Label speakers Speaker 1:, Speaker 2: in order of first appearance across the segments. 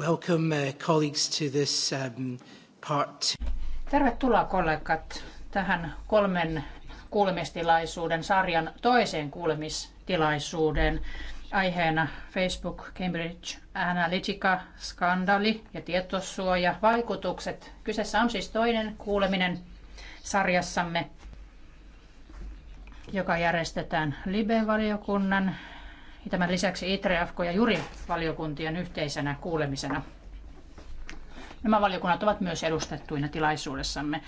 Speaker 1: Welcome, uh, colleagues, to this um, part. Tervetuloa kollegat tähän kolmen kuulemistilaisuuden sarjan toiseen kuulemistilaisuuden. Aiheena Facebook Cambridge Analytica, skandaali ja tietosuoja, vaikutukset. Kyseessä on siis toinen kuuleminen sarjassamme, joka järjestetään Libe-valiokunnan ja tämän lisäksi ITRE, ja JURI valiokuntien yhteisenä kuulemisena. Nämä valiokunnat ovat myös edustettuina tilaisuudessamme.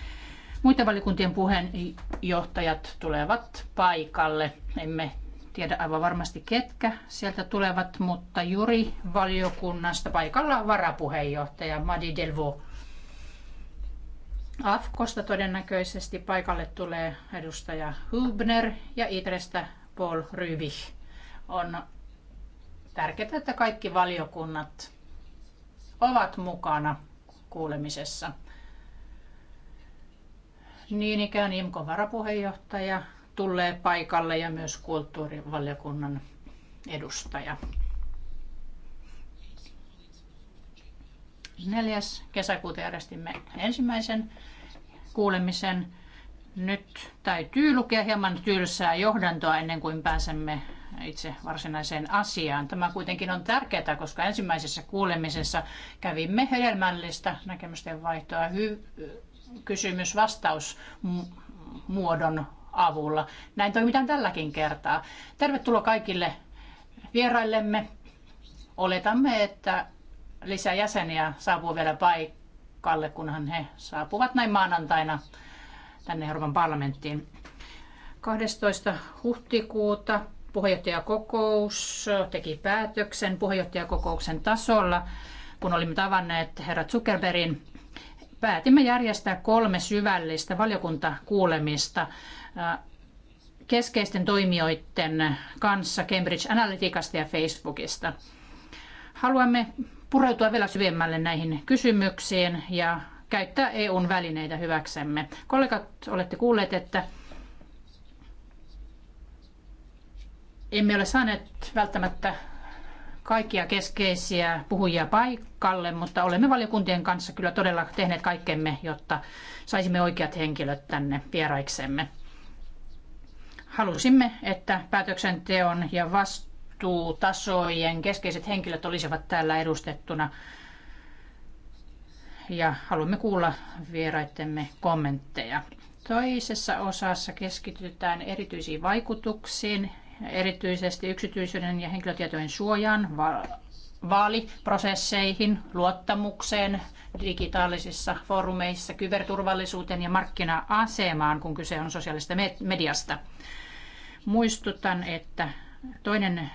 Speaker 1: Muiden valiokuntien puheenjohtajat tulevat paikalle. Emme tiedä aivan varmasti ketkä sieltä tulevat, mutta juuri valiokunnasta paikalla on varapuheenjohtaja Madi Delvo. Afkosta todennäköisesti paikalle tulee edustaja Hubner ja Itrestä Paul Rybich. On tärkeää, että kaikki valiokunnat ovat mukana kuulemisessa. Niin ikään IMKon varapuheenjohtaja tulee paikalle ja myös kulttuurivaliokunnan edustaja. 4. kesäkuuta järjestimme ensimmäisen kuulemisen. Nyt täytyy lukea hieman tylsää johdantoa ennen kuin pääsemme itse varsinaiseen asiaan. Tämä kuitenkin on tärkeää, koska ensimmäisessä kuulemisessa kävimme hedelmällistä näkemysten vaihtoa hy- kysymys-vastausmuodon avulla. Näin toimitaan tälläkin kertaa. Tervetuloa kaikille vieraillemme. Oletamme, että lisää jäseniä saapuu vielä paikalle, kunhan he saapuvat näin maanantaina tänne Euroopan parlamenttiin. 12. huhtikuuta puheenjohtajakokous teki päätöksen puheenjohtajakokouksen tasolla, kun olimme tavanneet herra Zuckerbergin. Päätimme järjestää kolme syvällistä valiokuntakuulemista äh, keskeisten toimijoiden kanssa Cambridge Analyticasta ja Facebookista. Haluamme pureutua vielä syvemmälle näihin kysymyksiin ja käyttää EUn välineitä hyväksemme. Kollegat, olette kuulleet, että Emme ole saaneet välttämättä kaikkia keskeisiä puhujia paikalle, mutta olemme valiokuntien kanssa kyllä todella tehneet kaikkemme, jotta saisimme oikeat henkilöt tänne vieraiksemme. Halusimme, että päätöksenteon ja vastuutasojen keskeiset henkilöt olisivat täällä edustettuna ja haluamme kuulla vieraittemme kommentteja. Toisessa osassa keskitytään erityisiin vaikutuksiin erityisesti yksityisyyden ja henkilötietojen suojaan, vaaliprosesseihin, luottamukseen, digitaalisissa foorumeissa, kyberturvallisuuteen ja markkina-asemaan, kun kyse on sosiaalista mediasta. Muistutan, että toinen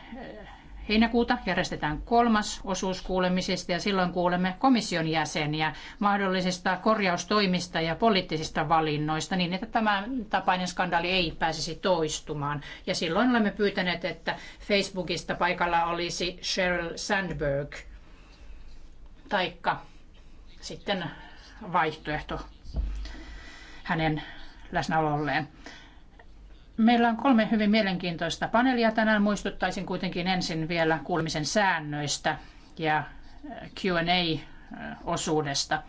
Speaker 1: heinäkuuta järjestetään kolmas osuus kuulemisista ja silloin kuulemme komission jäseniä mahdollisista korjaustoimista ja poliittisista valinnoista niin, että tämä tapainen skandaali ei pääsisi toistumaan. Ja silloin olemme pyytäneet, että Facebookista paikalla olisi Sheryl Sandberg, taikka sitten vaihtoehto hänen läsnäololleen. Meillä on kolme hyvin mielenkiintoista paneelia tänään. Muistuttaisin kuitenkin ensin vielä kuulemisen säännöistä ja äh, Q&A-osuudesta. Äh,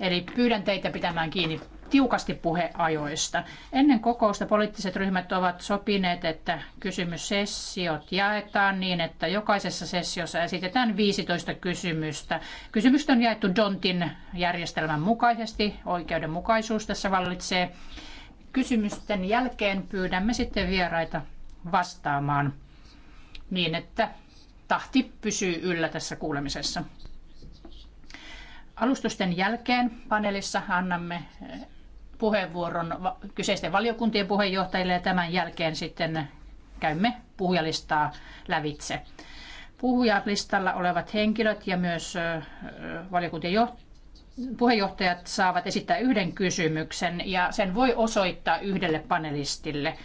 Speaker 1: Eli pyydän teitä pitämään kiinni tiukasti puheajoista. Ennen kokousta poliittiset ryhmät ovat sopineet, että kysymyssessiot jaetaan niin, että jokaisessa sessiossa esitetään 15 kysymystä. Kysymykset on jaettu Dontin järjestelmän mukaisesti. Oikeudenmukaisuus tässä vallitsee kysymysten jälkeen pyydämme sitten vieraita vastaamaan niin, että tahti pysyy yllä tässä kuulemisessa. Alustusten jälkeen paneelissa annamme eh, puheenvuoron kyseisten valiokuntien puheenjohtajille ja tämän jälkeen sitten käymme puhujalistaa lävitse. Puhujalistalla olevat henkilöt ja myös eh, valiokuntien johtajat puheenjohtajat saavat esittää yhden kysymyksen ja sen voi osoittaa yhdelle panelistille.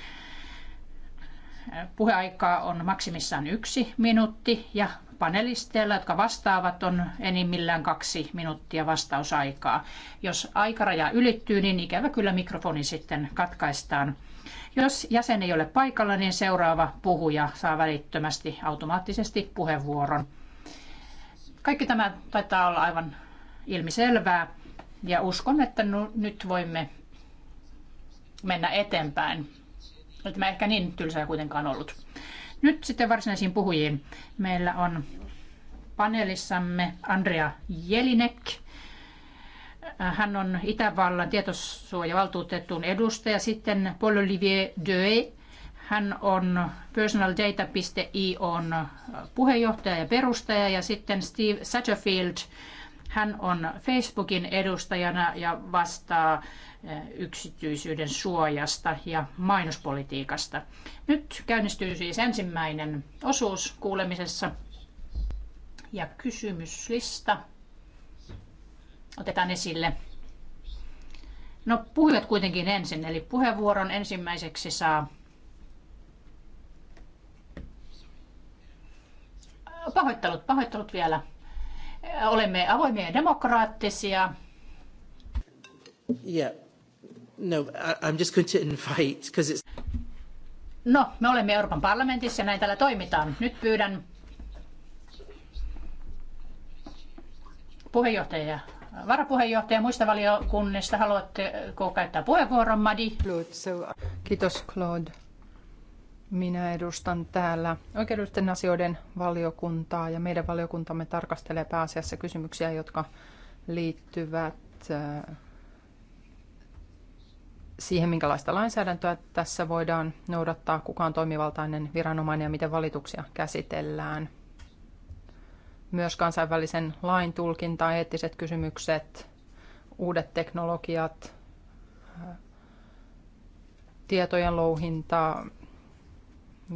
Speaker 1: Puheaikaa on maksimissaan yksi minuutti ja panelisteilla, jotka vastaavat, on enimmillään kaksi minuuttia vastausaikaa. Jos aikaraja ylittyy, niin ikävä kyllä mikrofoni sitten katkaistaan. Jos jäsen ei ole paikalla, niin seuraava puhuja saa välittömästi automaattisesti puheenvuoron. Kaikki tämä taitaa olla aivan ilmiselvää ja uskon, että no, nyt voimme mennä eteenpäin. mä ehkä niin tylsää kuitenkaan ollut. Nyt sitten varsinaisiin puhujiin. Meillä on paneelissamme Andrea Jelinek. Hän on Itävallan tietosuojavaltuutetun edustaja. Sitten Paul-Olivier Döe. Hän on personaldata.io puheenjohtaja ja perustaja. Ja sitten Steve Satterfield, hän on Facebookin edustajana ja vastaa eh, yksityisyyden suojasta ja mainospolitiikasta. Nyt käynnistyy siis ensimmäinen osuus kuulemisessa ja kysymyslista otetaan esille. No puhujat kuitenkin ensin, eli puheenvuoron ensimmäiseksi saa pahoittelut, pahoittelut vielä olemme avoimia ja demokraattisia.
Speaker 2: Yeah. No, I'm just going to invite, because it's...
Speaker 1: No, me olemme Euroopan parlamentissa ja näin täällä toimitaan. Nyt pyydän puheenjohtaja varapuheenjohtaja
Speaker 3: muista valiokunnista. Haluatteko käyttää puheenvuoron, Madi? Kiitos, Claude. Minä edustan täällä oikeudellisten asioiden valiokuntaa ja meidän valiokuntamme tarkastelee pääasiassa kysymyksiä, jotka liittyvät äh, siihen, minkälaista lainsäädäntöä tässä voidaan noudattaa, kuka on toimivaltainen viranomainen ja miten valituksia käsitellään. Myös kansainvälisen lain tulkinta, eettiset kysymykset, uudet teknologiat, äh, tietojen louhinta,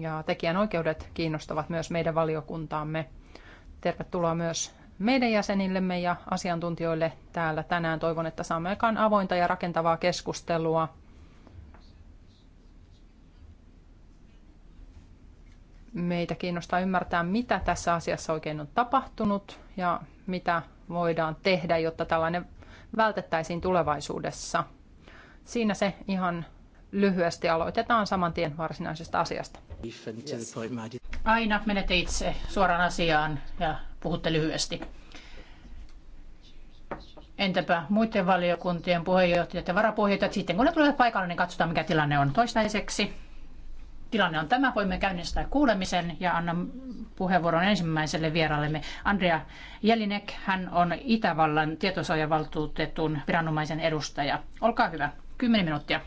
Speaker 3: ja tekijänoikeudet kiinnostavat myös meidän valiokuntaamme. Tervetuloa myös meidän jäsenillemme ja asiantuntijoille täällä tänään. Toivon, että saamme aikaan avointa ja rakentavaa keskustelua. Meitä kiinnostaa ymmärtää, mitä tässä asiassa oikein on tapahtunut ja mitä voidaan tehdä, jotta tällainen vältettäisiin tulevaisuudessa. Siinä se ihan lyhyesti aloitetaan saman tien varsinaisesta asiasta. Yes. Aina menette itse suoraan
Speaker 1: asiaan ja puhutte lyhyesti. Entäpä muiden valiokuntien puheenjohtajat ja varapuheenjohtajat? Sitten kun ne tulevat paikalle, niin katsotaan mikä tilanne on toistaiseksi. Tilanne on tämä. Voimme käynnistää kuulemisen ja annan puheenvuoron ensimmäiselle vieraallemme. Andrea Jelinek, hän on Itävallan tietosuojavaltuutetun viranomaisen edustaja. Olkaa hyvä. 10 minuuttia.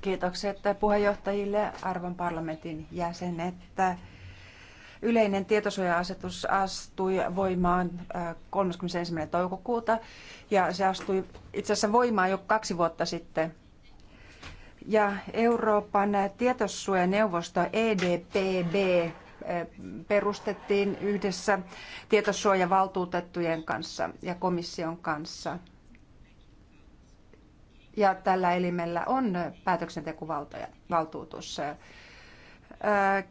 Speaker 4: Kiitokset puheenjohtajille, arvon parlamentin jäsenet. Yleinen tietosuoja-asetus astui voimaan 31. Äh, toukokuuta ja se astui itse asiassa voimaan jo kaksi vuotta sitten. Ja Euroopan tietosuojaneuvosto EDPB äh, perustettiin yhdessä tietosuojavaltuutettujen kanssa ja komission kanssa – ja tällä elimellä on päätöksentekovaltuutus.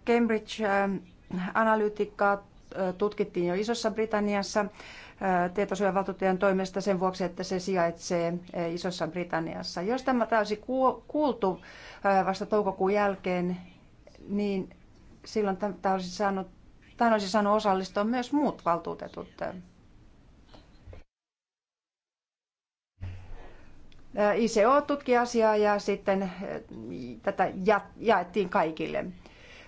Speaker 4: Cambridge Analytica tutkittiin jo Isossa Britanniassa tietosuojavaltuutujen toimesta sen vuoksi, että se sijaitsee Isossa Britanniassa. Jos tämä olisi kuultu vasta toukokuun jälkeen, niin silloin tämä olisi saanut, tämä olisi saanut osallistua myös muut valtuutetut ICO tutki asiaa ja sitten eh, tätä jaettiin kaikille.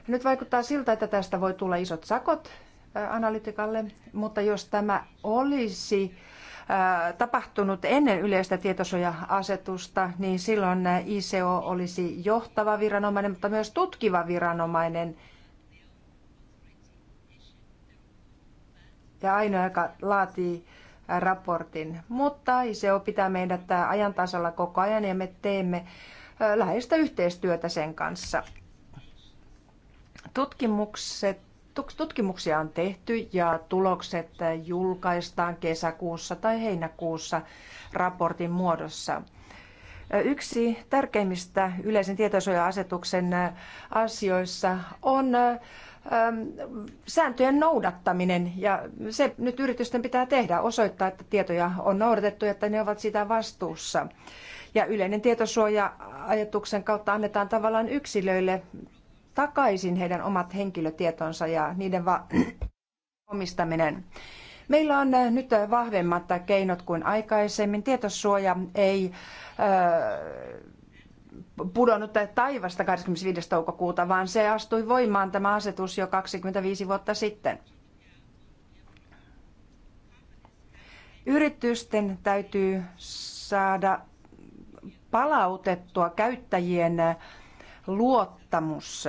Speaker 4: Nyt vaikuttaa siltä, että tästä voi tulla isot sakot eh, analytikalle, mutta jos tämä olisi eh, tapahtunut ennen yleistä tietosuoja-asetusta, niin silloin ICO olisi johtava viranomainen, mutta myös tutkiva viranomainen. Ja ainoa, joka laatii raportin, mutta ISEO pitää meidät ajan tasalla koko ajan ja me teemme läheistä yhteistyötä sen kanssa. Tutkimukset, tutkimuksia on tehty ja tulokset julkaistaan kesäkuussa tai heinäkuussa raportin muodossa. Yksi tärkeimmistä yleisen tietosuoja-asetuksen asioissa on sääntöjen noudattaminen ja se nyt yritysten pitää tehdä, osoittaa, että tietoja on noudatettu, että ne ovat sitä vastuussa. Ja yleinen tietosuoja-ajatuksen kautta annetaan tavallaan yksilöille takaisin heidän omat henkilötietonsa ja niiden va- omistaminen. Meillä on äh, nyt vahvemmat keinot kuin aikaisemmin. Tietosuoja ei äh, pudonnut taivasta 25. toukokuuta, vaan se astui voimaan tämä asetus jo 25 vuotta sitten. Yritysten täytyy saada palautettua käyttäjien luottamus.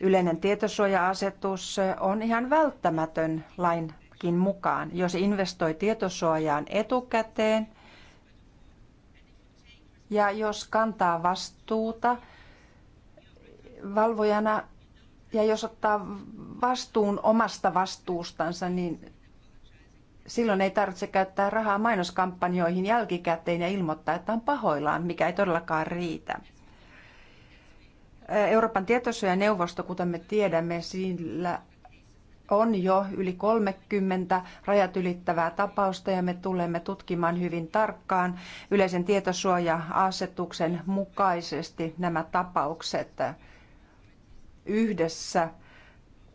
Speaker 4: Yleinen tietosuoja-asetus on ihan välttämätön lainkin mukaan. Jos investoi tietosuojaan etukäteen, ja jos kantaa vastuuta valvojana ja jos ottaa vastuun omasta vastuustansa, niin silloin ei tarvitse käyttää rahaa mainoskampanjoihin jälkikäteen ja ilmoittaa, että on pahoillaan, mikä ei todellakaan riitä. Euroopan tietosuojaneuvosto, kuten me tiedämme, sillä on jo yli 30 rajat ylittävää tapausta ja me tulemme tutkimaan hyvin tarkkaan yleisen tietosuoja-asetuksen mukaisesti nämä tapaukset yhdessä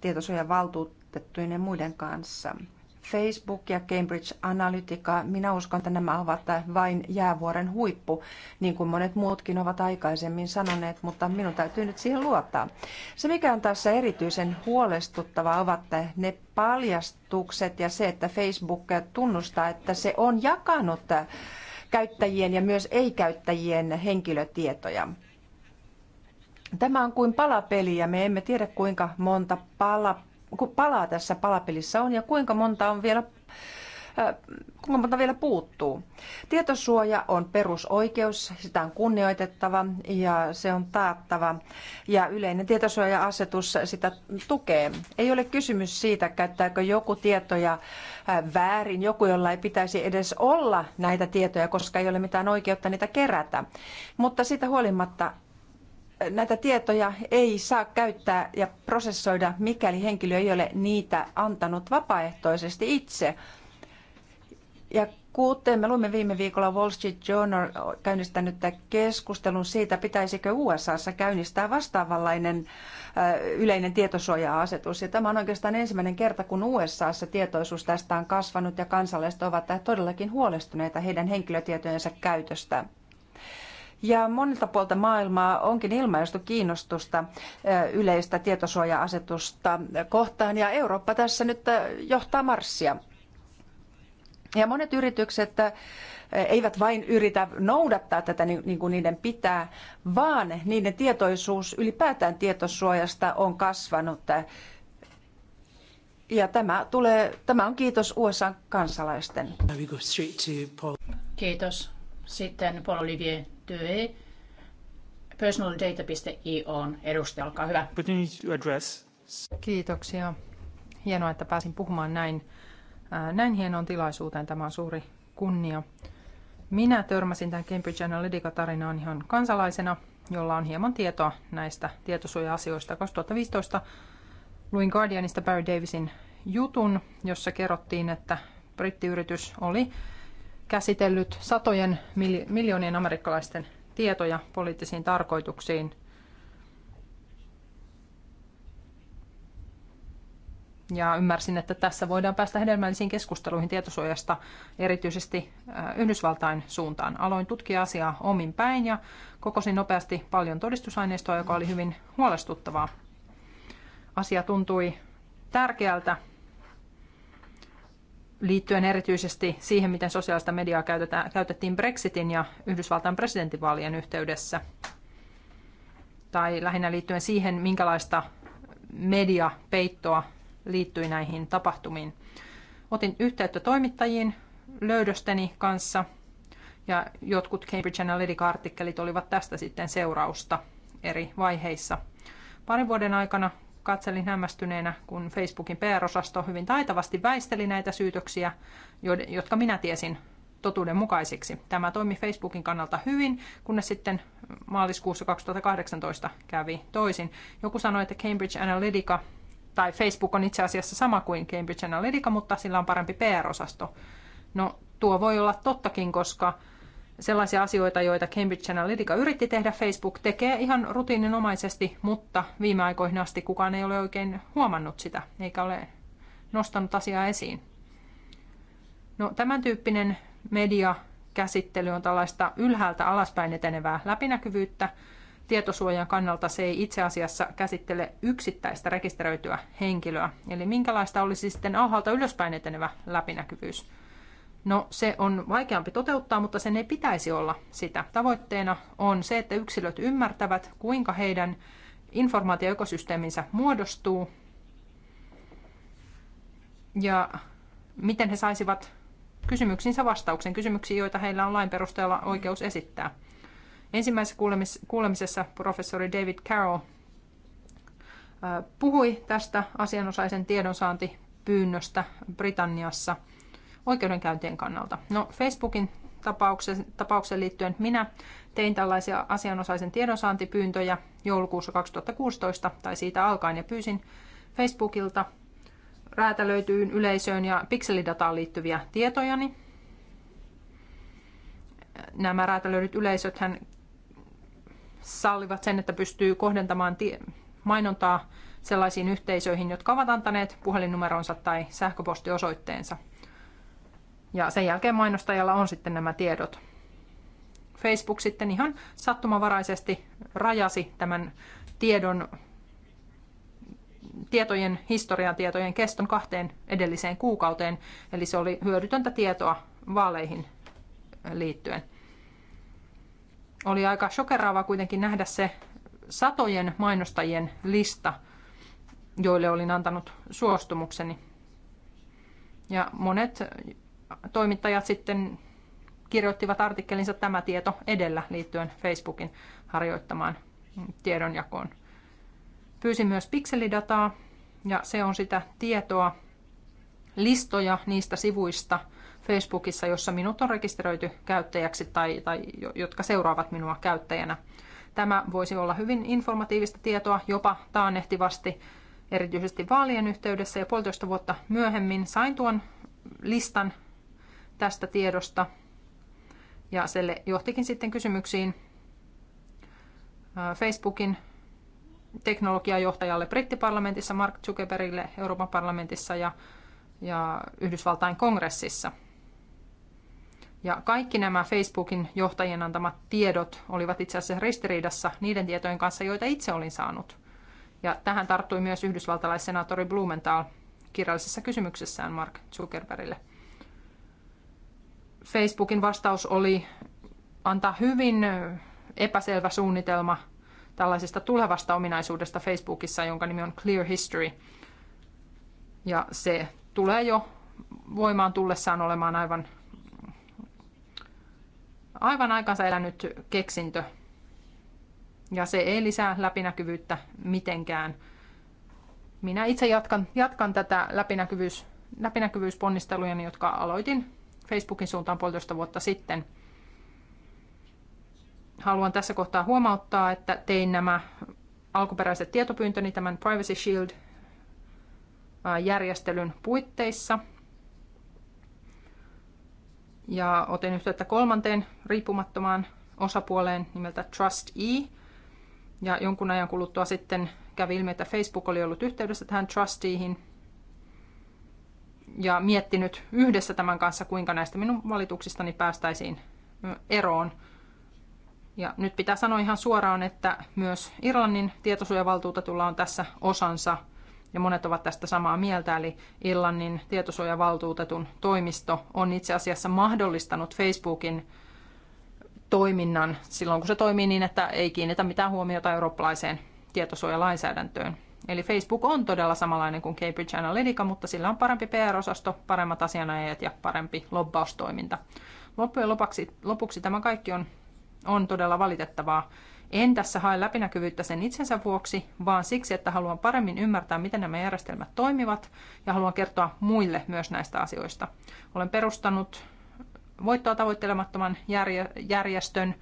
Speaker 4: tietosuojavaltuutettujen ja muiden kanssa. Facebook ja Cambridge Analytica, minä uskon, että nämä ovat vain jäävuoren huippu, niin kuin monet muutkin ovat aikaisemmin sanoneet, mutta minun täytyy nyt siihen luottaa. Se, mikä on tässä erityisen huolestuttavaa, ovat ne paljastukset ja se, että Facebook tunnustaa, että se on jakanut käyttäjien ja myös ei-käyttäjien henkilötietoja. Tämä on kuin palapeli ja me emme tiedä kuinka monta palapeliä palaa tässä palapelissä on ja kuinka monta on vielä kuinka monta vielä puuttuu. Tietosuoja on perusoikeus, sitä on kunnioitettava ja se on taattava. Ja yleinen tietosuoja-asetus sitä tukee. Ei ole kysymys siitä, käyttääkö joku tietoja väärin, joku, jolla ei pitäisi edes olla näitä tietoja, koska ei ole mitään oikeutta niitä kerätä. Mutta siitä huolimatta näitä tietoja ei saa käyttää ja prosessoida, mikäli henkilö ei ole niitä antanut vapaaehtoisesti itse. Ja kuten me luimme viime viikolla Wall Street Journal käynnistänyt keskustelun siitä, pitäisikö USAssa käynnistää vastaavanlainen yleinen tietosuoja-asetus. Ja tämä on oikeastaan ensimmäinen kerta, kun USAssa tietoisuus tästä on kasvanut ja kansalaiset ovat todellakin huolestuneita heidän henkilötietojensa käytöstä. Ja monilta puolta maailmaa onkin ilmaistu kiinnostusta yleistä tietosuoja-asetusta kohtaan ja Eurooppa tässä nyt johtaa marssia. Ja monet yritykset eivät vain yritä noudattaa tätä niin kuin niiden pitää, vaan niiden tietoisuus ylipäätään tietosuojasta on kasvanut. Ja tämä, tulee, tämä on kiitos USA kansalaisten. Kiitos. Sitten Paul Olivier liittyy
Speaker 1: personaldata.ioon. Edustaja, olkaa hyvä.
Speaker 3: Kiitoksia. Hienoa, että pääsin puhumaan näin, näin hienoon tilaisuuteen. Tämä on suuri kunnia. Minä törmäsin tämän Cambridge Analytica-tarinaan ihan kansalaisena, jolla on hieman tietoa näistä tietosuoja-asioista. 2015 luin Guardianista Barry Davisin jutun, jossa kerrottiin, että brittiyritys oli käsitellyt satojen miljoonien amerikkalaisten tietoja poliittisiin tarkoituksiin. Ja ymmärsin, että tässä voidaan päästä hedelmällisiin keskusteluihin tietosuojasta erityisesti äh, Yhdysvaltain suuntaan. Aloin tutkia asiaa omin päin ja kokosin nopeasti paljon todistusaineistoa, joka oli hyvin huolestuttavaa. Asia tuntui tärkeältä liittyen erityisesti siihen, miten sosiaalista mediaa käytettiin Brexitin ja Yhdysvaltain presidentinvaalien yhteydessä. Tai lähinnä liittyen siihen, minkälaista mediapeittoa liittyi näihin tapahtumiin. Otin yhteyttä toimittajiin löydösteni kanssa ja jotkut Cambridge Analytica-artikkelit olivat tästä sitten seurausta eri vaiheissa. Parin vuoden aikana katselin hämmästyneenä, kun Facebookin PR-osasto hyvin taitavasti väisteli näitä syytöksiä, jotka minä tiesin totuudenmukaisiksi. Tämä toimi Facebookin kannalta hyvin, kunnes sitten maaliskuussa 2018 kävi toisin. Joku sanoi, että Cambridge Analytica tai Facebook on itse asiassa sama kuin Cambridge Analytica, mutta sillä on parempi PR-osasto. No tuo voi olla tottakin, koska sellaisia asioita, joita Cambridge Analytica yritti tehdä. Facebook tekee ihan rutiininomaisesti, mutta viime aikoihin asti kukaan ei ole oikein huomannut sitä, eikä ole nostanut asiaa esiin. No, tämän tyyppinen mediakäsittely on tällaista ylhäältä alaspäin etenevää läpinäkyvyyttä. Tietosuojan kannalta se ei itse asiassa käsittele yksittäistä rekisteröityä henkilöä. Eli minkälaista olisi sitten alhaalta ylöspäin etenevä läpinäkyvyys? No se on vaikeampi toteuttaa, mutta sen ei pitäisi olla sitä. Tavoitteena on se, että yksilöt ymmärtävät, kuinka heidän informaatioekosysteeminsä muodostuu ja miten he saisivat kysymyksiinsä vastauksen, kysymyksiin, joita heillä on lain perusteella oikeus esittää. Ensimmäisessä kuulemisessa professori David Carroll äh, puhui tästä asianosaisen tiedonsaantipyynnöstä Britanniassa – oikeudenkäyntien kannalta. No Facebookin tapauksen, tapauksen liittyen minä tein tällaisia asianosaisen tiedonsaantipyyntöjä joulukuussa 2016 tai siitä alkaen ja pyysin Facebookilta räätälöityyn yleisöön ja pikselidataan liittyviä tietojani. Nämä räätälöidyt hän sallivat sen, että pystyy kohdentamaan mainontaa sellaisiin yhteisöihin, jotka ovat antaneet puhelinnumeronsa tai sähköpostiosoitteensa – ja sen jälkeen mainostajalla on sitten nämä tiedot. Facebook sitten ihan sattumavaraisesti rajasi tämän tiedon tietojen historian tietojen keston kahteen edelliseen kuukauteen, eli se oli hyödytöntä tietoa vaaleihin liittyen. Oli aika shokeraavaa kuitenkin nähdä se satojen mainostajien lista, joille olin antanut suostumukseni. Ja monet toimittajat sitten kirjoittivat artikkelinsa tämä tieto edellä liittyen Facebookin harjoittamaan tiedonjakoon. Pyysin myös pikselidataa ja se on sitä tietoa, listoja niistä sivuista Facebookissa, jossa minut on rekisteröity käyttäjäksi tai, tai jotka seuraavat minua käyttäjänä. Tämä voisi olla hyvin informatiivista tietoa, jopa taannehtivasti, erityisesti vaalien yhteydessä ja puolitoista vuotta myöhemmin sain tuon listan tästä tiedosta ja se johtikin sitten kysymyksiin Facebookin teknologiajohtajalle brittiparlamentissa, Mark Zuckerbergille Euroopan parlamentissa ja, ja Yhdysvaltain kongressissa. Ja kaikki nämä Facebookin johtajien antamat tiedot olivat itse asiassa ristiriidassa niiden tietojen kanssa, joita itse olin saanut. Ja tähän tarttui myös yhdysvaltalaissenaattori Blumenthal kirjallisessa kysymyksessään Mark Zuckerbergille. Facebookin vastaus oli antaa hyvin epäselvä suunnitelma tällaisesta tulevasta ominaisuudesta Facebookissa, jonka nimi on Clear History. Ja se tulee jo voimaan tullessaan olemaan aivan, aivan aikansa elänyt keksintö. Ja se ei lisää läpinäkyvyyttä mitenkään. Minä itse jatkan, jatkan tätä läpinäkyvyys, läpinäkyvyysponnistelujani, jotka aloitin Facebookin suuntaan puolitoista vuotta sitten. Haluan tässä kohtaa huomauttaa, että tein nämä alkuperäiset tietopyyntöni tämän Privacy Shield järjestelyn puitteissa. Ja otin yhteyttä kolmanteen riippumattomaan osapuoleen nimeltä TrustE. Ja jonkun ajan kuluttua sitten kävi ilmi, että Facebook oli ollut yhteydessä tähän TrustEihin ja miettinyt yhdessä tämän kanssa, kuinka näistä minun valituksistani päästäisiin eroon. Ja nyt pitää sanoa ihan suoraan, että myös Irlannin tietosuojavaltuutetulla on tässä osansa, ja monet ovat tästä samaa mieltä, eli Irlannin tietosuojavaltuutetun toimisto on itse asiassa mahdollistanut Facebookin toiminnan silloin, kun se toimii niin, että ei kiinnitä mitään huomiota eurooppalaiseen tietosuojalainsäädäntöön. Eli Facebook on todella samanlainen kuin Cambridge Analytica, mutta sillä on parempi PR-osasto, paremmat asianajajat ja parempi lobbaustoiminta. Loppujen lopuksi, lopuksi tämä kaikki on, on todella valitettavaa. En tässä hae läpinäkyvyyttä sen itsensä vuoksi, vaan siksi, että haluan paremmin ymmärtää, miten nämä järjestelmät toimivat ja haluan kertoa muille myös näistä asioista. Olen perustanut voittoa tavoittelemattoman järjestön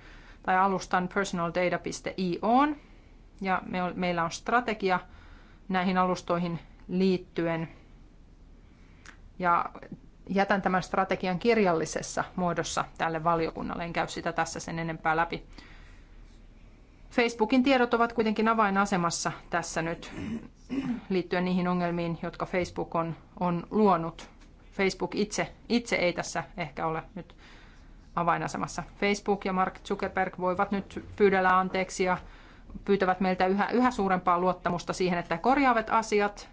Speaker 3: tai alustan personaldata.io ja me, meillä on strategia – näihin alustoihin liittyen. Ja jätän tämän strategian kirjallisessa muodossa tälle valiokunnalle, en käy sitä tässä sen enempää läpi. Facebookin tiedot ovat kuitenkin avainasemassa tässä nyt liittyen niihin ongelmiin, jotka Facebook on, on luonut. Facebook itse, itse ei tässä ehkä ole nyt avainasemassa. Facebook ja Mark Zuckerberg voivat nyt pyydellä anteeksi ja pyytävät meiltä yhä, yhä suurempaa luottamusta siihen, että korjaavat asiat.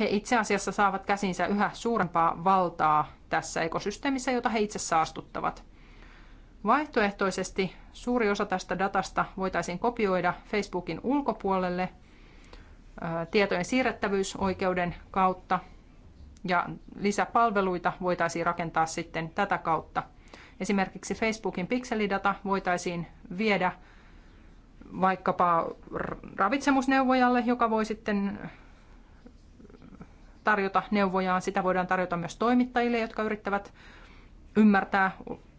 Speaker 3: He itse asiassa saavat käsinsä yhä suurempaa valtaa tässä ekosysteemissä, jota he itse saastuttavat. Vaihtoehtoisesti suuri osa tästä datasta voitaisiin kopioida Facebookin ulkopuolelle tietojen siirrettävyysoikeuden kautta ja lisäpalveluita voitaisiin rakentaa sitten tätä kautta. Esimerkiksi Facebookin pikselidata voitaisiin viedä vaikkapa ravitsemusneuvojalle, joka voi sitten tarjota neuvojaan. Sitä voidaan tarjota myös toimittajille, jotka yrittävät ymmärtää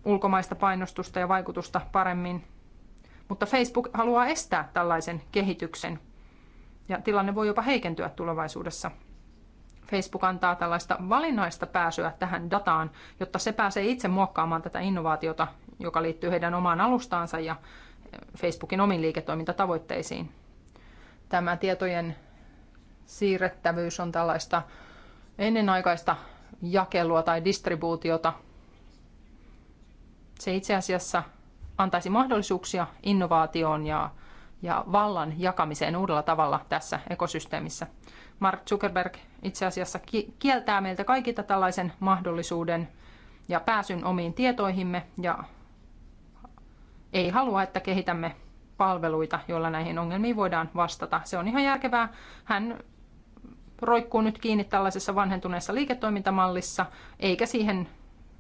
Speaker 3: ulkomaista painostusta ja vaikutusta paremmin. Mutta Facebook haluaa estää tällaisen kehityksen ja tilanne voi jopa heikentyä tulevaisuudessa. Facebook antaa tällaista valinnaista pääsyä tähän dataan, jotta se pääsee itse muokkaamaan tätä innovaatiota, joka liittyy heidän omaan alustaansa ja Facebookin omiin liiketoimintatavoitteisiin. Tämä tietojen siirrettävyys on tällaista ennenaikaista jakelua tai distribuutiota. Se itse asiassa antaisi mahdollisuuksia innovaatioon ja, ja vallan jakamiseen uudella tavalla tässä ekosysteemissä. Mark Zuckerberg itse asiassa kieltää meiltä kaikilta tällaisen mahdollisuuden ja pääsyn omiin tietoihimme ja ei halua, että kehitämme palveluita, joilla näihin ongelmiin voidaan vastata. Se on ihan järkevää. Hän roikkuu nyt kiinni tällaisessa vanhentuneessa liiketoimintamallissa, eikä siihen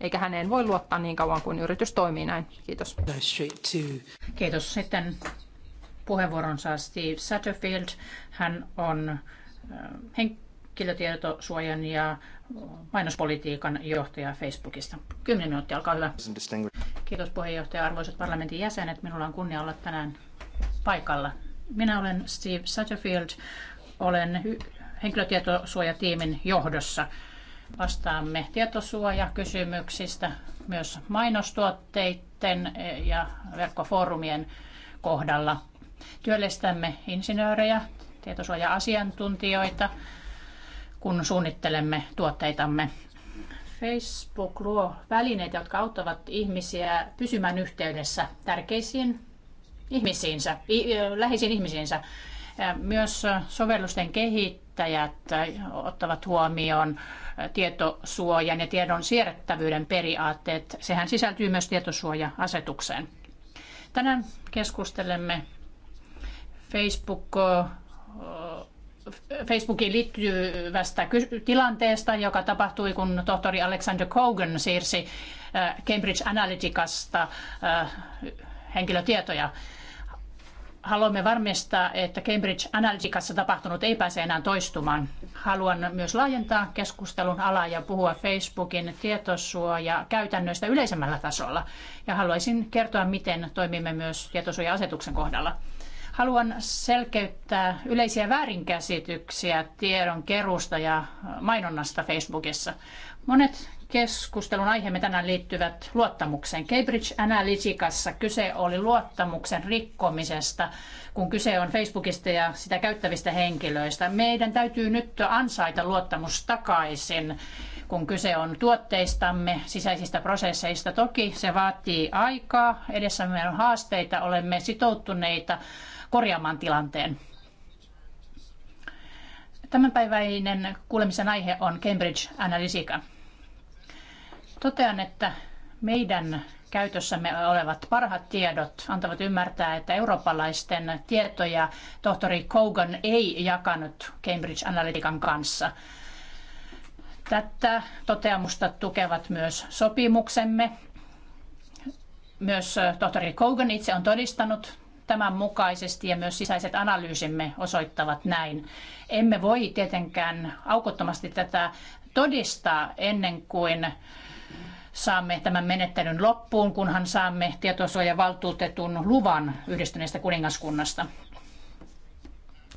Speaker 3: eikä häneen voi luottaa niin kauan kuin yritys toimii näin. Kiitos. Kiitos. Sitten
Speaker 1: puheenvuoron saa Steve Satterfield. Hän on äh, henkilötietosuojan ja mainospolitiikan johtaja Facebookista. Kymmenen minuuttia, olkaa hyvä. Kiitos puheenjohtaja, arvoisat parlamentin jäsenet. Minulla on kunnia olla tänään paikalla. Minä olen Steve Satterfield, olen henkilötietosuojatiimin johdossa. Vastaamme tietosuojakysymyksistä myös mainostuotteiden e, ja verkkofoorumien kohdalla. Työllistämme insinöörejä, tietosuoja-asiantuntijoita, kun suunnittelemme tuotteitamme. Facebook luo välineitä, jotka auttavat ihmisiä pysymään yhteydessä tärkeisiin ihmisiinsä, läheisiin ihmisiinsä. Myös sovellusten kehittäjät ottavat huomioon tietosuojan ja tiedon siirrettävyyden periaatteet. Sehän sisältyy myös tietosuoja-asetukseen. Tänään keskustelemme Facebook Facebookiin liittyvästä tilanteesta, joka tapahtui, kun tohtori Alexander Cogan siirsi äh, Cambridge Analyticasta äh, henkilötietoja. Haluamme varmistaa, että Cambridge Analyticassa tapahtunut ei pääse enää toistumaan. Haluan myös laajentaa keskustelun alaa ja puhua Facebookin tietosuoja käytännöistä yleisemmällä tasolla. Ja haluaisin kertoa, miten toimimme myös tietosuoja-asetuksen kohdalla. Haluan selkeyttää yleisiä väärinkäsityksiä tiedon kerusta ja mainonnasta Facebookissa. Monet keskustelun aiheemme tänään liittyvät luottamukseen. Cambridge Analyticassa kyse oli luottamuksen rikkomisesta, kun kyse on Facebookista ja sitä käyttävistä henkilöistä. Meidän täytyy nyt ansaita luottamus takaisin, kun kyse on tuotteistamme, sisäisistä prosesseista. Toki se vaatii aikaa, edessämme on haasteita, olemme sitoutuneita korjaamaan tilanteen. Tämänpäiväinen kuulemisen aihe on Cambridge Analytica. Totean, että meidän käytössämme olevat parhaat tiedot antavat ymmärtää, että eurooppalaisten tietoja tohtori Kogan ei jakanut Cambridge Analytican kanssa. Tätä toteamusta tukevat myös sopimuksemme. Myös tohtori Kogan itse on todistanut tämän mukaisesti ja myös sisäiset analyysimme osoittavat näin. Emme voi tietenkään aukottomasti tätä todistaa ennen kuin saamme tämän menettelyn loppuun, kunhan saamme tietosuojavaltuutetun luvan yhdistyneestä kuningaskunnasta.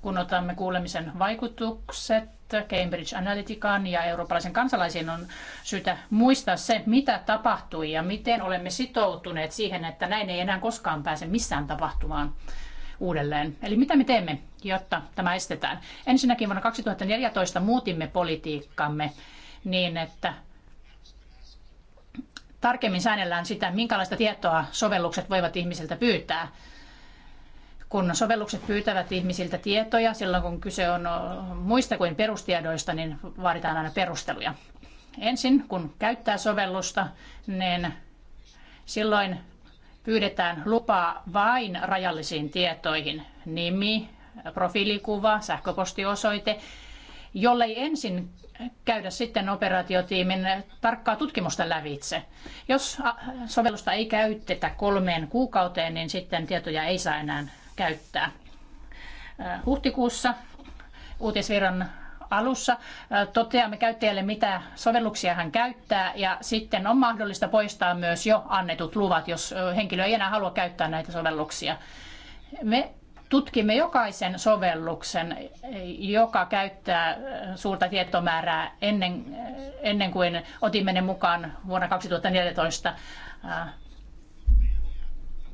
Speaker 1: Kun otamme kuulemisen vaikutukset Cambridge Analyticaan ja eurooppalaisen kansalaisiin on syytä muistaa se, mitä tapahtui ja miten olemme sitoutuneet siihen, että näin ei enää koskaan pääse missään tapahtumaan uudelleen. Eli mitä me teemme, jotta tämä estetään? Ensinnäkin vuonna 2014 muutimme politiikkamme niin, että tarkemmin säännellään sitä, minkälaista tietoa sovellukset voivat ihmisiltä pyytää – kun sovellukset pyytävät ihmisiltä tietoja, silloin kun kyse on muista kuin perustiedoista, niin vaaditaan aina perusteluja. Ensin kun käyttää sovellusta, niin silloin pyydetään lupaa vain rajallisiin tietoihin, nimi, profiilikuva, sähköpostiosoite, jollei ensin käydä sitten operaatiotiimin tarkkaa tutkimusta lävitse. Jos sovellusta ei käytetä kolmeen kuukauteen, niin sitten tietoja ei saa enää käyttää. Huhtikuussa uutisvirran alussa toteamme käyttäjälle, mitä sovelluksia hän käyttää ja sitten on mahdollista poistaa myös jo annetut luvat, jos henkilö ei enää halua käyttää näitä sovelluksia. Me tutkimme jokaisen sovelluksen, e, joka käyttää suurta tietomäärää ennen, ennen kuin otimme ne mukaan vuonna 2014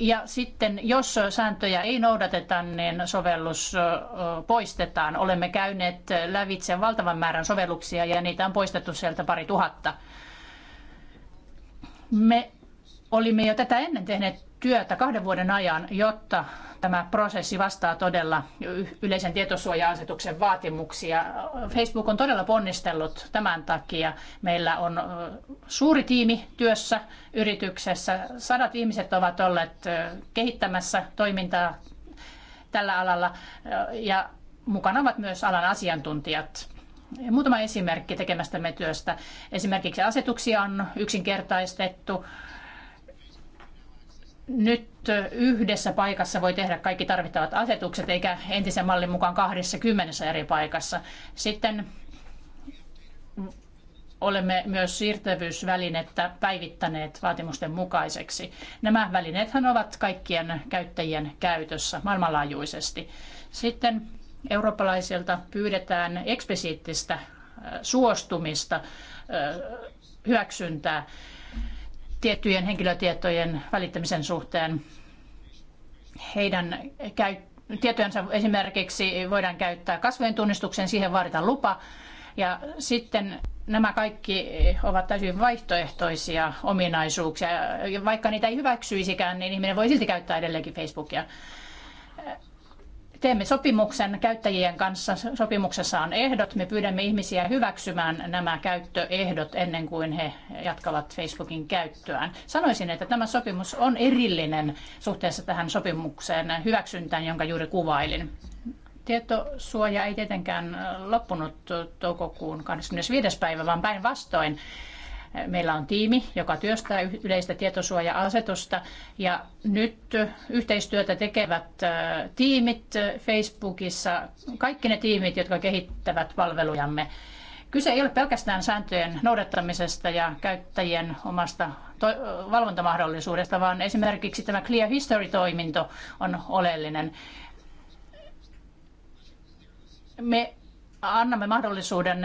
Speaker 1: ja sitten jos sääntöjä ei noudateta, niin sovellus poistetaan. Olemme käyneet lävitse valtavan määrän sovelluksia ja niitä on poistettu sieltä pari tuhatta. Me olimme jo tätä ennen tehneet työtä kahden vuoden ajan, jotta tämä prosessi vastaa todella yleisen tietosuoja-asetuksen vaatimuksia. Facebook on todella ponnistellut tämän takia. Meillä on suuri tiimi työssä yrityksessä. Sadat ihmiset ovat olleet kehittämässä toimintaa tällä alalla ja mukana ovat myös alan asiantuntijat. Muutama esimerkki tekemästämme työstä. Esimerkiksi asetuksia on yksinkertaistettu, nyt yhdessä paikassa voi tehdä kaikki tarvittavat asetukset, eikä entisen mallin mukaan 20 eri paikassa. Sitten olemme myös siirtävyysvälinettä päivittäneet vaatimusten mukaiseksi. Nämä välineethän ovat kaikkien käyttäjien käytössä maailmanlaajuisesti. Sitten eurooppalaisilta pyydetään eksplisiittistä suostumista, hyväksyntää tiettyjen henkilötietojen välittämisen suhteen. Heidän käy, tietojensa esimerkiksi voidaan käyttää kasvojen tunnistukseen, siihen vaaditaan lupa. Ja sitten nämä kaikki ovat täysin vaihtoehtoisia ominaisuuksia. Vaikka niitä ei hyväksyisikään, niin ihminen voi silti käyttää edelleenkin Facebookia teemme sopimuksen käyttäjien kanssa. Sopimuksessa on ehdot. Me pyydämme ihmisiä hyväksymään nämä käyttöehdot ennen kuin he jatkavat Facebookin käyttöään. Sanoisin, että tämä sopimus on erillinen suhteessa tähän sopimukseen hyväksyntään, jonka juuri kuvailin. Tietosuoja ei tietenkään loppunut toukokuun 25. päivä, vaan päinvastoin Meillä on tiimi, joka työstää yleistä tietosuoja-asetusta ja nyt yhteistyötä tekevät tiimit Facebookissa, kaikki ne tiimit, jotka kehittävät palvelujamme. Kyse ei ole pelkästään sääntöjen noudattamisesta ja käyttäjien omasta valvontamahdollisuudesta, vaan esimerkiksi tämä Clear History-toiminto on oleellinen. Me annamme mahdollisuuden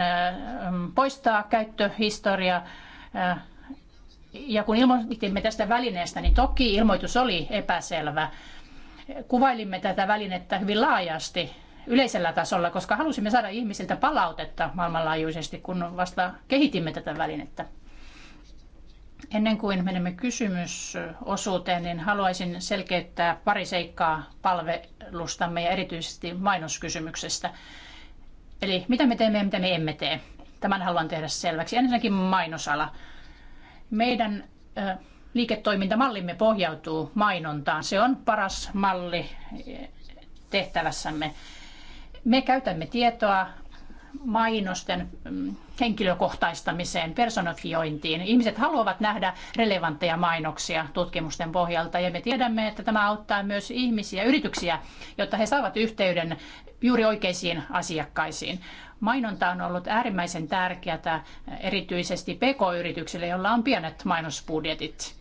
Speaker 1: poistaa käyttöhistoria Äh, ja kun ilmoitimme tästä välineestä, niin toki ilmoitus oli epäselvä. Kuvailimme tätä välinettä hyvin laajasti yleisellä tasolla, koska halusimme saada ihmisiltä palautetta maailmanlaajuisesti, kun vasta kehitimme tätä välinettä. Ennen kuin menemme kysymysosuuteen, niin haluaisin selkeyttää pari seikkaa palvelustamme ja erityisesti mainoskysymyksestä. Eli mitä me teemme ja mitä me emme tee. Tämän haluan tehdä selväksi. Ensinnäkin mainosala. Meidän liiketoimintamallimme pohjautuu mainontaan. Se on paras malli tehtävässämme. Me käytämme tietoa mainosten mm, henkilökohtaistamiseen, personifiointiin. Ihmiset haluavat nähdä relevantteja mainoksia tutkimusten pohjalta ja me tiedämme, että tämä auttaa myös ihmisiä, yrityksiä, jotta he saavat yhteyden juuri oikeisiin asiakkaisiin. Mainonta on ollut äärimmäisen tärkeää erityisesti pk-yrityksille, joilla on pienet mainosbudjetit.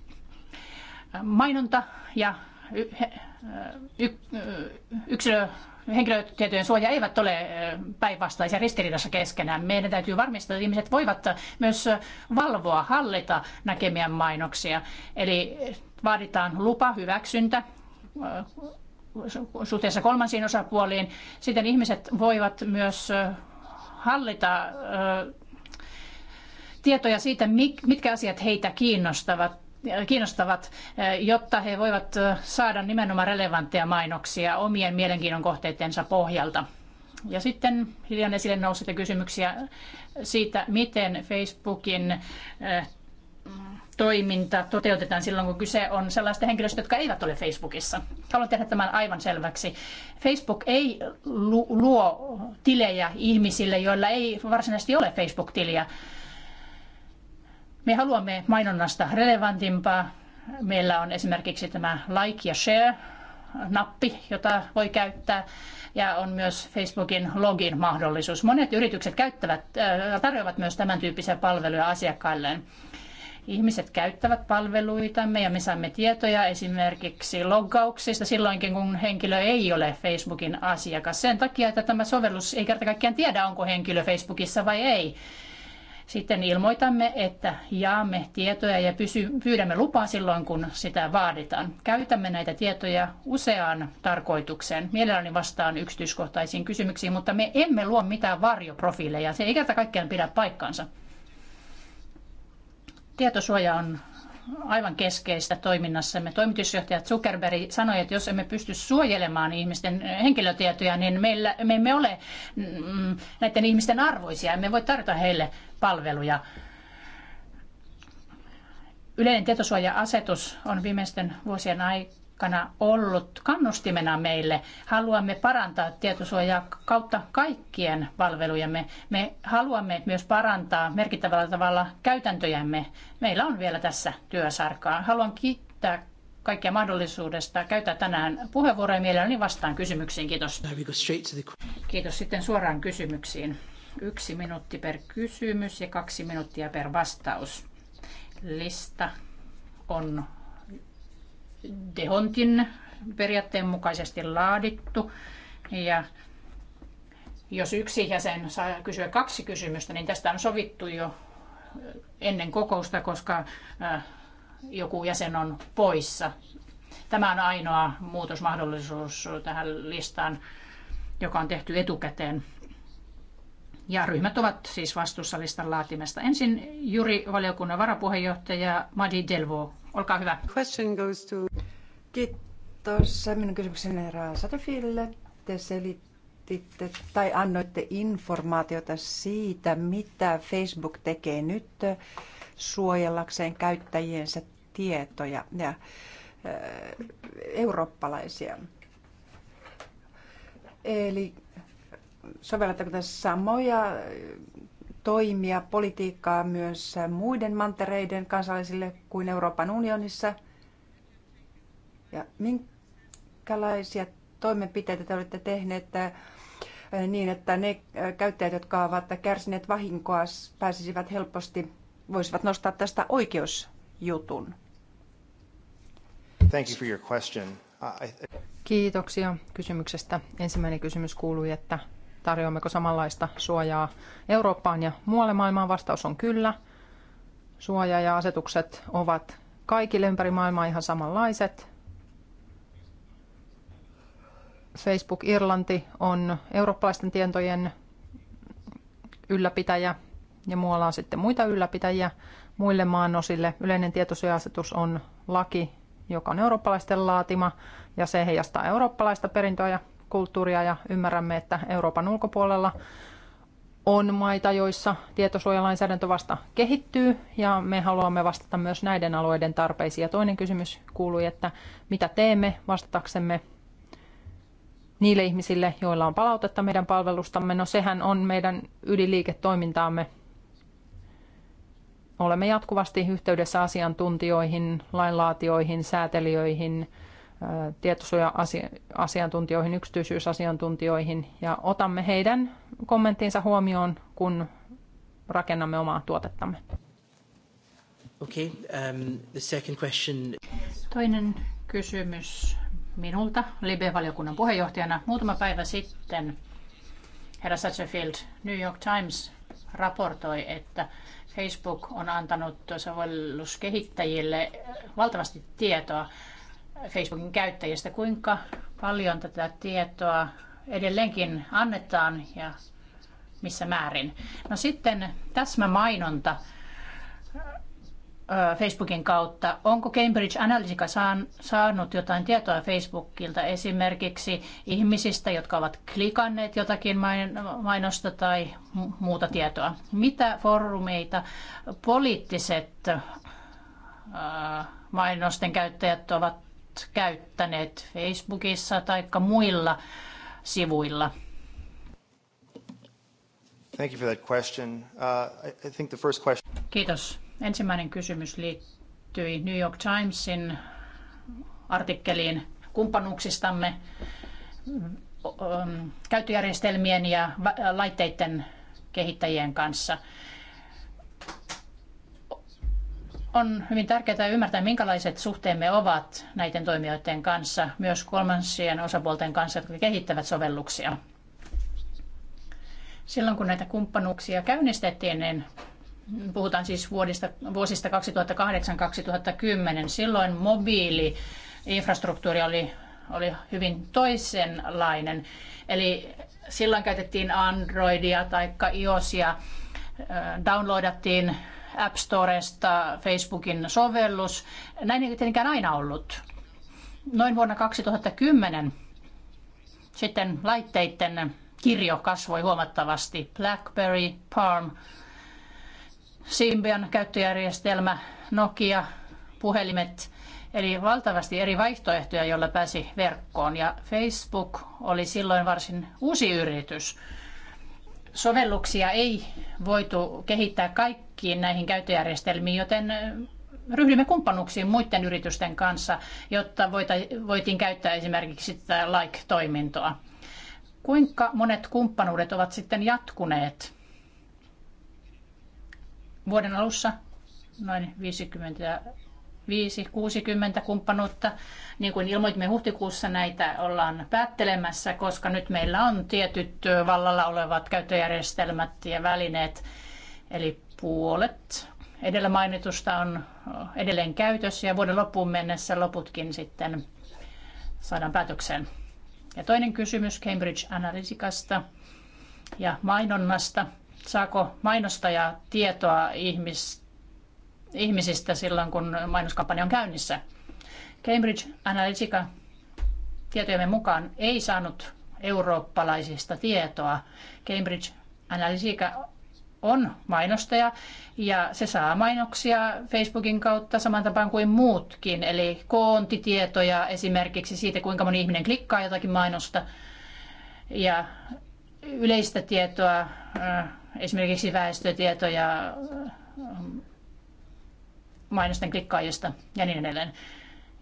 Speaker 1: Mainonta ja yksilö henkilötietojen suoja eivät ole päinvastaisia ristiriidassa keskenään. Meidän täytyy varmistaa, että ihmiset voivat myös valvoa, hallita näkemiä mainoksia. Eli vaaditaan lupa, hyväksyntä suhteessa kolmansiin osapuoliin. sitten ihmiset voivat myös hallita tietoja siitä, mitkä asiat heitä kiinnostavat kiinnostavat, eh, jotta he voivat eh, saada nimenomaan relevantteja mainoksia omien mielenkiinnon kohteidensa pohjalta. Ja sitten hiljan esille nousseita kysymyksiä siitä, miten Facebookin eh, toiminta toteutetaan silloin, kun kyse on sellaista henkilöistä, jotka eivät ole Facebookissa. Haluan tehdä tämän aivan selväksi. Facebook ei luo tilejä ihmisille, joilla ei varsinaisesti ole Facebook-tiliä. Me haluamme mainonnasta relevantimpaa. Meillä on esimerkiksi tämä like ja share nappi, jota voi käyttää ja on myös Facebookin login mahdollisuus. Monet yritykset käyttävät, äh, tarjoavat myös tämän tyyppisiä palveluja asiakkailleen. Ihmiset käyttävät palveluitamme ja me saamme tietoja esimerkiksi loggauksista silloinkin, kun henkilö ei ole Facebookin asiakas. Sen takia, että tämä sovellus ei kerta kaikkiaan tiedä, onko henkilö Facebookissa vai ei. Sitten ilmoitamme, että jaamme tietoja ja pysy, pyydämme lupaa silloin, kun sitä vaaditaan. Käytämme näitä tietoja useaan tarkoitukseen. Mielelläni vastaan yksityiskohtaisiin kysymyksiin, mutta me emme luo mitään varjoprofiileja. Se ei kerta kaikkiaan pidä paikkaansa. Tietosuoja on aivan keskeistä toiminnassamme. Toimitusjohtaja Zuckerberg sanoi, että jos emme pysty suojelemaan ihmisten henkilötietoja, niin meillä, me emme ole mm, näiden ihmisten arvoisia. Emme voi tarjota heille palveluja. Yleinen tietosuoja-asetus on viimeisten vuosien aikana ollut kannustimena meille. Haluamme parantaa tietosuojaa kautta kaikkien palvelujemme. Me haluamme myös parantaa merkittävällä tavalla käytäntöjämme. Meillä on vielä tässä työsarkaa. Haluan kiittää kaikkia mahdollisuudesta käyttää tänään puheenvuoroja mielelläni vastaan kysymyksiin. Kiitos. Kiitos sitten suoraan kysymyksiin. Yksi minuutti per kysymys ja kaksi minuuttia per vastaus. Lista on Dehontin periaatteen mukaisesti laadittu. Ja jos yksi jäsen saa kysyä kaksi kysymystä, niin tästä on sovittu jo ennen kokousta, koska joku jäsen on poissa. Tämä on ainoa muutosmahdollisuus tähän listaan, joka on tehty etukäteen. Ja ryhmät ovat siis vastuussa listan laatimesta. Ensin Juri valiokunnan varapuheenjohtaja Madi Delvo. Olkaa hyvä.
Speaker 4: Question goes to... Kiitos. Minun kysymykseni herra Satofille. Te selititte tai annoitte informaatiota siitä, mitä Facebook tekee nyt suojellakseen käyttäjiensä tietoja ja eurooppalaisia. Eli sovelletaanko tässä samoja toimia, politiikkaa myös muiden mantereiden kansalaisille kuin Euroopan unionissa? Ja minkälaisia toimenpiteitä te olette tehneet äh, niin, että ne äh, käyttäjät, jotka ovat kärsineet vahinkoa, pääsisivät helposti, voisivat nostaa tästä oikeusjutun?
Speaker 5: Thank you for your question.
Speaker 4: Kiitoksia kysymyksestä.
Speaker 3: Ensimmäinen kysymys kuului, että tarjoammeko samanlaista suojaa Eurooppaan ja muualle maailmaan? Vastaus on kyllä. Suoja ja asetukset ovat kaikille ympäri maailmaa ihan samanlaiset. Facebook Irlanti on eurooppalaisten tietojen ylläpitäjä ja muualla on sitten muita ylläpitäjiä muille maanosille. Yleinen tietosuoja-asetus on laki, joka on eurooppalaisten laatima ja se heijastaa eurooppalaista perintöä ja kulttuuria ja ymmärrämme, että Euroopan ulkopuolella on maita, joissa tietosuojalainsäädäntö vasta kehittyy ja me haluamme vastata myös näiden alueiden tarpeisiin. Ja toinen kysymys kuului, että mitä teemme vastataksemme niille ihmisille, joilla on palautetta meidän palvelustamme. No sehän on meidän ydinliiketoimintaamme. Olemme jatkuvasti yhteydessä asiantuntijoihin, lainlaatioihin, säätelijöihin – tietosuoja-asiantuntijoihin, yksityisyysasiantuntijoihin ja otamme heidän kommenttinsa huomioon, kun rakennamme omaa tuotettamme.
Speaker 1: Okay, um, the second question. Toinen kysymys minulta Libe-valiokunnan puheenjohtajana. Muutama päivä sitten herra Satterfield New York Times raportoi, että Facebook on antanut sovelluskehittäjille valtavasti tietoa Facebookin käyttäjistä. Kuinka paljon tätä tietoa edelleenkin annetaan ja missä määrin? No sitten täsmämainonta Facebookin kautta. Onko Cambridge Analytica saanut jotain tietoa Facebookilta esimerkiksi ihmisistä, jotka ovat klikanneet jotakin mainosta tai muuta tietoa? Mitä foorumeita poliittiset mainosten käyttäjät ovat käyttäneet Facebookissa tai muilla sivuilla?
Speaker 3: Thank you for that question. Uh, I think the first question...
Speaker 1: Kiitos. Ensimmäinen kysymys liittyi New York Timesin artikkeliin kumppanuuksistamme mm, mm, käyttöjärjestelmien ja laitteiden kehittäjien kanssa. on hyvin tärkeää ymmärtää, minkälaiset suhteemme ovat näiden toimijoiden kanssa, myös kolmansien osapuolten kanssa, jotka kehittävät sovelluksia. Silloin kun näitä kumppanuuksia käynnistettiin, niin puhutaan siis vuodista, vuosista 2008-2010, silloin mobiili infrastruktuuri oli, oli hyvin toisenlainen. Eli silloin käytettiin Androidia tai iOSia, downloadattiin App Storesta Facebookin sovellus. Näin ei tietenkään aina ollut. Noin vuonna 2010 sitten laitteiden kirjo kasvoi huomattavasti. BlackBerry, Palm, Symbian käyttöjärjestelmä, Nokia, puhelimet. Eli valtavasti eri vaihtoehtoja, joilla pääsi verkkoon. Ja Facebook oli silloin varsin uusi yritys sovelluksia ei voitu kehittää kaikkiin näihin käyttöjärjestelmiin, joten ryhdymme kumppanuksiin muiden yritysten kanssa, jotta voitiin käyttää esimerkiksi tätä like-toimintoa. Kuinka monet kumppanuudet ovat sitten jatkuneet? Vuoden alussa noin 50 5-60 kumppanuutta. Niin kuin ilmoitimme huhtikuussa näitä ollaan päättelemässä, koska nyt meillä on tietyt vallalla olevat käyttöjärjestelmät ja välineet. Eli puolet edellä mainitusta on edelleen käytössä ja vuoden loppuun mennessä loputkin sitten saadaan päätökseen. Ja toinen kysymys Cambridge Analyticasta ja mainonnasta. Saako mainostaja tietoa ihmistä? ihmisistä silloin, kun mainoskampanja on käynnissä. Cambridge Analytica tietojemme mukaan ei saanut eurooppalaisista tietoa. Cambridge Analytica on mainostaja ja se saa mainoksia Facebookin kautta saman tapaan kuin muutkin, eli koontitietoja esimerkiksi siitä, kuinka moni ihminen klikkaa jotakin mainosta ja yleistä tietoa, äh, esimerkiksi väestötietoja, mainosten klikkaajista ja niin edelleen.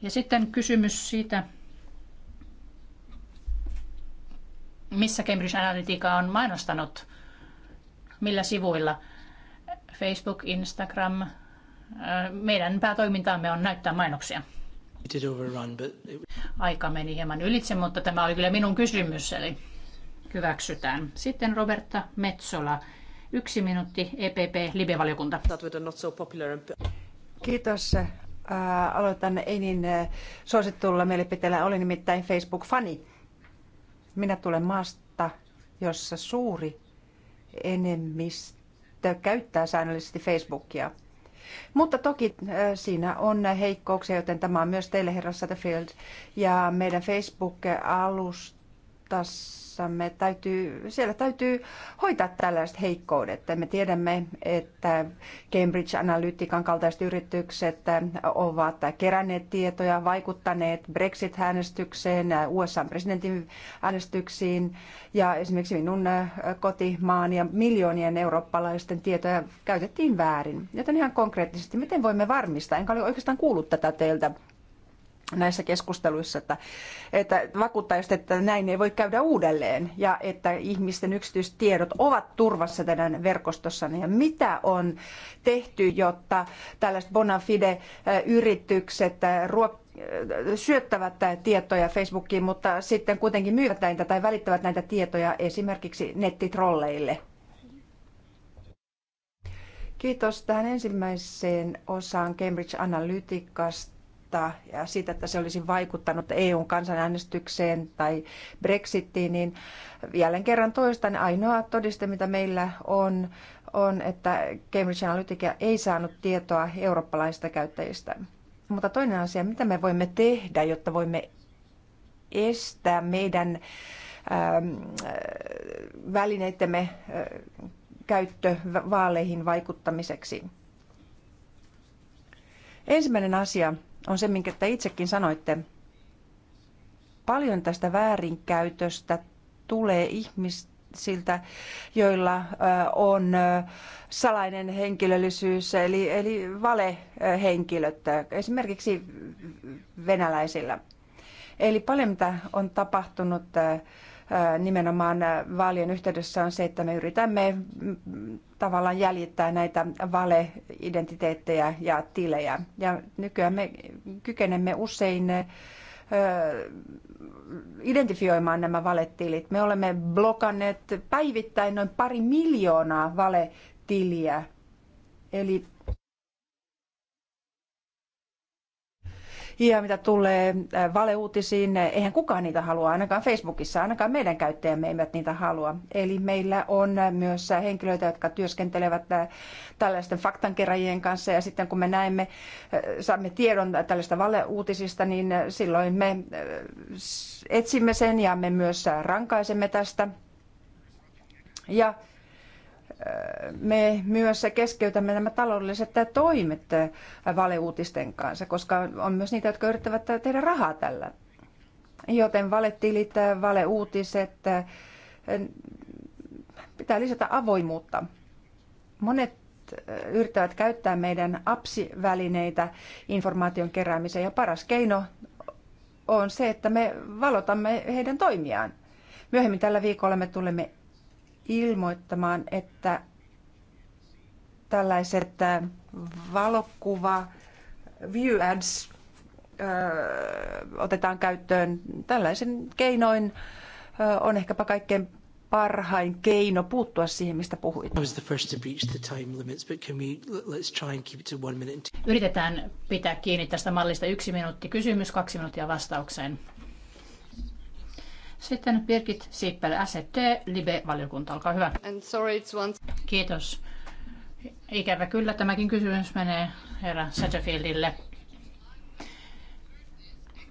Speaker 1: Ja sitten kysymys siitä, missä Cambridge Analytica on mainostanut, millä sivuilla. Facebook, Instagram, äh, meidän päätoimintaamme on näyttää mainoksia. Aika meni hieman ylitse, mutta tämä oli kyllä minun kysymys, eli hyväksytään. Sitten Roberta Metsola, yksi minuutti, EPP, Libe-valiokunta.
Speaker 4: Kiitos. Äh, aloitan Einin äh, suosittulla mielipiteellä. Olen nimittäin Facebook-fani. Minä tulen maasta, jossa suuri enemmistö käyttää säännöllisesti Facebookia. Mutta toki äh, siinä on heikkouksia, joten tämä on myös teille, herra Satterfield. Ja meidän Facebook-alusta valiokunnassamme täytyy, siellä täytyy hoitaa tällaiset heikkoudet. Me tiedämme, että Cambridge Analytican kaltaiset yritykset ovat keränneet tietoja, vaikuttaneet Brexit-äänestykseen, USA presidentin äänestyksiin ja esimerkiksi minun kotimaan ja miljoonien eurooppalaisten tietoja käytettiin väärin. Joten ihan konkreettisesti, miten voimme varmistaa, enkä ole oikeastaan kuullut tätä teiltä näissä keskusteluissa, että, että vakuuttajista, että näin ei voi käydä uudelleen ja että ihmisten yksityistiedot ovat turvassa tänään verkostossa. ja mitä on tehty, jotta tällaiset bona fide-yritykset eh, eh, ruokkaavat eh, syöttävät tietoja Facebookiin, mutta sitten kuitenkin myyvät näitä tai välittävät näitä tietoja esimerkiksi nettitrolleille. Kiitos tähän ensimmäiseen osaan Cambridge Analyticasta valittaa ja siitä, että se olisi vaikuttanut EUn kansanäänestykseen tai Brexitiin, niin jälleen kerran toistan ainoa todiste, mitä meillä on, on, että Cambridge Analytica ei saanut tietoa eurooppalaisista käyttäjistä. Mutta toinen asia, mitä me voimme tehdä, jotta voimme estää meidän ähm, välineittemme äh, käyttö vaaleihin vaikuttamiseksi. Ensimmäinen asia, on se, minkä te itsekin sanoitte. Paljon tästä väärinkäytöstä tulee ihmisiltä, joilla on salainen henkilöllisyys, eli, eli valehenkilöt, esimerkiksi venäläisillä. Eli paljon mitä on tapahtunut nimenomaan vaalien yhteydessä on se, että me yritämme tavallaan jäljittää näitä valeidentiteettejä ja tilejä. Ja nykyään me kykenemme usein identifioimaan nämä valetilit. Me olemme blokanneet päivittäin noin pari miljoonaa valetiliä. Eli Ja mitä tulee äh, valeuutisiin, eihän kukaan niitä halua, ainakaan Facebookissa, ainakaan meidän käyttäjämme eivät niitä halua. Eli meillä on äh, myös henkilöitä, jotka työskentelevät äh, tällaisten faktankeräjien kanssa ja sitten kun me näemme, saamme tiedon tällaista valeuutisista, niin silloin me etsimme sen ja me myös rankaisemme tästä. Ja me myös keskeytämme nämä taloudelliset toimet valeuutisten kanssa, koska on myös niitä, jotka yrittävät tehdä rahaa tällä. Joten valetilit, valeuutiset, pitää lisätä avoimuutta. Monet yrittävät käyttää meidän apsivälineitä informaation keräämiseen ja paras keino on se, että me valotamme heidän toimiaan. Myöhemmin tällä viikolla me tulemme ilmoittamaan, että tällaiset äh, valokuva view ads ö, äh, otetaan käyttöön tällaisen keinoin ö, äh, on ehkäpä kaikkein parhain keino puuttua siihen, mistä puhuit.
Speaker 1: Yritetään pitää kiinni tästä mallista yksi minuutti kysymys, kaksi minuuttia vastaukseen. Sitten Birgit Siippel, SFT, Libe-valiokunta, olkaa hyvä. And sorry, it's Kiitos. Ikävä kyllä tämäkin kysymys menee herra Satterfieldille.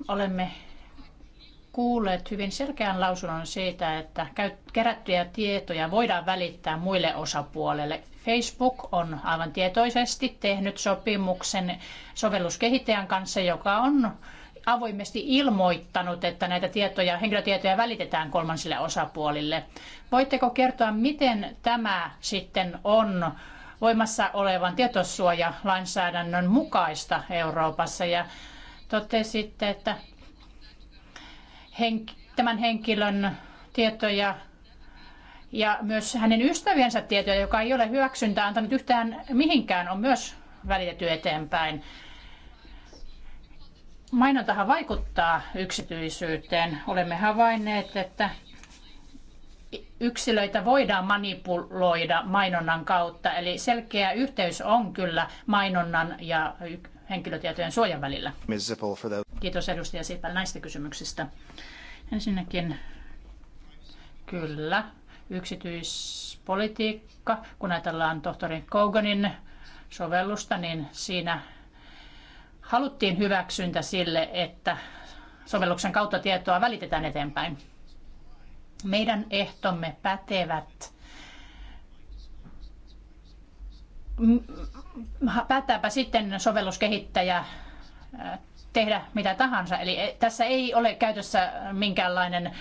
Speaker 1: Olemme kuulleet hyvin selkeän lausunnon siitä, että kerättyjä tietoja voidaan välittää muille osapuolelle. Facebook on aivan tietoisesti tehnyt sopimuksen sovelluskehittäjän kanssa, joka on avoimesti ilmoittanut, että näitä tietoja, henkilötietoja välitetään kolmansille osapuolille. Voitteko kertoa, miten tämä sitten on voimassa olevan tietosuojalainsäädännön mukaista Euroopassa? Ja totesitte, että tämän henkilön tietoja ja myös hänen ystäviensä tietoja, joka ei ole hyväksyntää antanut yhtään mihinkään, on myös välitetty eteenpäin. Mainontahan vaikuttaa yksityisyyteen. Olemme havainneet, että yksilöitä voidaan manipuloida mainonnan kautta, eli selkeä yhteys on kyllä mainonnan ja henkilötietojen suojan välillä. Kiitos edustaja Sipälä näistä kysymyksistä. Ensinnäkin kyllä, yksityispolitiikka, kun ajatellaan tohtori Koganin sovellusta, niin siinä haluttiin hyväksyntä sille, että sovelluksen kautta tietoa välitetään eteenpäin. Meidän ehtomme pätevät. Päättääpä sitten sovelluskehittäjä äh, tehdä mitä tahansa. Eli eh, tässä ei ole käytössä minkäänlainen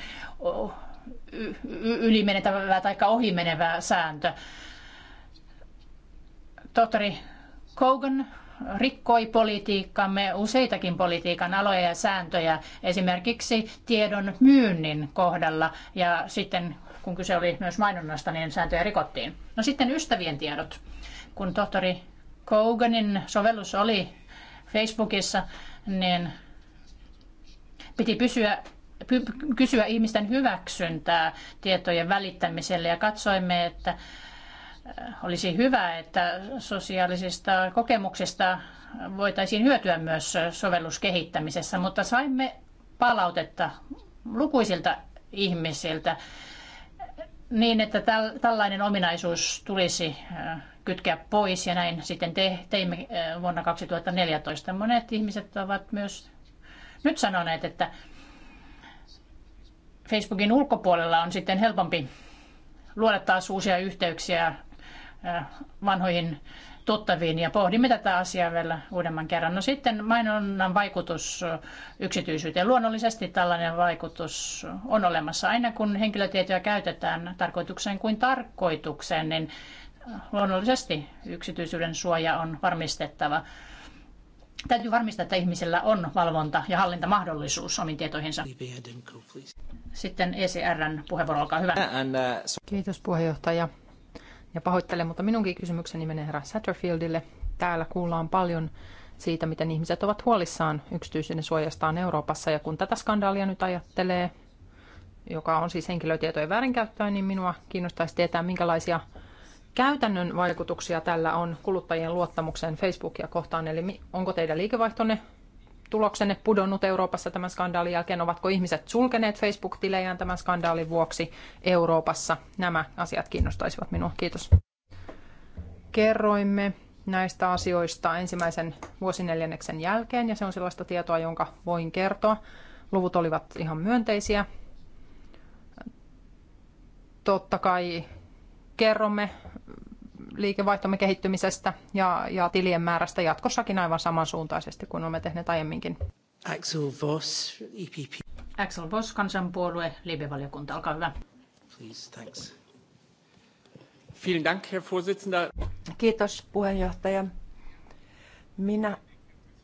Speaker 1: ylimenevä tai ohimenevä sääntö. Tohtori Kogan rikkoi politiikkamme useitakin politiikan aloja ja sääntöjä, esimerkiksi tiedon myynnin kohdalla ja sitten kun kyse oli myös mainonnasta, niin sääntöjä rikottiin. No sitten ystävien tiedot. Kun tohtori Koganin sovellus oli Facebookissa, niin piti pysyä, py, kysyä ihmisten hyväksyntää tietojen välittämiselle ja katsoimme, että Äh, olisi hyvä, että sosiaalisista kokemuksista voitaisiin hyötyä myös sovelluskehittämisessä, mutta saimme palautetta lukuisilta ihmisiltä niin, että tällainen ominaisuus tulisi äh, kytkeä pois ja näin sitten teimme äh, vuonna 2014. Monet ihmiset ovat myös nyt sanoneet, että Facebookin ulkopuolella on sitten helpompi luoda taas uusia yhteyksiä vanhoihin tuttaviin ja pohdimme tätä asiaa vielä uudemman kerran. No sitten mainonnan vaikutus yksityisyyteen. Luonnollisesti tällainen vaikutus on olemassa. Aina kun henkilötietoja käytetään tarkoitukseen kuin tarkoitukseen, niin luonnollisesti yksityisyyden suoja on varmistettava. Täytyy varmistaa, että ihmisellä on valvonta- ja hallintamahdollisuus omiin tietoihinsa. Sitten ECRn puheenvuoro,
Speaker 3: olkaa hyvä. Uh, Kiitos puheenjohtaja. Ja pahoittelen, mutta minunkin kysymykseni menee herra Satterfieldille. Täällä kuullaan paljon siitä, miten ihmiset ovat huolissaan yksityisyyden suojastaan Euroopassa. Ja kun tätä skandaalia nyt ajattelee, joka on siis henkilötietojen väärinkäyttöä, niin minua kiinnostaisi tietää, minkälaisia käytännön vaikutuksia tällä on kuluttajien luottamukseen Facebookia kohtaan. Eli onko teidän liikevaihtonne tuloksenne pudonnut Euroopassa tämän skandaalin jälkeen? Ovatko ihmiset sulkeneet Facebook-tilejään tämän skandaalin vuoksi Euroopassa? Nämä asiat kiinnostaisivat minua. Kiitos. Kerroimme näistä asioista ensimmäisen vuosineljänneksen jälkeen, ja se on sellaista tietoa, jonka voin kertoa. Luvut olivat ihan myönteisiä. Totta kai kerromme liikevaihtomme kehittymisestä ja, ja tilien määrästä jatkossakin aivan samansuuntaisesti kuin olemme tehneet aiemminkin. Axel Voss, EPP.
Speaker 1: Axel Voss, kansanpuolue, liivevaliokunta, olkaa hyvä. Please, thanks.
Speaker 2: Vielen Dank, Herr Vorsitzender.
Speaker 4: Kiitos puheenjohtaja. Minä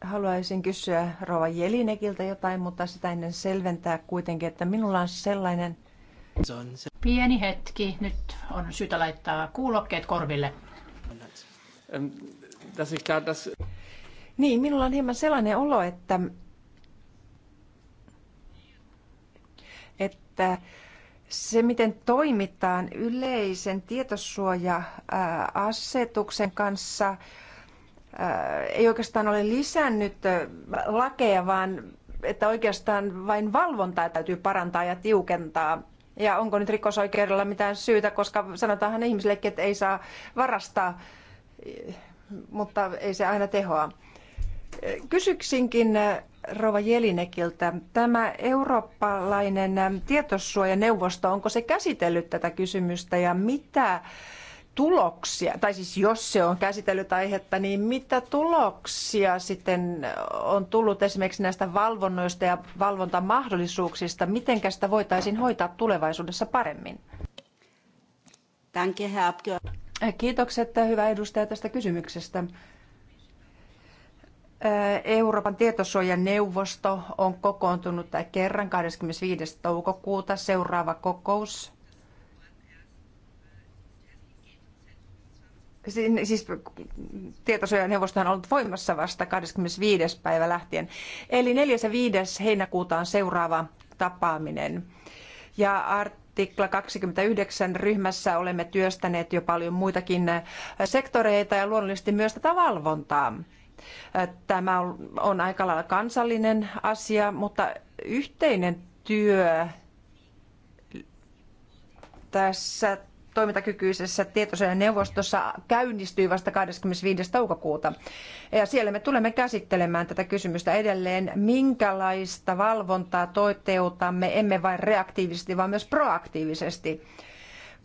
Speaker 4: haluaisin kysyä Rova Jelinekiltä jotain, mutta sitä ennen selventää kuitenkin, että minulla on sellainen
Speaker 1: Pieni hetki, nyt on syytä laittaa kuulokkeet korville.
Speaker 4: Ähm, niin, minulla on hieman sellainen olo, että, että se, miten toimitaan yleisen tietosuoja-asetuksen kanssa, äh, ei oikeastaan ole lisännyt äh, lakeja, vaan että oikeastaan vain valvontaa täytyy parantaa ja tiukentaa ja onko nyt rikosoikeudella mitään syytä, koska sanotaanhan ihmisillekin, että ei saa varastaa, mutta ei se aina tehoa. Kysyksinkin Rova Jelinekiltä, tämä eurooppalainen tietosuojaneuvosto, onko se käsitellyt tätä kysymystä ja mitä tuloksia, tai siis jos se on käsitellyt aihetta, niin mitä tuloksia sitten on tullut esimerkiksi näistä valvonnoista ja valvontamahdollisuuksista? Miten sitä voitaisiin hoitaa tulevaisuudessa paremmin? Kiitokset, hyvä edustaja, tästä kysymyksestä. Euroopan tietosuojaneuvosto on kokoontunut kerran 25. toukokuuta. Seuraava kokous siis tietosuojaneuvostohan on ollut voimassa vasta 25. päivä lähtien. Eli 4. ja 5. heinäkuuta on seuraava tapaaminen. Ja artikla 29 ryhmässä olemme työstäneet jo paljon muitakin äh, sektoreita ja luonnollisesti myös tätä valvontaa. Äh, tämä on aika lailla kansallinen asia, mutta yhteinen työ tässä toimintakykyisessä tietosuojan neuvostossa käynnistyy vasta 25. toukokuuta. Ja siellä me tulemme käsittelemään tätä kysymystä edelleen, minkälaista valvontaa toteutamme, emme vain reaktiivisesti, vaan myös proaktiivisesti,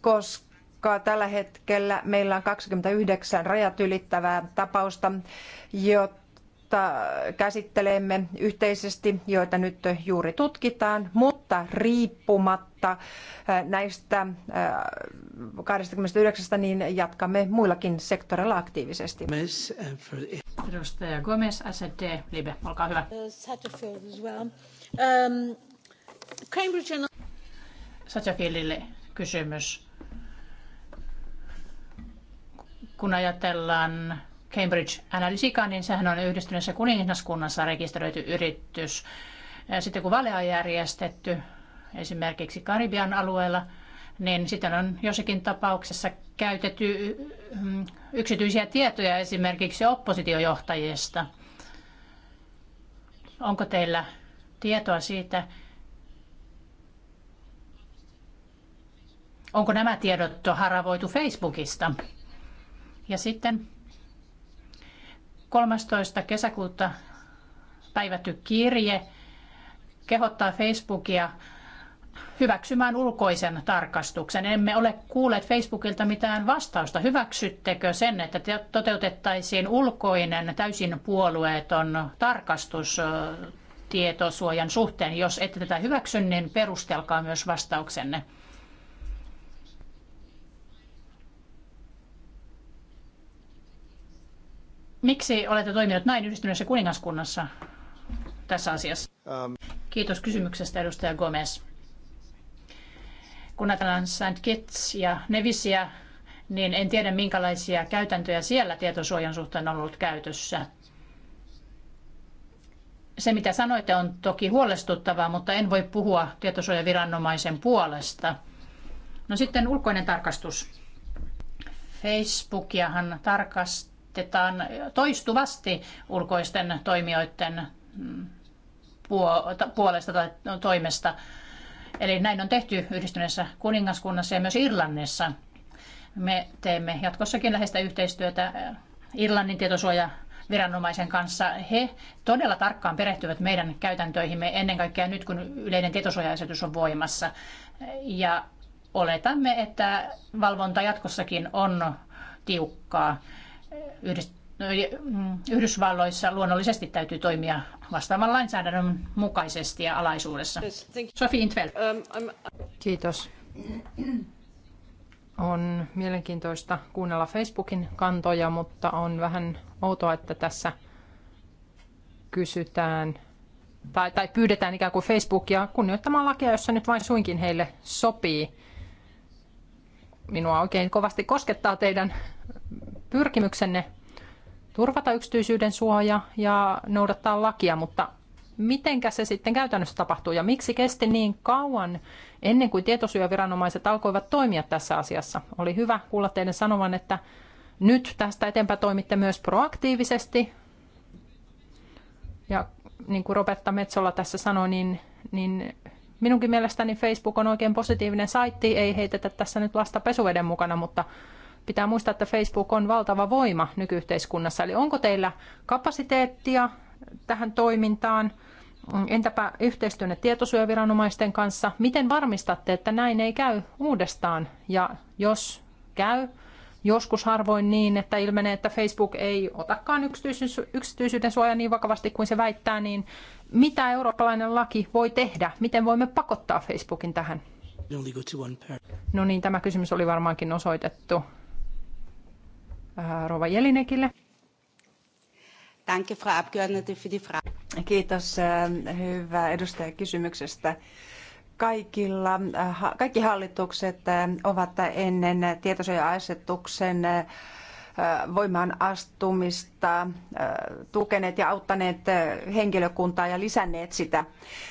Speaker 4: koska Tällä hetkellä meillä on 29 rajat ylittävää tapausta, jotka joita käsittelemme yhteisesti, joita nyt juuri tutkitaan, mutta riippumatta näistä 29, niin jatkamme muillakin sektoreilla aktiivisesti. Eh,
Speaker 1: Edustaja Gomez, SD, Libe, olkaa hyvä. Uh, um, Satterfieldille kysymys. Kun ajatellaan Cambridge Analytica, niin sehän on yhdistyneessä kuningaskunnassa rekisteröity yritys. Sitten kun vaaleja on järjestetty esimerkiksi Karibian alueella, niin sitten on jossakin tapauksessa käytetty mm, yksityisiä tietoja esimerkiksi oppositiojohtajista. Onko teillä tietoa siitä, onko nämä tiedot haravoitu Facebookista? Ja sitten 13. kesäkuuta päivätty kirje kehottaa Facebookia hyväksymään ulkoisen tarkastuksen. Emme ole kuulleet Facebookilta mitään vastausta. Hyväksyttekö sen, että toteutettaisiin ulkoinen, täysin puolueeton tarkastus tietosuojan suhteen? Jos ette tätä hyväksy, niin perustelkaa myös vastauksenne. Miksi olette toiminut näin yhdistyneessä kuningaskunnassa tässä asiassa? Ähm. Kiitos kysymyksestä, edustaja Gomez. Kun ajatellaan St. Kitts ja Nevisiä, niin en tiedä minkälaisia käytäntöjä siellä tietosuojan suhteen on ollut käytössä. Se, mitä sanoitte, on toki huolestuttavaa, mutta en voi puhua tietosuojaviranomaisen puolesta. No sitten ulkoinen tarkastus. Facebookiahan tarkastaa rahoitetaan toistuvasti ulkoisten toimijoiden mm, puolesta tai toimesta. Eli näin on tehty yhdistyneessä kuningaskunnassa ja myös Irlannissa. Me teemme jatkossakin läheistä yhteistyötä Irlannin tietosuoja viranomaisen kanssa. He todella tarkkaan perehtyvät meidän käytäntöihimme ennen kaikkea nyt, kun yleinen tietosuojaesitys on voimassa. Ja oletamme, että valvonta jatkossakin on tiukkaa. No, mm, Yhdysvalloissa luonnollisesti täytyy toimia vastaavan lainsäädännön mukaisesti ja alaisuudessa. Sofi Intveld. Um,
Speaker 3: Kiitos. On mielenkiintoista kuunnella Facebookin kantoja, mutta on vähän outoa, että tässä kysytään tai, tai pyydetään ikään kuin Facebookia kunnioittamaan lakia, jossa nyt vain suinkin heille sopii. Minua oikein kovasti koskettaa teidän pyrkimyksenne turvata yksityisyyden suoja ja noudattaa lakia, mutta mitenkä se sitten käytännössä tapahtuu ja miksi kesti niin kauan ennen kuin tietosuojaviranomaiset alkoivat toimia tässä asiassa? Oli hyvä kuulla teidän sanovan, että nyt tästä eteenpäin toimitte myös proaktiivisesti. Ja niin kuin Roberta Metsola tässä sanoi, niin, niin minunkin mielestäni Facebook on oikein positiivinen saitti. Ei heitetä tässä nyt lasta pesuveden mukana, mutta Pitää muistaa, että Facebook on valtava voima nykyyhteiskunnassa. Eli onko teillä kapasiteettia tähän toimintaan? Entäpä yhteistyönne tietosuojaviranomaisten kanssa? Miten varmistatte, että näin ei käy uudestaan? Ja jos käy, joskus harvoin niin, että ilmenee, että Facebook ei otakaan yksityisyyden suojaa niin vakavasti kuin se väittää, niin mitä eurooppalainen laki voi tehdä? Miten voimme pakottaa Facebookin tähän? No niin, tämä kysymys oli varmaankin osoitettu Äh, Rova Jelinekille.
Speaker 4: Danke, Frau Abgeordnete, für die Frage. Kiitos äh, hyvä edustaja kysymyksestä. Kaikilla, äh, kaikki hallitukset ovat ennen tietosuoja-asetuksen voimaan astumista tukeneet ja auttaneet henkilökuntaa ja lisänneet sitä.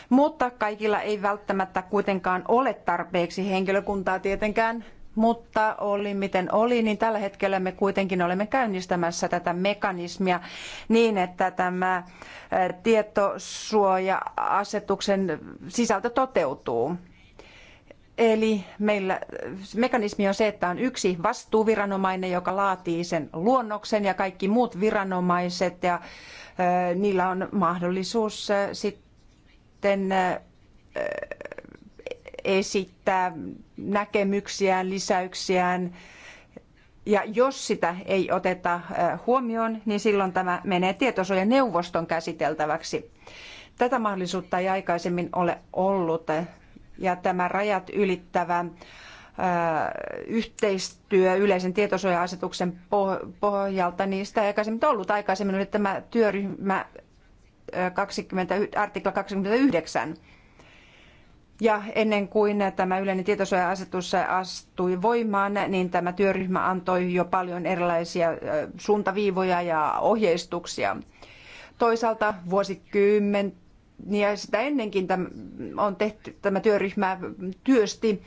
Speaker 4: Mutta kaikilla ei välttämättä kuitenkaan ole tarpeeksi henkilökuntaa tietenkään mutta oli miten oli, niin tällä hetkellä me kuitenkin olemme käynnistämässä tätä mekanismia niin, että tämä tietosuoja-asetuksen sisältö toteutuu. Eli meillä mekanismi on se, että on yksi vastuuviranomainen, joka laatii sen luonnoksen ja kaikki muut viranomaiset ja niillä on mahdollisuus sitten esittää näkemyksiään, lisäyksiään. Ja jos sitä ei oteta äh, huomioon, niin silloin tämä menee tietosuojan neuvoston käsiteltäväksi. Tätä mahdollisuutta ei aikaisemmin ole ollut. Ja tämä rajat ylittävä äh, yhteistyö yleisen tietosuoja-asetuksen pohjalta, niin sitä ei aikaisemmin ollut. Aikaisemmin oli tämä työryhmä 20, äh, artikla 29, ja ennen kuin tämä yleinen tietosuoja-asetus astui voimaan, niin tämä työryhmä antoi jo paljon erilaisia suuntaviivoja ja ohjeistuksia. Toisaalta vuosikymmen ja sitä ennenkin tämä, on tehty, tämä työryhmä työsti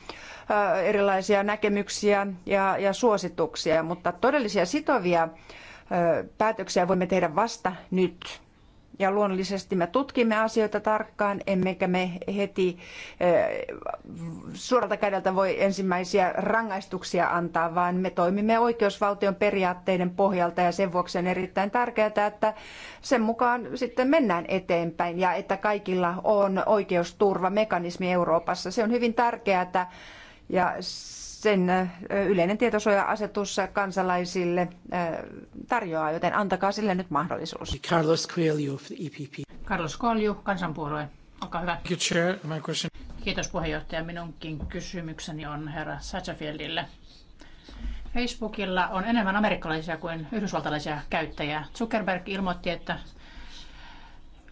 Speaker 4: erilaisia näkemyksiä ja, ja suosituksia, mutta todellisia sitovia päätöksiä voimme tehdä vasta nyt. Ja luonnollisesti me tutkimme asioita tarkkaan, emmekä me heti suoralta kädeltä voi ensimmäisiä rangaistuksia antaa, vaan me toimimme oikeusvaltion periaatteiden pohjalta ja sen vuoksi on erittäin tärkeää, että sen mukaan sitten mennään eteenpäin ja että kaikilla on oikeusturvamekanismi Euroopassa. Se on hyvin tärkeää ja sen yleinen tietosuoja-asetus kansalaisille tarjoaa, joten antakaa sille nyt mahdollisuus. Carlos Coelho, EPP. E
Speaker 1: Carlos Coelho, kansanpuolue. Olkaa hyvä. Kiitos puheenjohtaja. Minunkin kysymykseni on herra Satchafieldille. Facebookilla on enemmän amerikkalaisia kuin yhdysvaltalaisia käyttäjiä. Zuckerberg ilmoitti, että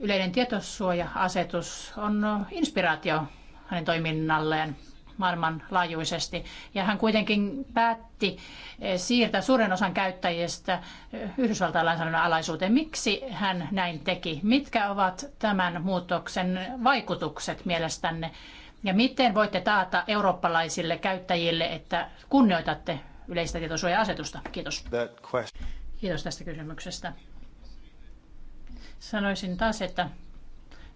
Speaker 1: yleinen tietosuoja-asetus on inspiraatio hänen toiminnalleen maailmanlaajuisesti. Ja hän kuitenkin päätti eh, siirtää suuren osan käyttäjistä eh, Yhdysvaltain lainsäädännön alaisuuteen. Miksi hän näin teki? Mitkä ovat tämän muutoksen vaikutukset mielestänne? Ja miten voitte taata eurooppalaisille käyttäjille, että kunnioitatte yleistä tietosuoja-asetusta? Kiitos. Kiitos tästä kysymyksestä. Sanoisin taas, että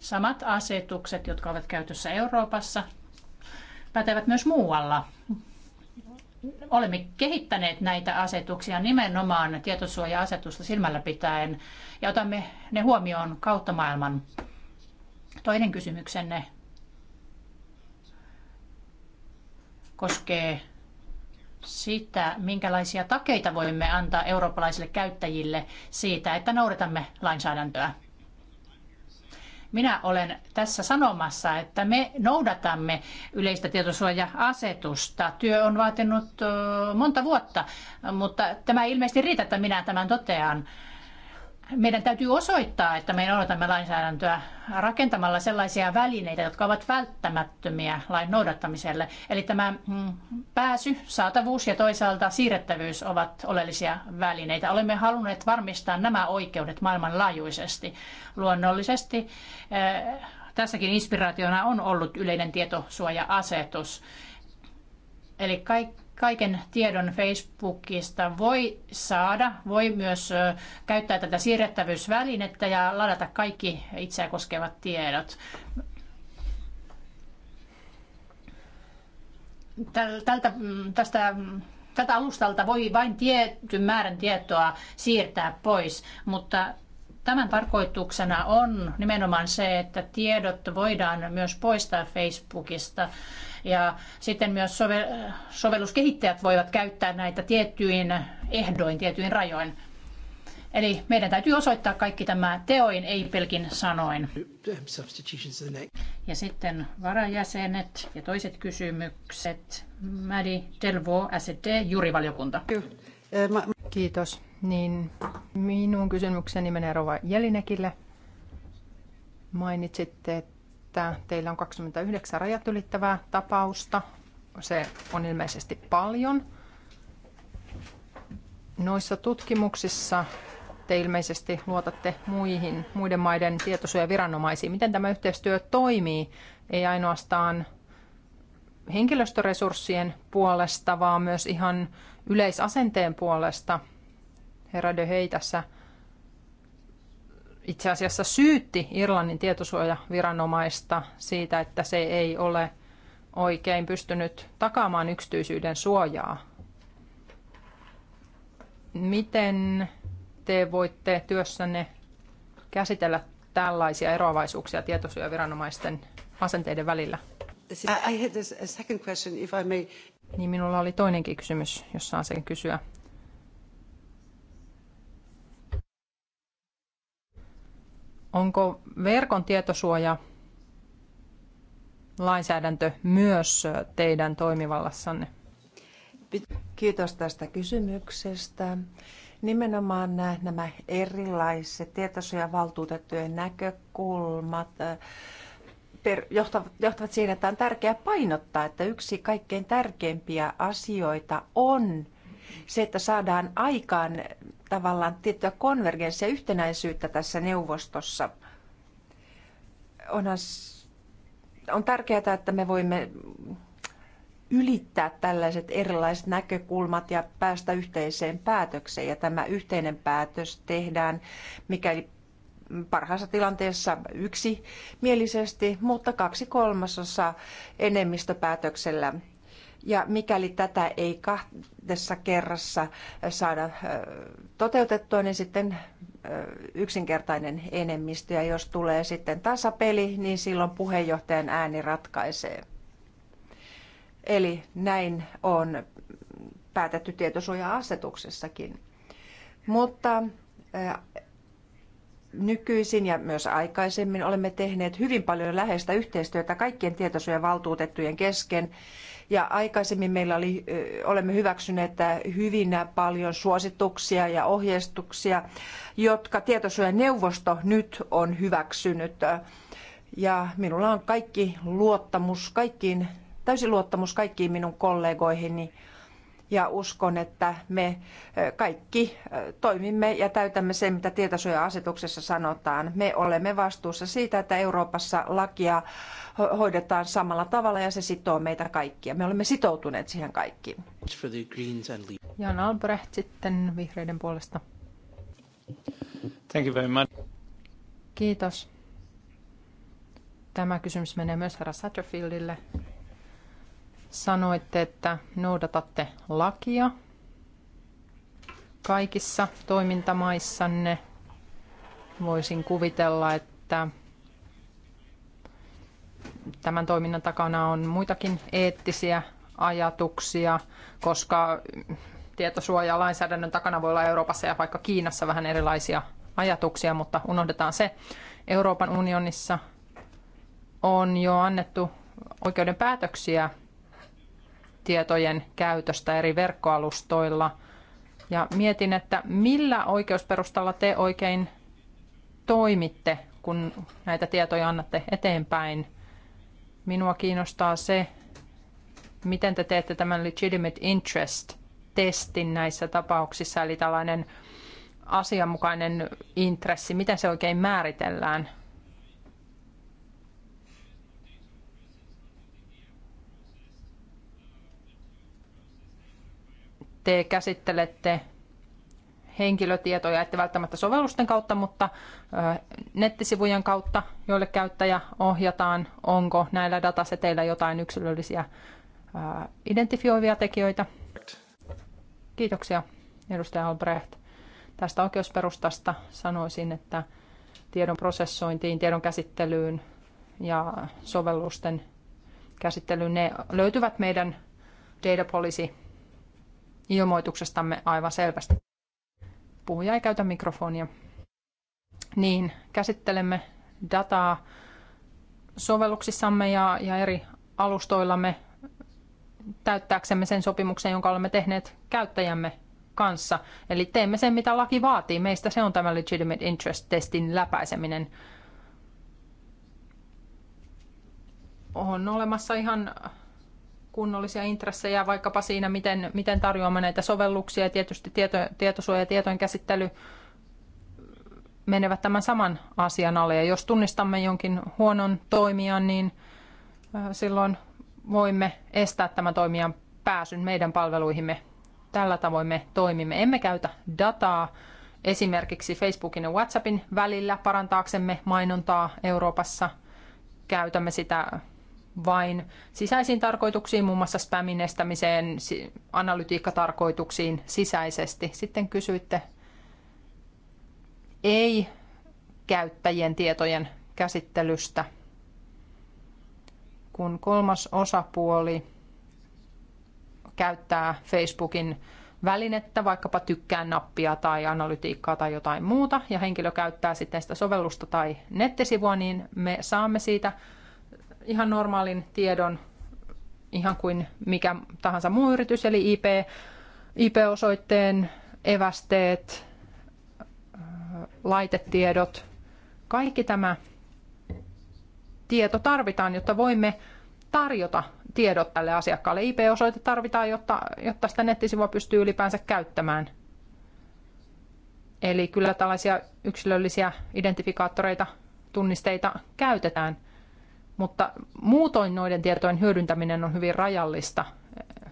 Speaker 1: samat asetukset, jotka ovat käytössä Euroopassa, pätevät myös muualla. Olemme kehittäneet näitä asetuksia nimenomaan tietosuoja-asetusta silmällä pitäen ja otamme ne huomioon kautta maailman. Toinen kysymyksenne koskee sitä, minkälaisia takeita voimme antaa eurooppalaisille käyttäjille siitä, että noudatamme lainsäädäntöä. Minä olen tässä sanomassa, että me noudatamme yleistä tietosuoja-asetusta. Työ on vaatinut monta vuotta, mutta tämä ei ilmeisesti riitä, että minä tämän totean meidän täytyy osoittaa, että me noudatamme lainsäädäntöä rakentamalla sellaisia välineitä, jotka ovat välttämättömiä lain noudattamiselle. Eli tämä mm, pääsy, saatavuus ja toisaalta siirrettävyys ovat oleellisia välineitä. Olemme halunneet varmistaa nämä oikeudet maailmanlaajuisesti. Luonnollisesti eh, tässäkin inspiraationa on ollut yleinen tietosuoja-asetus. Eli kaikki kaiken tiedon Facebookista voi saada, voi myös käyttää tätä siirrettävyysvälinettä ja ladata kaikki itseä koskevat tiedot. Tältä, mm, tästä, tältä alustalta voi vain tietyn määrän tietoa siirtää pois, mutta tämän tarkoituksena on nimenomaan se, että tiedot voidaan myös poistaa Facebookista ja sitten myös sovelluskehittäjät voivat käyttää näitä tiettyin ehdoin, tietyin rajoin. Eli meidän täytyy osoittaa kaikki tämä teoin, ei pelkin sanoin. Ja sitten varajäsenet ja toiset kysymykset. Mädi
Speaker 3: Delvo, SD, jurivaliokunta. Kiitos. Niin minun kysymykseni menee Rova Jelinekille. Mainitsitte, että että teillä on 29 rajat ylittävää tapausta. Se on ilmeisesti paljon. Noissa tutkimuksissa te ilmeisesti luotatte muihin, muiden maiden tietosuojaviranomaisiin. Miten tämä yhteistyö toimii? Ei ainoastaan henkilöstöresurssien puolesta, vaan myös ihan yleisasenteen puolesta. Herra De Hei tässä itse asiassa syytti Irlannin tietosuojaviranomaista siitä, että se ei ole oikein pystynyt takaamaan yksityisyyden suojaa. Miten te voitte työssänne käsitellä tällaisia eroavaisuuksia tietosuojaviranomaisten asenteiden välillä? Niin minulla oli toinenkin kysymys, jos saan sen kysyä. Onko verkon tietosuoja
Speaker 4: lainsäädäntö myös teidän toimivallassanne? Kiitos tästä kysymyksestä. Nimenomaan nämä erilaiset tietosuojavaltuutettujen näkökulmat eh, johtavat, johtavat siihen, että on tärkeää painottaa, että yksi kaikkein tärkeimpiä asioita on se, että saadaan aikaan tavallaan tiettyä konvergenssia, yhtenäisyyttä tässä neuvostossa. Onhan, on tärkeää, että me voimme ylittää tällaiset erilaiset näkökulmat ja päästä yhteiseen päätökseen. Ja tämä yhteinen päätös tehdään, mikäli parhaassa tilanteessa yksimielisesti, mutta kaksi kolmasosa enemmistöpäätöksellä ja mikäli tätä ei kahdessa kerrassa äh, saada äh, toteutettua, niin sitten äh, yksinkertainen enemmistö. Ja jos tulee sitten tasapeli, niin silloin puheenjohtajan ääni ratkaisee. Eli näin on päätetty tietosuoja-asetuksessakin. Mutta nykyisin ja myös aikaisemmin olemme tehneet hyvin paljon läheistä yhteistyötä kaikkien tietosuojavaltuutettujen kesken ja aikaisemmin meillä oli, olemme hyväksyneet hyvin paljon suosituksia ja ohjeistuksia, jotka tietosuojaneuvosto nyt on hyväksynyt. Ja minulla on kaikki luottamus, kaikkiin, täysi luottamus kaikkiin minun kollegoihini ja uskon, että me kaikki toimimme ja täytämme sen, mitä tietosuoja-asetuksessa sanotaan. Me olemme vastuussa siitä, että Euroopassa lakia hoidetaan samalla tavalla ja se sitoo meitä kaikkia. Me olemme sitoutuneet siihen kaikkiin.
Speaker 3: Jan Albrecht sitten vihreiden puolesta.
Speaker 2: Thank you very much.
Speaker 3: Kiitos. Tämä kysymys menee myös herra Satterfieldille. Sanoitte, että noudatatte lakia kaikissa toimintamaissanne. Voisin kuvitella, että tämän toiminnan takana on muitakin eettisiä ajatuksia, koska tietosuojalainsäädännön takana voi olla Euroopassa ja vaikka Kiinassa vähän erilaisia ajatuksia, mutta unohdetaan se. Euroopan unionissa on jo annettu oikeuden päätöksiä tietojen käytöstä eri verkkoalustoilla. Ja mietin, että millä oikeusperustalla te oikein toimitte, kun näitä tietoja annatte eteenpäin. Minua kiinnostaa se, miten te teette tämän legitimate interest-testin näissä tapauksissa, eli tällainen asianmukainen intressi, miten se oikein määritellään. te käsittelette henkilötietoja, ette välttämättä sovellusten kautta, mutta nettisivujen kautta, joille käyttäjä ohjataan, onko näillä dataseteillä jotain yksilöllisiä identifioivia tekijöitä. Kiitoksia, edustaja Albrecht. Tästä oikeusperustasta sanoisin, että tiedon prosessointiin, tiedon käsittelyyn ja sovellusten käsittelyyn, ne löytyvät meidän data policy ilmoituksestamme aivan selvästi. Puhuja ei käytä mikrofonia. Niin, käsittelemme dataa sovelluksissamme ja, ja eri alustoillamme täyttääksemme sen sopimuksen, jonka olemme tehneet käyttäjämme kanssa. Eli teemme sen, mitä laki vaatii. Meistä se on tämä legitimate interest-testin läpäiseminen. On olemassa ihan kunnollisia intressejä vaikkapa siinä, miten, miten tarjoamme näitä sovelluksia ja tietysti tieto, tietosuoja ja tietojen käsittely menevät tämän saman asian alle. Ja jos tunnistamme jonkin huonon toimijan, niin silloin voimme estää tämän toimijan pääsyn meidän palveluihimme. Tällä tavoin me toimimme. Emme käytä dataa esimerkiksi Facebookin ja WhatsAppin välillä parantaaksemme mainontaa Euroopassa. Käytämme sitä vain sisäisiin tarkoituksiin, muun muassa spämin estämiseen, analytiikkatarkoituksiin sisäisesti. Sitten kysyitte ei käyttäjien tietojen käsittelystä, kun kolmas osapuoli käyttää Facebookin välinettä, vaikkapa tykkään nappia tai analytiikkaa tai jotain muuta, ja henkilö käyttää sitten sitä sovellusta tai nettisivua, niin me saamme siitä ihan normaalin tiedon, ihan kuin mikä tahansa muu yritys, eli IP, IP-osoitteen evästeet, laitetiedot, kaikki tämä tieto tarvitaan, jotta voimme tarjota tiedot tälle asiakkaalle. IP-osoite tarvitaan, jotta, jotta sitä nettisivua pystyy ylipäänsä käyttämään. Eli kyllä tällaisia yksilöllisiä identifikaattoreita, tunnisteita käytetään mutta muutoin noiden tietojen hyödyntäminen on hyvin rajallista.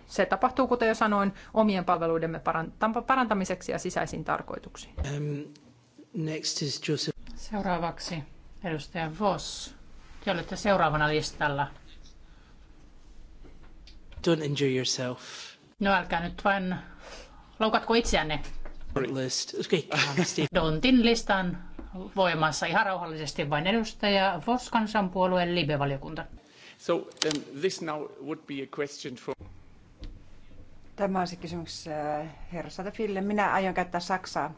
Speaker 3: Se tapahtuu, kuten jo sanoin, omien palveluidemme parantamiseksi ja sisäisiin tarkoituksiin.
Speaker 1: Um,
Speaker 2: next is Joseph.
Speaker 3: Seuraavaksi edustaja Voss.
Speaker 1: Te olette seuraavana listalla. Don't injure yourself. No älkää nyt vain loukatko itseänne. List. Okay, Dontin listan voimassa ihan rauhallisesti vain edustaja Vos kansanpuolueen
Speaker 4: live-valiokunta.
Speaker 2: So, um, this now would be a question for...
Speaker 4: Tämä on se kysymys äh, herra Satefille. Minä aion käyttää Saksaa.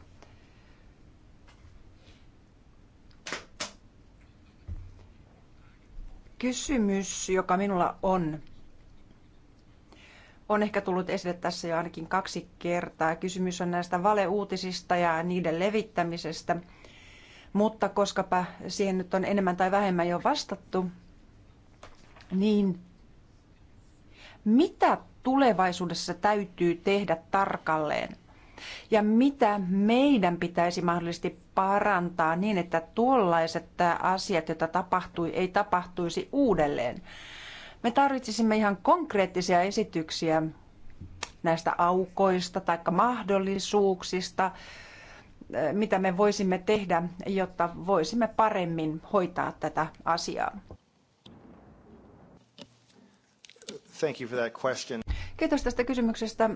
Speaker 4: Kysymys, joka minulla on, on ehkä tullut esille tässä jo ainakin kaksi kertaa. Kysymys on näistä valeuutisista ja niiden levittämisestä – mutta koskapa siihen nyt on enemmän tai vähemmän jo vastattu, niin mitä tulevaisuudessa täytyy tehdä tarkalleen? Ja mitä meidän pitäisi mahdollisesti parantaa niin, että tuollaiset äh, asiat, joita tapahtui, ei tapahtuisi uudelleen? Me tarvitsisimme ihan konkreettisia esityksiä näistä aukoista tai mahdollisuuksista, Eh, mitä me voisimme tehdä, jotta voisimme paremmin hoitaa tätä asiaa?
Speaker 2: Thank you for that question.
Speaker 4: Kiitos tästä kysymyksestä.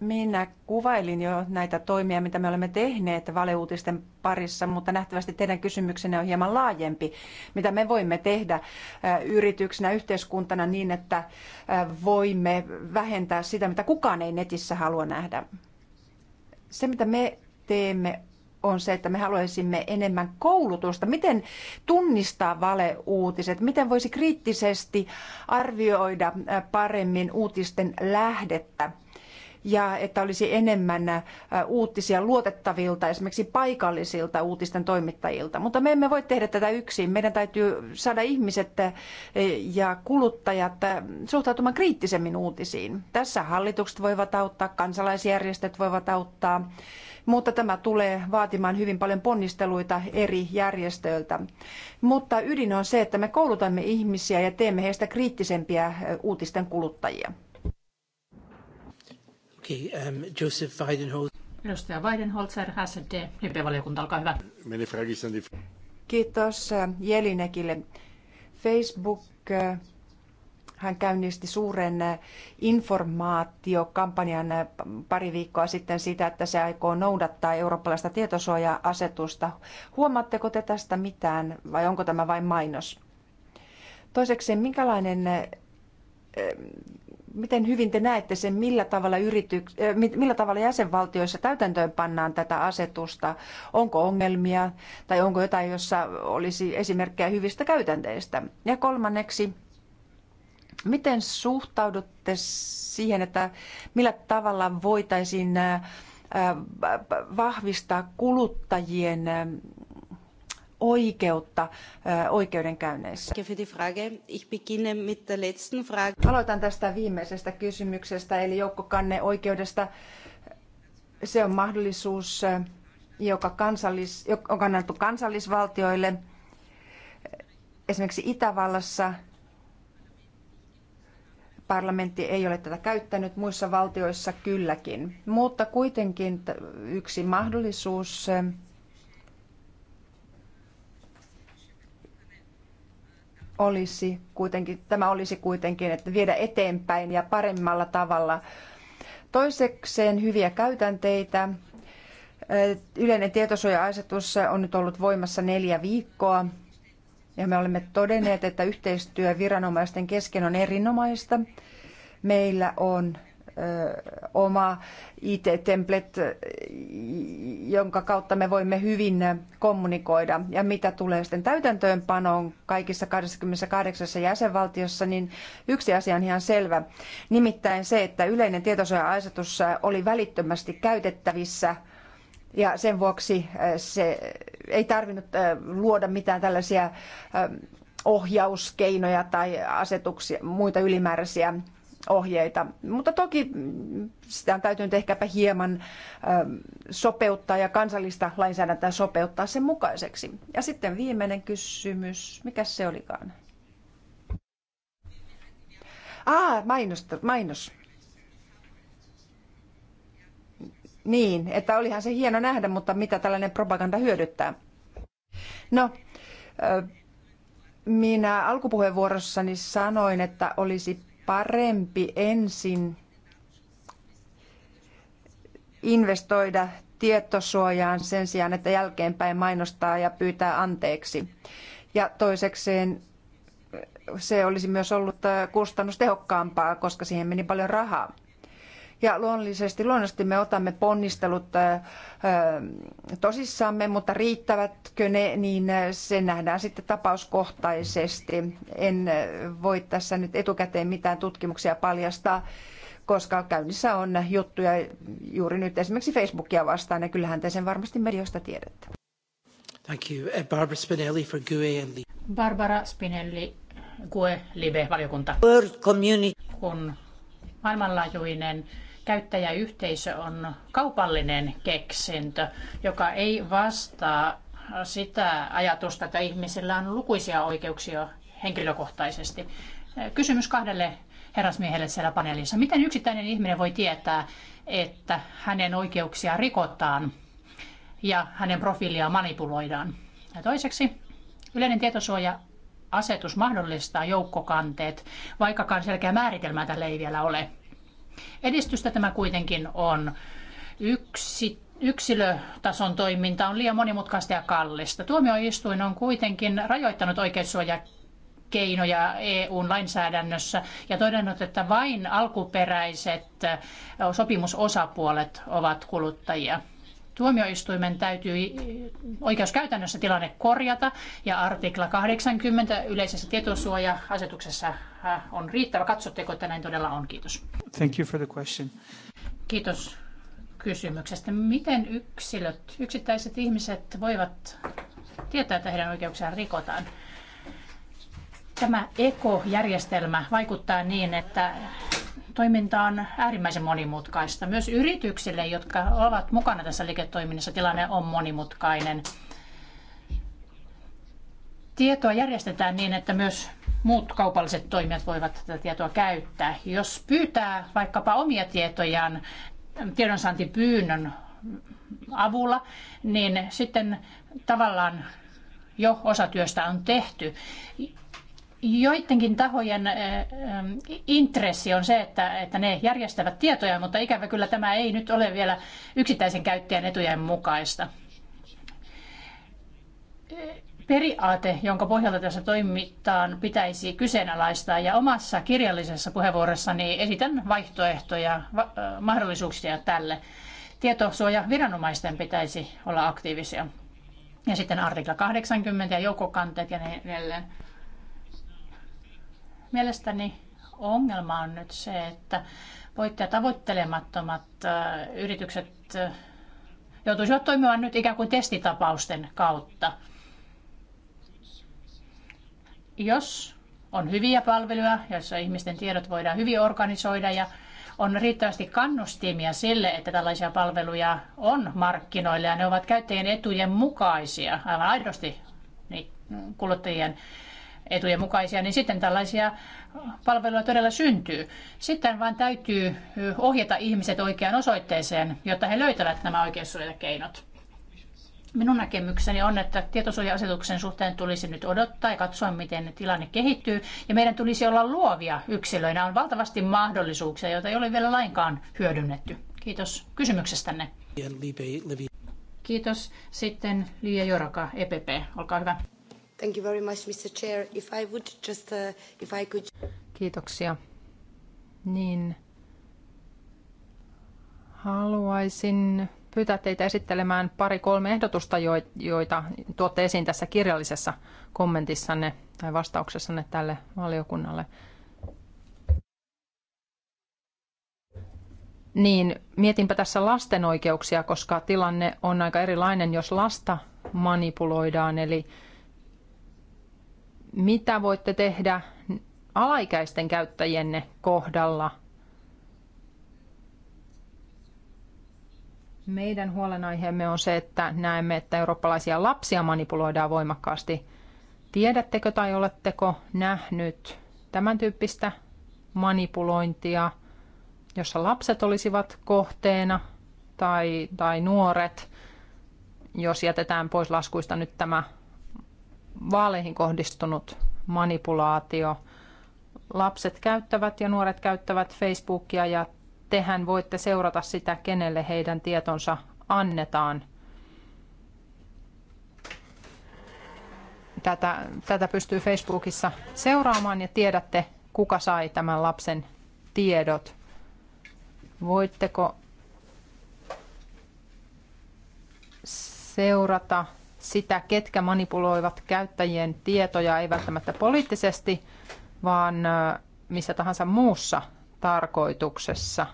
Speaker 4: Minä kuvailin jo näitä toimia, mitä me olemme tehneet valeuutisten parissa, mutta nähtävästi teidän kysymyksenne on hieman laajempi, mitä me voimme tehdä eh, yrityksenä, yhteiskuntana niin, että eh, voimme vähentää sitä, mitä kukaan ei netissä halua nähdä se, mitä me teemme, on se, että me haluaisimme enemmän koulutusta. Miten tunnistaa valeuutiset? Miten voisi kriittisesti arvioida paremmin uutisten lähdettä? ja että olisi enemmän äh, uutisia luotettavilta, esimerkiksi paikallisilta uutisten toimittajilta. Mutta me emme voi tehdä tätä yksin. Meidän täytyy saada ihmiset äh, ja kuluttajat äh, suhtautumaan kriittisemmin uutisiin. Tässä hallitukset voivat auttaa, kansalaisjärjestöt voivat auttaa, mutta tämä tulee vaatimaan hyvin paljon ponnisteluita eri järjestöiltä. Mutta ydin on se, että me koulutamme ihmisiä ja teemme heistä kriittisempiä uutisten kuluttajia.
Speaker 1: Okay, um, ähm, Joseph Weidenholzer. Edustaja Weidenholzer,
Speaker 4: SD, Libre-valiokunta,
Speaker 6: olkaa hyvä. Niin-
Speaker 4: Kiitos äh, Jelinekille. Facebook äh, hän käynnisti suuren äh, informaatiokampanjan pari viikkoa sitten siitä, että se aikoo noudattaa eurooppalaista tietosuoja-asetusta. Huomaatteko te tästä mitään vai onko tämä vain mainos? Toiseksi, minkälainen miten hyvin te näette sen, millä tavalla, yrityk- äh, millä tavalla jäsenvaltioissa täytäntöön pannaan tätä asetusta? Onko ongelmia tai onko jotain, jossa olisi esimerkkejä hyvistä käytänteistä? Ja kolmanneksi, miten suhtaudutte siihen, että millä tavalla voitaisiin äh, äh, vahvistaa kuluttajien oikeutta oikeudenkäynneissä. Aloitan tästä viimeisestä kysymyksestä, eli joukkokanneoikeudesta. Se on mahdollisuus, joka, kansallis, joka on annettu kansallisvaltioille. Esimerkiksi Itävallassa parlamentti ei ole tätä käyttänyt, muissa valtioissa kylläkin. Mutta kuitenkin yksi mahdollisuus olisi kuitenkin, tämä olisi kuitenkin, että viedä eteenpäin ja paremmalla tavalla. Toisekseen hyviä käytänteitä. Yleinen tietosuoja-asetus on nyt ollut voimassa neljä viikkoa. Ja me olemme todenneet, että yhteistyö viranomaisten kesken on erinomaista. Meillä on oma IT-template, jonka kautta me voimme hyvin kommunikoida. Ja mitä tulee sitten täytäntöönpanoon kaikissa 28 jäsenvaltiossa, niin yksi asia on ihan selvä. Nimittäin se, että yleinen tietosuoja-asetus oli välittömästi käytettävissä ja sen vuoksi se ei tarvinnut luoda mitään tällaisia ohjauskeinoja tai asetuksia, muita ylimääräisiä ohjeita. Mutta toki sitä on täytynyt ehkäpä hieman sopeuttaa ja kansallista lainsäädäntöä sopeuttaa sen mukaiseksi. Ja sitten viimeinen kysymys, mikä se olikaan? Ah, mainos. mainos. Niin, että olihan se hieno nähdä, mutta mitä tällainen propaganda hyödyttää? No, minä alkupuheenvuorossani sanoin, että olisi parempi ensin investoida tietosuojaan sen sijaan, että jälkeenpäin mainostaa ja pyytää anteeksi. Ja toisekseen se olisi myös ollut kustannustehokkaampaa, koska siihen meni paljon rahaa. Ja luonnollisesti, luonnollisesti me otamme ponnistelut äh, äh, tosissamme, mutta riittävätkö ne, niin äh, se nähdään sitten tapauskohtaisesti. En voi tässä nyt etukäteen mitään tutkimuksia paljastaa koska käynnissä on juttuja juuri nyt esimerkiksi Facebookia vastaan, ja kyllähän te sen varmasti mediosta tiedätte.
Speaker 2: Thank you. Uh, Barbara Spinelli for GUE and
Speaker 1: Barbara Spinelli, GUE Live-valiokunta. World Community. Kun maailmanlaajuinen käyttäjäyhteisö on kaupallinen keksintö, joka ei vastaa sitä ajatusta, että ihmisillä on lukuisia oikeuksia henkilökohtaisesti. Kysymys kahdelle herrasmiehelle siellä paneelissa. Miten yksittäinen ihminen voi tietää, että hänen oikeuksiaan rikotaan ja hänen profiiliaan manipuloidaan? Ja toiseksi, yleinen tietosuoja asetus mahdollistaa joukkokanteet, vaikkakaan selkeää määritelmää tälle ei vielä ole. Edistystä tämä kuitenkin on. Yksi yksilötason toiminta on liian monimutkaista ja kallista. Tuomioistuin on kuitenkin rajoittanut oikeussuojakeinoja EUn lainsäädännössä ja todennut, että vain alkuperäiset sopimusosapuolet ovat kuluttajia. Tuomioistuimen täytyy oikeuskäytännössä tilanne korjata ja artikla 80 yleisessä tietosuoja-asetuksessa äh, on riittävä. Katsotteko, että näin todella on? Kiitos. Thank you for the question. Kiitos kysymyksestä. Miten yksilöt, yksittäiset ihmiset voivat tietää, että heidän oikeuksiaan rikotaan? Tämä ekojärjestelmä vaikuttaa niin, että toiminta on äärimmäisen monimutkaista. Myös yrityksille, jotka ovat mukana tässä liiketoiminnassa, tilanne on monimutkainen. Tietoa järjestetään niin, että myös muut kaupalliset toimijat voivat tätä tietoa käyttää. Jos pyytää vaikkapa omia tietojaan tiedonsaantipyynnön avulla, niin sitten tavallaan jo osa työstä on tehty joidenkin tahojen eh, eh, intressi on se, että, että ne järjestävät tietoja, mutta ikävä kyllä tämä ei nyt ole vielä yksittäisen käyttäjän etujen mukaista. Periaate, jonka pohjalta tässä toimitaan, pitäisi kyseenalaistaa ja omassa kirjallisessa puheenvuorossani esitän vaihtoehtoja, eh, mahdollisuuksia tälle. Tietosuoja viranomaisten pitäisi olla aktiivisia. Ja sitten artikla 80 ja joukkokanteet ja niin edelleen. Mielestäni ongelma on nyt se, että voittaja tavoittelemattomat yritykset joutuisivat toimimaan nyt ikään kuin testitapausten kautta. Jos on hyviä palveluja, joissa ihmisten tiedot voidaan hyvin organisoida ja on riittävästi kannustimia sille, että tällaisia palveluja on markkinoilla ja ne ovat käyttäjien etujen mukaisia, aivan aidosti niin, kuluttajien etujen mukaisia, niin sitten tällaisia palveluja todella syntyy. Sitten vaan täytyy ohjata ihmiset oikeaan osoitteeseen, jotta he löytävät nämä keinot. Minun näkemykseni on, että tietosuoja-asetuksen suhteen tulisi nyt odottaa ja katsoa, miten tilanne kehittyy. Ja meidän tulisi olla luovia yksilöinä. On valtavasti mahdollisuuksia, joita ei ole vielä lainkaan hyödynnetty. Kiitos kysymyksestänne. Kiitos. Sitten Liia Joraka, EPP. Olkaa hyvä.
Speaker 5: Thank you very much, Mr. Chair. If I would just, uh, if I could...
Speaker 3: Kiitoksia. Niin haluaisin pyytää teitä esittelemään pari-kolme ehdotusta, joita tuotte esiin tässä kirjallisessa kommentissanne tai vastauksessanne tälle valiokunnalle. Niin, mietinpä tässä lasten oikeuksia, koska tilanne on aika erilainen, jos lasta manipuloidaan, eli mitä voitte tehdä alaikäisten käyttäjienne kohdalla? Meidän huolenaiheemme on se, että näemme, että eurooppalaisia lapsia manipuloidaan voimakkaasti. Tiedättekö tai oletteko nähnyt tämän tyyppistä manipulointia, jossa lapset olisivat kohteena tai, tai nuoret, jos jätetään pois laskuista nyt tämä vaaleihin kohdistunut manipulaatio. Lapset käyttävät ja nuoret käyttävät Facebookia ja tehän voitte seurata sitä, kenelle heidän tietonsa annetaan. Tätä, tätä pystyy Facebookissa seuraamaan ja tiedätte, kuka sai tämän lapsen tiedot. Voitteko seurata sitä, ketkä manipuloivat käyttäjien tietoja, ei välttämättä poliittisesti, vaan missä tahansa muussa tarkoituksessa.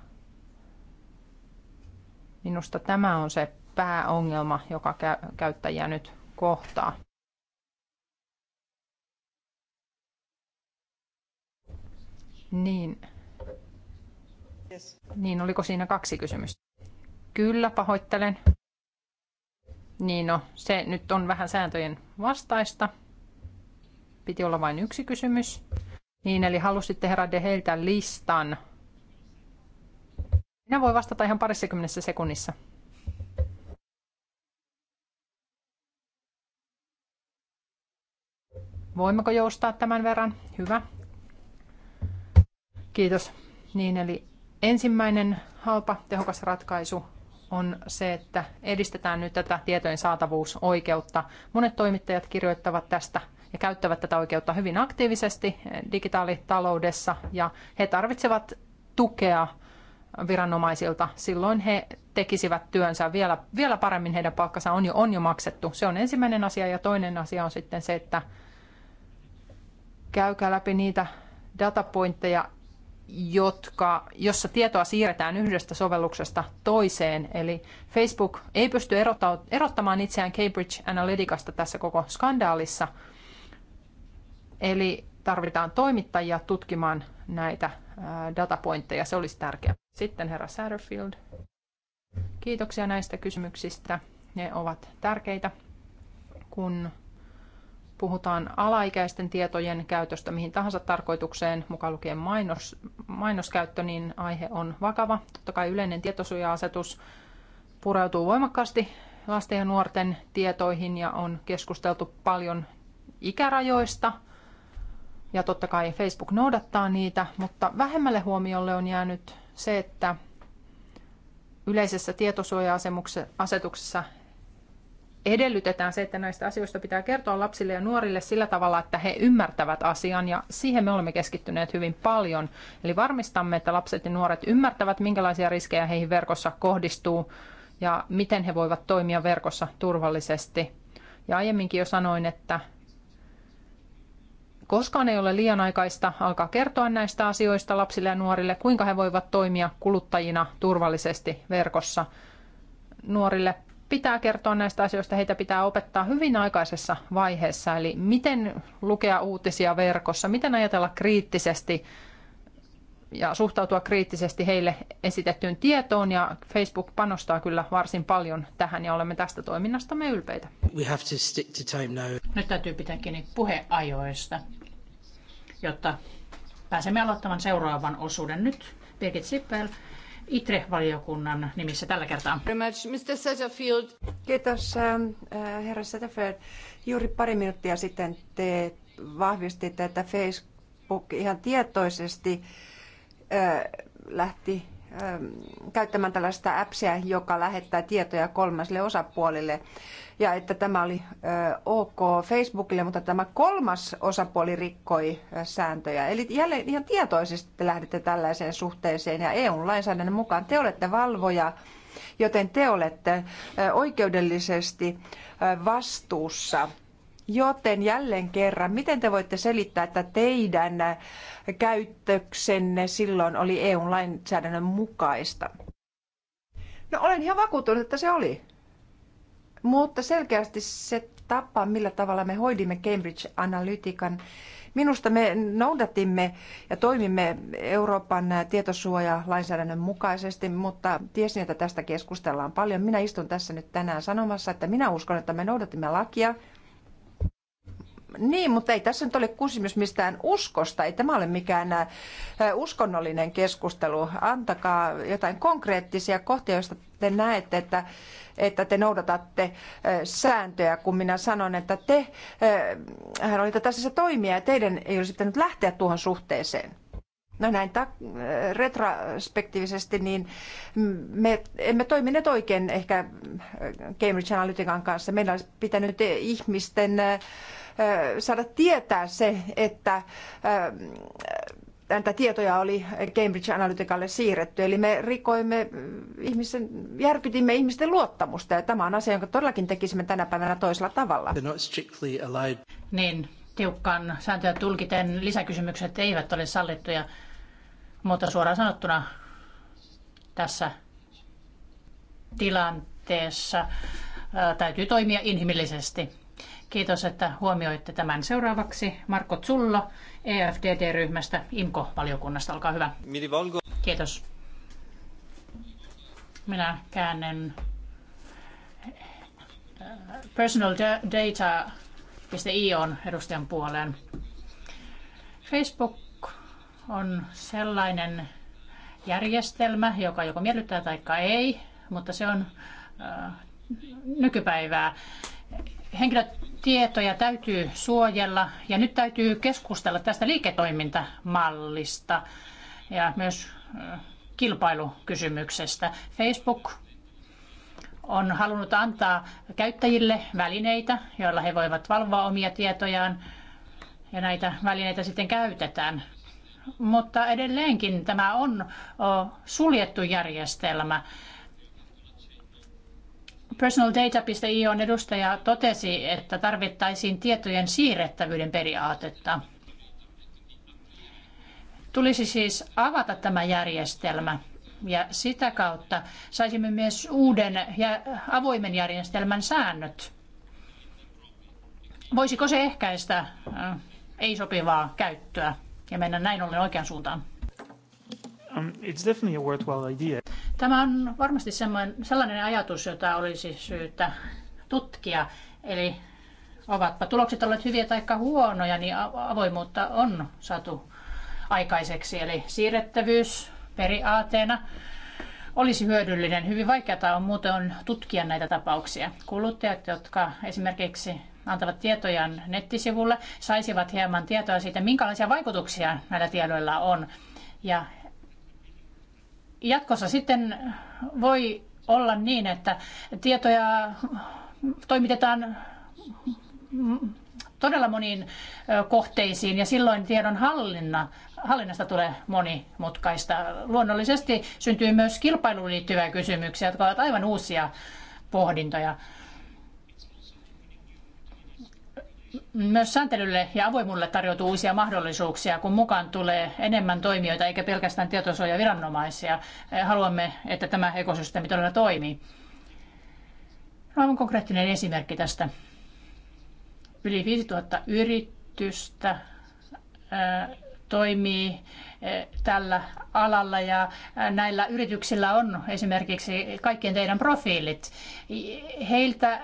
Speaker 3: Minusta tämä on se pääongelma, joka käyttäjiä nyt kohtaa. Niin. Yes. Niin, oliko siinä kaksi kysymystä? Kyllä, pahoittelen. Niin no, se nyt on vähän sääntöjen vastaista. Piti olla vain yksi kysymys. Niin, eli halusitte herra de heiltä listan. Minä voin vastata ihan parissakymmenessä sekunnissa. Voimmeko joustaa tämän verran? Hyvä. Kiitos. Niin, eli ensimmäinen halpa, tehokas ratkaisu on se, että edistetään nyt tätä tietojen saatavuusoikeutta. Monet toimittajat kirjoittavat tästä ja käyttävät tätä oikeutta hyvin aktiivisesti digitaalitaloudessa ja he tarvitsevat tukea viranomaisilta. Silloin he tekisivät työnsä vielä, vielä paremmin, heidän palkkansa on jo, on jo maksettu. Se on ensimmäinen asia ja toinen asia on sitten se, että käykää läpi niitä datapointteja, jotka, jossa tietoa siirretään yhdestä sovelluksesta toiseen. Eli Facebook ei pysty erottamaan itseään Cambridge Analyticasta tässä koko skandaalissa. Eli tarvitaan toimittajia tutkimaan näitä datapointteja. Se olisi tärkeää. Sitten herra Satterfield. Kiitoksia näistä kysymyksistä. Ne ovat tärkeitä, kun puhutaan alaikäisten tietojen käytöstä mihin tahansa tarkoitukseen, mukaan lukien mainos, mainoskäyttö, niin aihe on vakava. Totta kai yleinen tietosuoja-asetus pureutuu voimakkaasti lasten ja nuorten tietoihin ja on keskusteltu paljon ikärajoista. Ja totta kai Facebook noudattaa niitä, mutta vähemmälle huomiolle on jäänyt se, että yleisessä tietosuoja-asetuksessa edellytetään se, että näistä asioista pitää kertoa lapsille ja nuorille sillä tavalla, että he ymmärtävät asian ja siihen me olemme keskittyneet hyvin paljon. Eli varmistamme, että lapset ja nuoret ymmärtävät, minkälaisia riskejä heihin verkossa kohdistuu ja miten he voivat toimia verkossa turvallisesti. Ja aiemminkin jo sanoin, että koskaan ei ole liian aikaista alkaa kertoa näistä asioista lapsille ja nuorille, kuinka he voivat toimia kuluttajina turvallisesti verkossa. Nuorille pitää kertoa näistä asioista, heitä pitää opettaa hyvin aikaisessa vaiheessa, eli miten lukea uutisia verkossa, miten ajatella kriittisesti ja suhtautua kriittisesti heille esitettyyn tietoon ja Facebook panostaa kyllä varsin paljon tähän ja olemme tästä toiminnasta me ylpeitä.
Speaker 1: We have to stick to time now. Nyt täytyy pitää kiinni puheajoista, jotta pääsemme aloittamaan seuraavan osuuden. Nyt Birgit
Speaker 4: Sippel ITRE-valiokunnan nimissä tällä kertaa. Kiitos, äh, herra Sedefeld Juuri pari minuuttia sitten te vahvistitte, että Facebook ihan tietoisesti äh, lähti ähm, käyttämään tällaista appsia, joka lähettää tietoja kolmaselle osapuolille ja että tämä oli ok Facebookille, mutta tämä kolmas osapuoli rikkoi sääntöjä. Eli jälleen ihan tietoisesti te lähdette tällaiseen suhteeseen ja EU-lainsäädännön mukaan te olette valvoja, joten te olette oikeudellisesti vastuussa Joten jälleen kerran, miten te voitte selittää, että teidän käyttöksenne silloin oli EU-lainsäädännön mukaista? No olen ihan vakuuttunut, että se oli. Mutta selkeästi se tapa, millä tavalla me hoidimme Cambridge Analytican, minusta me noudatimme ja toimimme Euroopan tietosuojalainsäädännön mukaisesti, mutta tiesin, että tästä keskustellaan paljon. Minä istun tässä nyt tänään sanomassa, että minä uskon, että me noudatimme lakia, niin, mutta ei tässä nyt ole kysymys mistään uskosta. Ei tämä ole mikään äh, uskonnollinen keskustelu. Antakaa jotain konkreettisia kohtia, joista te näette, että, että te noudatatte äh, sääntöjä, kun minä sanon, että te, äh, hän oli tässä se toimija ja teidän ei olisi pitänyt lähteä tuohon suhteeseen. No näin ta- retrospektiivisesti, niin me emme toimineet oikein ehkä Cambridge Analytican kanssa. Meidän olisi pitänyt ihmisten saada tietää se, että näitä tietoja oli Cambridge Analyticalle siirretty. Eli me rikoimme ihmisen, järkytimme ihmisten luottamusta ja tämä on asia, jonka todellakin tekisimme tänä päivänä toisella tavalla.
Speaker 1: Niin, tiukkaan sääntöjä tulkiten lisäkysymykset eivät ole sallittuja, mutta suoraan sanottuna tässä tilanteessa täytyy toimia inhimillisesti Kiitos, että huomioitte tämän seuraavaksi. Marko Zullo EFDD-ryhmästä IMKO-valiokunnasta, olkaa hyvä. Kiitos. Minä käännen äh, personal on edustajan puoleen. Facebook on sellainen järjestelmä, joka joko miellyttää tai ei, mutta se on äh, nykypäivää henkilötietoja täytyy suojella ja nyt täytyy keskustella tästä liiketoimintamallista ja myös kilpailukysymyksestä. Facebook on halunnut antaa käyttäjille välineitä, joilla he voivat valvoa omia tietojaan ja näitä välineitä sitten käytetään. Mutta edelleenkin tämä on suljettu järjestelmä Personaldata.ion edustaja totesi, että tarvittaisiin tietojen siirrettävyyden periaatetta. Tulisi siis avata tämä järjestelmä ja sitä kautta saisimme myös uuden ja avoimen järjestelmän säännöt. Voisiko se ehkäistä äh, ei-sopivaa käyttöä ja mennä näin ollen oikean suuntaan?
Speaker 2: Um, it's definitely a worthwhile idea.
Speaker 1: Tämä on varmasti sellainen ajatus, jota olisi syytä tutkia. Eli ovatpa tulokset olleet hyviä tai huonoja, niin avoimuutta on saatu aikaiseksi. Eli siirrettävyys periaateena olisi hyödyllinen. Hyvin vaikeaa on muuten tutkia näitä tapauksia. Kuluttajat, jotka esimerkiksi antavat tietoja nettisivulle, saisivat hieman tietoa siitä, minkälaisia vaikutuksia näillä tiedoilla on. Ja jatkossa sitten voi olla niin, että tietoja toimitetaan todella moniin kohteisiin ja silloin tiedon hallinna, hallinnasta tulee monimutkaista. Luonnollisesti syntyy myös kilpailuun liittyviä kysymyksiä, jotka ovat aivan uusia pohdintoja. myös sääntelylle ja avoimuudelle tarjoutuu uusia mahdollisuuksia, kun mukaan tulee enemmän toimijoita eikä pelkästään tietosuojaviranomaisia. Eh, haluamme, että tämä ekosysteemi todella toimii. Aivan konkreettinen esimerkki tästä. Yli 5000 yritystä eh, toimii eh, tällä alalla ja näillä yrityksillä on esimerkiksi kaikkien teidän profiilit. Heiltä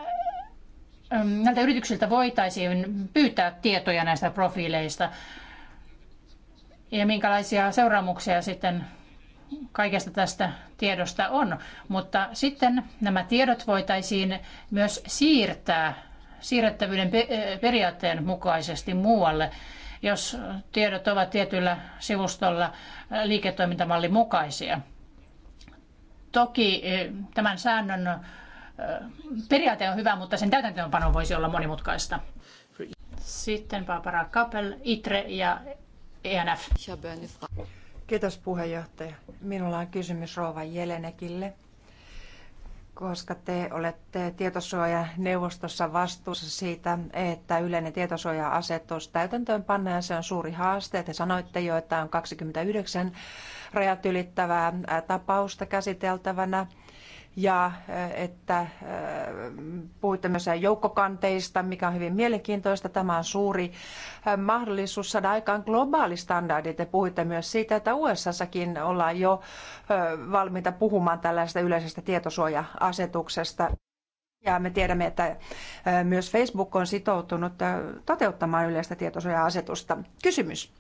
Speaker 1: näiltä yrityksiltä voitaisiin pyytää tietoja näistä profiileista ja minkälaisia seuraamuksia sitten kaikesta tästä tiedosta on. Mutta sitten nämä tiedot voitaisiin myös siirtää siirrettävyyden periaatteen mukaisesti muualle, jos tiedot ovat tietyllä sivustolla liiketoimintamallin mukaisia. Toki tämän säännön periaate on hyvä, mutta sen täytäntöönpano voisi olla monimutkaista. Sitten Barbara Kappel,
Speaker 4: ITRE ja ENF. Kiitos puheenjohtaja. Minulla on kysymys Rouva Jelenekille koska te olette tietosuojaneuvostossa vastuussa siitä, että yleinen tietosuoja-asetus täytäntöön pannaan se on suuri haaste. Te sanoitte jo, että on 29 rajat ylittävää tapausta käsiteltävänä ja äh, että äh, puhuitte myös joukkokanteista, mikä on hyvin mielenkiintoista. Tämä on suuri äh, mahdollisuus saada aikaan globaali standardi. Te puhuitte myös siitä, että USAssakin ollaan jo valmiita puhumaan tällaista yleisestä tietosuoja-asetuksesta. Ja me tiedämme, että myös Facebook on sitoutunut toteuttamaan yleistä tietosuoja-asetusta. Kysymys.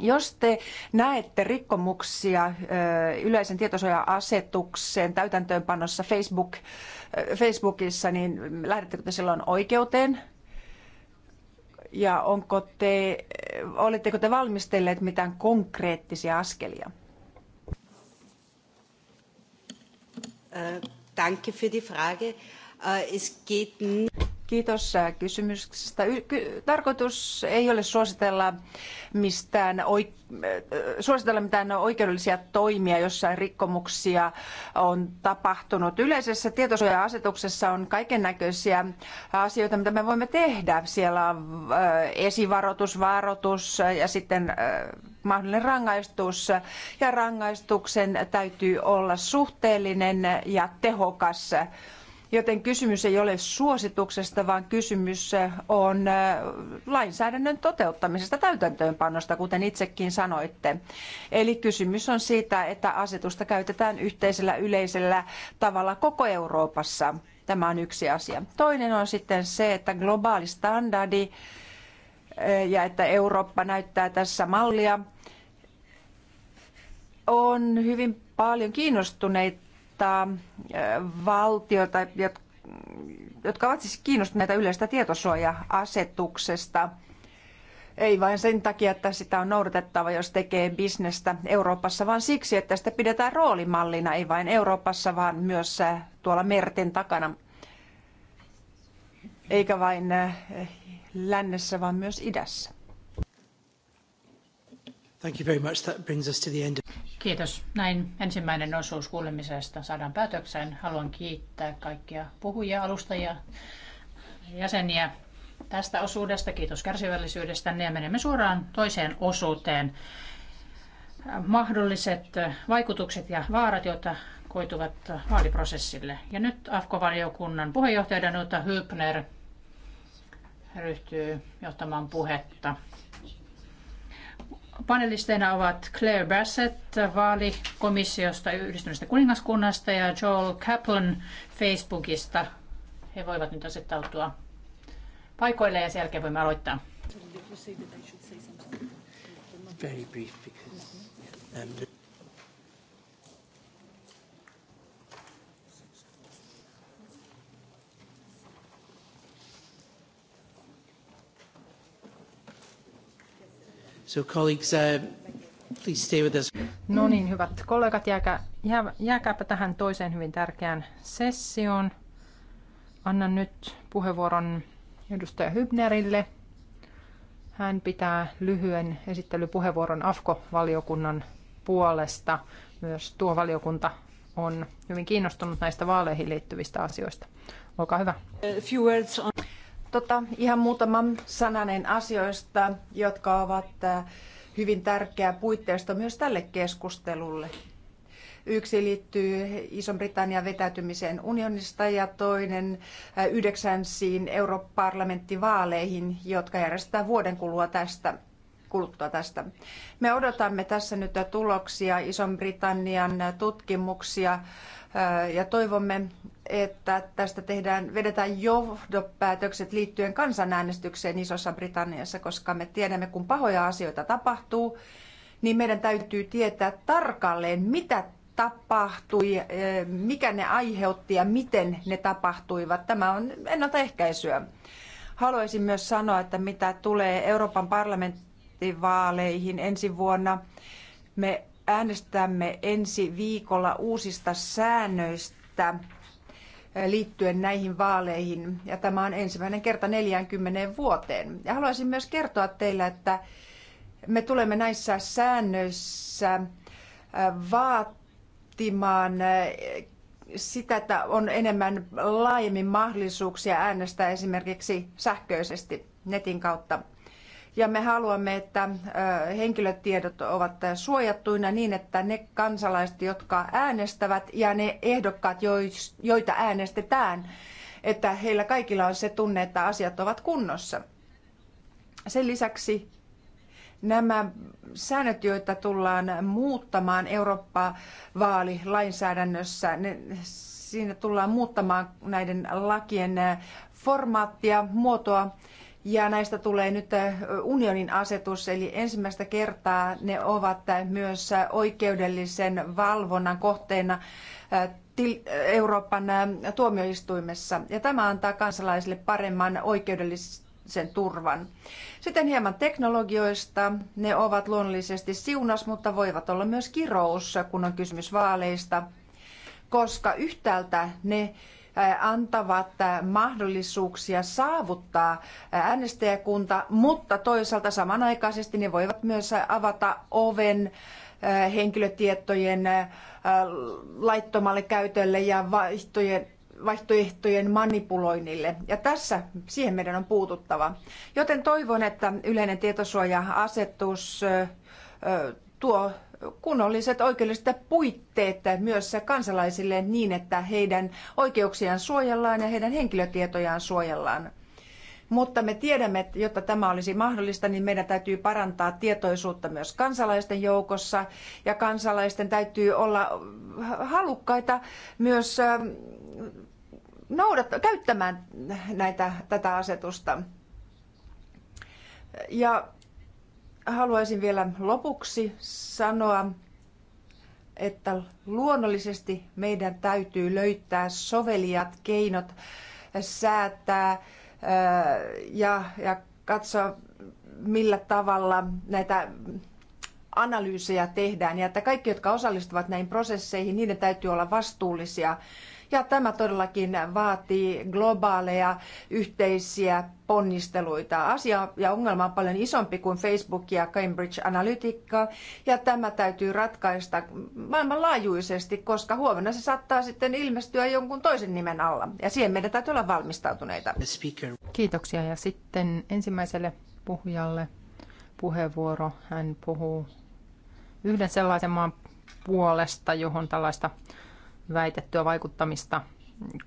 Speaker 4: Jos te näette rikkomuksia yleisen tietosuoja-asetuksen täytäntöönpanossa Facebook, Facebookissa, niin lähdettekö te silloin oikeuteen? Ja onko te, oletteko te valmistelleet mitään konkreettisia askelia? Äh, danke für die Frage. Äh, es geht Kiitos äh, kysymyksestä. Tarkoitus ei ole suositella, mistään, äh, suositella mitään oikeudellisia toimia, jossa rikkomuksia on tapahtunut. Yleisessä tietosuoja-asetuksessa on kaiken näköisiä asioita, mitä me voimme tehdä. Siellä on äh, esivaroitus, varoitus ja sitten mahdollinen rangaistus. Ja rangaistuksen täytyy olla suhteellinen ja tehokas Joten kysymys ei ole suosituksesta, vaan kysymys on äh, lainsäädännön toteuttamisesta täytäntöönpanosta, kuten itsekin sanoitte. Eli kysymys on siitä, että asetusta käytetään yhteisellä yleisellä tavalla koko Euroopassa. Tämä on yksi asia. Toinen on sitten se, että globaali standardi äh, ja että Eurooppa näyttää tässä mallia on hyvin paljon kiinnostuneita Valtio äh, valtioita, jotka ovat siis kiinnostuneita yleistä tietosuoja-asetuksesta. Ei vain sen takia, että sitä on noudatettava, jos tekee bisnestä Euroopassa, vaan siksi, että sitä pidetään roolimallina, ei vain Euroopassa, vaan myös äh, tuolla merten takana. Eikä vain äh, lännessä, vaan myös idässä.
Speaker 2: Thank you very much. That brings us to the end.
Speaker 4: Kiitos. Näin
Speaker 1: ensimmäinen osuus kuulemisesta saadaan päätökseen. Haluan kiittää kaikkia puhujia, alustajia, jäseniä tästä osuudesta. Kiitos kärsivällisyydestä, ja menemme suoraan toiseen osuuteen. Mahdolliset vaikutukset ja vaarat, joita koituvat vaaliprosessille. Ja nyt AFKO-valiokunnan puheenjohtaja Danuta Hübner ryhtyy johtamaan puhetta. Panelisteina ovat Claire Bassett vaalikomissiosta yhdistyneestä kuningaskunnasta ja Joel Kaplan Facebookista. He voivat nyt asettautua paikoille ja sen jälkeen voimme aloittaa.
Speaker 2: Very brief because, um, So colleagues, uh, please stay with us.
Speaker 3: No niin, hyvät kollegat, jääkä, jää, jääkääpä tähän toiseen hyvin tärkeään sessioon. Annan nyt puheenvuoron edustaja Hybnerille. Hän pitää lyhyen esittelypuheenvuoron AFKO-valiokunnan puolesta. Myös tuo valiokunta on hyvin kiinnostunut näistä vaaleihin liittyvistä asioista. Olkaa hyvä.
Speaker 4: A few words on... Tota, ihan muutaman sananen asioista, jotka ovat äh, hyvin tärkeä puitteisto myös tälle keskustelulle. Yksi liittyy Iso-Britannian vetäytymiseen unionista ja toinen äh, yhdeksänsiin europarlamenttivaaleihin, jotka järjestetään vuoden kulua tästä kuluttua tästä. Me odotamme tässä nyt tuloksia iso britannian tutkimuksia äh, ja toivomme, että tästä tehdään, vedetään johdopäätökset liittyen kansanäänestykseen Isossa Britanniassa, koska me tiedämme, kun pahoja asioita tapahtuu, niin meidän täytyy tietää tarkalleen, mitä tapahtui, eh, mikä ne aiheutti ja miten ne tapahtuivat. Tämä on ennaltaehkäisyä. Haluaisin myös sanoa, että mitä tulee Euroopan parlamenttivaaleihin ensi vuonna, me äänestämme ensi viikolla uusista säännöistä liittyen näihin vaaleihin. Ja tämä on ensimmäinen kerta 40 vuoteen. Ja haluaisin myös kertoa teille, että me tulemme näissä säännöissä äh, vaatimaan äh, sitä, että on enemmän laajemmin mahdollisuuksia äänestää esimerkiksi sähköisesti netin kautta ja me haluamme, että henkilötiedot ovat suojattuina niin, että ne kansalaiset, jotka äänestävät ja ne ehdokkaat, joita äänestetään, että heillä kaikilla on se tunne, että asiat ovat kunnossa. Sen lisäksi nämä säännöt, joita tullaan muuttamaan Eurooppa-vaalilainsäädännössä, ne, siinä tullaan muuttamaan näiden lakien formaattia, muotoa ja näistä tulee nyt äh, unionin asetus, eli ensimmäistä kertaa ne ovat äh, myös äh, oikeudellisen valvonnan kohteena Euroopan tuomioistuimessa. Ja tämä antaa kansalaisille paremman oikeudellisen turvan. Sitten hieman teknologioista. Ne ovat luonnollisesti siunas, mutta voivat olla myös kirous, kun on kysymys vaaleista, koska yhtäältä ne antavat mahdollisuuksia saavuttaa äänestäjäkunta, mutta toisaalta samanaikaisesti ne voivat myös avata oven henkilötietojen laittomalle käytölle ja vaihtojen vaihtoehtojen manipuloinnille. Ja tässä siihen meidän on puututtava. Joten toivon, että yleinen tietosuoja-asetus tuo kunnolliset oikeudelliset puitteet myös kansalaisille niin, että heidän oikeuksiaan suojellaan ja heidän henkilötietojaan suojellaan. Mutta me tiedämme, että jotta tämä olisi mahdollista, niin meidän täytyy parantaa tietoisuutta myös kansalaisten joukossa. Ja kansalaisten täytyy olla halukkaita myös ähm, noudat, käyttämään näitä, tätä asetusta. Ja haluaisin vielä lopuksi sanoa, että luonnollisesti meidän täytyy löytää soveliat keinot säätää äh, ja, ja katsoa, millä tavalla näitä analyysejä tehdään ja että kaikki, jotka osallistuvat näihin prosesseihin, niiden täytyy olla vastuullisia ja tämä todellakin vaatii globaaleja yhteisiä ponnisteluita. Asia ja ongelma on paljon isompi kuin Facebook ja Cambridge Analytica, ja tämä täytyy ratkaista maailmanlaajuisesti, koska huomenna se saattaa sitten ilmestyä jonkun toisen nimen alla, ja siihen meidän täytyy olla valmistautuneita.
Speaker 3: Kiitoksia, ja sitten ensimmäiselle puhujalle puheenvuoro. Hän puhuu yhden sellaisen maan puolesta, johon tällaista väitettyä vaikuttamista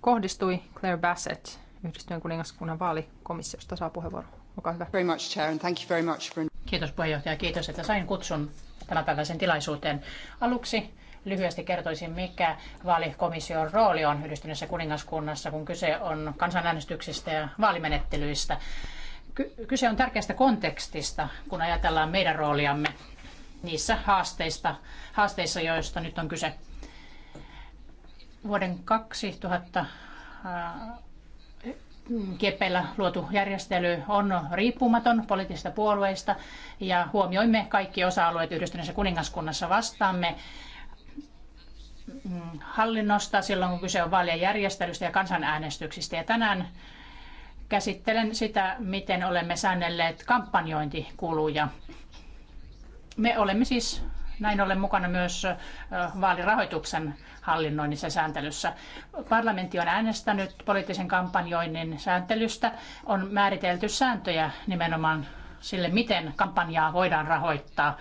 Speaker 3: kohdistui Claire Bassett yhdistyneen kuningaskunnan vaalikomissiosta saa puheenvuoro. Olkaa hyvä. Very much, Chair, and thank you very much for... Kiitos
Speaker 1: puheenjohtaja, kiitos, että sain kutsun tämänpäiväisen tilaisuuteen. Aluksi lyhyesti kertoisin, mikä vaalikomission rooli on yhdistyneessä kuningaskunnassa, kun kyse on kansanäänestyksistä ja vaalimenettelyistä. kyse on tärkeästä kontekstista, kun ajatellaan meidän rooliamme niissä haasteista, haasteissa, joista nyt on kyse vuoden 2000 äh, kepellä luotu järjestely on riippumaton poliittisista puolueista ja huomioimme kaikki osa-alueet yhdistyneessä kuningaskunnassa vastaamme mm, hallinnosta silloin, kun kyse on vaalien järjestelystä ja kansanäänestyksistä. Ja tänään käsittelen sitä, miten olemme säännelleet kampanjointikuluja. Me olemme siis näin ollen mukana myös vaalirahoituksen hallinnoinnissa ja sääntelyssä. Parlamentti on äänestänyt poliittisen kampanjoinnin sääntelystä. On määritelty sääntöjä nimenomaan sille, miten kampanjaa voidaan rahoittaa.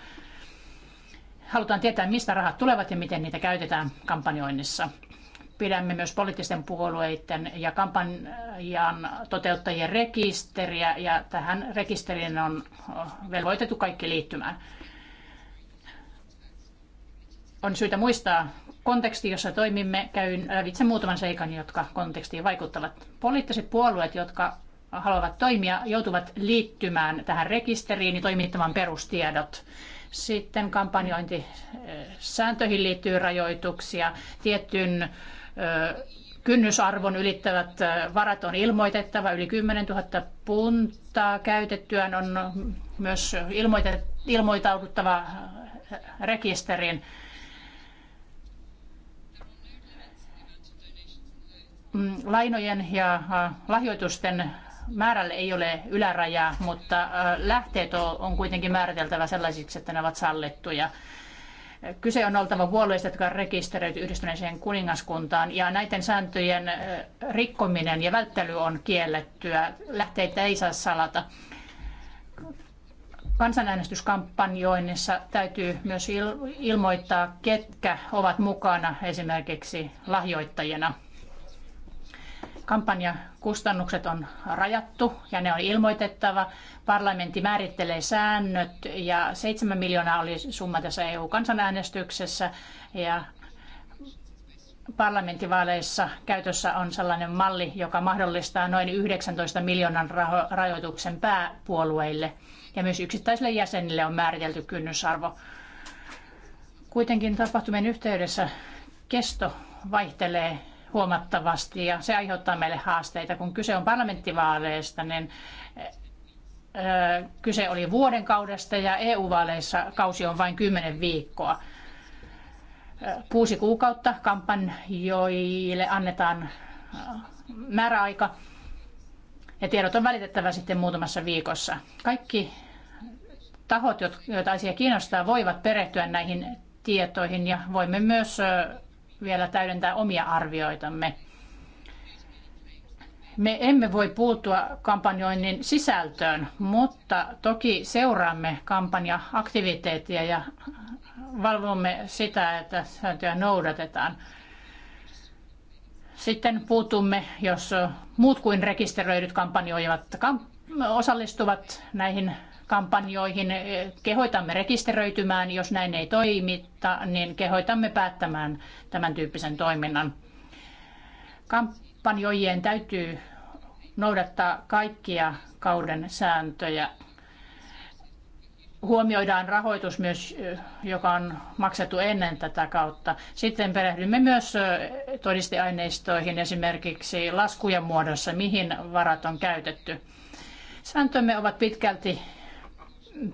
Speaker 1: Halutaan tietää, mistä rahat tulevat ja miten niitä käytetään kampanjoinnissa pidämme myös poliittisten puolueiden ja kampanjan toteuttajien rekisteriä ja tähän rekisteriin on velvoitettu kaikki liittymään on syytä muistaa konteksti, jossa toimimme. Käyn lävitse muutaman seikan, jotka kontekstiin vaikuttavat. Poliittiset puolueet, jotka haluavat toimia, joutuvat liittymään tähän rekisteriin ja toimittamaan perustiedot. Sitten kampanjointisääntöihin eh, liittyy rajoituksia. Tietyn eh, kynnysarvon ylittävät eh, varat on ilmoitettava. Yli 10 000 puntaa käytettyään on myös ilmoitauduttava rekisteriin. Mm, lainojen ja äh, lahjoitusten määrälle ei ole ylärajaa, mutta äh, lähteet on kuitenkin määriteltävä sellaisiksi, että ne ovat sallittuja. Kyse on oltava puolueista, jotka on rekisteröity yhdistyneeseen kuningaskuntaan, ja näiden sääntöjen äh, rikkominen ja välttely on kiellettyä. Lähteitä ei saa salata. Kansanäänestyskampanjoinnissa täytyy myös ilmoittaa, ketkä ovat mukana esimerkiksi lahjoittajina. Kampanjakustannukset on rajattu ja ne on ilmoitettava. Parlamentti määrittelee säännöt ja 7 miljoonaa oli summa tässä EU-kansanäänestyksessä ja parlamenttivaaleissa käytössä on sellainen malli, joka mahdollistaa noin 19 miljoonan rajoituksen pääpuolueille ja myös yksittäisille jäsenille on määritelty kynnysarvo. Kuitenkin tapahtumien yhteydessä kesto vaihtelee huomattavasti ja se aiheuttaa meille haasteita. Kun kyse on parlamenttivaaleista, niin kyse oli vuoden kaudesta ja EU-vaaleissa kausi on vain 10 viikkoa. Kuusi kuukautta kampanjoille annetaan määräaika ja tiedot on välitettävä sitten muutamassa viikossa. Kaikki tahot, joita asia kiinnostaa, voivat perehtyä näihin tietoihin ja voimme myös vielä täydentää omia arvioitamme. Me emme voi puuttua kampanjoinnin sisältöön, mutta toki seuraamme kampanja-aktiviteettia ja valvomme sitä, että sääntöjä noudatetaan. Sitten puutumme, jos muut kuin rekisteröidyt kampanjoijat osallistuvat näihin kampanjoihin. Kehoitamme rekisteröitymään, jos näin ei toimita, niin kehoitamme päättämään tämän tyyppisen toiminnan. Kampanjoijien täytyy noudattaa kaikkia kauden sääntöjä. Huomioidaan rahoitus myös, joka on maksettu ennen tätä kautta. Sitten perehdymme myös todisteaineistoihin, esimerkiksi laskujen muodossa, mihin varat on käytetty. Sääntömme ovat pitkälti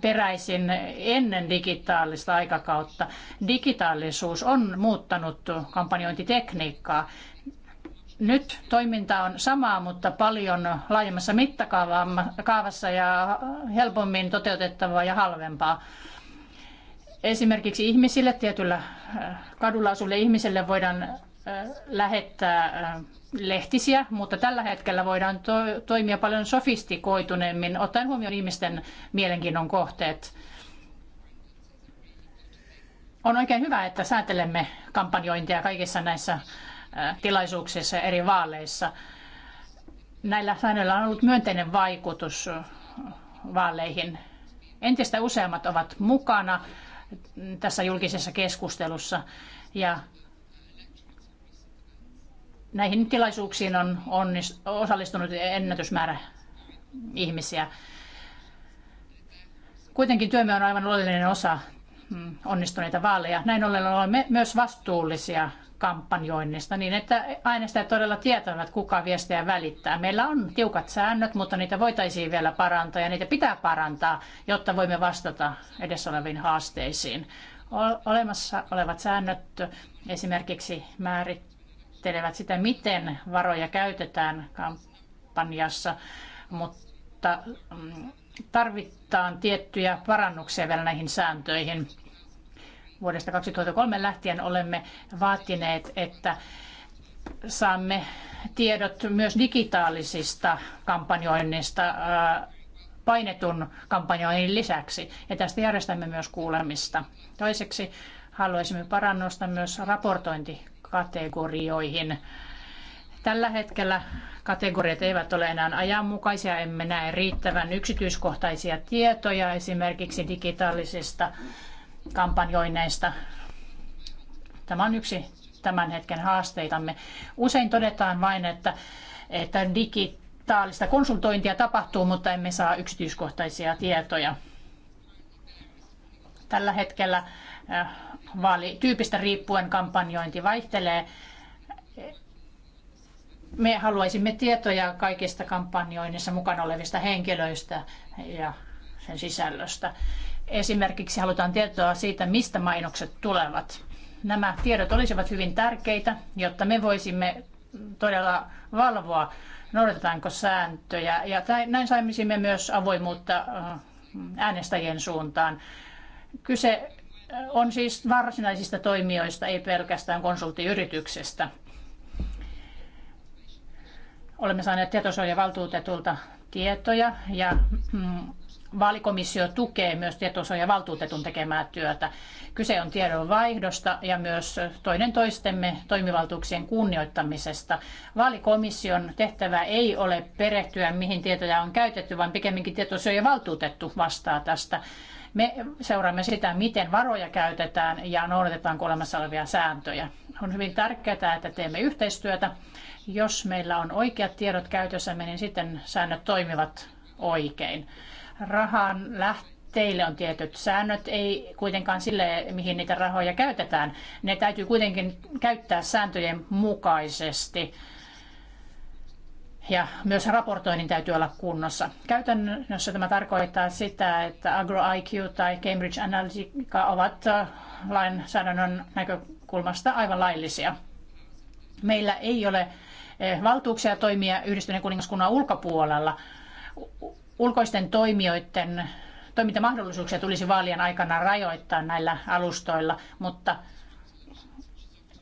Speaker 1: peräisin ennen digitaalista aikakautta. Digitaalisuus on muuttanut kampanjointitekniikkaa. Nyt toiminta on samaa, mutta paljon laajemmassa mittakaavassa ja helpommin toteutettavaa ja halvempaa. Esimerkiksi ihmisille, tietyllä kadulla asuville ihmisille voidaan lähettää lehtisiä, mutta tällä hetkellä voidaan to- toimia paljon sofistikoituneemmin, ottaen huomioon ihmisten mielenkiinnon kohteet. On oikein hyvä, että säätelemme kampanjointia kaikissa näissä tilaisuuksissa ja eri vaaleissa. Näillä säännöillä on ollut myönteinen vaikutus vaaleihin. Entistä useammat ovat mukana tässä julkisessa keskustelussa ja näihin tilaisuuksiin on onnist, osallistunut ennätysmäärä ihmisiä. Kuitenkin työmme on aivan oleellinen osa mm, onnistuneita vaaleja. Näin ollen olemme myös vastuullisia kampanjoinnista niin, että äänestäjät todella tietävät, kuka viestejä välittää. Meillä on tiukat säännöt, mutta niitä voitaisiin vielä parantaa ja niitä pitää parantaa, jotta voimme vastata edessä oleviin haasteisiin. Olemassa olevat säännöt esimerkiksi määrittävät, määrittelevät sitä, miten varoja käytetään kampanjassa, mutta mm, tarvitaan tiettyjä parannuksia vielä näihin sääntöihin. Vuodesta 2003 lähtien olemme vaatineet, että saamme tiedot myös digitaalisista kampanjoinnista painetun kampanjoinnin lisäksi. Ja tästä järjestämme myös kuulemista. Toiseksi haluaisimme parannusta myös raportointi kategorioihin. Tällä hetkellä kategoriat eivät ole enää ajanmukaisia, emme näe riittävän yksityiskohtaisia tietoja esimerkiksi digitaalisista kampanjoinneista. Tämä on yksi tämän hetken haasteitamme. Usein todetaan vain, että, että digitaalista konsultointia tapahtuu, mutta emme saa yksityiskohtaisia tietoja. Tällä hetkellä vaalityypistä riippuen kampanjointi vaihtelee. Me haluaisimme tietoja kaikista kampanjoinnissa mukana olevista henkilöistä ja sen sisällöstä. Esimerkiksi halutaan tietoa siitä, mistä mainokset tulevat. Nämä tiedot olisivat hyvin tärkeitä, jotta me voisimme todella valvoa, noudatetaanko sääntöjä. Ja näin saisimme myös avoimuutta äänestäjien suuntaan. Kyse on siis varsinaisista toimijoista, ei pelkästään konsulttiyrityksestä. Olemme saaneet tietosuojavaltuutetulta tietoja ja mm, vaalikomissio tukee myös tietosuojavaltuutetun tekemää työtä. Kyse on tiedonvaihdosta vaihdosta ja myös toinen toistemme toimivaltuuksien kunnioittamisesta. Vaalikomission tehtävä ei ole perehtyä, mihin tietoja on käytetty, vaan pikemminkin tietosuojavaltuutettu vastaa tästä me seuraamme sitä, miten varoja käytetään ja noudatetaanko olemassa olevia sääntöjä. On hyvin tärkeää, että teemme yhteistyötä. Jos meillä on oikeat tiedot käytössämme, niin sitten säännöt toimivat oikein. Rahan lähtö teille on tietyt säännöt, ei kuitenkaan sille, mihin niitä rahoja käytetään. Ne täytyy kuitenkin käyttää sääntöjen mukaisesti ja myös raportoinnin täytyy olla kunnossa. Käytännössä tämä tarkoittaa sitä, että AgroIQ tai Cambridge Analytica ovat äh, lainsäädännön näkökulmasta aivan laillisia. Meillä ei ole äh, valtuuksia toimia yhdistyneen kuningaskunnan ulkopuolella. Ulkoisten toimijoiden toimintamahdollisuuksia tulisi vaalien aikana rajoittaa näillä alustoilla, mutta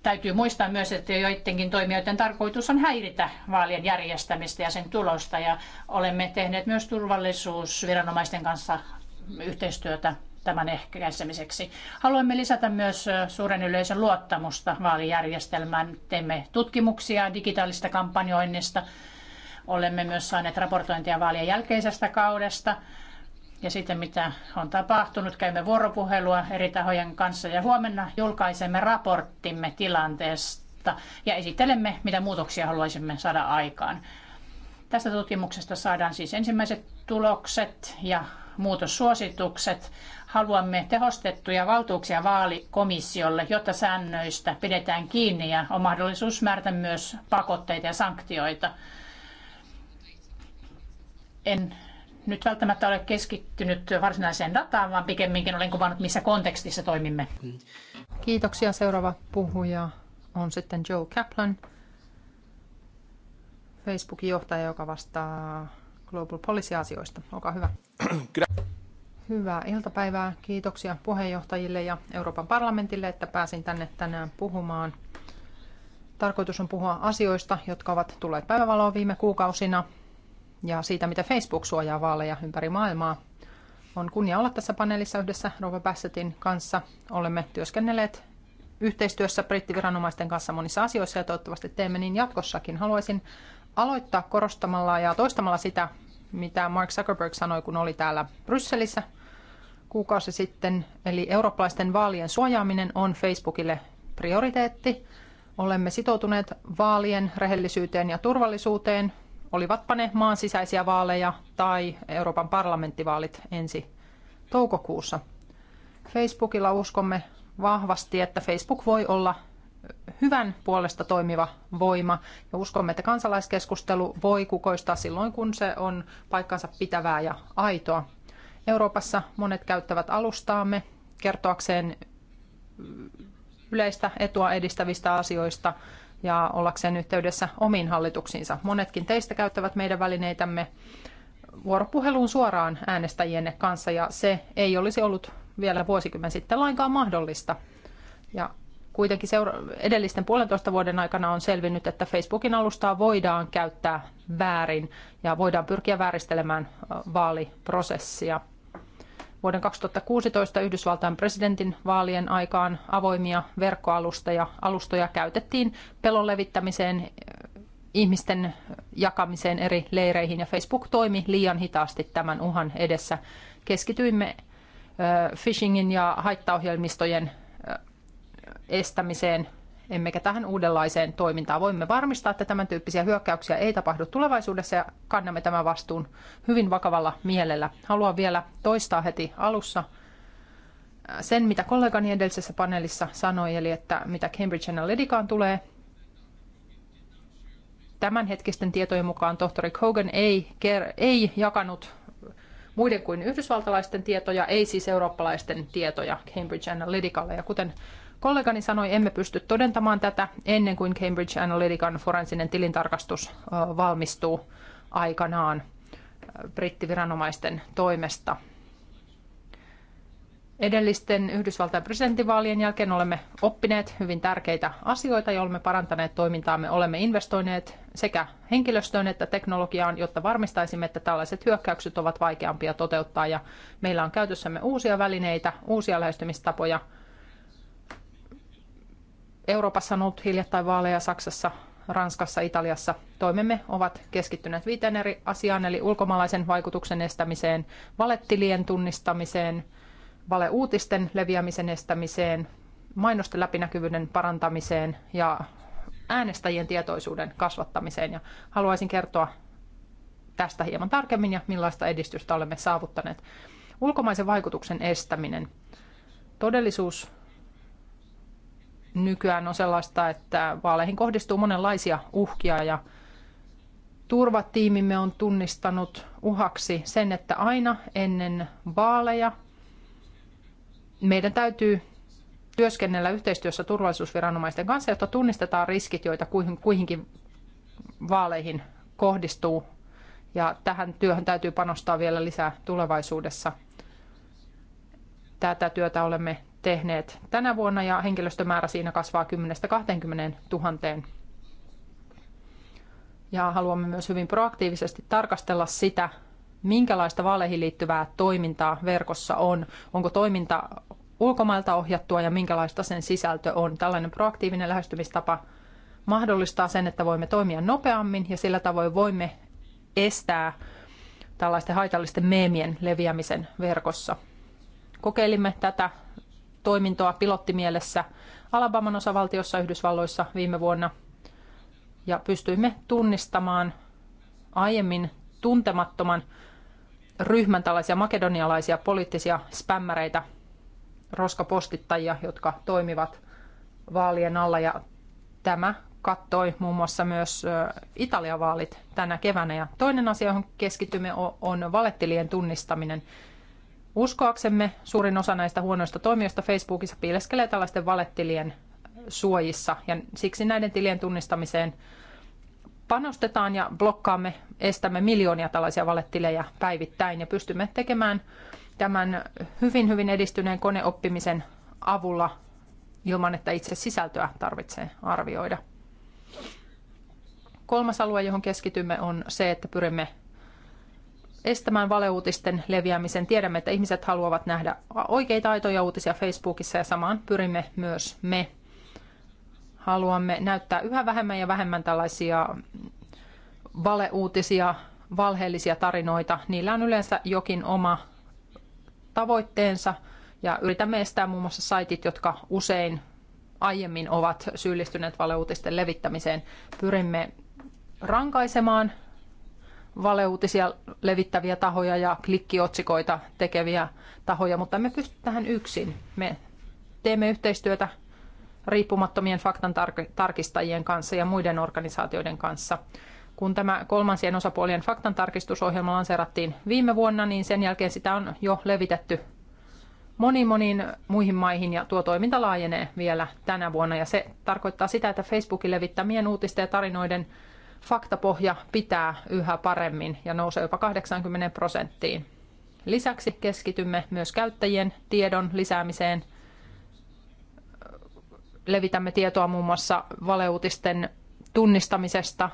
Speaker 1: Täytyy muistaa myös, että joidenkin toimijoiden tarkoitus on häiritä vaalien järjestämistä ja sen tulosta. Ja olemme tehneet myös turvallisuusviranomaisten kanssa yhteistyötä tämän ehkäisemiseksi. Haluamme lisätä myös suuren yleisön luottamusta vaalijärjestelmään. Teemme tutkimuksia digitaalista kampanjoinnista. Olemme myös saaneet raportointia vaalien jälkeisestä kaudesta ja sitten mitä on tapahtunut. Käymme vuoropuhelua eri tahojen kanssa ja huomenna julkaisemme raporttimme tilanteesta ja esittelemme, mitä muutoksia haluaisimme saada aikaan. Tästä tutkimuksesta saadaan siis ensimmäiset tulokset ja muutossuositukset. Haluamme tehostettuja valtuuksia vaalikomissiolle, jotta säännöistä pidetään kiinni ja on mahdollisuus määrätä myös pakotteita ja sanktioita. En nyt välttämättä ole keskittynyt varsinaiseen dataan, vaan pikemminkin
Speaker 3: olen kuvannut, missä kontekstissa toimimme. Kiitoksia. Seuraava puhuja on sitten Joe Kaplan, Facebookin johtaja, joka vastaa Global Policy-asioista. Olkaa hyvä. Hyvää iltapäivää. Kiitoksia puheenjohtajille ja Euroopan parlamentille, että pääsin tänne tänään puhumaan. Tarkoitus on puhua asioista, jotka ovat tulleet päivävaloon viime kuukausina ja siitä, mitä Facebook suojaa vaaleja ympäri maailmaa. On kunnia olla tässä paneelissa yhdessä Rova Bassettin kanssa. Olemme työskennelleet yhteistyössä brittiviranomaisten kanssa monissa asioissa ja toivottavasti teemme niin jatkossakin. Haluaisin aloittaa korostamalla ja toistamalla sitä, mitä Mark Zuckerberg sanoi, kun oli täällä Brysselissä kuukausi sitten. Eli eurooppalaisten vaalien suojaaminen on Facebookille prioriteetti. Olemme sitoutuneet vaalien rehellisyyteen ja turvallisuuteen olivatpa ne maan sisäisiä vaaleja tai Euroopan parlamenttivaalit ensi toukokuussa. Facebookilla uskomme vahvasti, että Facebook voi olla hyvän puolesta toimiva voima ja uskomme, että kansalaiskeskustelu voi kukoistaa silloin, kun se on paikkansa pitävää ja aitoa. Euroopassa monet käyttävät alustaamme kertoakseen yleistä etua edistävistä asioista – ja ollakseen yhteydessä omiin hallituksiinsa. Monetkin teistä käyttävät meidän välineitämme vuoropuheluun suoraan äänestäjienne kanssa ja se ei olisi ollut vielä vuosikymmen sitten lainkaan mahdollista. Ja kuitenkin seura- edellisten puolentoista vuoden aikana on selvinnyt, että Facebookin alustaa voidaan käyttää väärin ja voidaan pyrkiä vääristelemään vaaliprosessia – vuoden 2016 Yhdysvaltain presidentin vaalien aikaan avoimia verkkoalustoja alustoja käytettiin pelon levittämiseen, eh, ihmisten jakamiseen eri leireihin ja Facebook toimi liian hitaasti tämän uhan edessä. Keskityimme eh, phishingin ja haittaohjelmistojen eh, estämiseen emmekä tähän uudenlaiseen toimintaan. Voimme varmistaa, että tämän tyyppisiä hyökkäyksiä ei tapahdu tulevaisuudessa ja kannamme tämän vastuun hyvin vakavalla mielellä. Haluan vielä toistaa heti alussa äh, sen, mitä kollegani edellisessä paneelissa sanoi, eli että mitä Cambridge Analyticaan tulee, tämänhetkisten tietojen mukaan tohtori Hogan ei, ker ei jakanut muiden kuin yhdysvaltalaisten tietoja, ei siis eurooppalaisten tietoja Cambridge Analyticalle. Ja kuten kollegani sanoi, emme pysty todentamaan tätä ennen kuin Cambridge Analytican forensinen tilintarkastus valmistuu aikanaan brittiviranomaisten toimesta. Edellisten Yhdysvaltain presidentinvaalien jälkeen olemme oppineet hyvin tärkeitä asioita ja olemme parantaneet toimintaamme. Olemme investoineet sekä henkilöstöön että teknologiaan, jotta varmistaisimme, että tällaiset hyökkäykset ovat vaikeampia toteuttaa. Ja meillä on käytössämme uusia välineitä, uusia lähestymistapoja – Euroopassa on ollut hiljattain vaaleja Saksassa, Ranskassa, Italiassa. Toimemme ovat keskittyneet viiteen eri asiaan, eli ulkomaalaisen vaikutuksen estämiseen, valettilien tunnistamiseen, valeuutisten leviämisen estämiseen, mainosten läpinäkyvyyden parantamiseen ja äänestäjien tietoisuuden kasvattamiseen. Ja haluaisin kertoa tästä hieman tarkemmin ja millaista edistystä olemme saavuttaneet. Ulkomaisen vaikutuksen estäminen. Todellisuus nykyään on sellaista, että vaaleihin kohdistuu monenlaisia uhkia ja turvatiimimme on tunnistanut uhaksi sen, että aina ennen vaaleja meidän täytyy työskennellä yhteistyössä turvallisuusviranomaisten kanssa, jotta tunnistetaan riskit, joita kuihinkin vaaleihin kohdistuu. Ja tähän työhön täytyy panostaa vielä lisää tulevaisuudessa. Tätä työtä olemme tehneet tänä vuonna ja henkilöstömäärä siinä kasvaa 10-20 000. Ja haluamme myös hyvin proaktiivisesti tarkastella sitä, minkälaista vaaleihin liittyvää toimintaa verkossa on, onko toiminta ulkomailta ohjattua ja minkälaista sen sisältö on. Tällainen proaktiivinen lähestymistapa mahdollistaa sen, että voimme toimia nopeammin ja sillä tavoin voimme estää tällaisten haitallisten meemien leviämisen verkossa. Kokeilimme tätä toimintoa pilottimielessä Alabaman osavaltiossa Yhdysvalloissa viime vuonna ja pystyimme tunnistamaan aiemmin tuntemattoman ryhmän tällaisia makedonialaisia poliittisia spämmäreitä, roskapostittajia, jotka toimivat vaalien alla ja tämä kattoi muun muassa myös Italian vaalit tänä keväänä. Ja toinen asia, johon keskitymme, on valettilien tunnistaminen. Uskoaksemme suurin osa näistä huonoista toimijoista Facebookissa piileskelee tällaisten valettilien suojissa ja siksi näiden tilien tunnistamiseen panostetaan ja blokkaamme, estämme miljoonia tällaisia valettilejä päivittäin ja pystymme tekemään tämän hyvin hyvin edistyneen koneoppimisen avulla ilman, että itse sisältöä tarvitsee arvioida. Kolmas alue, johon keskitymme, on se, että pyrimme estämään valeuutisten leviämisen. Tiedämme, että ihmiset haluavat nähdä oikeita aitoja uutisia Facebookissa ja samaan pyrimme myös me. Haluamme näyttää yhä vähemmän ja vähemmän tällaisia valeuutisia, valheellisia tarinoita. Niillä on yleensä jokin oma tavoitteensa ja yritämme estää muun muassa saitit, jotka usein aiemmin ovat syyllistyneet valeuutisten levittämiseen. Pyrimme rankaisemaan valeuutisia levittäviä tahoja ja klikkiotsikoita tekeviä tahoja, mutta me pysty tähän yksin. Me teemme yhteistyötä riippumattomien faktan tarkistajien kanssa ja muiden organisaatioiden kanssa. Kun tämä kolmansien osapuolien faktan tarkistusohjelma lanseerattiin viime vuonna, niin sen jälkeen sitä on jo levitetty moniin moniin muihin maihin ja tuo toiminta laajenee vielä tänä vuonna ja se tarkoittaa sitä, että Facebookin levittämien uutisten ja tarinoiden faktapohja pitää yhä paremmin ja nousee jopa 80 prosenttiin. Lisäksi keskitymme myös käyttäjien tiedon lisäämiseen. Levitämme tietoa muun muassa valeuutisten tunnistamisesta.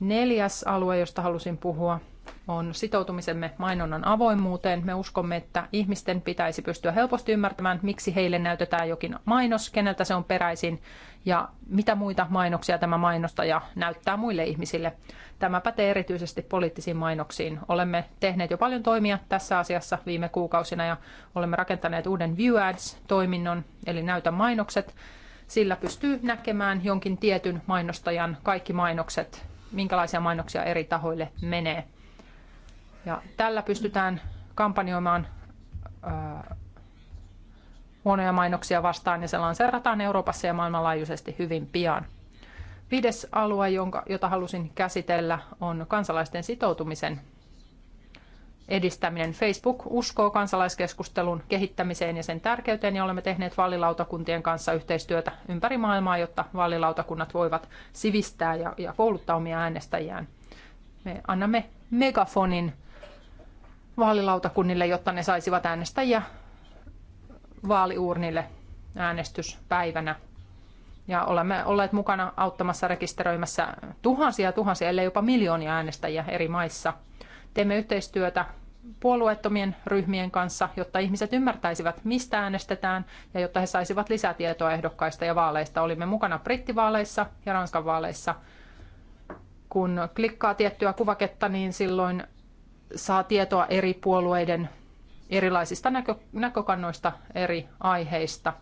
Speaker 3: Neljäs alue, josta halusin puhua, on sitoutumisemme mainonnan avoimuuteen. Me uskomme, että ihmisten pitäisi pystyä helposti ymmärtämään, miksi heille näytetään jokin mainos, keneltä se on peräisin ja mitä muita mainoksia tämä mainostaja näyttää muille ihmisille. Tämä pätee erityisesti poliittisiin mainoksiin. Olemme tehneet jo paljon toimia tässä asiassa viime kuukausina ja olemme rakentaneet uuden View Ads-toiminnon, eli näytä mainokset. Sillä pystyy näkemään jonkin tietyn mainostajan kaikki mainokset, minkälaisia mainoksia eri tahoille menee ja tällä pystytään kampanjoimaan huonoja mainoksia vastaan ja se lanseerataan Euroopassa ja maailmanlaajuisesti hyvin pian. Viides alue, jonka, jota halusin käsitellä, on kansalaisten sitoutumisen edistäminen. Facebook uskoo kansalaiskeskustelun kehittämiseen ja sen tärkeyteen ja olemme tehneet vaalilautakuntien kanssa yhteistyötä ympäri maailmaa, jotta vaalilautakunnat voivat sivistää ja, ja kouluttaa omia äänestäjiään. Me annamme megafonin vaalilautakunnille, jotta ne saisivat äänestäjiä vaaliuurnille äänestyspäivänä. Ja olemme olleet mukana auttamassa rekisteröimässä tuhansia tuhansia, ellei jopa miljoonia äänestäjiä eri maissa. Teemme yhteistyötä puolueettomien ryhmien kanssa, jotta ihmiset ymmärtäisivät, mistä äänestetään ja jotta he saisivat lisätietoa ehdokkaista ja vaaleista. Olimme mukana brittivaaleissa ja Ranskan vaaleissa. Kun klikkaa tiettyä kuvaketta, niin silloin saa tietoa eri puolueiden erilaisista näkö, näkökannoista eri aiheista.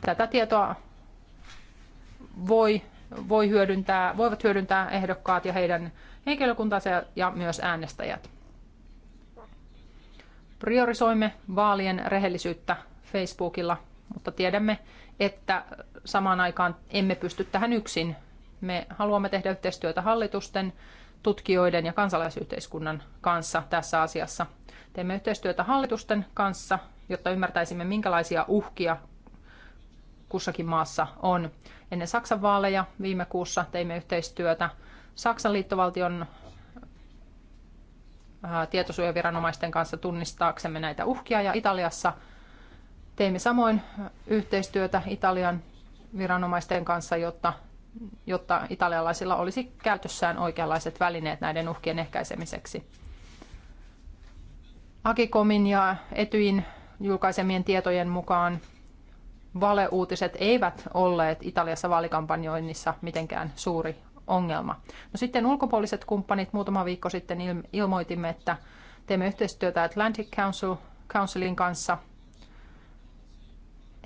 Speaker 3: Tätä tietoa voi, voi hyödyntää, voivat hyödyntää ehdokkaat ja heidän henkilökuntansa ja myös äänestäjät. Priorisoimme vaalien rehellisyyttä Facebookilla, mutta tiedämme, että samaan aikaan emme pysty tähän yksin. Me haluamme tehdä yhteistyötä hallitusten tutkijoiden ja kansalaisyhteiskunnan kanssa tässä asiassa. Teemme yhteistyötä hallitusten kanssa, jotta ymmärtäisimme, minkälaisia uhkia kussakin maassa on. Ennen Saksan vaaleja viime kuussa teimme yhteistyötä Saksan liittovaltion äh, tietosuojaviranomaisten kanssa tunnistaaksemme näitä uhkia ja Italiassa teimme samoin äh, yhteistyötä Italian viranomaisten kanssa, jotta jotta italialaisilla olisi käytössään oikeanlaiset välineet näiden uhkien ehkäisemiseksi. Akikomin ja Etyin julkaisemien tietojen mukaan valeuutiset eivät olleet Italiassa vaalikampanjoinnissa mitenkään suuri ongelma. No sitten ulkopuoliset kumppanit muutama viikko sitten ilmoitimme, että teemme yhteistyötä Atlantic Council, Councilin kanssa.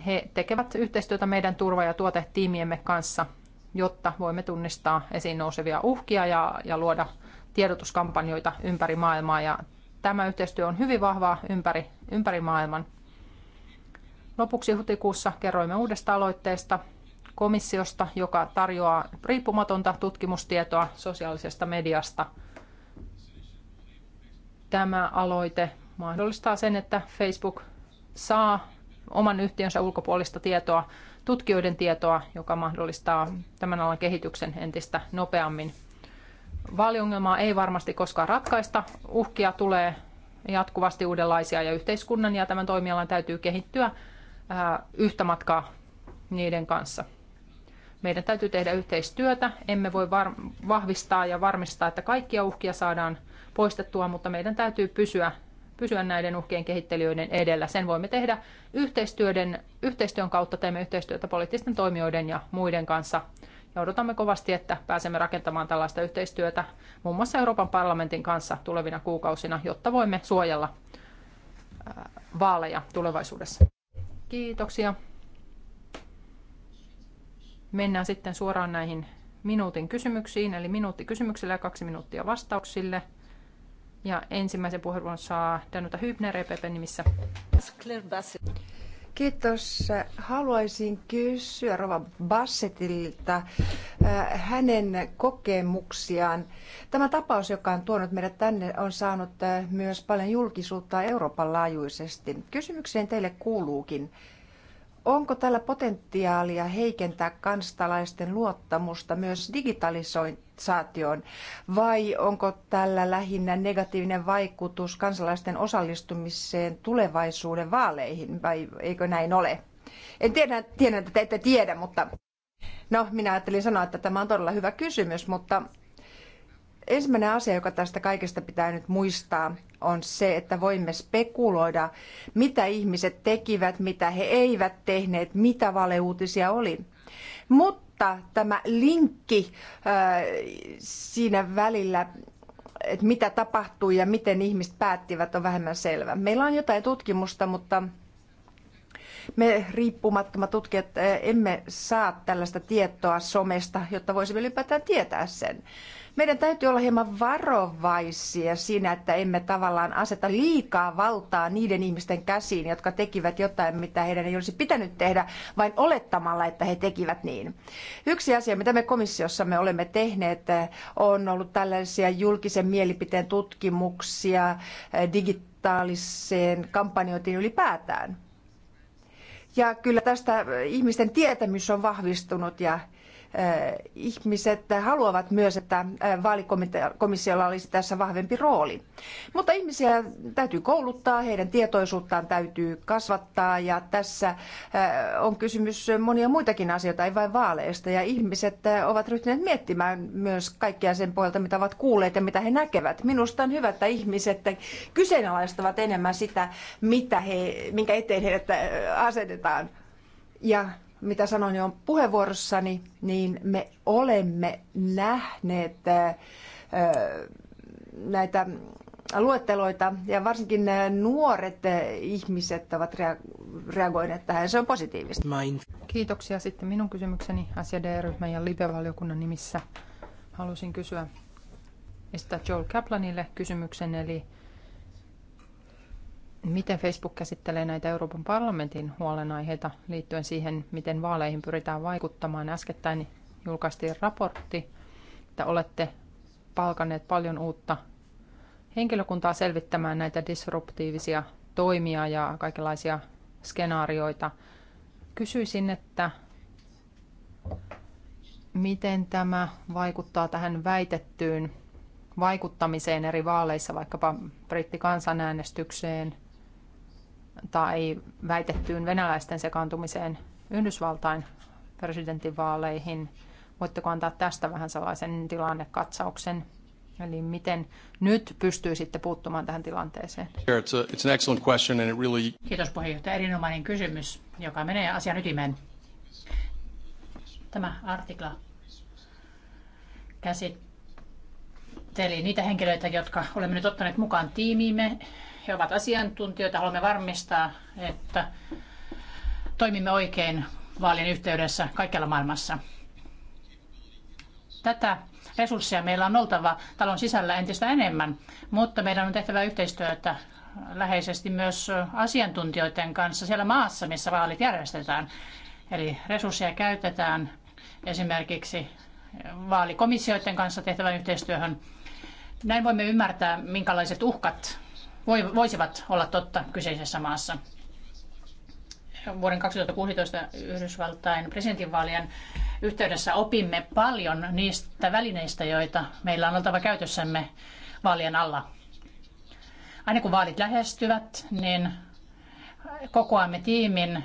Speaker 3: He tekevät yhteistyötä meidän turva- ja tuotetiimiemme kanssa – jotta voimme tunnistaa esiin nousevia uhkia ja, ja luoda tiedotuskampanjoita ympäri maailmaa. Ja tämä yhteistyö on hyvin vahvaa ympäri, ympäri maailman. Lopuksi huhtikuussa kerroimme uudesta aloitteesta komissiosta, joka tarjoaa riippumatonta tutkimustietoa sosiaalisesta mediasta. Tämä aloite mahdollistaa sen, että Facebook saa oman yhtiönsä ulkopuolista tietoa tutkijoiden tietoa, joka mahdollistaa tämän alan kehityksen entistä nopeammin. Vaaliongelmaa ei varmasti koskaan ratkaista. Uhkia tulee jatkuvasti uudenlaisia ja yhteiskunnan ja tämän toimialan täytyy kehittyä yhtä matkaa niiden kanssa. Meidän täytyy tehdä yhteistyötä. Emme voi vahvistaa ja varmistaa, että kaikkia uhkia saadaan poistettua, mutta meidän täytyy pysyä pysyä näiden uhkien kehittelijöiden edellä. Sen voimme tehdä yhteistyön, yhteistyön kautta, teemme yhteistyötä poliittisten toimijoiden ja muiden kanssa. Ja odotamme kovasti, että pääsemme rakentamaan tällaista yhteistyötä muun muassa Euroopan parlamentin kanssa tulevina kuukausina, jotta voimme suojella vaaleja tulevaisuudessa. Kiitoksia. Mennään sitten suoraan näihin minuutin kysymyksiin, eli minuutti kysymyksille ja kaksi minuuttia vastauksille. Ja ensimmäisen puheenvuoron saa Danuta Hybner e nimissä.
Speaker 4: Kiitos. Haluaisin kysyä Rova Bassetilta äh, hänen kokemuksiaan. Tämä tapaus, joka on tuonut meidät tänne, on saanut äh, myös paljon julkisuutta Euroopan laajuisesti. Kysymykseen teille kuuluukin. Onko tällä potentiaalia heikentää kansalaisten luottamusta myös digitalisoin, globalisaatioon, vai onko tällä lähinnä negatiivinen vaikutus kansalaisten osallistumiseen tulevaisuuden vaaleihin, vai eikö näin ole? En tiedä, tiedä että te ette tiedä, mutta no, minä ajattelin sanoa, että tämä on todella hyvä kysymys, mutta ensimmäinen asia, joka tästä kaikesta pitää nyt muistaa, on se, että voimme spekuloida, mitä ihmiset tekivät, mitä he eivät tehneet, mitä valeuutisia oli. Mutta mutta tämä linkki siinä välillä, että mitä tapahtui ja miten ihmiset päättivät, on vähemmän selvä. Meillä on jotain tutkimusta, mutta me riippumattomat tutkijat emme saa tällaista tietoa somesta, jotta voisimme ylipäätään tietää sen. Meidän täytyy olla hieman varovaisia siinä, että emme tavallaan aseta liikaa valtaa niiden ihmisten käsiin, jotka tekivät jotain, mitä heidän ei olisi pitänyt tehdä, vain olettamalla, että he tekivät niin. Yksi asia, mitä me komissiossa me olemme tehneet, on ollut tällaisia julkisen mielipiteen tutkimuksia eh, digitaaliseen kampanjointiin ylipäätään. Ja kyllä tästä ihmisten tietämys on vahvistunut ja ihmiset haluavat myös, että vaalikomissiolla olisi tässä vahvempi rooli. Mutta ihmisiä täytyy kouluttaa, heidän tietoisuuttaan täytyy kasvattaa ja tässä on kysymys monia muitakin asioita, ei vain vaaleista. Ja ihmiset ovat ryhtyneet miettimään myös kaikkea sen pohjalta, mitä ovat kuulleet ja mitä he näkevät. Minusta on hyvä, että ihmiset kyseenalaistavat enemmän sitä, mitä he, minkä eteen heidät asetetaan. Ja mitä sanoin jo puheenvuorossani, niin me olemme nähneet äh, äh, näitä luetteloita ja varsinkin äh, nuoret ihmiset ovat reagoineet tähän. Se on positiivista. Kiitoksia. Sitten minun
Speaker 3: kysymykseni SJD-ryhmän ja libe valiokunnan nimissä halusin kysyä estää Joel Kaplanille kysymyksen, eli miten Facebook käsittelee näitä Euroopan parlamentin huolenaiheita liittyen siihen, miten vaaleihin pyritään vaikuttamaan. Äskettäin julkaistiin raportti, että olette palkanneet paljon uutta henkilökuntaa selvittämään näitä disruptiivisia toimia ja kaikenlaisia skenaarioita. Kysyisin, että miten tämä vaikuttaa tähän väitettyyn vaikuttamiseen eri vaaleissa, vaikkapa brittikansanäänestykseen – tai väitettyyn venäläisten sekaantumiseen Yhdysvaltain presidentinvaaleihin. Voitteko antaa tästä vähän sellaisen tilannekatsauksen? Eli miten nyt pystyy sitten puuttumaan tähän tilanteeseen?
Speaker 1: Kiitos puheenjohtaja. Erinomainen kysymys, joka menee asian ytimeen. Tämä artikla käsitteli niitä henkilöitä, jotka olemme nyt ottaneet mukaan tiimiimme he ovat asiantuntijoita. Haluamme varmistaa, että toimimme oikein vaalien yhteydessä kaikkialla maailmassa. Tätä resursseja meillä on oltava talon sisällä entistä enemmän, mutta meidän on tehtävä yhteistyötä läheisesti myös asiantuntijoiden kanssa siellä maassa, missä vaalit järjestetään. Eli resursseja käytetään esimerkiksi vaalikomissioiden kanssa tehtävän yhteistyöhön. Näin voimme ymmärtää, minkälaiset uhkat voisivat olla totta kyseisessä maassa. Vuoden 2016 Yhdysvaltain presidentinvaalien yhteydessä opimme paljon niistä välineistä, joita meillä on oltava käytössämme vaalien alla. Aina kun vaalit lähestyvät, niin kokoamme tiimin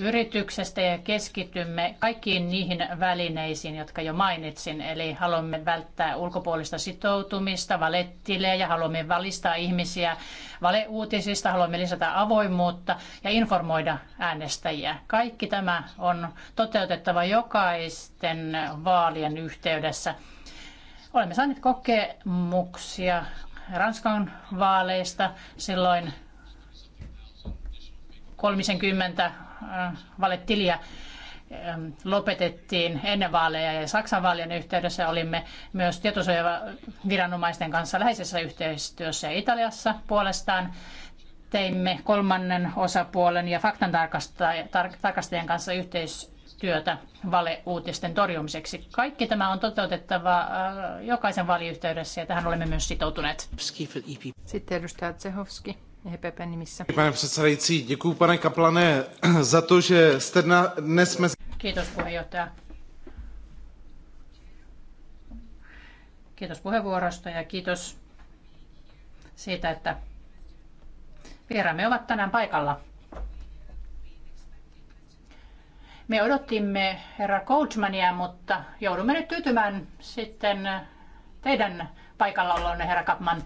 Speaker 1: yrityksestä ja keskitymme kaikkiin niihin välineisiin, jotka jo mainitsin. Eli haluamme välttää ulkopuolista sitoutumista, valettilejä, haluamme valistaa ihmisiä valeuutisista, haluamme lisätä avoimuutta ja informoida äänestäjiä. Kaikki tämä on toteutettava jokaisten vaalien yhteydessä. Olemme saaneet kokemuksia Ranskan vaaleista. Silloin 30 Äh, valetilia ähm, lopetettiin ennen vaaleja ja Saksan vaalien yhteydessä olimme myös tietosuojaviranomaisten kanssa läheisessä yhteistyössä Italiassa puolestaan teimme kolmannen osapuolen ja faktan tarkastajien kanssa yhteistyötä valeuutisten torjumiseksi. Kaikki tämä on toteutettava äh, jokaisen vaaliyhteydessä ja tähän olemme myös sitoutuneet. E Sitten edustaja Tsehovski. HPP e nimissä. Pane
Speaker 2: předsedající, děkuji pane Kaplane za to, že jste dnes mezi...
Speaker 1: Kiitos puheenjohtaja. Kiitos puheenvuorosta ja kiitos siitä, että vieraamme ovat tänään paikalla. Me odottimme herra Coachmania, mutta joudumme nyt tyytymään sitten teidän paikallaolonne, herra Kapman.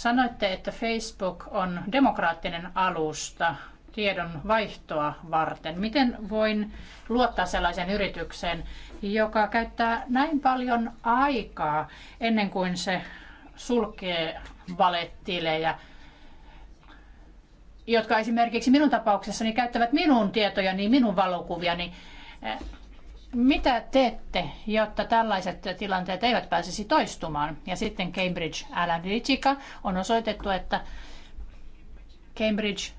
Speaker 1: Sanoitte, että Facebook on demokraattinen alusta tiedon vaihtoa varten. Miten voin luottaa sellaisen yritykseen, joka käyttää näin paljon aikaa ennen kuin se sulkee valettilejä, jotka esimerkiksi minun tapauksessani käyttävät minun tietojani, minun valokuviani niin, eh, mitä teette, jotta tällaiset tilanteet eivät pääsisi toistumaan? Ja sitten Cambridge Analytica on osoitettu, että Cambridge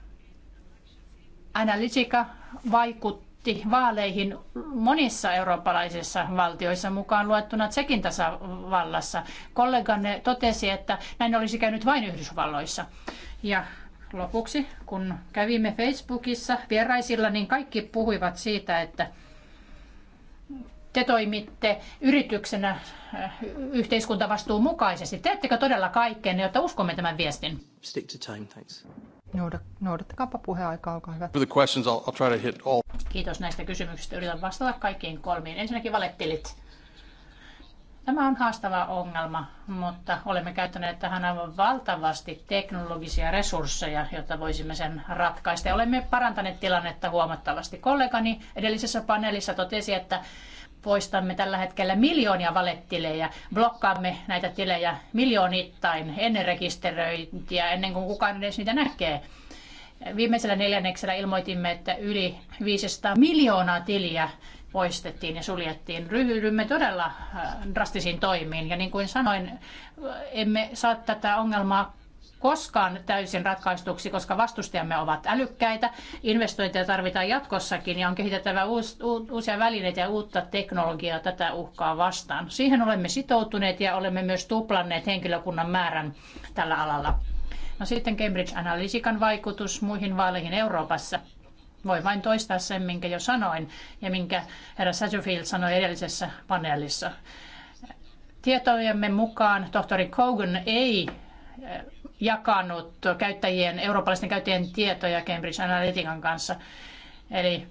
Speaker 1: Analytica vaikutti vaaleihin monissa eurooppalaisissa valtioissa mukaan luettuna Tsekin tasavallassa. Kolleganne totesi, että näin olisi käynyt vain Yhdysvalloissa. Ja lopuksi, kun kävimme Facebookissa vieraisilla, niin kaikki puhuivat siitä, että te toimitte yrityksenä eh, yhteiskuntavastuun mukaisesti. Teettekö todella kaikkeen, jotta uskomme tämän viestin? Stick
Speaker 2: to time, thanks.
Speaker 1: Noudattakaapa puheaikaa, olkaa hyvä. For the
Speaker 2: questions, I'll, I'll try to hit all.
Speaker 1: Kiitos näistä kysymyksistä. Yritän vastata kaikkiin kolmiin. Ensinnäkin valettelit. Tämä on haastava ongelma, mutta olemme käyttäneet tähän aivan valtavasti teknologisia resursseja, jotta voisimme sen ratkaista. Olemme parantaneet tilannetta huomattavasti. Kollegani edellisessä paneelissa totesi, että poistamme tällä hetkellä miljoonia valettilejä, blokkaamme näitä tilejä miljoonittain ennen rekisteröintiä, ennen kuin kukaan edes niitä näkee. Viimeisellä neljänneksellä ilmoitimme, että yli 500 miljoonaa tiliä poistettiin ja suljettiin. Ryhdymme todella äh, drastisiin toimiin ja niin kuin sanoin, emme saa tätä ongelmaa koskaan täysin ratkaistuksi, koska vastustajamme ovat älykkäitä. Investointeja tarvitaan jatkossakin ja on kehitettävä uusia välineitä ja uutta teknologiaa tätä uhkaa vastaan. Siihen olemme sitoutuneet ja olemme myös tuplanneet henkilökunnan määrän tällä alalla. No sitten Cambridge Analytican vaikutus muihin vaaleihin Euroopassa. Voi vain toistaa sen, minkä jo sanoin ja minkä herra Satterfield sanoi edellisessä paneelissa. Tietojemme mukaan tohtori Kogan ei jakanut käyttäjien, eurooppalaisten käyttäjien tietoja Cambridge Analytican kanssa. Eli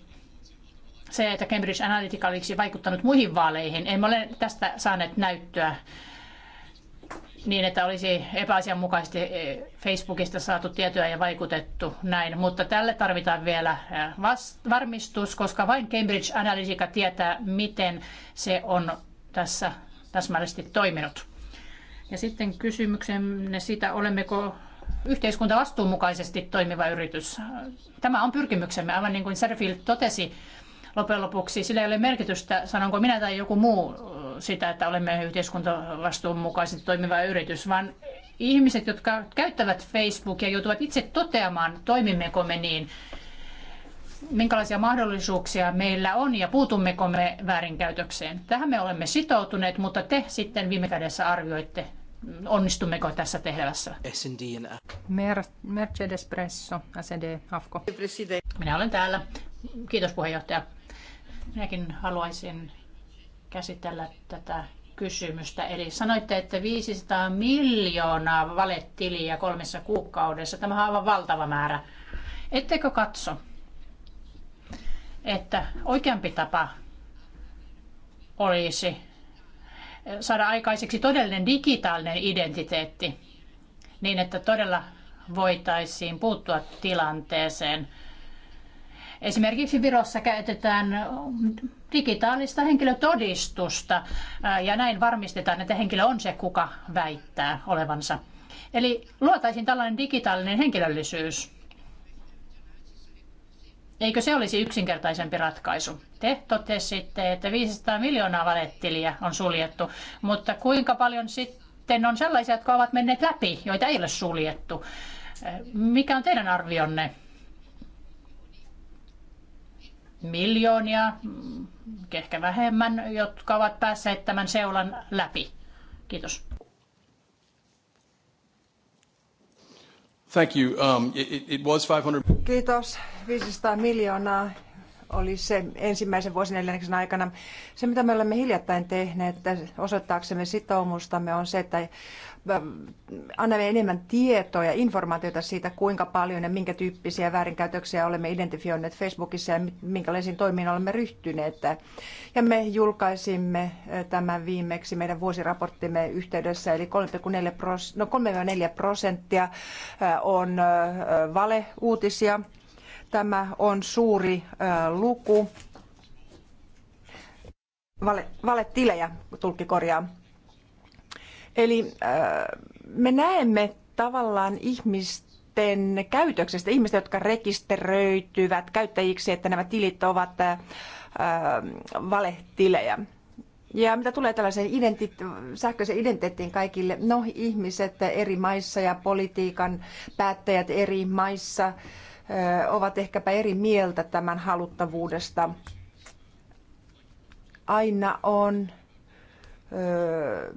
Speaker 1: se, että Cambridge Analytica olisi vaikuttanut muihin vaaleihin, emme ole tästä saaneet näyttöä niin, että olisi epäasianmukaisesti eh, Facebookista saatu tietoja ja vaikutettu näin. Mutta tälle tarvitaan vielä eh, varmistus, koska vain Cambridge Analytica tietää, miten se on tässä täsmällisesti toiminut. Ja sitten kysymyksenne siitä, olemmeko yhteiskunta vastuunmukaisesti toimiva yritys. Tämä on pyrkimyksemme, aivan niin kuin Serfield totesi loppujen lopuksi. Sillä ei ole merkitystä, sanonko minä tai joku muu sitä, että olemme yhteiskuntavastuunmukaisesti toimiva yritys, vaan ihmiset, jotka käyttävät Facebookia, joutuvat itse toteamaan, toimimmeko me niin, minkälaisia mahdollisuuksia meillä on ja puutummeko me väärinkäytökseen. Tähän me olemme sitoutuneet, mutta te sitten viime kädessä arvioitte onnistummeko tässä tehtävässä. Mer- Mercedes Presso, SND Afko. Minä olen täällä. Kiitos puheenjohtaja. Minäkin haluaisin käsitellä tätä kysymystä. Eli sanoitte, että 500 miljoonaa valetiliä kolmessa kuukaudessa. Tämä on aivan valtava määrä. Ettekö katso, että oikeampi tapa olisi saada aikaiseksi todellinen digitaalinen identiteetti niin, että todella voitaisiin puuttua tilanteeseen. Esimerkiksi Virossa käytetään digitaalista henkilötodistusta ja näin varmistetaan, että henkilö on se, kuka väittää olevansa. Eli luotaisiin tällainen digitaalinen henkilöllisyys. Eikö se olisi yksinkertaisempi ratkaisu? Te totesitte, että 500 miljoonaa valettiliä on suljettu, mutta kuinka paljon sitten on sellaisia, jotka ovat menneet läpi, joita ei ole suljettu? Mikä on teidän arvionne? Miljoonia, ehkä vähemmän, jotka ovat päässeet tämän seulan läpi.
Speaker 4: Kiitos. Um, Kiitos. 500 miljoonaa oli se ensimmäisen vuosineljänneksen aikana. Se, mitä me olemme hiljattain tehneet osoittaaksemme sitoumustamme, on se, että annamme enemmän tietoa ja informaatiota siitä, kuinka paljon ja minkä tyyppisiä väärinkäytöksiä olemme identifioineet Facebookissa ja minkälaisiin toimiin olemme ryhtyneet. Ja me julkaisimme tämän viimeksi meidän vuosiraporttimme yhteydessä, eli 3,4 pros, no 3,4 prosenttia on valeuutisia. Tämä on suuri luku. Vale, valetilejä, tulkki korjaa Eli äh, me näemme tavallaan ihmisten käytöksestä, ihmistä, jotka rekisteröityvät käyttäjiksi, että nämä tilit ovat äh, valetilejä. Ja mitä tulee tällaiseen identi- sähköiseen identiteettiin kaikille, no ihmiset eri maissa ja politiikan päättäjät eri maissa ö, äh, ovat ehkäpä eri mieltä tämän haluttavuudesta. Aina on ö,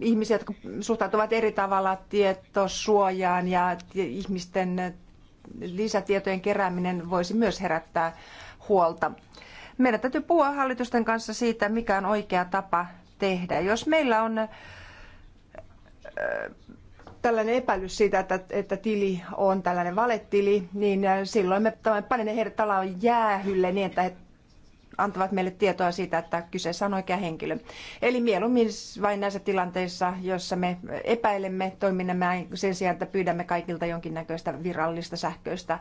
Speaker 4: ihmisiä, jotka suhtautuvat eri tavalla tietosuojaan ja ihmisten lisätietojen kerääminen voisi myös herättää huolta. Meidän täytyy puhua hallitusten kanssa siitä, mikä on oikea tapa tehdä. Jos meillä on tällainen epäilys siitä, että, että tili on tällainen valetili, niin silloin me panemme heidät talan jäähylle niin, että he antavat meille tietoa siitä, että kyseessä on oikea henkilö. Eli mieluummin vain näissä tilanteissa, joissa me epäilemme toiminnamme sen sijaan, että pyydämme kaikilta jonkinnäköistä virallista sähköistä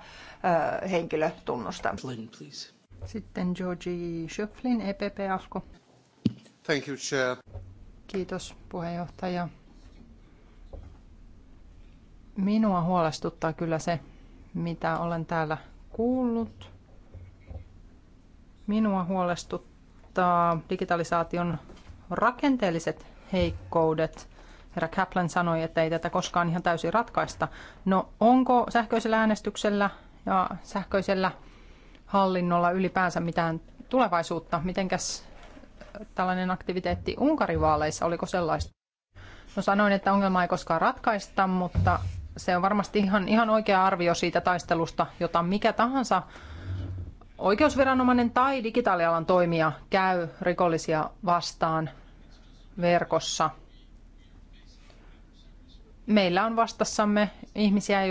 Speaker 4: ö, henkilötunnusta. Sitten Georgi Schöpflin, EPP Afko.
Speaker 2: Thank you, Chair.
Speaker 3: Kiitos puheenjohtaja. Minua huolestuttaa kyllä se, mitä olen täällä kuullut Minua huolestuttaa digitalisaation rakenteelliset heikkoudet. Herra Kaplan sanoi, että ei tätä koskaan ihan täysin ratkaista. No onko sähköisellä äänestyksellä ja sähköisellä hallinnolla ylipäänsä mitään tulevaisuutta? Mitenkäs äh, tällainen aktiviteetti Unkarivaaleissa oliko sellaista? No sanoin, että ongelma ei koskaan ratkaista, mutta se on varmasti ihan, ihan oikea arvio siitä taistelusta, jota mikä tahansa oikeusviranomainen tai digitaalialan toimija käy rikollisia vastaan verkossa. Meillä on vastassamme ihmisiä,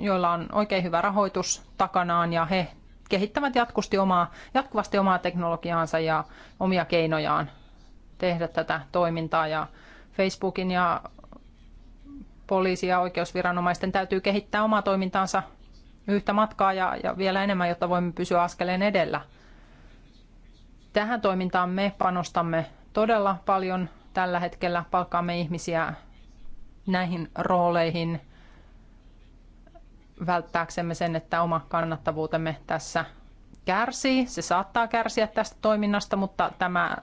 Speaker 3: joilla on oikein hyvä rahoitus takanaan ja he kehittävät jatkuvasti omaa, jatkuvasti omaa teknologiaansa ja omia keinojaan tehdä tätä toimintaa. Ja Facebookin ja poliisi- ja oikeusviranomaisten täytyy kehittää omaa toimintaansa yhtä matkaa ja, ja vielä enemmän, jotta voimme pysyä askeleen edellä. Tähän toimintaan me panostamme todella paljon tällä hetkellä. Palkkaamme ihmisiä näihin rooleihin välttääksemme sen, että oma kannattavuutemme tässä kärsii. Se saattaa kärsiä tästä toiminnasta, mutta tämä,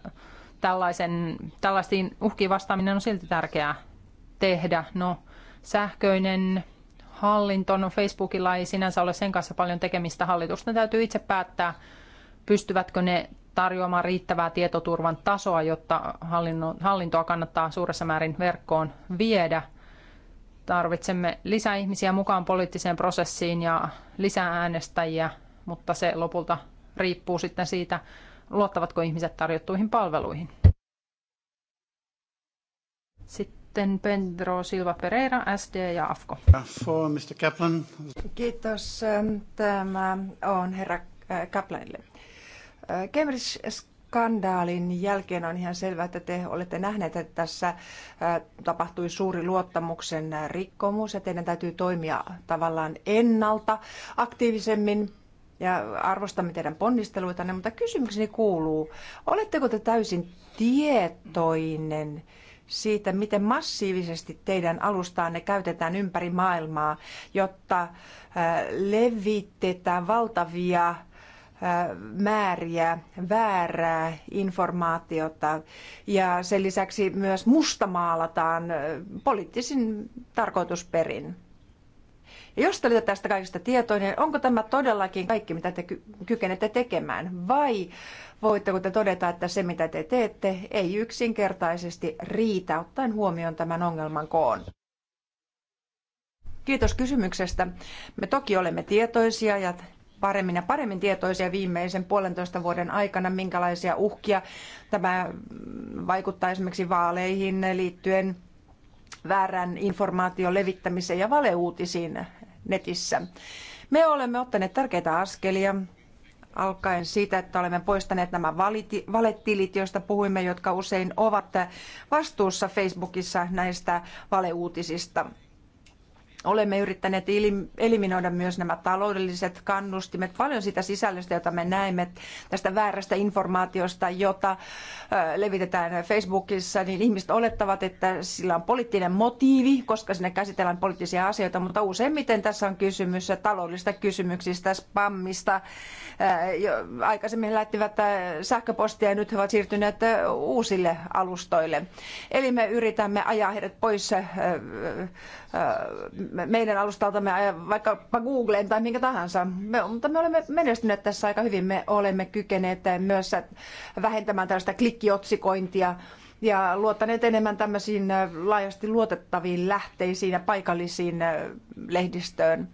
Speaker 3: tällaisen, tällaisiin uhkiin vastaaminen on silti tärkeää tehdä. No, sähköinen hallinto. No Facebookilla ei sinänsä ole sen kanssa paljon tekemistä. Hallitusten täytyy itse päättää, pystyvätkö ne tarjoamaan riittävää tietoturvan tasoa, jotta hallintoa kannattaa suuressa määrin verkkoon viedä. Tarvitsemme lisää ihmisiä mukaan poliittiseen prosessiin ja lisää äänestäjiä, mutta se lopulta riippuu sitten siitä, luottavatko ihmiset tarjottuihin palveluihin.
Speaker 4: Sitten sitten Pedro Silva Pereira, SD ja AFKO.
Speaker 2: For Mr. Kaplan.
Speaker 4: Kiitos. Ähm, tämä on herra äh, Kaplanille. Äh, Cambridge-skandaalin jälkeen on ihan selvää, että te olette nähneet, että tässä äh, tapahtui suuri luottamuksen rikkomus ja teidän täytyy toimia tavallaan ennalta aktiivisemmin ja arvostamme teidän ponnisteluitanne, mutta kysymykseni kuuluu, oletteko te täysin tietoinen – siitä, miten massiivisesti teidän alustaanne käytetään ympäri maailmaa, jotta äh, levitetään valtavia äh, määriä väärää informaatiota ja sen lisäksi myös mustamaalataan äh, poliittisin tarkoitusperin. Ja jos te olette tästä kaikesta tietoinen, niin onko tämä todellakin kaikki, mitä te kykenette tekemään? Vai voitteko te todeta, että se mitä te teette ei yksinkertaisesti riitä ottaen huomioon tämän ongelman koon? Kiitos kysymyksestä. Me toki olemme tietoisia ja paremmin ja paremmin tietoisia viimeisen puolentoista vuoden aikana, minkälaisia uhkia tämä vaikuttaa esimerkiksi vaaleihin liittyen väärän informaation levittämiseen ja valeuutisiin netissä. Me olemme ottaneet tärkeitä askelia alkaen siitä, että olemme poistaneet nämä valetilit, joista puhuimme, jotka usein ovat vastuussa Facebookissa näistä valeuutisista. Olemme yrittäneet eliminoida myös nämä taloudelliset kannustimet, paljon sitä sisällöstä, jota me näemme tästä väärästä informaatiosta, jota levitetään Facebookissa, niin ihmiset olettavat, että sillä on poliittinen motiivi, koska sinne käsitellään poliittisia asioita, mutta useimmiten tässä on kysymys taloudellisista kysymyksistä, spammista. Aikaisemmin he lähettivät sähköpostia ja nyt he ovat siirtyneet uusille alustoille. Eli me yritämme ajaa heidät pois meidän alustaltamme, vaikkapa Googleen tai minkä tahansa. Me, mutta me olemme menestyneet tässä aika hyvin. Me olemme kykeneet myös vähentämään tällaista klikkiotsikointia ja luottaneet enemmän tämmöisiin äh, laajasti luotettaviin lähteisiin ja paikallisiin äh, lehdistöön.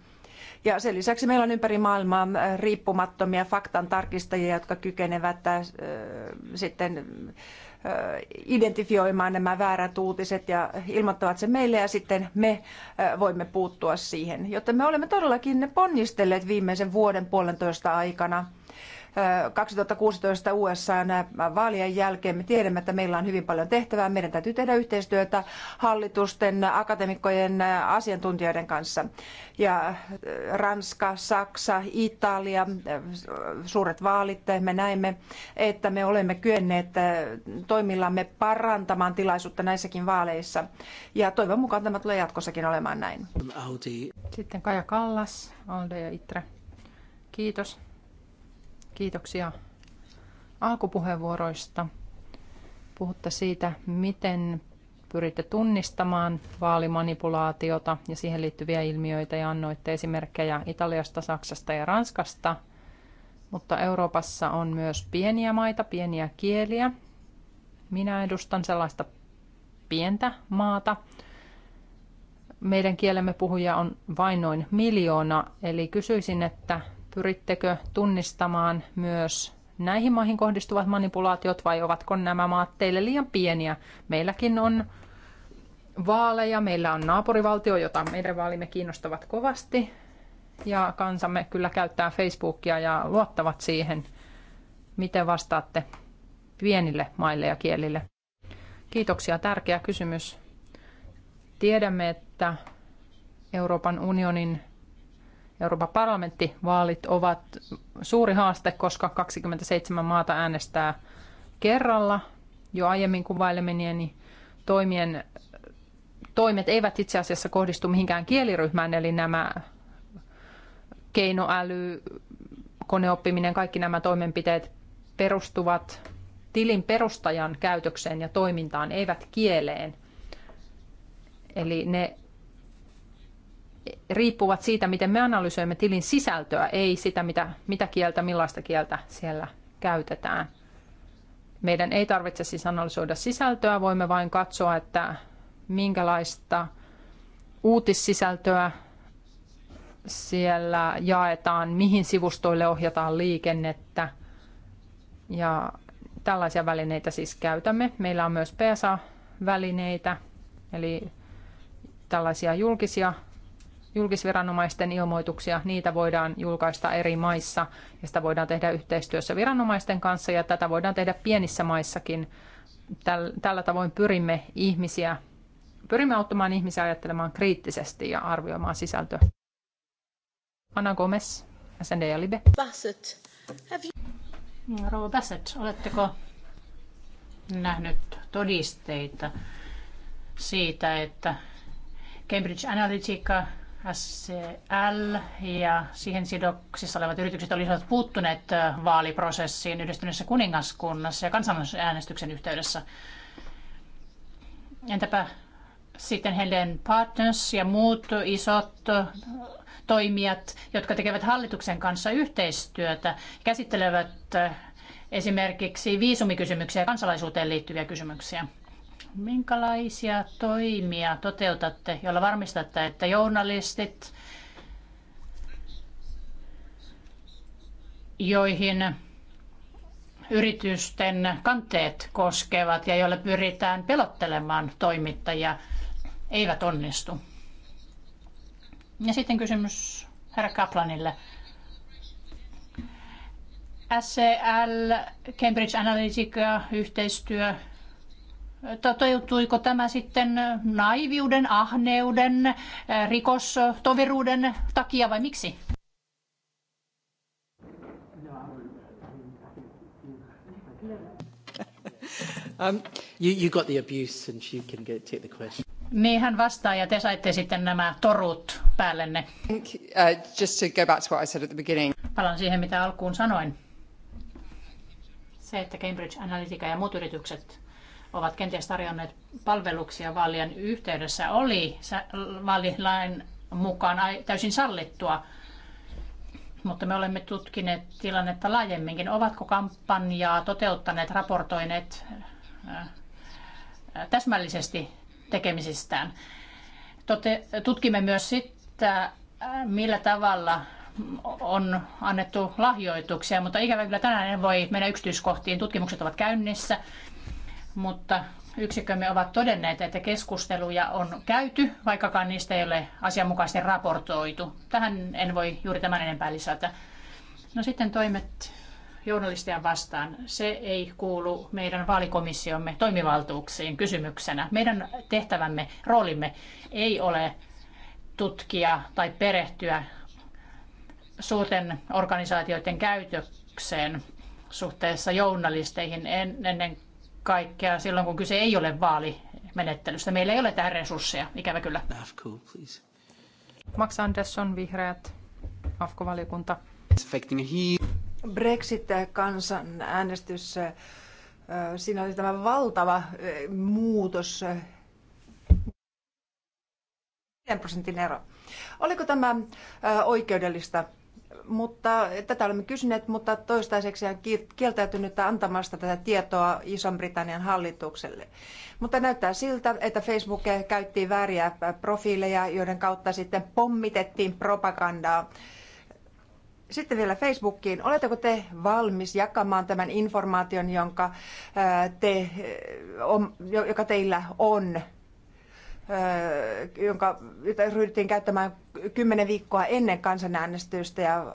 Speaker 4: Ja sen lisäksi meillä on ympäri maailmaa äh, riippumattomia faktan tarkistajia, jotka kykenevät äh, sitten identifioimaan nämä väärät uutiset ja ilmoittavat se meille ja sitten me voimme puuttua siihen. Jotta me olemme todellakin ponnistelleet viimeisen vuoden puolentoista aikana 2016 USAn vaalien jälkeen. Me tiedämme, että meillä on hyvin paljon tehtävää. Meidän täytyy tehdä yhteistyötä hallitusten, akatemikkojen, asiantuntijoiden kanssa. Ja äh, Ranska, Saksa, Italia, äh, suuret vaalit, me näemme, että me olemme kyenneet äh, toimillamme parantamaan tilaisuutta näissäkin vaaleissa. Ja toivon mukaan tämä tulee jatkossakin olemaan näin. Sitten Kaja Kallas, Alde ja Itre. Kiitos. Kiitoksia
Speaker 3: alkupuheenvuoroista. Puhutte siitä, miten pyritte tunnistamaan vaalimanipulaatiota ja siihen liittyviä ilmiöitä ja annoitte esimerkkejä Italiasta, Saksasta ja Ranskasta. Mutta Euroopassa on myös pieniä maita, pieniä kieliä. Minä edustan sellaista pientä maata. Meidän kielemme puhuja on vain noin miljoona, eli kysyisin, että Pyrittekö tunnistamaan myös näihin maihin kohdistuvat manipulaatiot vai ovatko nämä maat teille liian pieniä? Meilläkin on vaaleja, meillä on naapurivaltio, jota meidän vaalimme kiinnostavat kovasti ja kansamme kyllä käyttää Facebookia ja luottavat siihen. Miten vastaatte pienille maille ja kielille? Kiitoksia, tärkeä kysymys. Tiedämme, että Euroopan unionin Euroopan parlamenttivaalit ovat suuri haaste, koska 27 maata äänestää kerralla. Jo aiemmin niin toimien, toimet eivät itse asiassa kohdistu mihinkään kieliryhmään, eli nämä keinoäly, koneoppiminen, kaikki nämä toimenpiteet perustuvat tilin perustajan käytökseen ja toimintaan, eivät kieleen. Eli ne riippuvat siitä, miten me analysoimme tilin sisältöä, ei sitä, mitä, mitä kieltä, millaista kieltä siellä käytetään. Meidän ei tarvitse siis analysoida sisältöä, voimme vain katsoa, että minkälaista uutissisältöä siellä jaetaan, mihin sivustoille ohjataan liikennettä ja tällaisia välineitä siis käytämme. Meillä on myös PSA-välineitä, eli tällaisia julkisia julkisviranomaisten ilmoituksia, niitä voidaan julkaista eri maissa ja sitä voidaan tehdä yhteistyössä viranomaisten kanssa ja tätä voidaan tehdä pienissä maissakin. Tällä tavoin pyrimme ihmisiä, pyrimme auttamaan ihmisiä ajattelemaan kriittisesti ja arvioimaan sisältöä. Anna Gomez, SND ja Libe. Bassett, have you...
Speaker 1: Niin, Rouva Bassett, oletteko nähnyt todisteita siitä, että Cambridge Analytica SCL ja siihen sidoksissa olevat yritykset olisivat puuttuneet vaaliprosessiin yhdistyneessä kuningaskunnassa ja kansanäänestyksen yhteydessä. Entäpä sitten Helen Partners ja muut isot toimijat, jotka tekevät hallituksen kanssa yhteistyötä, käsittelevät esimerkiksi viisumikysymyksiä ja kansalaisuuteen liittyviä kysymyksiä. Minkälaisia toimia toteutatte, joilla varmistatte, että journalistit, joihin yritysten kanteet koskevat ja joille pyritään pelottelemaan toimittajia, eivät onnistu. Ja sitten kysymys herra Kaplanille. SCL, Cambridge Analytica, yhteistyö toteutuiko tämä sitten naiviuden, ahneuden, äh, rikostoveruuden takia vai miksi?
Speaker 2: Um, you, you got the abuse and she can
Speaker 1: get, take the question. Niin hän vastaa ja te saitte sitten nämä torut päällenne. uh,
Speaker 3: just to go back to what I said at the beginning.
Speaker 1: Palaan siihen mitä alkuun sanoin. Se, että Cambridge Analytica ja muut yritykset ovat kenties tarjonneet palveluksia vaalien yhteydessä, oli vaalilain mukaan täysin sallittua. Mutta me olemme tutkineet tilannetta laajemminkin. Ovatko kampanjaa toteuttaneet, raportoineet äh, äh, täsmällisesti tekemisistään? tutkimme myös sitä, äh, millä tavalla on annettu lahjoituksia, mutta ikävä kyllä tänään en voi mennä yksityiskohtiin. Tutkimukset ovat käynnissä mutta yksikkömme ovat todenneet, että keskusteluja on käyty, vaikkakaan niistä ei ole asianmukaisesti raportoitu. Tähän en voi juuri tämän enempää lisätä. No sitten toimet journalistia vastaan. Se ei kuulu meidän vaalikomissiomme toimivaltuuksiin kysymyksenä. Meidän tehtävämme, roolimme ei ole tutkia tai perehtyä suurten organisaatioiden käytökseen suhteessa journalisteihin ennen kaikkea silloin, kun kyse ei ole vaalimenettelystä.
Speaker 3: Meillä ei ole tähän resursseja, ikävä kyllä. Cool, Max Andersson,
Speaker 4: vihreät, AFKO-valiokunta. brexit äänestys, siinä oli tämä valtava muutos, 10 prosentin ero. Oliko tämä oikeudellista mutta tätä olemme kysyneet, mutta toistaiseksi on kieltäytynyt antamasta tätä tietoa iso britannian hallitukselle. Mutta näyttää siltä, että Facebook käytti vääriä profiileja, joiden kautta sitten pommitettiin propagandaa. Sitten vielä Facebookiin. Oletteko te valmis jakamaan tämän informaation, jonka te, joka teillä on jonka ryhdyttiin käyttämään kymmenen viikkoa ennen kansanäänestystä ja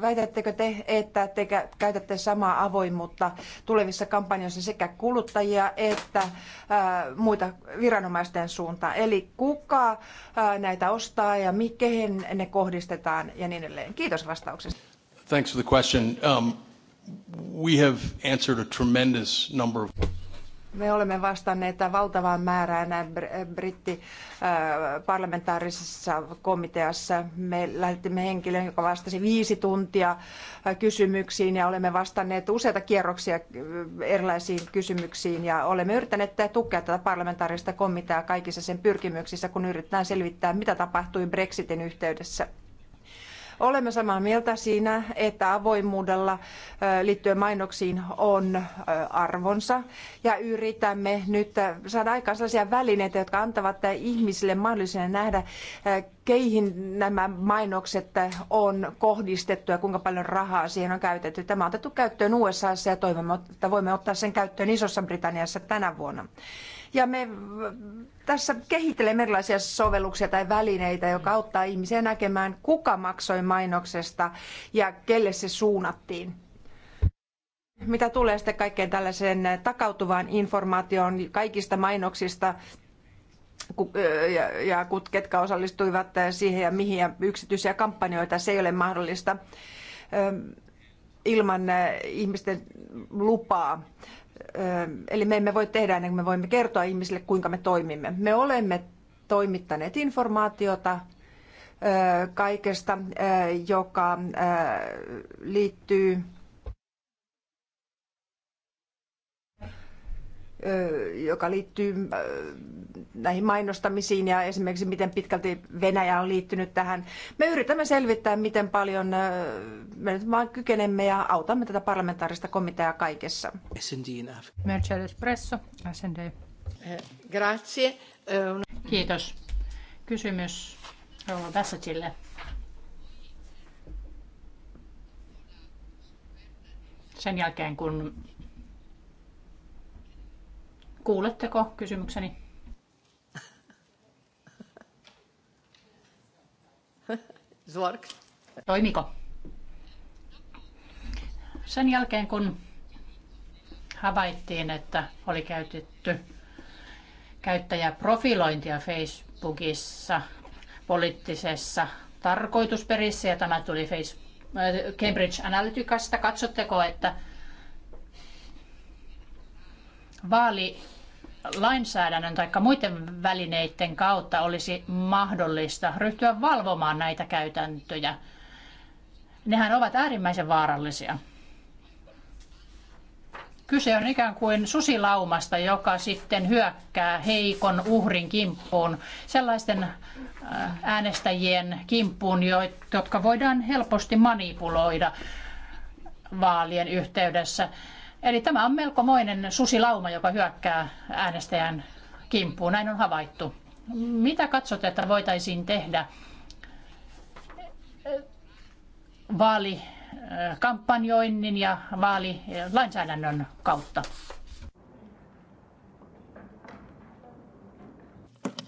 Speaker 4: Väitättekö te, että te käytätte samaa avoimuutta tulevissa kampanjoissa sekä kuluttajia että ää, muita viranomaisten suuntaan? Eli kuka ää, näitä ostaa ja kehen ne kohdistetaan ja niin edelleen? Kiitos vastauksesta. Thanks for the question. Um, we have answered a tremendous number of me olemme vastanneet valtavaan määrään britti äh, parlamentaarisessa komiteassa. Me lähetimme henkilön, joka vastasi viisi tuntia äh, kysymyksiin ja olemme vastanneet useita kierroksia äh, erilaisiin kysymyksiin ja olemme yrittäneet tukea tätä parlamentaarista komiteaa kaikissa sen pyrkimyksissä, kun yritetään selvittää, mitä tapahtui Brexitin yhteydessä. Olemme samaa mieltä siinä, että avoimuudella liittyen mainoksiin on arvonsa ja yritämme nyt saada aikaan sellaisia välineitä, jotka antavat ihmisille mahdollisuuden nähdä, keihin nämä mainokset on kohdistettu ja kuinka paljon rahaa siihen on käytetty. Tämä on otettu käyttöön USAssa ja toivomme, että voimme ottaa sen käyttöön Isossa Britanniassa tänä vuonna. Ja me tässä kehittelemme erilaisia sovelluksia tai välineitä, joka auttaa ihmisiä näkemään, kuka maksoi mainoksesta ja kelle se suunnattiin. Mitä tulee sitten kaikkeen tällaiseen takautuvaan informaatioon kaikista mainoksista, ja, ja ketkä osallistuivat siihen ja mihin ja yksityisiä kampanjoita, se ei ole mahdollista ilman ihmisten lupaa. Eli me emme voi tehdä ennen kuin me voimme kertoa ihmisille, kuinka me toimimme. Me olemme toimittaneet informaatiota kaikesta, joka liittyy joka liittyy näihin mainostamisiin ja esimerkiksi miten pitkälti Venäjä on liittynyt tähän. Me yritämme selvittää, miten paljon me nyt vaan kykenemme ja autamme tätä parlamentaarista komiteaa kaikessa.
Speaker 3: Mercedes SND.
Speaker 1: Grazie. Kiitos. Kysymys Rouva Bassettille. Sen jälkeen, kun Kuuletteko kysymykseni? Zork. Toimiko? Sen jälkeen kun havaittiin, että oli käytetty käyttäjäprofilointia Facebookissa poliittisessa tarkoitusperissä ja tämä tuli äh, Cambridge Analyticasta. Katsotteko, että vaali lainsäädännön tai muiden välineiden kautta olisi mahdollista ryhtyä valvomaan näitä käytäntöjä. Nehän ovat äärimmäisen vaarallisia. Kyse on ikään kuin susilaumasta, joka sitten hyökkää heikon uhrin kimppuun, sellaisten äh, äänestäjien kimppuun, jotka voidaan helposti manipuloida vaalien yhteydessä. Eli tämä on melkomoinen susilauma, joka hyökkää äänestäjän kimppuun. Näin on havaittu. Mitä katsotte, että voitaisiin tehdä vaalikampanjoinnin ja vaalilainsäädännön kautta?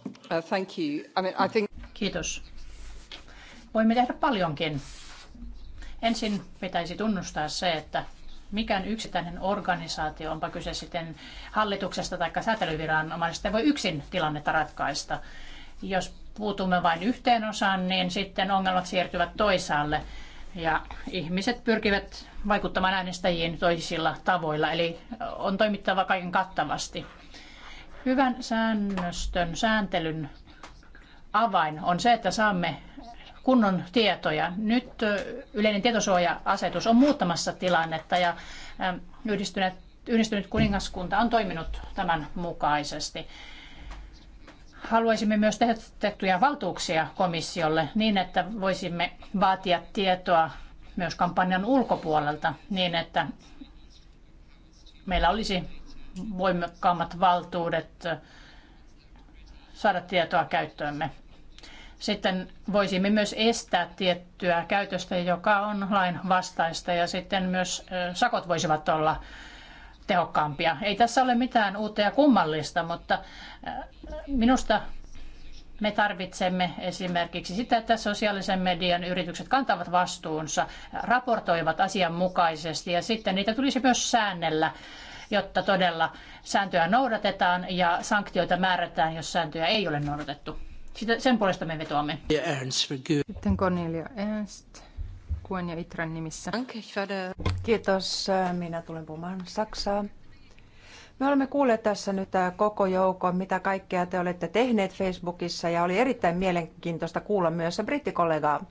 Speaker 1: Uh, thank you. I mean, I think... Kiitos. Voimme tehdä paljonkin. Ensin pitäisi tunnustaa se, että mikään yksittäinen organisaatio, onpa kyse sitten hallituksesta tai säätelyviranomaisesta, voi yksin tilannetta ratkaista. Jos puutumme vain yhteen osaan, niin sitten ongelmat siirtyvät toisaalle ja ihmiset pyrkivät vaikuttamaan äänestäjiin toisilla tavoilla, eli on toimittava kaiken kattavasti. Hyvän säännöstön sääntelyn avain on se, että saamme kunnon tietoja. Nyt yleinen tietosuoja-asetus on muuttamassa tilannetta ja yhdistyneet, yhdistynyt kuningaskunta on toiminut tämän mukaisesti. Haluaisimme myös tehtyjä valtuuksia komissiolle niin, että voisimme vaatia tietoa myös kampanjan ulkopuolelta niin, että meillä olisi voimakkaammat valtuudet saada tietoa käyttöömme sitten voisimme myös estää tiettyä käytöstä, joka on lain vastaista ja sitten myös sakot voisivat olla tehokkaampia. Ei tässä ole mitään uutta ja kummallista, mutta minusta me tarvitsemme esimerkiksi sitä, että sosiaalisen median yritykset kantavat vastuunsa, raportoivat asianmukaisesti ja sitten niitä tulisi myös säännellä, jotta todella sääntöä noudatetaan ja sanktioita määrätään, jos sääntöjä ei ole noudatettu. Sitä, sen puolesta me vetoamme.
Speaker 3: Sitten Cornelia
Speaker 4: Ernst. Kuen ja Itran nimissä. Kiitos. Äh, minä tulen puhumaan Saksaa. Me olemme kuulleet tässä nyt äh, koko joukon, mitä kaikkea te olette tehneet Facebookissa ja oli erittäin mielenkiintoista kuulla myös se brittikollegaa.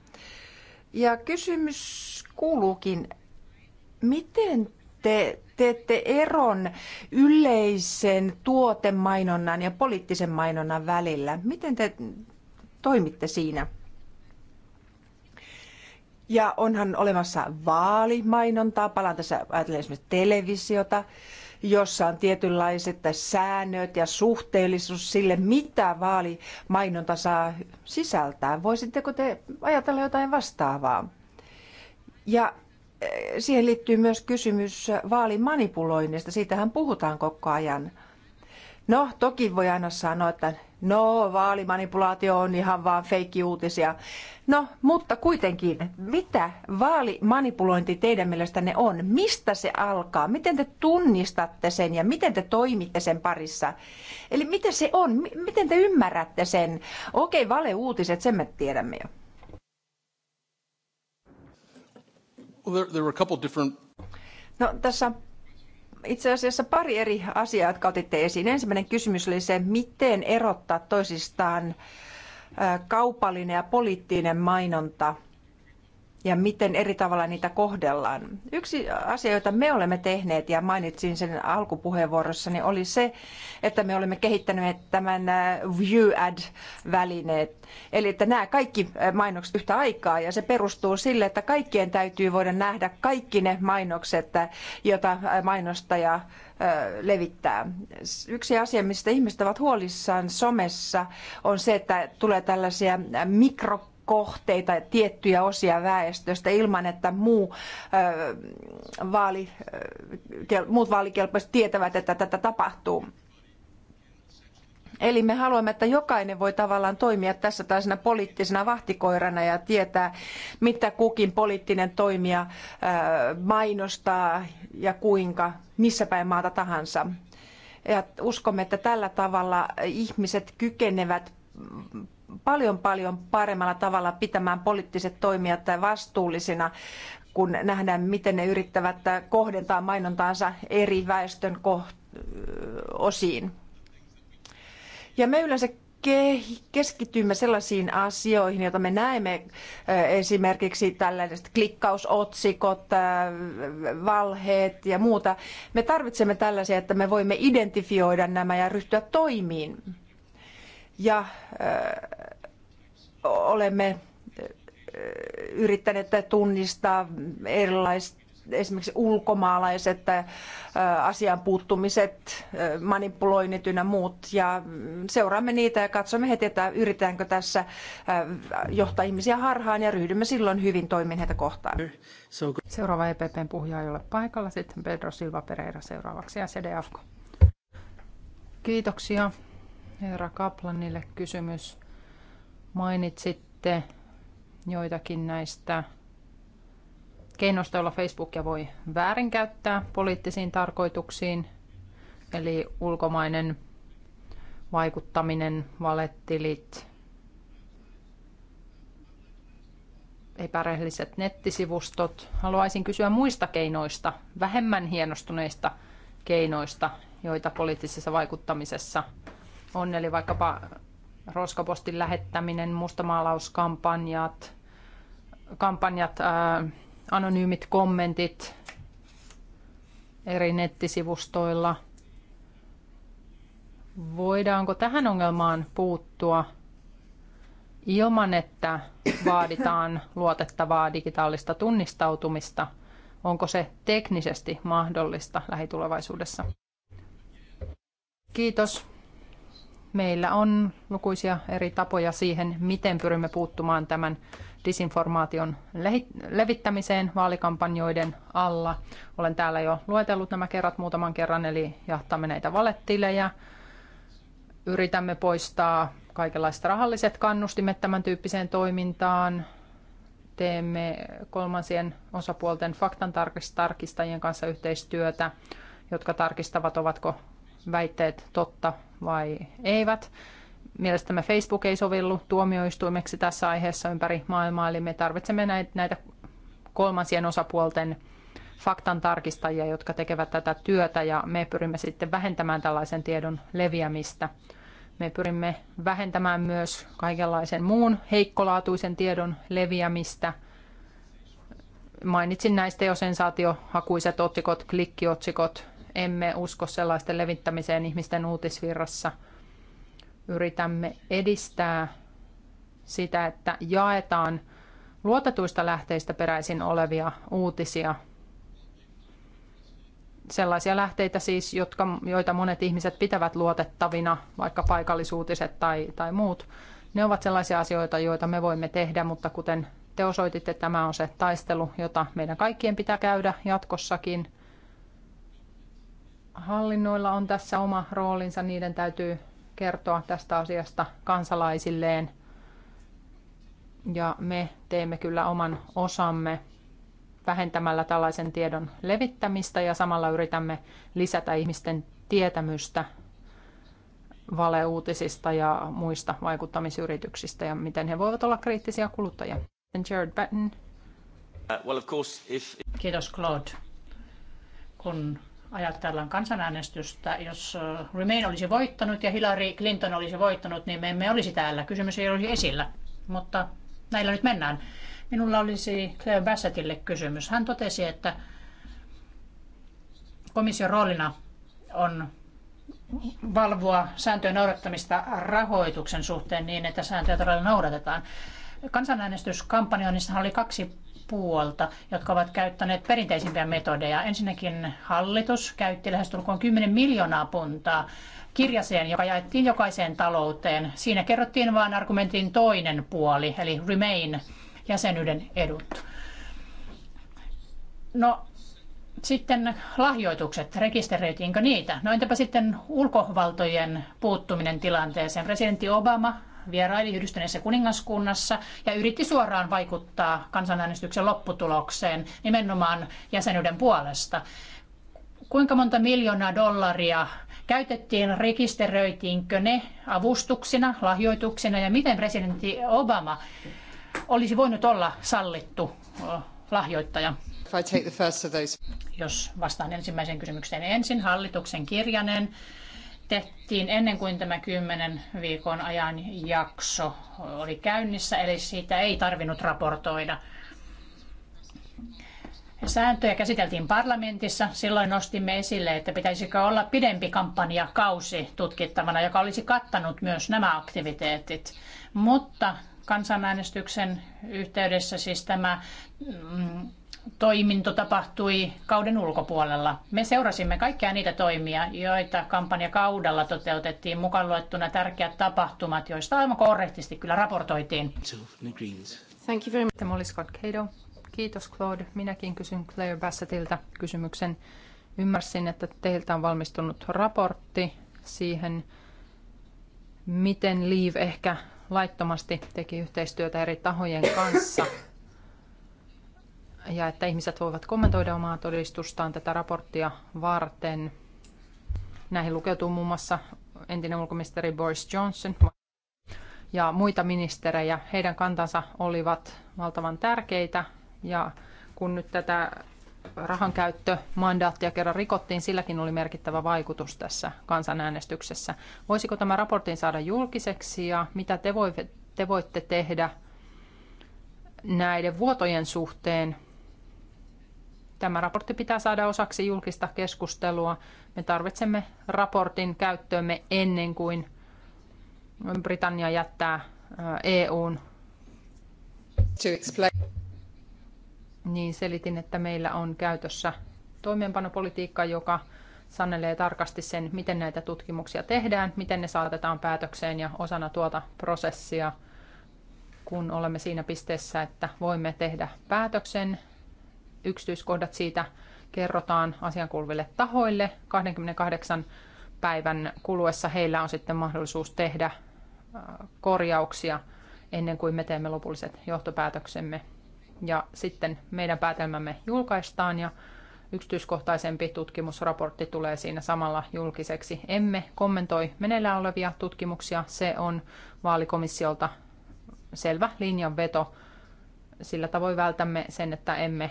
Speaker 4: Ja kysymys kuuluukin, miten te teette eron yleisen tuotemainonnan ja poliittisen mainonnan välillä? Miten te toimitte siinä? Ja onhan olemassa vaalimainontaa, palaan tässä ajatellen esimerkiksi televisiota, jossa on tietynlaiset säännöt ja suhteellisuus sille, mitä vaalimainonta saa sisältää. Voisitteko te ajatella jotain vastaavaa? Ja siihen liittyy myös kysymys vaalimanipuloinnista. Siitähän puhutaan koko ajan. No, toki voi aina sanoa, että no, vaalimanipulaatio on ihan vaan feikkiuutisia. No, mutta kuitenkin, mitä vaalimanipulointi teidän mielestänne on? Mistä se alkaa? Miten te tunnistatte sen ja miten te toimitte sen parissa? Eli mitä se on? miten te ymmärrätte sen? Okei, valeuutiset, sen me tiedämme jo. No, tässä itse asiassa pari eri asiaa, jotka otitte esiin. Ensimmäinen kysymys oli se, miten erottaa toisistaan kaupallinen ja poliittinen mainonta ja miten eri tavalla niitä kohdellaan. Yksi asia, jota me olemme tehneet ja mainitsin sen alkupuheenvuorossani, oli se, että me olemme kehittäneet tämän äh, View Ad-välineet. Eli että nämä kaikki äh, mainokset yhtä aikaa ja se perustuu sille, että kaikkien täytyy voida nähdä kaikki ne mainokset, äh, joita mainostaja levittää. Yksi asia, mistä ihmiset ovat huolissaan somessa, on se, että tulee tällaisia mikro kohteita, tiettyjä osia väestöstä ilman, että muu, vaali, muut vaalikelpoiset tietävät, että tätä tapahtuu. Eli me haluamme, että jokainen voi tavallaan toimia tässä tällaisena poliittisena vahtikoirana ja tietää, mitä kukin poliittinen toimija mainostaa ja kuinka, missä päin maata tahansa. Ja uskomme, että tällä tavalla ihmiset kykenevät paljon paljon paremmalla tavalla pitämään poliittiset toimijat vastuullisina, kun nähdään, miten ne yrittävät kohdentaa mainontaansa eri väestön osiin. Ja me yleensä keskitymme sellaisiin asioihin, joita me näemme äh, esimerkiksi tällaiset klikkausotsikot, äh, valheet ja muuta. Me tarvitsemme tällaisia, että me voimme identifioida nämä ja ryhtyä toimiin ja äh, olemme äh, yrittäneet tunnistaa erilaiset esimerkiksi ulkomaalaiset äh, asian puuttumiset, manipuloinnit ynnä muut. Ja mm, seuraamme niitä ja katsomme heti, että yritetäänkö tässä johtaa ihmisiä harhaan ja ryhdymme silloin hyvin toimin heitä kohtaan. Seuraava EPPn puhuja ei ole paikalla, sitten Pedro
Speaker 3: Silva Pereira seuraavaksi ja CDFK. Kiitoksia herra Kaplanille kysymys. Mainitsitte joitakin näistä keinoista, joilla Facebookia voi väärinkäyttää poliittisiin tarkoituksiin, eli ulkomainen vaikuttaminen, valettilit, epärehelliset nettisivustot. Haluaisin kysyä muista keinoista, vähemmän hienostuneista keinoista, joita poliittisessa vaikuttamisessa on, eli vaikkapa roskapostin lähettäminen, mustamaalauskampanjat, kampanjat, ää, anonyymit kommentit eri nettisivustoilla. Voidaanko tähän ongelmaan puuttua ilman, että vaaditaan luotettavaa digitaalista tunnistautumista? Onko se teknisesti mahdollista lähitulevaisuudessa? Kiitos. Meillä on lukuisia eri tapoja siihen, miten pyrimme puuttumaan tämän disinformaation levittämiseen vaalikampanjoiden alla. Olen täällä jo luetellut nämä kerrat muutaman kerran, eli jahtamme näitä valettilejä. Yritämme poistaa kaikenlaiset rahalliset kannustimet tämän tyyppiseen toimintaan. Teemme kolmansien osapuolten faktantarkistajien kanssa yhteistyötä, jotka tarkistavat, ovatko väitteet totta vai eivät. Mielestämme Facebook ei sovellu tuomioistuimeksi tässä aiheessa ympäri maailmaa, eli me tarvitsemme näitä kolmansien osapuolten faktan tarkistajia, jotka tekevät tätä työtä ja me pyrimme sitten vähentämään tällaisen tiedon leviämistä. Me pyrimme vähentämään myös kaikenlaisen muun heikkolaatuisen tiedon leviämistä. Mainitsin näistä jo sensaatiohakuiset otsikot, klikkiotsikot emme usko sellaisten levittämiseen ihmisten uutisvirrassa. Yritämme edistää sitä, että jaetaan luotetuista lähteistä peräisin olevia uutisia. Sellaisia lähteitä siis, jotka, joita monet ihmiset pitävät luotettavina, vaikka paikallisuutiset tai, tai muut. Ne ovat sellaisia asioita, joita me voimme tehdä, mutta kuten te osoititte, tämä on se taistelu, jota meidän kaikkien pitää käydä jatkossakin hallinnoilla on tässä oma roolinsa, niiden täytyy kertoa tästä asiasta kansalaisilleen. Ja me teemme kyllä oman osamme vähentämällä tällaisen tiedon levittämistä ja samalla yritämme lisätä ihmisten tietämystä valeuutisista ja muista vaikuttamisyrityksistä ja miten he voivat olla kriittisiä kuluttajia. Jared Batten. Uh, Kiitos Claude. Kun
Speaker 1: ajatellaan kansanäänestystä, jos Remain olisi voittanut ja Hillary Clinton olisi voittanut, niin me emme olisi täällä. Kysymys ei olisi esillä, mutta näillä nyt mennään. Minulla olisi Claire Bassettille kysymys. Hän totesi, että komission roolina on valvoa sääntöjen noudattamista rahoituksen suhteen niin, että sääntöjä todella noudatetaan. Kansanäänestyskampanjoinnissa oli kaksi puolta, jotka ovat käyttäneet perinteisimpiä metodeja. Ensinnäkin hallitus käytti lähestulkoon 10 miljoonaa puntaa kirjaseen, joka jaettiin jokaiseen talouteen. Siinä kerrottiin vain argumentin toinen puoli, eli remain jäsenyyden edut. No, sitten lahjoitukset, rekisteröitiinkö niitä? No entäpä sitten ulkovaltojen puuttuminen tilanteeseen? Presidentti Obama vieraili Yhdistyneessä kuningaskunnassa ja yritti suoraan vaikuttaa kansanäänestyksen lopputulokseen nimenomaan jäsenyyden puolesta. Kuinka monta miljoonaa dollaria käytettiin, rekisteröitiinkö ne avustuksina, lahjoituksina ja miten presidentti Obama olisi voinut olla sallittu lahjoittaja? Jos vastaan ensimmäiseen kysymykseen ensin, hallituksen kirjanen tehtiin ennen kuin tämä kymmenen viikon ajan jakso oli käynnissä, eli siitä ei tarvinnut raportoida. Sääntöjä käsiteltiin parlamentissa. Silloin nostimme esille, että pitäisikö olla pidempi kampanjakausi tutkittavana, joka olisi kattanut myös nämä aktiviteetit. Mutta kansanäänestyksen yhteydessä siis tämä mm, toiminto tapahtui kauden ulkopuolella. Me seurasimme kaikkia niitä toimia, joita kampanjakaudella toteutettiin mukaan luettuna tärkeät tapahtumat, joista aivan korrektisti kyllä raportoitiin. Thank
Speaker 3: you very much. Tämä oli Scott Cato. Kiitos Claude. Minäkin kysyn Claire Bassettilta kysymyksen. Ymmärsin, että teiltä on valmistunut raportti siihen, miten Leave ehkä laittomasti teki yhteistyötä eri tahojen kanssa ja että ihmiset voivat kommentoida omaa todistustaan tätä raporttia varten. Näihin lukeutuu muun muassa entinen ulkoministeri Boris Johnson ja muita ministerejä. Heidän kantansa olivat valtavan tärkeitä ja kun nyt tätä rahankäyttömandaattia kerran rikottiin, silläkin oli merkittävä vaikutus tässä kansanäänestyksessä. Voisiko tämä raportin saada julkiseksi ja mitä te, voi, te voitte tehdä näiden vuotojen suhteen, Tämä raportti pitää saada osaksi julkista keskustelua. Me tarvitsemme raportin käyttöömme ennen kuin Britannia jättää EUn. Niin selitin, että meillä on käytössä toimeenpanopolitiikka, joka sanelee tarkasti sen, miten näitä tutkimuksia tehdään, miten ne saatetaan päätökseen ja osana tuota prosessia, kun olemme siinä pisteessä, että voimme tehdä päätöksen Yksityiskohdat siitä kerrotaan asiankuuluville tahoille. 28 päivän kuluessa heillä on sitten mahdollisuus tehdä äh, korjauksia ennen kuin me teemme lopulliset johtopäätöksemme. Ja sitten meidän päätelmämme julkaistaan ja yksityiskohtaisempi tutkimusraportti tulee siinä samalla julkiseksi. Emme kommentoi meneillään olevia tutkimuksia. Se on vaalikomissiolta selvä linjanveto. Sillä tavoin vältämme sen, että emme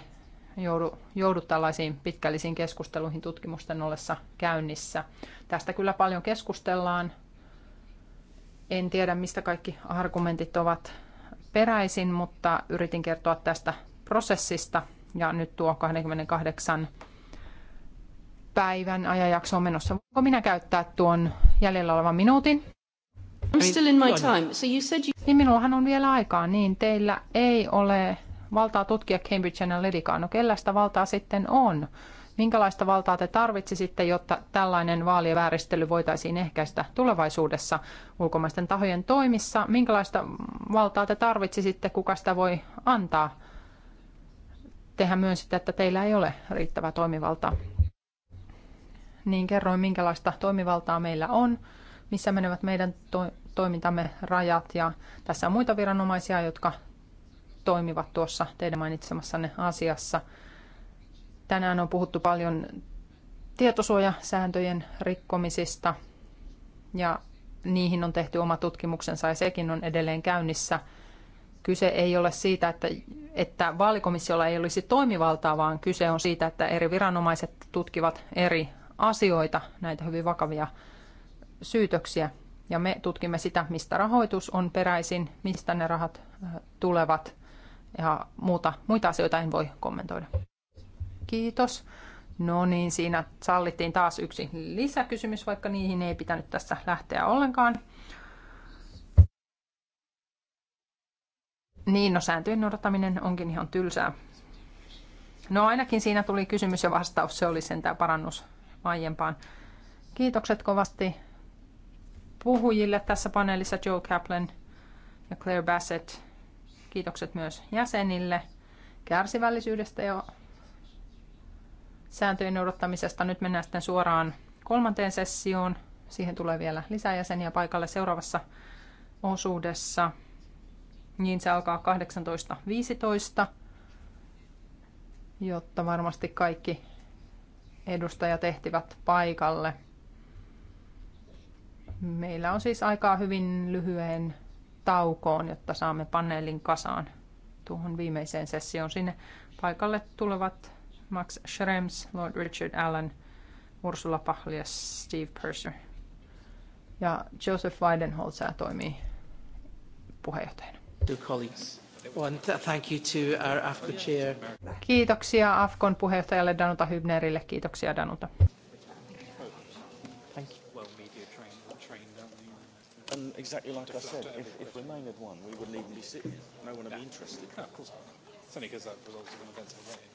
Speaker 3: joudu, joudu tällaisiin pitkällisiin keskusteluihin tutkimusten ollessa käynnissä. Tästä kyllä paljon keskustellaan. En tiedä, mistä kaikki argumentit ovat peräisin, mutta yritin kertoa tästä prosessista. Ja nyt tuo 28 päivän ajanjakso on menossa. Voinko minä käyttää tuon jäljellä olevan minuutin?
Speaker 2: I'm still in my time.
Speaker 3: So you said you... Niin minullahan on vielä aikaa, niin teillä ei ole valtaa tutkia Cambridge Analyticaa. No kellästä valtaa sitten on? Minkälaista valtaa te tarvitsisitte, jotta tällainen vaalivääristely voitaisiin ehkäistä tulevaisuudessa ulkomaisten tahojen toimissa? Minkälaista valtaa te tarvitsisitte, kuka sitä voi antaa? Tehän myönsitte, että teillä ei ole riittävää toimivaltaa. Niin kerroin, minkälaista toimivaltaa meillä on, missä menevät meidän to- toimintamme rajat ja tässä on muita viranomaisia, jotka toimivat tuossa teidän mainitsemassanne asiassa. Tänään on puhuttu paljon tietosuojasääntöjen rikkomisista ja niihin on tehty oma tutkimuksensa ja sekin on edelleen käynnissä. Kyse ei ole siitä, että, että vaalikomissiolla ei olisi toimivaltaa, vaan kyse on siitä, että eri viranomaiset tutkivat eri asioita, näitä hyvin vakavia syytöksiä. Ja me tutkimme sitä, mistä rahoitus on peräisin, mistä ne rahat äh, tulevat ja muuta, muita asioita en voi kommentoida. Kiitos. No niin, siinä sallittiin taas yksi lisäkysymys, vaikka niihin ei pitänyt tässä lähteä ollenkaan. Niin, no sääntöjen noudattaminen onkin ihan tylsää. No ainakin siinä tuli kysymys ja vastaus, se oli sentään parannus aiempaan. Kiitokset kovasti puhujille tässä paneelissa Joe Kaplan ja Claire Bassett. Kiitokset myös jäsenille kärsivällisyydestä ja sääntöjen noudattamisesta. Nyt mennään sitten suoraan kolmanteen sessioon. Siihen tulee vielä lisää jäseniä paikalle seuraavassa osuudessa. Niin se alkaa 18.15, jotta varmasti kaikki edustajat tehtivät paikalle. Meillä on siis aikaa hyvin lyhyen taukoon, jotta saamme paneelin kasaan tuohon viimeiseen sessioon. Sinne paikalle tulevat Max Schrems, Lord Richard Allen, Ursula Pahli ja Steve Purser. Ja Joseph Weidenholzer toimii puheenjohtajana. Kiitoksia Afkon puheenjohtajalle Danuta Hybnerille. Kiitoksia Danuta.
Speaker 2: And exactly like I said, if, if Remain had won, we wouldn't even be sitting. here. No one would be interested. No, of course not. It's only because that results in an event of the game.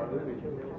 Speaker 2: quản lý về chuyên nghiệp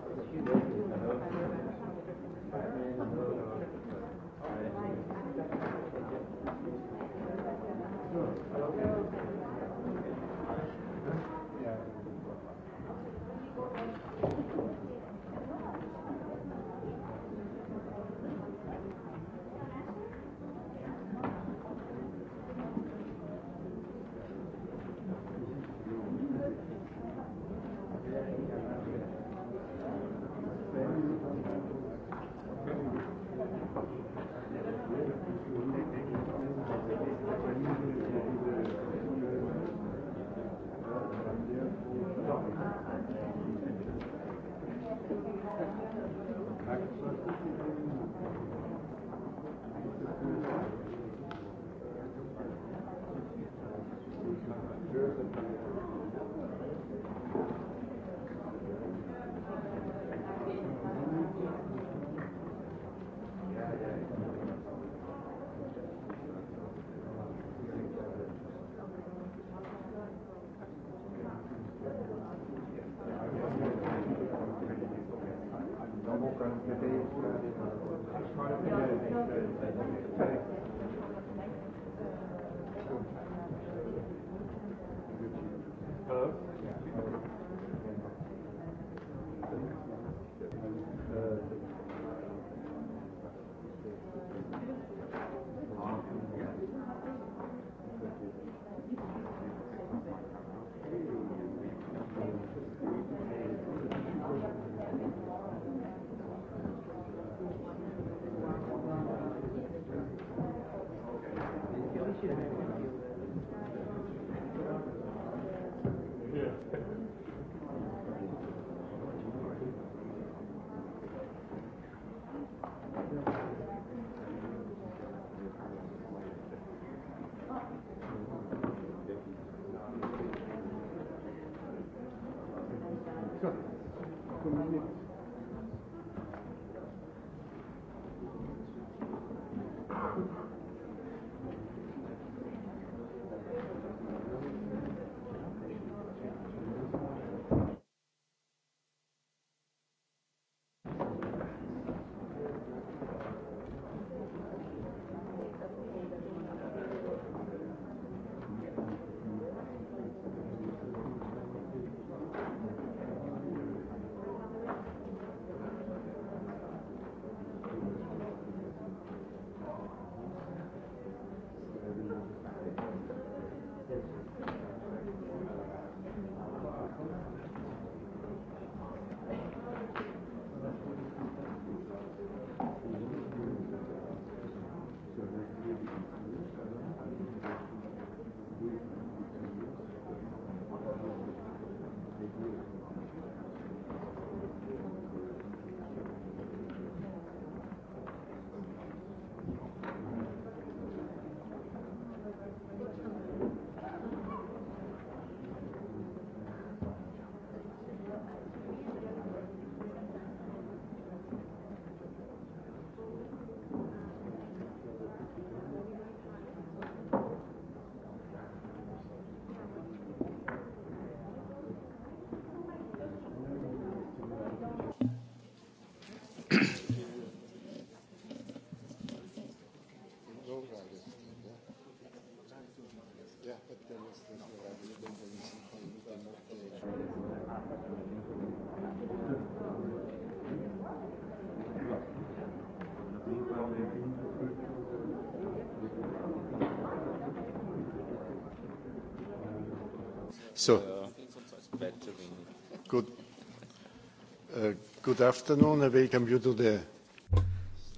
Speaker 2: Good afternoon and welcome you to the...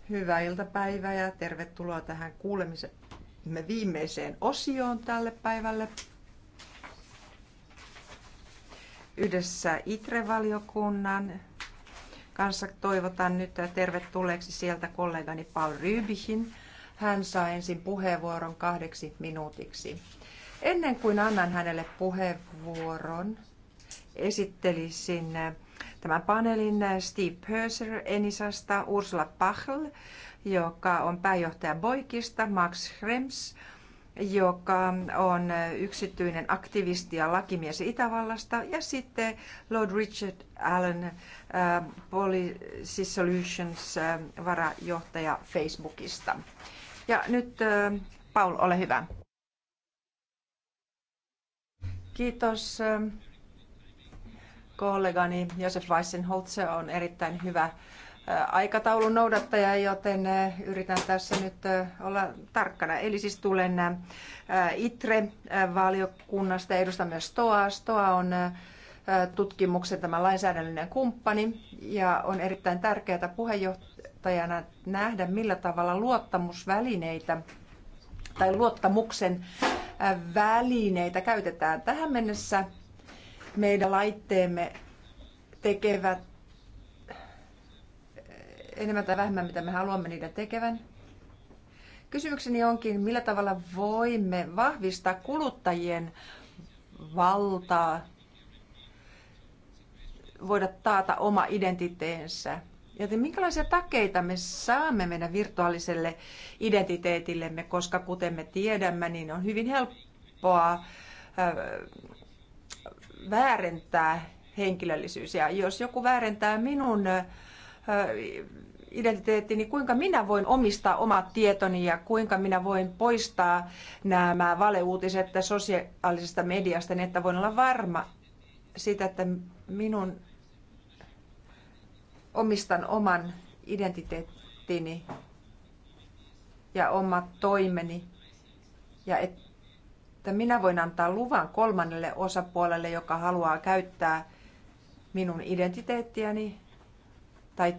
Speaker 4: Hyvää iltapäivää ja tervetuloa tähän kuulemisemme viimeiseen osioon tälle päivälle. Yhdessä ITRE-valiokunnan kanssa toivotan nyt tervetulleeksi sieltä kollegani Paul Rybichin. Hän saa ensin puheenvuoron kahdeksi minuutiksi. Ennen kuin annan hänelle puheenvuoron, esittelisin tämän paneelin eh, Steve Purser Enisasta, Ursula Pachl, joka on pääjohtaja Boikista, Max Schrems, joka on eh, yksityinen aktivisti ja lakimies Itävallasta, ja sitten Lord Richard Allen, äh, Policy Solutions äh, varajohtaja Facebookista. Ja nyt äh, Paul, ole hyvä. Kiitos. Äh, kollegani Josef Weissenholzer on erittäin hyvä äh, aikataulun noudattaja, joten äh, yritän tässä nyt äh, olla tarkkana. Eli siis tulen ITRE-valiokunnasta ja edustan myös STOA. STOA on tutkimuksen tämä lainsäädännöllinen kumppani ja on erittäin tärkeää puheenjohtajana nähdä, millä tavalla luottamusvälineitä tai luottamuksen välineitä käytetään tähän mennessä meidän laitteemme tekevät enemmän tai vähemmän, mitä me haluamme niitä tekevän. Kysymykseni onkin, millä tavalla voimme vahvistaa kuluttajien valtaa voida taata oma identiteensä. Joten minkälaisia takeita me saamme meidän virtuaaliselle identiteetillemme, koska kuten me tiedämme, niin on hyvin helppoa väärentää henkilöllisyys. Ja jos joku väärentää minun identiteetti, niin kuinka minä voin omistaa omat tietoni ja kuinka minä voin poistaa nämä valeuutiset sosiaalisesta mediasta, niin että voin olla varma siitä, että minun omistan oman identiteettini ja omat toimeni ja et, että minä voin antaa luvan kolmannelle osapuolelle, joka haluaa käyttää minun identiteettiäni tai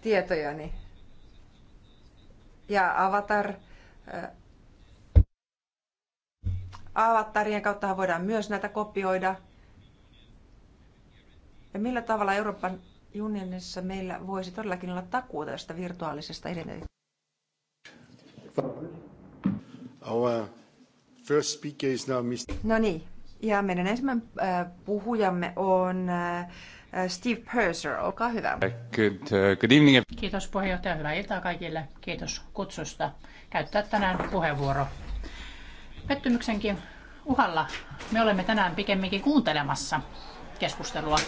Speaker 4: tietojani. Ja avatar, äh, avatarien kautta voidaan myös näitä kopioida. Ja millä tavalla Euroopan unionissa meillä voisi todellakin olla takuuta tästä virtuaalisesta identiteetistä?
Speaker 2: Our
Speaker 6: first speaker is now Mr.
Speaker 4: No niin, ja meidän ensimmäinen äh, puhujamme on äh, Steve Purser, olkaa hyvä.
Speaker 6: Good, uh, good
Speaker 2: evening.
Speaker 4: Kiitos
Speaker 1: puheenjohtaja, hyvää iltaa kaikille. Kiitos kutsusta käyttää tänään puheenvuoro. Pettymyksenkin uhalla me olemme tänään pikemminkin kuuntelemassa keskustelua.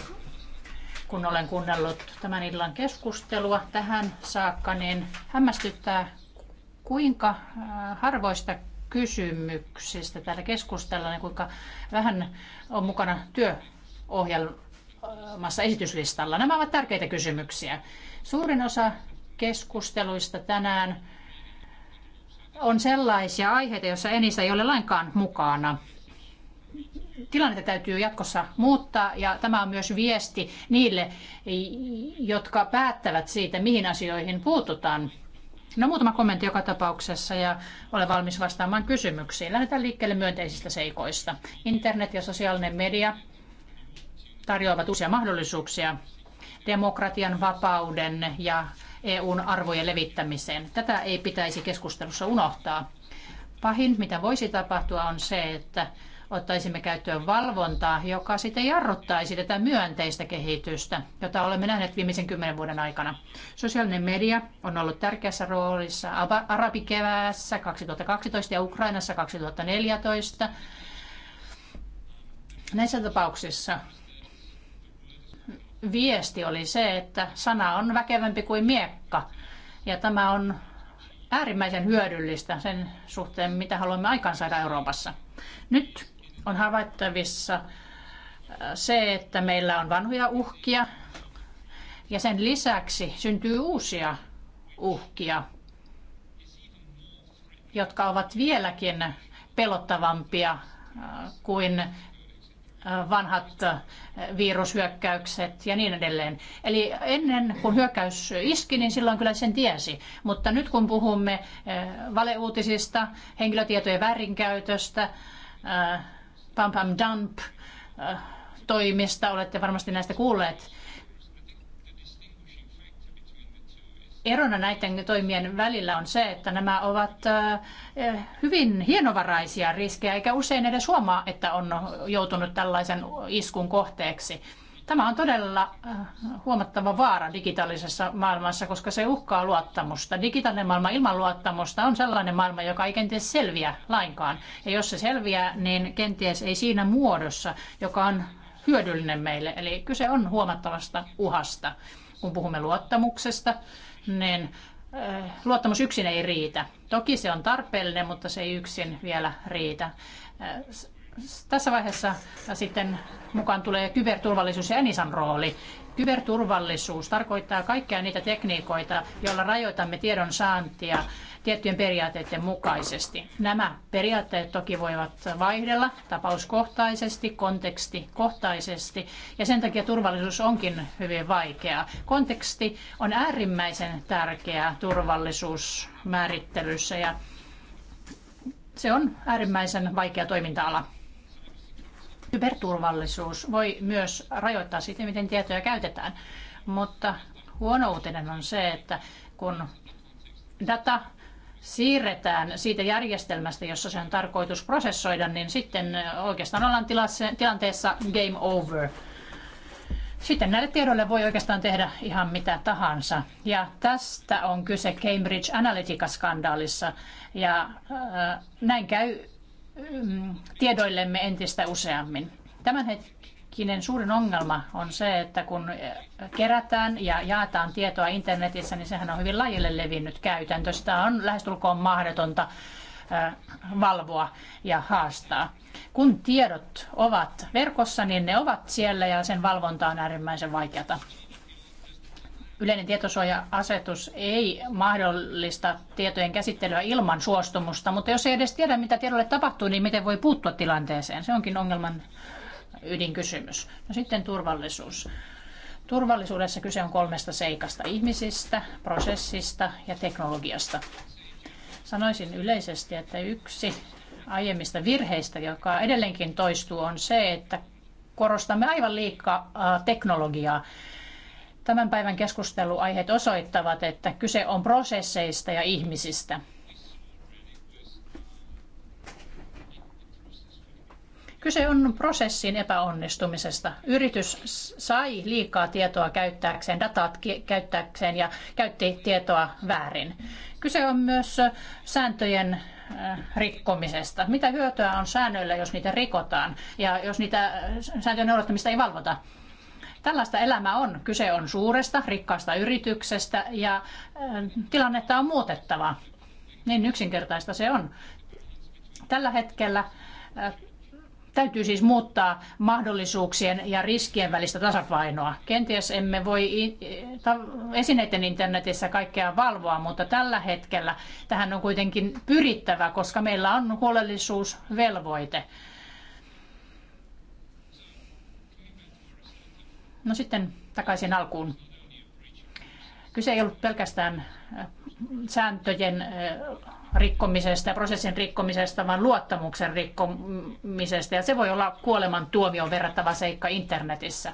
Speaker 1: Kun olen kuunnellut tämän illan keskustelua tähän saakka, niin hämmästyttää kuinka äh, harvoista kysymyksistä täällä keskustellaan ja kuinka vähän on mukana työohjelmassa esityslistalla. Nämä ovat tärkeitä kysymyksiä. Suurin osa keskusteluista tänään on sellaisia aiheita, joissa Enisa ei ole lainkaan mukana. Tilannetta täytyy jatkossa muuttaa ja tämä on myös viesti niille, jotka päättävät siitä, mihin asioihin puututaan No muutama kommentti joka tapauksessa ja olen valmis vastaamaan kysymyksiin. Lähdetään liikkeelle myönteisistä seikoista. Internet ja sosiaalinen media tarjoavat uusia mahdollisuuksia demokratian, vapauden ja EUn arvojen levittämiseen. Tätä ei pitäisi keskustelussa unohtaa. Pahin, mitä voisi tapahtua, on se, että ottaisimme käyttöön valvontaa, joka sitten jarruttaisi tätä myönteistä kehitystä, jota olemme nähneet viimeisen kymmenen vuoden aikana. Sosiaalinen media on ollut tärkeässä roolissa arabikeväässä 2012 ja Ukrainassa 2014. Näissä tapauksissa viesti oli se, että sana on väkevämpi kuin miekka. Ja tämä on äärimmäisen hyödyllistä sen suhteen, mitä haluamme aikaansaada Euroopassa. Nyt on havaittavissa äh, se, että meillä on vanhoja uhkia ja sen lisäksi syntyy uusia uhkia, jotka ovat vieläkin pelottavampia äh, kuin äh, vanhat virushyökkäykset ja niin edelleen. Eli ennen kuin hyökkäys iski, niin silloin kyllä sen tiesi. Mutta nyt kun puhumme valeuutisista, henkilötietojen väärinkäytöstä, Pam Pam Dump äh, toimista, olette varmasti näistä kuulleet. Erona näiden toimien välillä on se, että nämä ovat äh, äh, hyvin hienovaraisia riskejä, eikä usein edes huomaa, että on joutunut tällaisen iskun kohteeksi. Tämä on todella äh, huomattava vaara digitaalisessa maailmassa, koska se uhkaa luottamusta. Digitaalinen maailma ilman luottamusta on sellainen maailma, joka ei kenties selviä lainkaan. Ja jos se selviää, niin kenties ei siinä muodossa, joka on hyödyllinen meille. Eli kyse on huomattavasta uhasta. Kun puhumme luottamuksesta, niin äh, luottamus yksin ei riitä. Toki se on tarpeellinen, mutta se ei yksin vielä riitä. Äh, tässä vaiheessa sitten mukaan tulee kyberturvallisuus ja Enisan rooli. Kyberturvallisuus tarkoittaa kaikkia niitä tekniikoita, joilla rajoitamme tiedon saantia tiettyjen periaatteiden mukaisesti. Nämä periaatteet toki voivat vaihdella tapauskohtaisesti, kontekstikohtaisesti, ja sen takia turvallisuus onkin hyvin vaikeaa. Konteksti on äärimmäisen tärkeä turvallisuusmäärittelyssä, ja se on äärimmäisen vaikea toiminta-ala. Kyberturvallisuus voi myös rajoittaa sitä, miten tietoja käytetään, mutta huono uutinen on se, että kun data siirretään siitä järjestelmästä, jossa se on tarkoitus prosessoida, niin sitten oikeastaan ollaan tilanteessa game over. Sitten näille tiedoille voi oikeastaan tehdä ihan mitä tahansa. Ja tästä on kyse Cambridge Analytica-skandaalissa. Ja äh, näin käy Mm, tiedoillemme entistä useammin. Tämänhetkinen suurin ongelma on se, että kun kerätään ja jaetaan tietoa internetissä, niin sehän on hyvin laajalle levinnyt käytäntö. Sitä on lähestulkoon mahdotonta valvoa ja haastaa. Kun tiedot ovat verkossa, niin ne ovat siellä ja sen valvonta on äärimmäisen vaikeata yleinen tietosuoja-asetus ei mahdollista tietojen käsittelyä ilman suostumusta, mutta jos ei edes tiedä, mitä tiedolle tapahtuu, niin miten voi puuttua tilanteeseen? Se onkin ongelman ydinkysymys. No sitten turvallisuus. Turvallisuudessa kyse on kolmesta seikasta, ihmisistä, prosessista ja teknologiasta. Sanoisin yleisesti, että yksi aiemmista virheistä, joka edelleenkin toistuu, on se, että korostamme aivan liikaa teknologiaa. Tämän päivän keskusteluaiheet osoittavat, että kyse on prosesseista ja ihmisistä. Kyse on prosessin epäonnistumisesta. Yritys sai liikaa tietoa käyttääkseen, dataa käyttääkseen ja käytti tietoa väärin. Kyse on myös sääntöjen äh, rikkomisesta. Mitä hyötyä on säännöillä, jos niitä rikotaan ja jos niitä äh, sääntöjen noudattamista ei valvota? Tällaista elämä on. Kyse on suuresta, rikkaasta yrityksestä ja tilannetta on muutettava. Niin yksinkertaista se on. Tällä hetkellä täytyy siis muuttaa mahdollisuuksien ja riskien välistä tasapainoa. Kenties emme voi esineiden internetissä kaikkea valvoa, mutta tällä hetkellä tähän on kuitenkin pyrittävä, koska meillä on huolellisuusvelvoite. No sitten takaisin alkuun. Kyse ei ollut pelkästään äh, sääntöjen äh, rikkomisesta ja prosessin rikkomisesta, vaan luottamuksen rikkomisesta. Ja se voi olla kuoleman tuomioon verrattava seikka internetissä.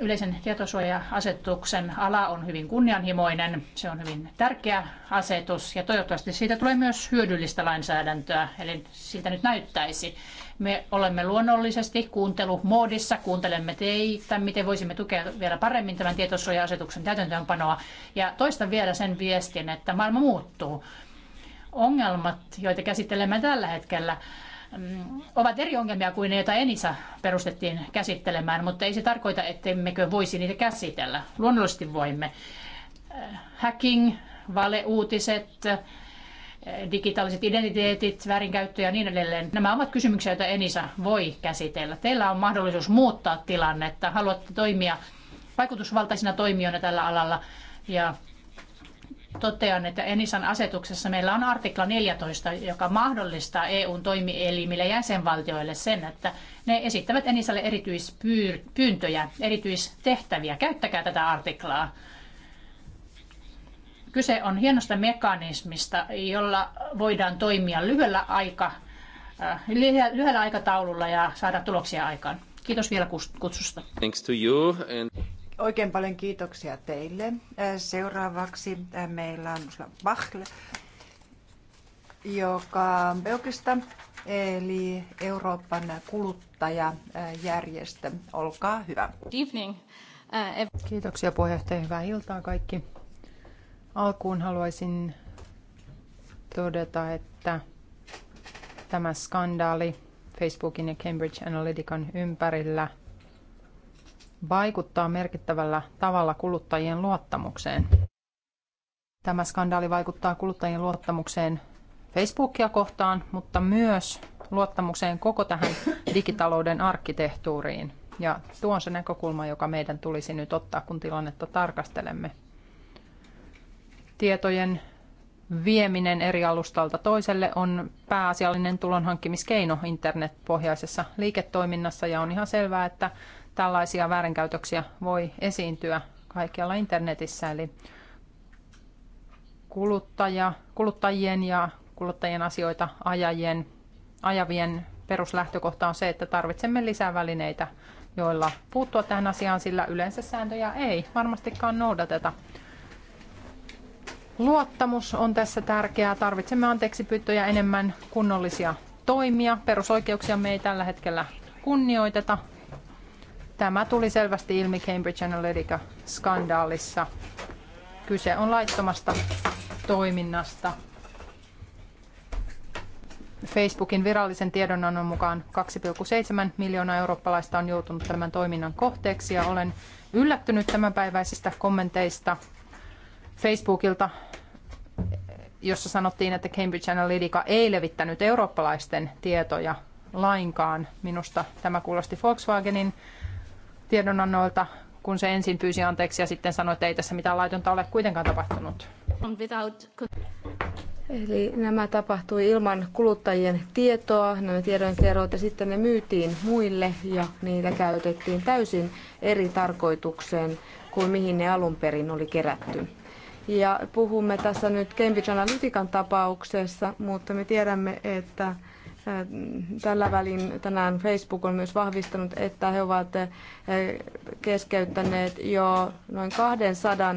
Speaker 1: Yleisen tietosuoja-asetuksen ala on hyvin kunnianhimoinen. Se on hyvin tärkeä asetus ja toivottavasti siitä tulee myös hyödyllistä lainsäädäntöä, eli siltä nyt näyttäisi. Me olemme luonnollisesti kuuntelumoodissa, kuuntelemme teitä, miten voisimme tukea vielä paremmin tämän tietosuoja-asetuksen täytäntöönpanoa. Ja toistan vielä sen viestin, että maailma muuttuu. Ongelmat, joita käsittelemme tällä hetkellä, mm, ovat eri ongelmia kuin ne, joita Enisa perustettiin käsittelemään, mutta ei se tarkoita, ettemmekö voisi niitä käsitellä. Luonnollisesti voimme. Äh, hacking, valeuutiset, digitaaliset identiteetit, väärinkäyttö ja niin edelleen. Nämä ovat kysymyksiä, joita Enisa voi käsitellä. Teillä on mahdollisuus muuttaa tilannetta. Haluatte toimia vaikutusvaltaisina toimijoina tällä alalla ja totean, että Enisan asetuksessa meillä on artikla 14, joka mahdollistaa EUn toimielimille jäsenvaltioille sen, että ne esittävät Enisalle erityispyyntöjä, erityistehtäviä. Käyttäkää tätä artiklaa. Kyse on hienosta mekanismista, jolla voidaan toimia lyhyellä, aika, äh, lyhyellä aikataululla ja saada tuloksia aikaan. Kiitos vielä
Speaker 4: kutsusta.
Speaker 5: Thanks to you and...
Speaker 4: Oikein paljon kiitoksia teille. Äh, seuraavaksi äh, meillä on Bachle, joka on Belgista, eli Euroopan kuluttajajärjestö. Olkaa hyvä. Evening. Kiitoksia puheenjohtaja. Hyvää iltaa kaikki.
Speaker 3: Alkuun haluaisin todeta, että tämä skandaali Facebookin ja Cambridge Analytican ympärillä vaikuttaa merkittävällä tavalla kuluttajien luottamukseen. Tämä skandaali vaikuttaa kuluttajien luottamukseen Facebookia kohtaan, mutta myös luottamukseen koko tähän digitalouden arkkitehtuuriin. Ja tuo on se näkökulma, joka meidän tulisi nyt ottaa, kun tilannetta tarkastelemme tietojen vieminen eri alustalta toiselle on pääasiallinen tulonhankkimiskeino internetpohjaisessa liiketoiminnassa ja on ihan selvää, että tällaisia väärinkäytöksiä voi esiintyä kaikkialla internetissä. Eli kuluttaja, kuluttajien ja kuluttajien asioita ajajien, ajavien peruslähtökohta on se, että tarvitsemme lisää välineitä, joilla puuttua tähän asiaan, sillä yleensä sääntöjä ei varmastikaan noudateta. Luottamus on tässä tärkeää. Tarvitsemme anteeksi enemmän kunnollisia toimia. Perusoikeuksia me ei tällä hetkellä kunnioiteta. Tämä tuli selvästi ilmi Cambridge Analytica-skandaalissa. Kyse on laittomasta toiminnasta. Facebookin virallisen tiedonannon mukaan 2,7 miljoonaa eurooppalaista on joutunut tämän toiminnan kohteeksi ja olen yllättynyt tämänpäiväisistä kommenteista Facebookilta jossa sanottiin, että Cambridge Analytica ei levittänyt eurooppalaisten tietoja lainkaan. Minusta tämä kuulosti Volkswagenin tiedonannoilta, kun se ensin pyysi anteeksi ja sitten sanoi, että ei tässä mitään laitonta ole kuitenkaan tapahtunut.
Speaker 5: Eli nämä tapahtui ilman kuluttajien tietoa, nämä tiedonkerrot, ja sitten ne myytiin muille ja niitä käytettiin täysin eri tarkoitukseen kuin mihin ne alun perin oli kerätty. Ja puhumme tässä nyt Cambridge Analytican tapauksessa, mutta me tiedämme, että Tällä välin tänään Facebook on myös vahvistanut, että he ovat keskeyttäneet jo noin 200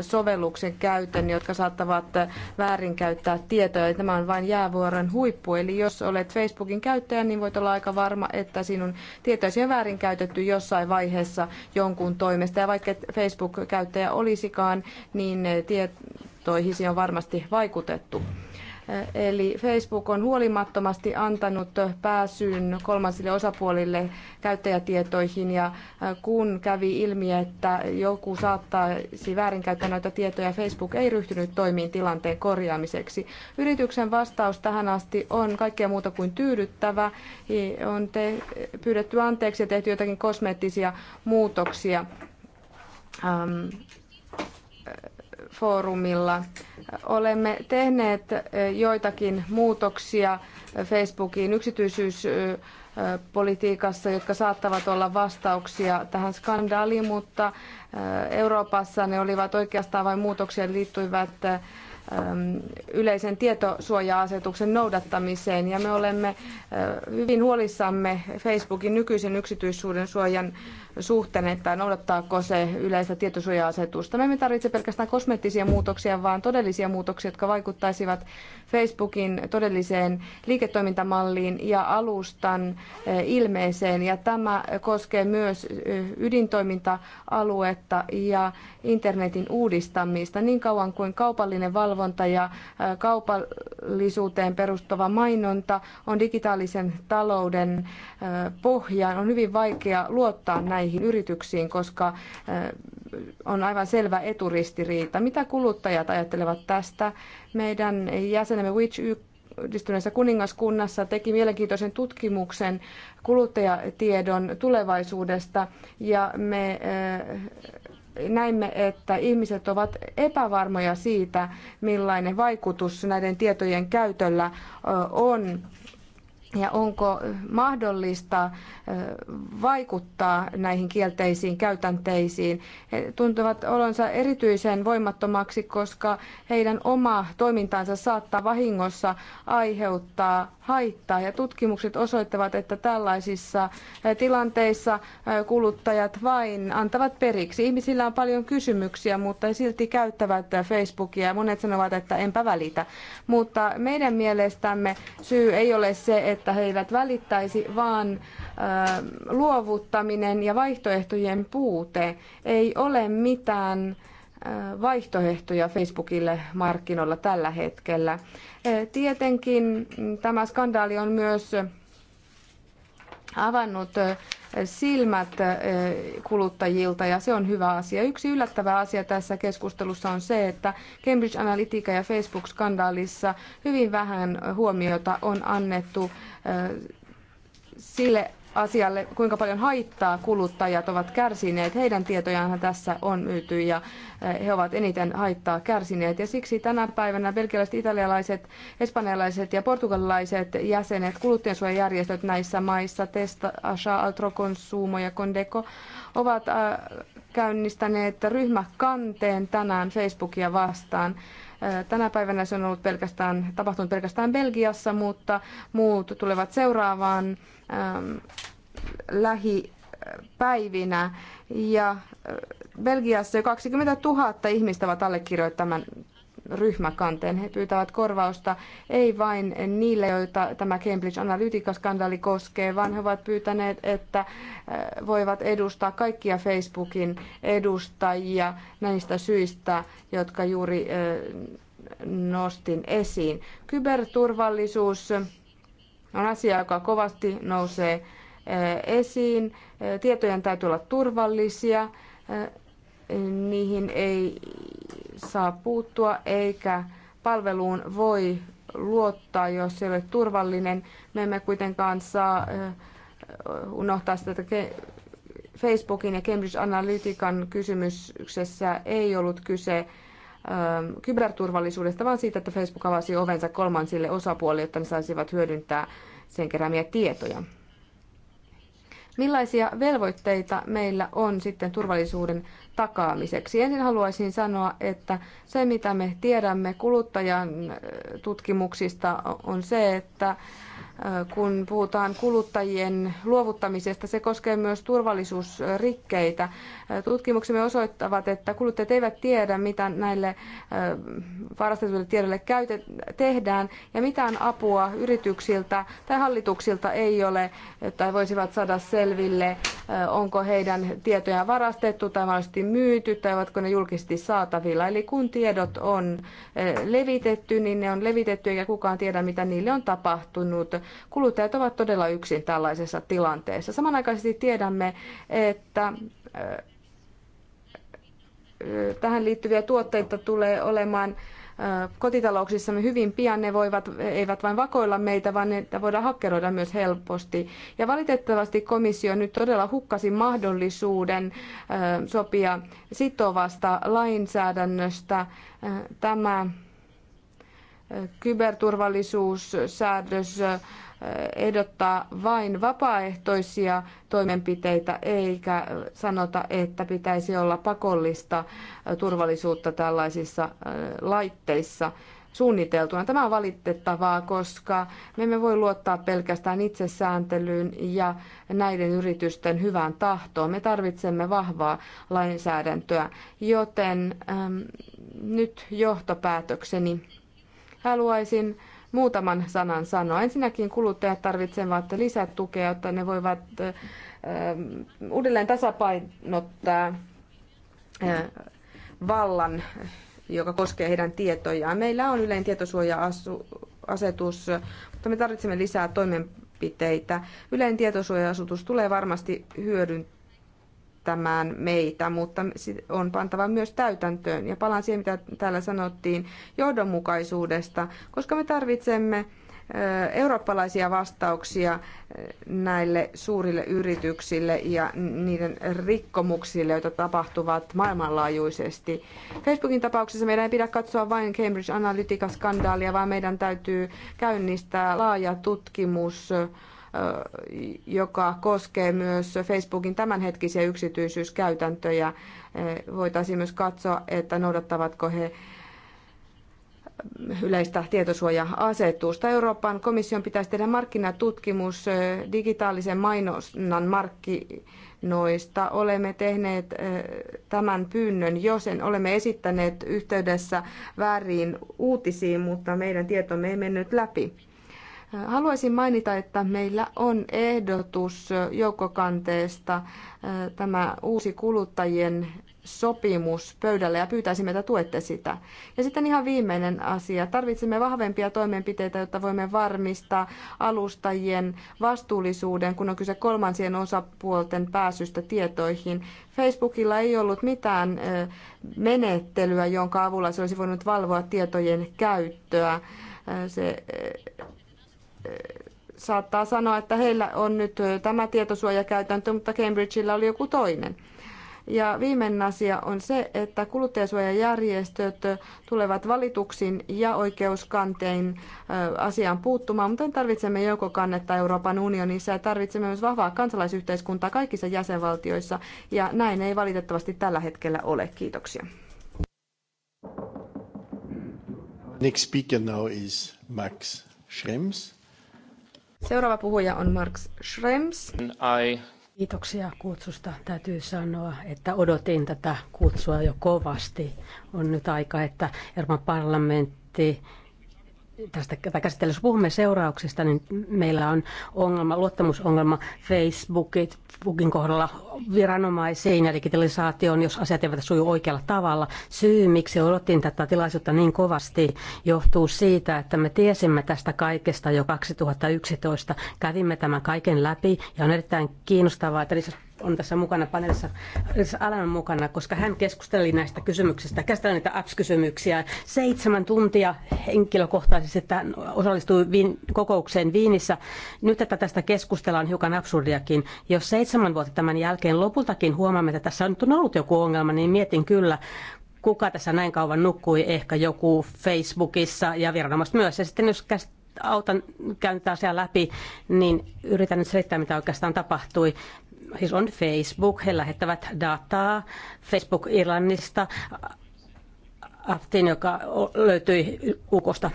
Speaker 5: sovelluksen käytön, jotka saattavat väärinkäyttää tietoja. Tämä on vain jäävuoren huippu, eli jos olet Facebookin käyttäjä, niin voit olla aika varma, että sinun tietoisi on väärinkäytetty jossain vaiheessa jonkun toimesta. Ja vaikka Facebook-käyttäjä olisikaan, niin tietoihisi on varmasti vaikutettu. Eli Facebook on huolimattomasti antanut pääsyn kolmansille osapuolille käyttäjätietoihin ja kun kävi ilmi, että joku saattaisi väärinkäyttää noita tietoja, Facebook ei ryhtynyt toimiin tilanteen korjaamiseksi. Yrityksen vastaus tähän asti on kaikkea muuta kuin tyydyttävä. On te- pyydetty anteeksi ja tehty jotakin kosmeettisia muutoksia foorumilla. Olemme tehneet joitakin muutoksia Facebookin yksityisyyspolitiikassa, jotka saattavat olla vastauksia tähän skandaaliin, mutta Euroopassa ne olivat oikeastaan vain muutoksia liittyivät yleisen tietosuoja-asetuksen noudattamiseen. Ja me olemme hyvin huolissamme Facebookin nykyisen yksityisyyden suojan suhteen, että noudattaako se yleistä tietosuoja-asetusta. Me emme tarvitse pelkästään kosmeettisia muutoksia, vaan todellisia muutoksia, jotka vaikuttaisivat Facebookin todelliseen liiketoimintamalliin ja alustan eh, ilmeeseen. Ja tämä koskee myös eh, ydintoiminta-aluetta ja internetin uudistamista. Niin kauan kuin kaupallinen valvonta ja eh, kaupallisuuteen perustuva mainonta on digitaalisen talouden pohjaan, on hyvin vaikea luottaa näihin näihin yrityksiin, koska eh, on aivan selvä eturistiriita. Mitä kuluttajat ajattelevat tästä? Meidän jäsenemme Witch yhdistyneessä kuningaskunnassa teki mielenkiintoisen tutkimuksen kuluttajatiedon tulevaisuudesta ja me eh, näimme, että ihmiset ovat epävarmoja siitä, millainen vaikutus näiden tietojen käytöllä eh, on ja onko mahdollista vaikuttaa näihin kielteisiin käytänteisiin. He tuntuvat olonsa erityisen voimattomaksi, koska heidän oma toimintansa saattaa vahingossa aiheuttaa haittaa. Ja tutkimukset osoittavat, että tällaisissa tilanteissa kuluttajat vain antavat periksi. Ihmisillä on paljon kysymyksiä, mutta he silti käyttävät Facebookia. Monet sanovat, että enpä välitä. Mutta meidän mielestämme syy ei ole se, että että he eivät välittäisi, vaan luovuttaminen ja vaihtoehtojen puute. Ei ole mitään vaihtoehtoja Facebookille markkinoilla tällä hetkellä. Tietenkin mm, tämä skandaali on myös avannut silmät kuluttajilta ja se on hyvä asia. Yksi yllättävä asia tässä keskustelussa on se, että Cambridge Analytica ja Facebook-skandaalissa hyvin vähän huomiota on annettu sille asialle, kuinka paljon haittaa kuluttajat ovat kärsineet. Heidän tietojaanhan tässä on myyty ja eh, he ovat eniten haittaa kärsineet. Ja siksi tänä päivänä belgialaiset, italialaiset, espanjalaiset ja portugalilaiset jäsenet, kuluttajansuojajärjestöt näissä maissa, Testa, Asha, Consumo ja Condeco, ovat eh, käynnistäneet ryhmäkanteen tänään Facebookia vastaan. Tänä päivänä se on ollut pelkästään, tapahtunut pelkästään Belgiassa, mutta muut tulevat seuraavaan ähm, lähipäivinä. Ja äh, Belgiassa jo 20 000 ihmistä ovat allekirjoittaneet ryhmäkanteen. He pyytävät korvausta ei vain niille, joita tämä Cambridge Analytica-skandaali koskee, vaan he ovat pyytäneet, että eh, voivat edustaa kaikkia Facebookin edustajia näistä syistä, jotka juuri eh, nostin esiin. Kyberturvallisuus on asia, joka kovasti nousee eh, esiin. Tietojen täytyy olla turvallisia niihin ei saa puuttua eikä palveluun voi luottaa, jos se ei ole turvallinen. Me emme kuitenkaan saa unohtaa sitä, että Facebookin ja Cambridge Analytican kysymyksessä ei ollut kyse kyberturvallisuudesta, vaan siitä, että Facebook avasi ovensa kolmansille osapuolille, jotta ne saisivat hyödyntää sen keräämiä tietoja. Millaisia velvoitteita meillä on sitten turvallisuuden takaamiseksi. Ensin haluaisin sanoa, että se mitä me tiedämme kuluttajan äh, tutkimuksista on se, että kun puhutaan kuluttajien luovuttamisesta, se koskee myös turvallisuusrikkeitä. Tutkimuksemme osoittavat, että kuluttajat eivät tiedä, mitä näille äh, varastetuille tiedolle tehdään ja mitään apua yrityksiltä tai hallituksilta ei ole, tai voisivat saada selville, äh, onko heidän tietojaan varastettu tai mahdollisesti myyty tai ovatko ne julkisesti saatavilla. Eli kun tiedot on äh, levitetty, niin ne on levitetty eikä kukaan tiedä, mitä niille on tapahtunut Kuluttajat ovat todella yksin tällaisessa tilanteessa. Samanaikaisesti tiedämme, että tähän liittyviä tuotteita tulee olemaan kotitalouksissamme hyvin pian. Ne voivat, eivät vain vakoilla meitä, vaan ne voidaan hakkeroida myös helposti. Ja valitettavasti komissio nyt todella hukkasi mahdollisuuden sopia sitovasta lainsäädännöstä. Tämä Kyberturvallisuussäädös ehdottaa vain vapaaehtoisia toimenpiteitä, eikä sanota, että pitäisi olla pakollista turvallisuutta tällaisissa laitteissa suunniteltuna. Tämä on valitettavaa, koska me emme voi luottaa pelkästään itsesääntelyyn ja näiden yritysten hyvään tahtoon. Me tarvitsemme vahvaa lainsäädäntöä, joten ähm, nyt johtopäätökseni haluaisin muutaman sanan sanoa. Ensinnäkin kuluttajat tarvitsevat lisätukea, jotta ne voivat ähm, uudelleen tasapainottaa äh, vallan, joka koskee heidän tietojaan. Meillä on yleinen tietosuoja-asetus, mutta me tarvitsemme lisää toimenpiteitä. Yleinen tietosuoja-asetus tulee varmasti hyödyntää yllättämään meitä, mutta on pantava myös täytäntöön. Ja palaan siihen, mitä täällä sanottiin johdonmukaisuudesta, koska me tarvitsemme eurooppalaisia vastauksia näille suurille yrityksille ja niiden rikkomuksille, joita tapahtuvat maailmanlaajuisesti. Facebookin tapauksessa meidän ei pidä katsoa vain Cambridge Analytica-skandaalia, vaan meidän täytyy käynnistää laaja tutkimus joka koskee myös Facebookin tämänhetkisiä yksityisyyskäytäntöjä. Voitaisiin myös katsoa, että noudattavatko he yleistä tietosuoja-asetusta. Euroopan komission pitäisi tehdä markkinatutkimus digitaalisen mainonnan markkinoista. Olemme tehneet tämän pyynnön jo sen. Olemme esittäneet yhteydessä väärin uutisiin, mutta meidän tietomme ei mennyt läpi. Haluaisin mainita, että meillä on ehdotus joukkokanteesta äh, tämä uusi kuluttajien sopimus pöydälle ja pyytäisimme, että tuette sitä. Ja sitten ihan viimeinen asia. Tarvitsemme vahvempia toimenpiteitä, jotta voimme varmistaa alustajien vastuullisuuden, kun on kyse kolmansien osapuolten pääsystä tietoihin. Facebookilla ei ollut mitään äh, menettelyä, jonka avulla se olisi voinut valvoa tietojen käyttöä. Äh, se saattaa sanoa, että heillä on nyt tämä tietosuojakäytäntö, mutta Cambridgeilla oli joku toinen. Ja viimeinen asia on se, että kuluttajasuojajärjestöt tulevat valituksiin ja oikeuskantein asiaan puuttumaan, mutta tarvitsemme joukokannetta Euroopan unionissa ja tarvitsemme myös vahvaa kansalaisyhteiskuntaa kaikissa jäsenvaltioissa. Ja näin ei valitettavasti tällä hetkellä ole. Kiitoksia.
Speaker 2: Next speaker now is Max Schrems.
Speaker 5: Seuraava puhuja on Marx Schrems. I... Kiitoksia kutsusta. Täytyy
Speaker 7: sanoa, että odotin tätä kutsua jo kovasti. On nyt aika, että Euroopan parlamentti tästä tai käsitellä, jos puhumme seurauksista, niin meillä on ongelma, luottamusongelma Facebookit, Facebookin kohdalla viranomaisiin ja digitalisaatioon, jos asiat eivät suju oikealla tavalla. Syy, miksi odotin tätä tilaisuutta niin kovasti, johtuu siitä, että me tiesimme tästä kaikesta jo 2011. Kävimme tämän kaiken läpi ja on erittäin kiinnostavaa, että on tässä mukana paneelissa, Alan on mukana, koska hän keskusteli näistä kysymyksistä, käsitteli näitä apps-kysymyksiä. Seitsemän tuntia henkilökohtaisesti että osallistui viin, kokoukseen Viinissä. Nyt, että tästä keskustellaan hiukan absurdiakin. Jos seitsemän vuotta tämän jälkeen lopultakin huomaamme, että tässä on nyt ollut joku ongelma, niin mietin kyllä, kuka tässä näin kauan nukkui, ehkä joku Facebookissa ja viranomaiset myös. Ja sitten jos autan, käyn tätä asiaa läpi, niin yritän nyt selittää, mitä oikeastaan tapahtui siis on Facebook, he lähettävät dataa Facebook Irlannista, Aftin, joka löytyi UKosta.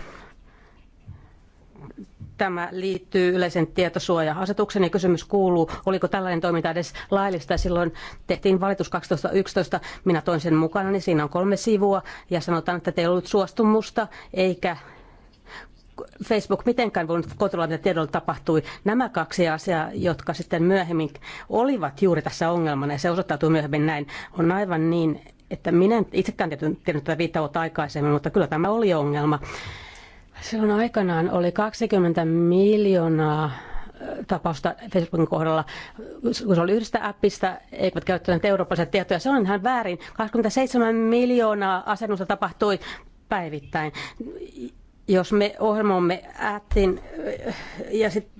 Speaker 7: Tämä liittyy yleisen tietosuoja-asetuksen ja kysymys kuuluu, oliko tällainen toiminta edes laillista. Silloin tehtiin valitus 2011, Minä toin sen mukana, niin siinä on kolme sivua ja sanotaan, että teillä ei ollut suostumusta eikä Facebook mitenkään voinut kontrolloida, mitä tiedolla tapahtui. Nämä kaksi asiaa, jotka sitten myöhemmin olivat juuri tässä ongelmana, ja se osoittautui myöhemmin näin, on aivan niin, että minä en itsekään tiennyt tätä viittä vuotta aikaisemmin, mutta kyllä tämä oli ongelma. Silloin aikanaan oli 20 miljoonaa äh, tapausta Facebookin kohdalla, kun se oli yhdestä appista, eivät käyttäneet eurooppalaisia tietoja. Se on ihan väärin. 27 miljoonaa asennusta tapahtui päivittäin jos me ohjelmoimme ätin ja sitten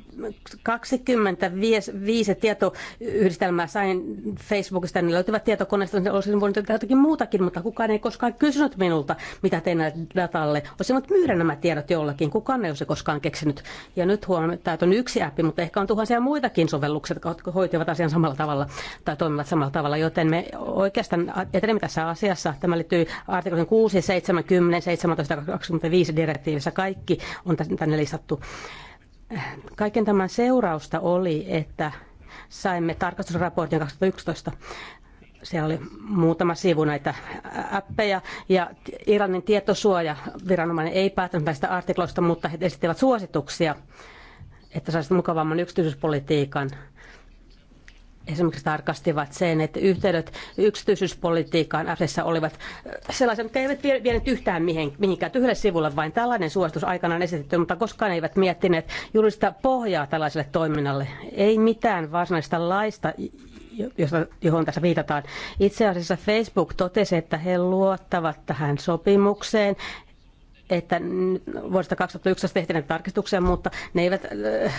Speaker 7: 25 tietoyhdistelmää sain Facebookista, niin löytyvät tietokoneesta, niin olisin voinut tehdä jotakin muutakin, mutta kukaan ei koskaan kysynyt minulta, mitä tein datalle. Olisin voinut myydä nämä tiedot jollakin, kukaan ei olisi koskaan keksinyt. Ja nyt huomioon, että on yksi appi, mutta ehkä on tuhansia muitakin sovelluksia, jotka hoitivat asian samalla tavalla tai toimivat samalla tavalla, joten me oikeastaan etenemme tässä asiassa. Tämä liittyy artiklin 6, 70, 17, 25 direktiivissä. Kaikki on tänne listattu. Kaiken tämän seurausta oli, että saimme tarkastusraportin 2011 siellä oli muutama sivu näitä appeja ja Iranin tietosuoja viranomainen ei päättänyt näistä artikloista, mutta he esittivät suosituksia, että saisi mukavamman yksityispolitiikan esimerkiksi tarkastivat sen, että yhteydet yksityisyyspolitiikkaan asiassa olivat äh, sellaisia, mitkä eivät vienyt yhtään mihinkään tyhjälle sivulle, vain tällainen suositus aikanaan esitetty, mutta koskaan eivät miettineet juridista pohjaa tällaiselle toiminnalle. Ei mitään varsinaista laista, josta johon tässä viitataan. Itse asiassa Facebook totesi, että he luottavat tähän sopimukseen, että vuodesta 2011 tehtiin näitä tarkistuksia, mutta ne eivät äh,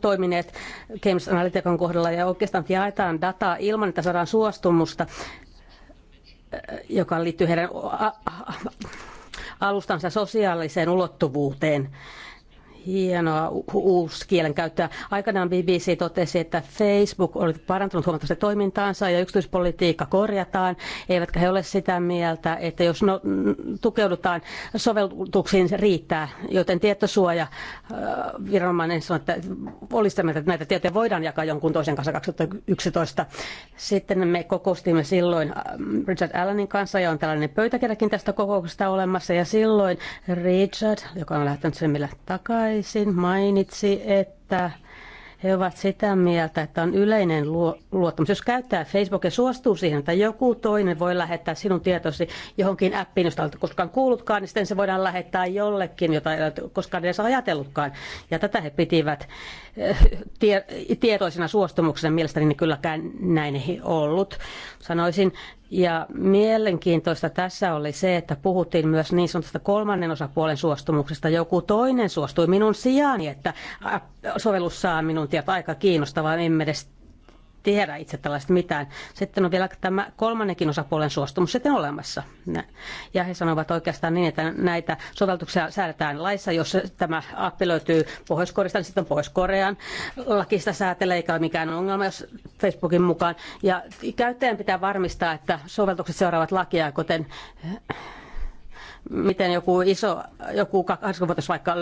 Speaker 7: toimineet Cambridge Analytican kohdalla ja oikeastaan jaetaan dataa ilman, että saadaan suostumusta, joka liittyy heidän alustansa sosiaaliseen ulottuvuuteen hienoa uusi kielenkäyttöä. Aikanaan BBC totesi, että Facebook oli parantunut huomattavasti toimintaansa ja yksityispolitiikka korjataan, eivätkä he ole sitä mieltä, että jos no, tukeudutaan sovellutuksiin, se riittää. Joten tietosuoja viranomainen sanoi, että olisi sitä mieltä, että näitä tietoja voidaan jakaa jonkun toisen kanssa 2011. Sitten me kokoustimme silloin Richard Allenin kanssa ja on tällainen pöytäkirjakin tästä kokouksesta olemassa ja silloin Richard, joka on lähtenyt sen millä takaisin, takaisin, mainitsi, että he ovat sitä mieltä, että on yleinen luottamus. Jos käyttää Facebookia, suostuu siihen, että joku toinen voi lähettää sinun tietosi johonkin appiin, josta olet koskaan kuullutkaan, niin sitten se voidaan lähettää jollekin, jota ei ole koskaan edes ajatellutkaan. Ja tätä he pitivät eh, tietoisena suostumuksena. Mielestäni niin kylläkään näin ei ollut. Sanoisin, ja mielenkiintoista tässä oli se, että puhuttiin myös niin sanotusta kolmannen osapuolen suostumuksesta. Joku toinen suostui minun sijaani, että sovellus saa minun tietää aika kiinnostavaa, en edes tiedä itse tällaista mitään. Sitten on vielä tämä kolmannekin osapuolen suostumus sitten olemassa. Ja he sanovat oikeastaan niin, että näitä sovelluksia säädetään laissa, jos tämä appi löytyy pohjois niin sitten on Pohjois-Korean lakista säätelee, eikä ole mikään ongelma, jos Facebookin mukaan. Ja käyttäjän pitää varmistaa, että sovellukset seuraavat lakia, kuten miten joku iso, joku 20 vuotias vaikka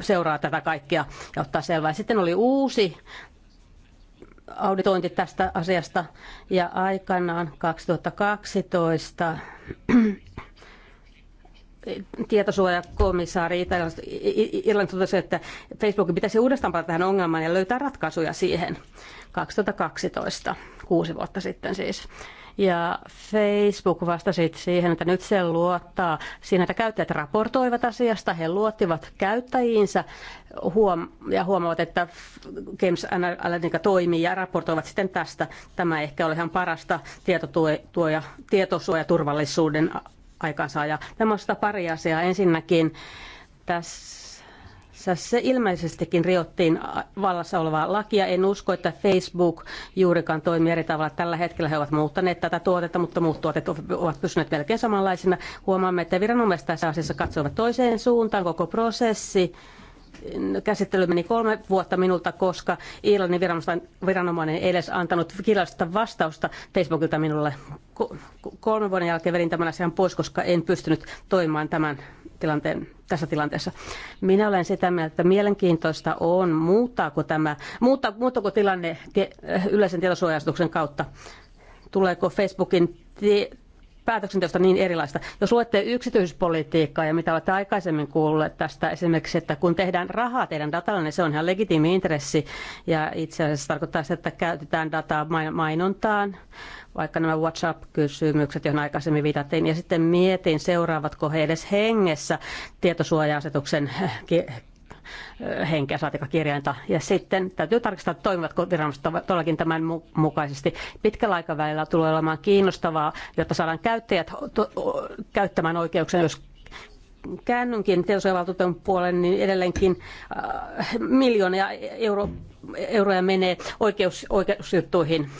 Speaker 7: seuraa tätä kaikkea ja ottaa selvää. Sitten oli uusi auditointi tästä asiasta ja aikanaan 2012 tietosuojakomissaari Irlanti totesi, että Facebookin pitäisi uudestaan palata tähän ongelmaan ja löytää ratkaisuja siihen 2012, kuusi vuotta sitten siis. Ja Facebook vastasi siihen, että nyt se luottaa siinä, että käyttäjät raportoivat asiasta. He luottivat käyttäjiinsä huom- ja huomaavat, että Games Analytica toimii ja raportoivat sitten tästä. Tämä ehkä oli ihan parasta tietosuojaturvallisuuden aikansa. Ja Tämä on sitä pari asiaa. Ensinnäkin tässä se ilmeisestikin riottiin vallassa olevaa lakia. En usko, että Facebook juurikaan toimii eri tavalla. Tällä hetkellä he ovat muuttaneet tätä tuotetta, mutta muut tuotet ovat pysyneet melkein samanlaisina. Huomaamme, että viranomaiset tässä asiassa katsovat toiseen suuntaan koko prosessi käsittely meni kolme vuotta minulta, koska Irlannin viranomainen ei edes antanut kirjallista vastausta Facebookilta minulle. Kolmen vuoden jälkeen vedin tämän asian pois, koska en pystynyt toimimaan tämän tilanteen, tässä tilanteessa. Minä olen sitä mieltä, että mielenkiintoista on, muuttaako, tämä, muuttaa, muuttaako tilanne yleisen tietosuojastuksen kautta. Tuleeko Facebookin päätöksenteosta niin erilaista. Jos luette yksityispolitiikkaa ja mitä olette aikaisemmin kuulleet tästä esimerkiksi, että kun tehdään rahaa teidän datalla, niin se on ihan legitiimi intressi ja itse asiassa tarkoittaa sitä, että käytetään dataa mainontaan, vaikka nämä WhatsApp-kysymykset, joihin aikaisemmin viitattiin, ja sitten mietin, seuraavatko he edes hengessä tietosuoja-asetuksen henkeä, saatika kirjainta. Ja sitten täytyy tarkistaa, toimivatko viranomaiset todellakin tämän mukaisesti. Pitkällä aikavälillä tulee olemaan kiinnostavaa, jotta saadaan käyttäjät käyttämään oikeuksia, jos käännynkin tietosuojavaltuutetun puolen, niin edelleenkin äh, miljoonia euro, euroja menee oikeus, oikeusjuttuihin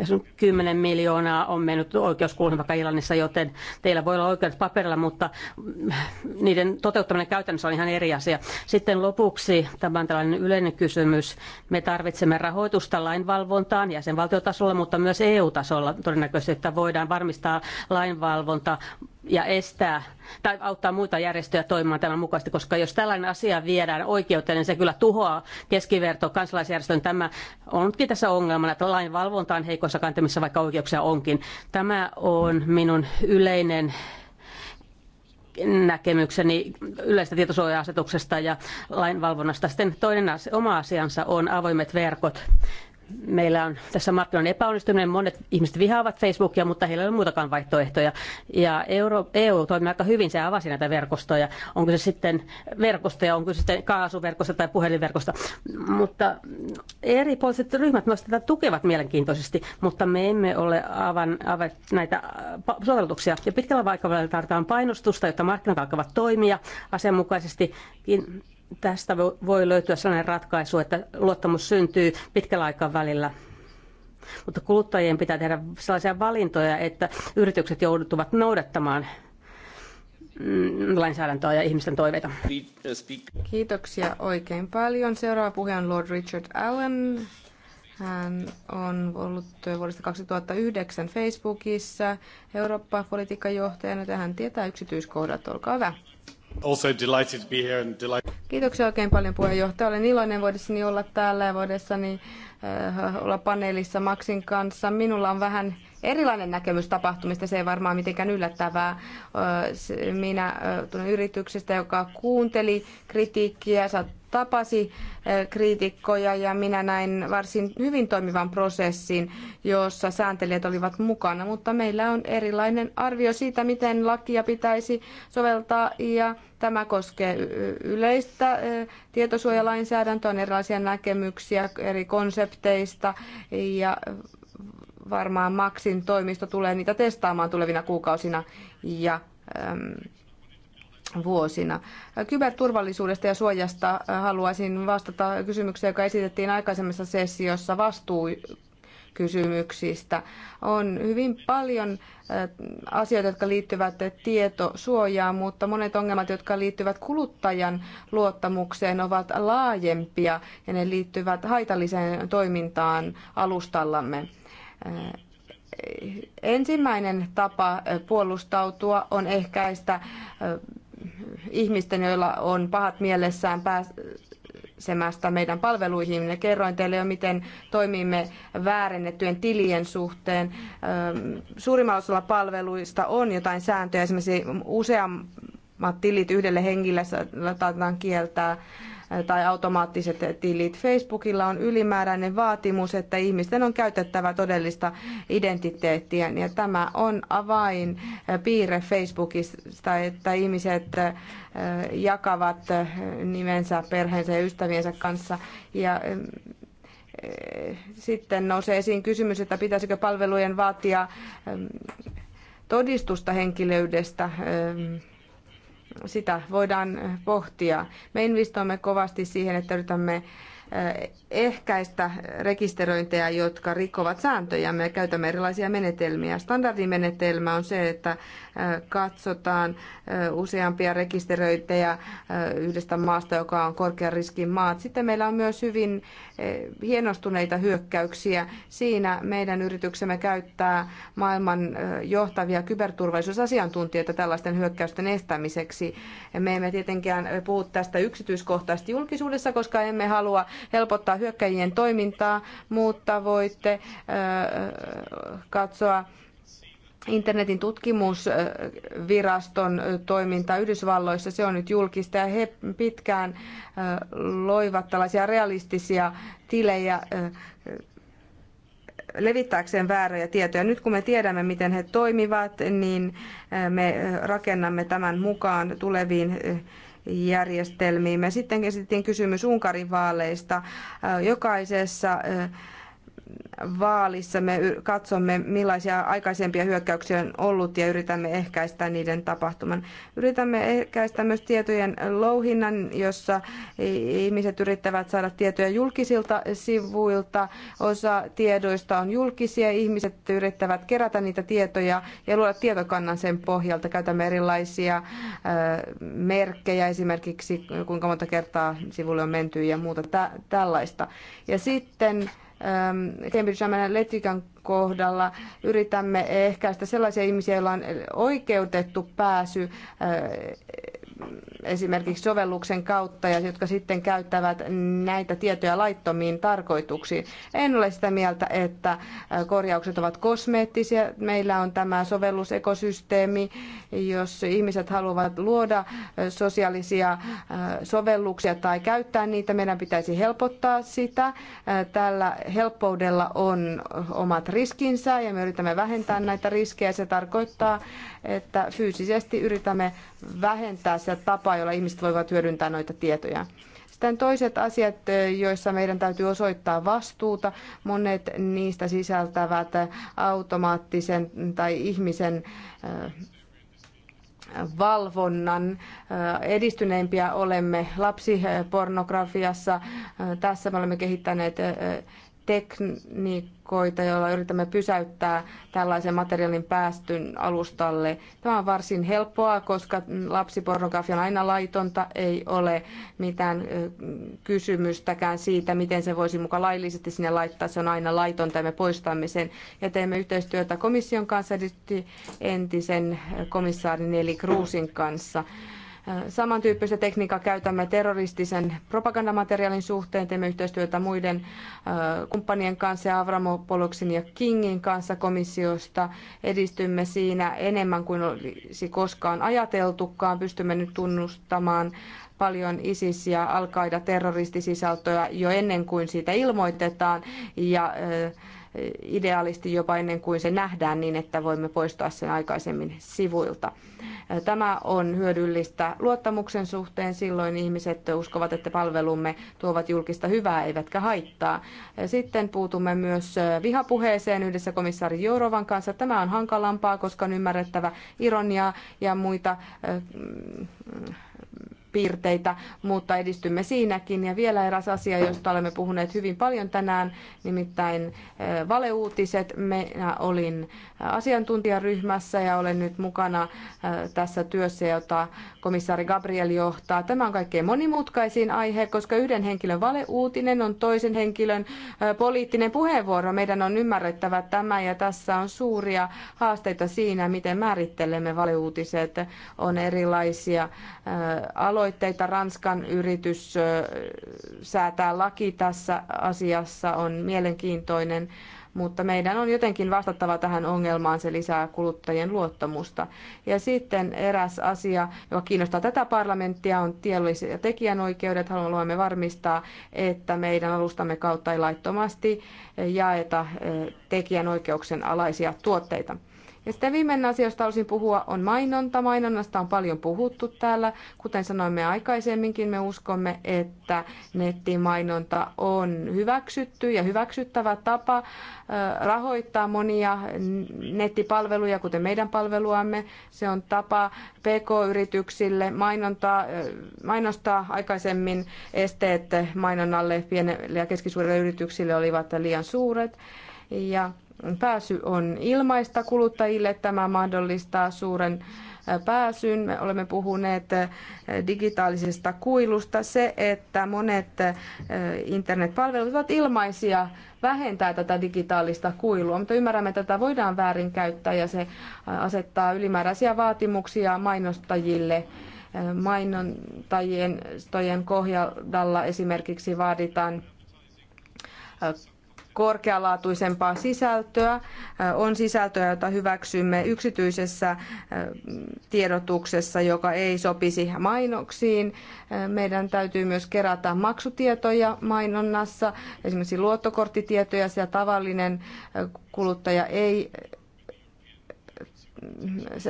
Speaker 7: jos on 10 miljoonaa on mennyt oikeuskuulun vaikka Irlannissa, joten teillä voi olla oikeudet paperilla, mutta niiden toteuttaminen käytännössä on ihan eri asia. Sitten lopuksi tämä on tällainen yleinen kysymys. Me tarvitsemme rahoitusta lainvalvontaan jäsenvaltiotasolla, mutta myös EU-tasolla todennäköisesti, että voidaan varmistaa lainvalvonta ja estää tai auttaa muita järjestöjä toimimaan tämän mukaisesti, koska jos tällainen asia viedään oikeuteen, niin se kyllä tuhoaa keskiverto kansalaisjärjestön. Tämä onkin tässä ongelmana, että lain valvonta on heikoissa kantamissa, vaikka oikeuksia onkin. Tämä on minun yleinen näkemykseni yleistä tietosuoja-asetuksesta ja lainvalvonnasta. Sitten toinen asia, oma asiansa on avoimet verkot meillä on tässä markkinoiden epäonnistuminen. Monet ihmiset vihaavat Facebookia, mutta heillä ei ole muutakaan vaihtoehtoja. Ja Euro, EU toimii aika hyvin, se avasi näitä verkostoja. Onko se sitten verkostoja, onko se sitten kaasuverkosta tai puhelinverkosta. Mutta eri poliittiset ryhmät myös tätä tukevat mielenkiintoisesti, mutta me emme ole avan, avan näitä sovelluksia. Ja pitkällä aikavälillä tarvitaan painostusta, jotta markkinat alkavat toimia asianmukaisesti tästä voi löytyä sellainen ratkaisu, että luottamus syntyy pitkällä aikavälillä. Mutta kuluttajien pitää tehdä sellaisia valintoja, että yritykset joutuvat noudattamaan mm,
Speaker 5: lainsäädäntöä ja ihmisten toiveita. Kiitoksia oikein paljon. Seuraava puhe on Lord Richard Allen. Hän on ollut vuodesta 2009 Facebookissa Eurooppa-politiikan johtajana. Hän tietää yksityiskohdat. Olkaa hyvä.
Speaker 2: Also delighted to be here and
Speaker 5: Kiitoksia oikein paljon puheenjohtaja. Olen iloinen voidessani olla täällä ja voidessani äh, olla paneelissa Maxin kanssa. Minulla on vähän erilainen näkemys tapahtumista, se ei varmaan mitenkään yllättävää. Minä tulin yrityksestä, joka kuunteli kritiikkiä, tapasi kriitikkoja ja minä näin varsin hyvin toimivan prosessin, jossa sääntelijät olivat mukana, mutta meillä on erilainen arvio siitä, miten lakia pitäisi soveltaa ja tämä koskee yleistä tietosuojalainsäädäntöä, on erilaisia näkemyksiä eri konsepteista ja varmaan Maxin toimisto tulee niitä testaamaan tulevina kuukausina ja äm, vuosina. Kyberturvallisuudesta ja suojasta haluaisin vastata kysymykseen, joka esitettiin aikaisemmassa sessiossa vastuu kysymyksistä. On hyvin paljon asioita, jotka liittyvät tietosuojaan, mutta monet ongelmat, jotka liittyvät kuluttajan luottamukseen, ovat laajempia ja ne liittyvät haitalliseen toimintaan alustallamme. Äh, ensimmäinen tapa äh, puolustautua on ehkäistä äh, ihmisten, joilla on pahat mielessään pääsemästä meidän palveluihin. Ja kerroin teille jo, miten toimimme väärennettyjen tilien suhteen. Ähm, suurimmalla osalla palveluista on jotain sääntöjä, esimerkiksi useammat tilit yhdelle henkilölle saatetaan kieltää tai automaattiset tilit. Facebookilla on ylimääräinen vaatimus, että ihmisten on käytettävä todellista identiteettiä. Ja tämä on avain piirre Facebookista, että ihmiset jakavat nimensä perheensä ja ystäviensä kanssa. Ja sitten nousee esiin kysymys, että pitäisikö palvelujen vaatia todistusta henkilöydestä sitä voidaan pohtia. Me investoimme kovasti siihen, että yritämme ehkäistä rekisteröintejä, jotka rikkovat sääntöjä. Me käytämme erilaisia menetelmiä. Standardimenetelmä on se, että katsotaan useampia rekisteröintejä yhdestä maasta, joka on korkean riskin maat. Sitten meillä on myös hyvin hienostuneita hyökkäyksiä. Siinä meidän yrityksemme käyttää maailman johtavia kyberturvallisuusasiantuntijoita tällaisten hyökkäysten estämiseksi. Me emme tietenkään puhu tästä yksityiskohtaisesti julkisuudessa, koska emme halua helpottaa hyökkäjien toimintaa, mutta voitte katsoa internetin tutkimusviraston toiminta Yhdysvalloissa, se on nyt julkista ja he pitkään loivat tällaisia realistisia tilejä levittääkseen vääriä tietoja. Nyt kun me tiedämme, miten he toimivat, niin me rakennamme tämän mukaan tuleviin järjestelmiimme. Sitten esitettiin kysymys Unkarin vaaleista. Jokaisessa vaalissa me katsomme, millaisia aikaisempia hyökkäyksiä on ollut ja yritämme ehkäistä niiden tapahtuman. Yritämme ehkäistä myös tietojen louhinnan, jossa ihmiset yrittävät saada tietoja julkisilta sivuilta. Osa tiedoista on julkisia, ihmiset yrittävät kerätä niitä tietoja ja luoda tietokannan sen pohjalta. Käytämme erilaisia merkkejä, esimerkiksi kuinka monta kertaa sivulle on menty ja muuta tällaista. Ja sitten Ähm, Cambridge Analytican kohdalla yritämme ehkäistä sellaisia ihmisiä, joilla on oikeutettu pääsy äh, esimerkiksi sovelluksen kautta ja jotka sitten käyttävät näitä tietoja laittomiin tarkoituksiin. En ole sitä mieltä, että korjaukset ovat kosmeettisia. Meillä on tämä sovellusekosysteemi, jos ihmiset haluavat luoda sosiaalisia sovelluksia tai käyttää niitä, meidän pitäisi helpottaa sitä. Tällä helppoudella on omat riskinsä ja me yritämme vähentää näitä riskejä. Se tarkoittaa, että fyysisesti yritämme vähentää sitä tapaa, jolla ihmiset voivat hyödyntää noita tietoja. Sitten toiset asiat, joissa meidän täytyy osoittaa vastuuta, monet niistä sisältävät automaattisen tai ihmisen äh, valvonnan. Äh, Edistyneimpiä olemme lapsipornografiassa. Äh, tässä me olemme kehittäneet tekniikoita, joilla yritämme pysäyttää tällaisen materiaalin päästyn alustalle. Tämä on varsin helppoa, koska lapsipornografia on aina laitonta, ei ole mitään kysymystäkään siitä, miten se voisi mukaan laillisesti sinne laittaa. Se on aina laitonta ja me poistamme sen. Ja teemme yhteistyötä komission kanssa, entisen komissaarin eli Kruusin kanssa. Samantyyppistä tekniikkaa käytämme terroristisen propagandamateriaalin suhteen. Teemme yhteistyötä muiden kumppanien kanssa, Avramopoloksin ja Kingin kanssa komissiosta. Edistymme siinä enemmän kuin olisi koskaan ajateltukaan. Pystymme nyt tunnustamaan paljon ISIS- ja al terroristisisältöjä jo ennen kuin siitä ilmoitetaan. Ja, idealisti jopa ennen kuin se nähdään niin, että voimme poistaa sen aikaisemmin sivuilta. Tämä on hyödyllistä luottamuksen suhteen. Silloin ihmiset uskovat, että palvelumme tuovat julkista hyvää eivätkä haittaa. Sitten puutumme myös vihapuheeseen yhdessä komissaari Jourovan kanssa. Tämä on hankalampaa, koska on ymmärrettävä ironiaa ja muita mm, piirteitä, mutta edistymme siinäkin. Ja vielä eräs asia, josta olemme puhuneet hyvin paljon tänään, nimittäin valeuutiset. Minä olin asiantuntijaryhmässä ja olen nyt mukana tässä työssä, jota komissaari Gabriel johtaa. Tämä on kaikkein monimutkaisin aihe, koska yhden henkilön valeuutinen on toisen henkilön poliittinen puheenvuoro. Meidän on ymmärrettävä tämä ja tässä on suuria haasteita siinä, miten määrittelemme valeuutiset. On erilaisia aloja aloitteita. Ranskan yritys säätää laki tässä asiassa on mielenkiintoinen, mutta meidän on jotenkin vastattava tähän ongelmaan, se lisää kuluttajien luottamusta. Ja sitten eräs asia, joka kiinnostaa tätä parlamenttia, on tiedolliset ja tekijänoikeudet. Haluamme varmistaa, että meidän alustamme kautta ei laittomasti jaeta tekijänoikeuksien alaisia tuotteita. Ja sitten viimeinen asia, josta olisin puhua, on mainonta. Mainonnasta on paljon puhuttu täällä. Kuten sanoimme aikaisemminkin, me uskomme, että nettimainonta on hyväksytty ja hyväksyttävä tapa rahoittaa monia nettipalveluja, kuten meidän palveluamme. Se on tapa PK-yrityksille mainontaa, mainostaa aikaisemmin esteet mainonnalle pienelle ja keskisuurille yrityksille olivat liian suuret. Ja pääsy on ilmaista kuluttajille. Tämä mahdollistaa suuren pääsyn. Me olemme puhuneet digitaalisesta kuilusta. Se, että monet internetpalvelut ovat ilmaisia, vähentää tätä digitaalista kuilua, mutta ymmärrämme, että tätä voidaan väärinkäyttää ja se asettaa ylimääräisiä vaatimuksia mainostajille mainontajien kohdalla esimerkiksi vaaditaan korkealaatuisempaa sisältöä. On sisältöä, jota hyväksymme yksityisessä tiedotuksessa, joka ei sopisi mainoksiin. Meidän täytyy myös kerätä maksutietoja mainonnassa, esimerkiksi luottokorttitietoja, ja tavallinen kuluttaja ei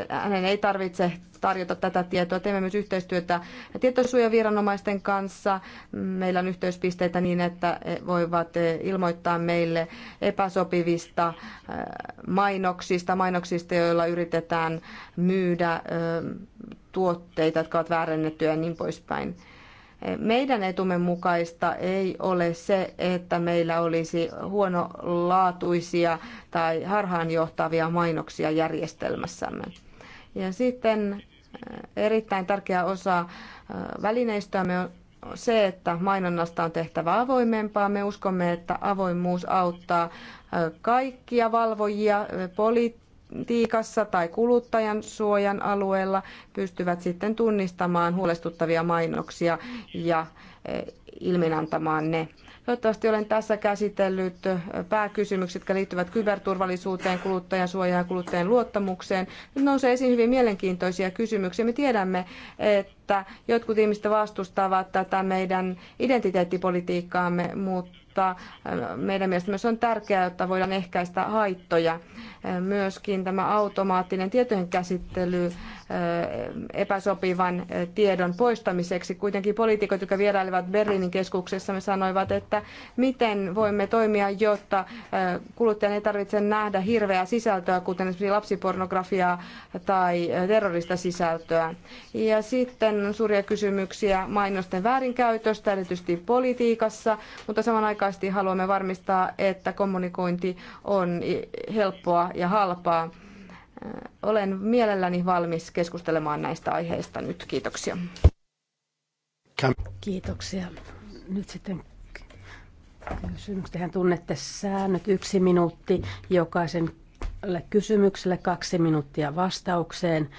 Speaker 5: hänen ei tarvitse tarjota tätä tietoa. Teemme myös yhteistyötä tietosuojaviranomaisten kanssa. Meillä on yhteyspisteitä niin, että voivat ilmoittaa meille epäsopivista äh, mainoksista, mainoksista, joilla yritetään myydä äh, tuotteita, jotka ovat väärennettyjä ja niin poispäin. Meidän etumme mukaista ei ole se, että meillä olisi huonolaatuisia tai harhaanjohtavia mainoksia järjestelmässämme. Ja sitten eh, erittäin tärkeä osa eh, välineistöämme on se, että mainonnasta on tehtävä avoimempaa. Me uskomme, että avoimuus auttaa eh, kaikkia valvojia, poliittisia tiikassa tai kuluttajan suojan alueella pystyvät sitten tunnistamaan huolestuttavia mainoksia ja eh, ilminantamaan ne. Toivottavasti olen tässä käsitellyt eh, pääkysymykset, jotka liittyvät kyberturvallisuuteen, kuluttajan suojaan ja kuluttajan luottamukseen. Nyt nousee esiin hyvin mielenkiintoisia kysymyksiä. Me tiedämme, että jotkut ihmistä vastustavat tätä meidän identiteettipolitiikkaamme, mutta mutta meidän mielestä myös on tärkeää, jotta voidaan ehkäistä haittoja. Myöskin tämä automaattinen tietojen käsittely epäsopivan tiedon poistamiseksi. Kuitenkin poliitikot, jotka vierailivat Berliinin keskuksessa, me sanoivat, että miten voimme toimia, jotta kuluttajan ei tarvitse nähdä hirveää sisältöä, kuten esimerkiksi lapsipornografiaa tai terrorista sisältöä. Ja sitten on suuria kysymyksiä mainosten väärinkäytöstä, erityisesti politiikassa, mutta samanaikaisesti haluamme varmistaa, että kommunikointi on helppoa ja halpaa olen mielelläni valmis keskustelemaan näistä aiheista nyt. Kiitoksia. Kiitoksia. Nyt
Speaker 7: sitten kysymykset. tunnette säännöt yksi minuutti jokaisen kysymykselle kaksi minuuttia vastaukseen.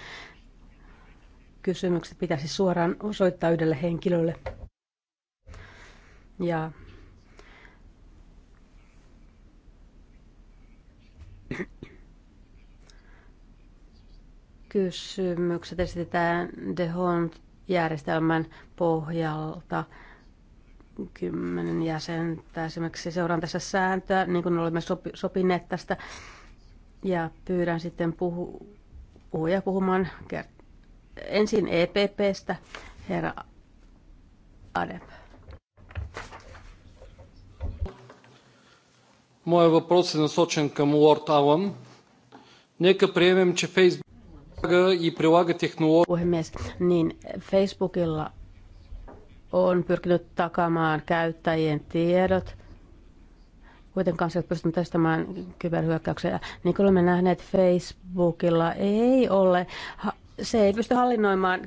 Speaker 7: Kysymykset pitäisi suoraan osoittaa yhdelle henkilölle. Ja Kysymykset esitetään The Hunt-järjestelmän pohjalta. Kymmenen jäsentä esimerkiksi seuraan tässä sääntöä, niin kuin olemme sopineet tästä. Ja pyydän sitten puhu, puhuja puhumaan kert- ensin EPPstä, herra Adep.
Speaker 2: Moi въпрос е насочен към Лорд Алън. Нека приемем, че Фейсбук...
Speaker 7: Puhemies, niin Facebookilla on pyrkinyt takaamaan käyttäjien tiedot. Kuitenkaan se ei pystynyt kyberhyökkäyksiä. Niin kuin olemme nähneet, Facebookilla ei ole, se ei pysty hallinnoimaan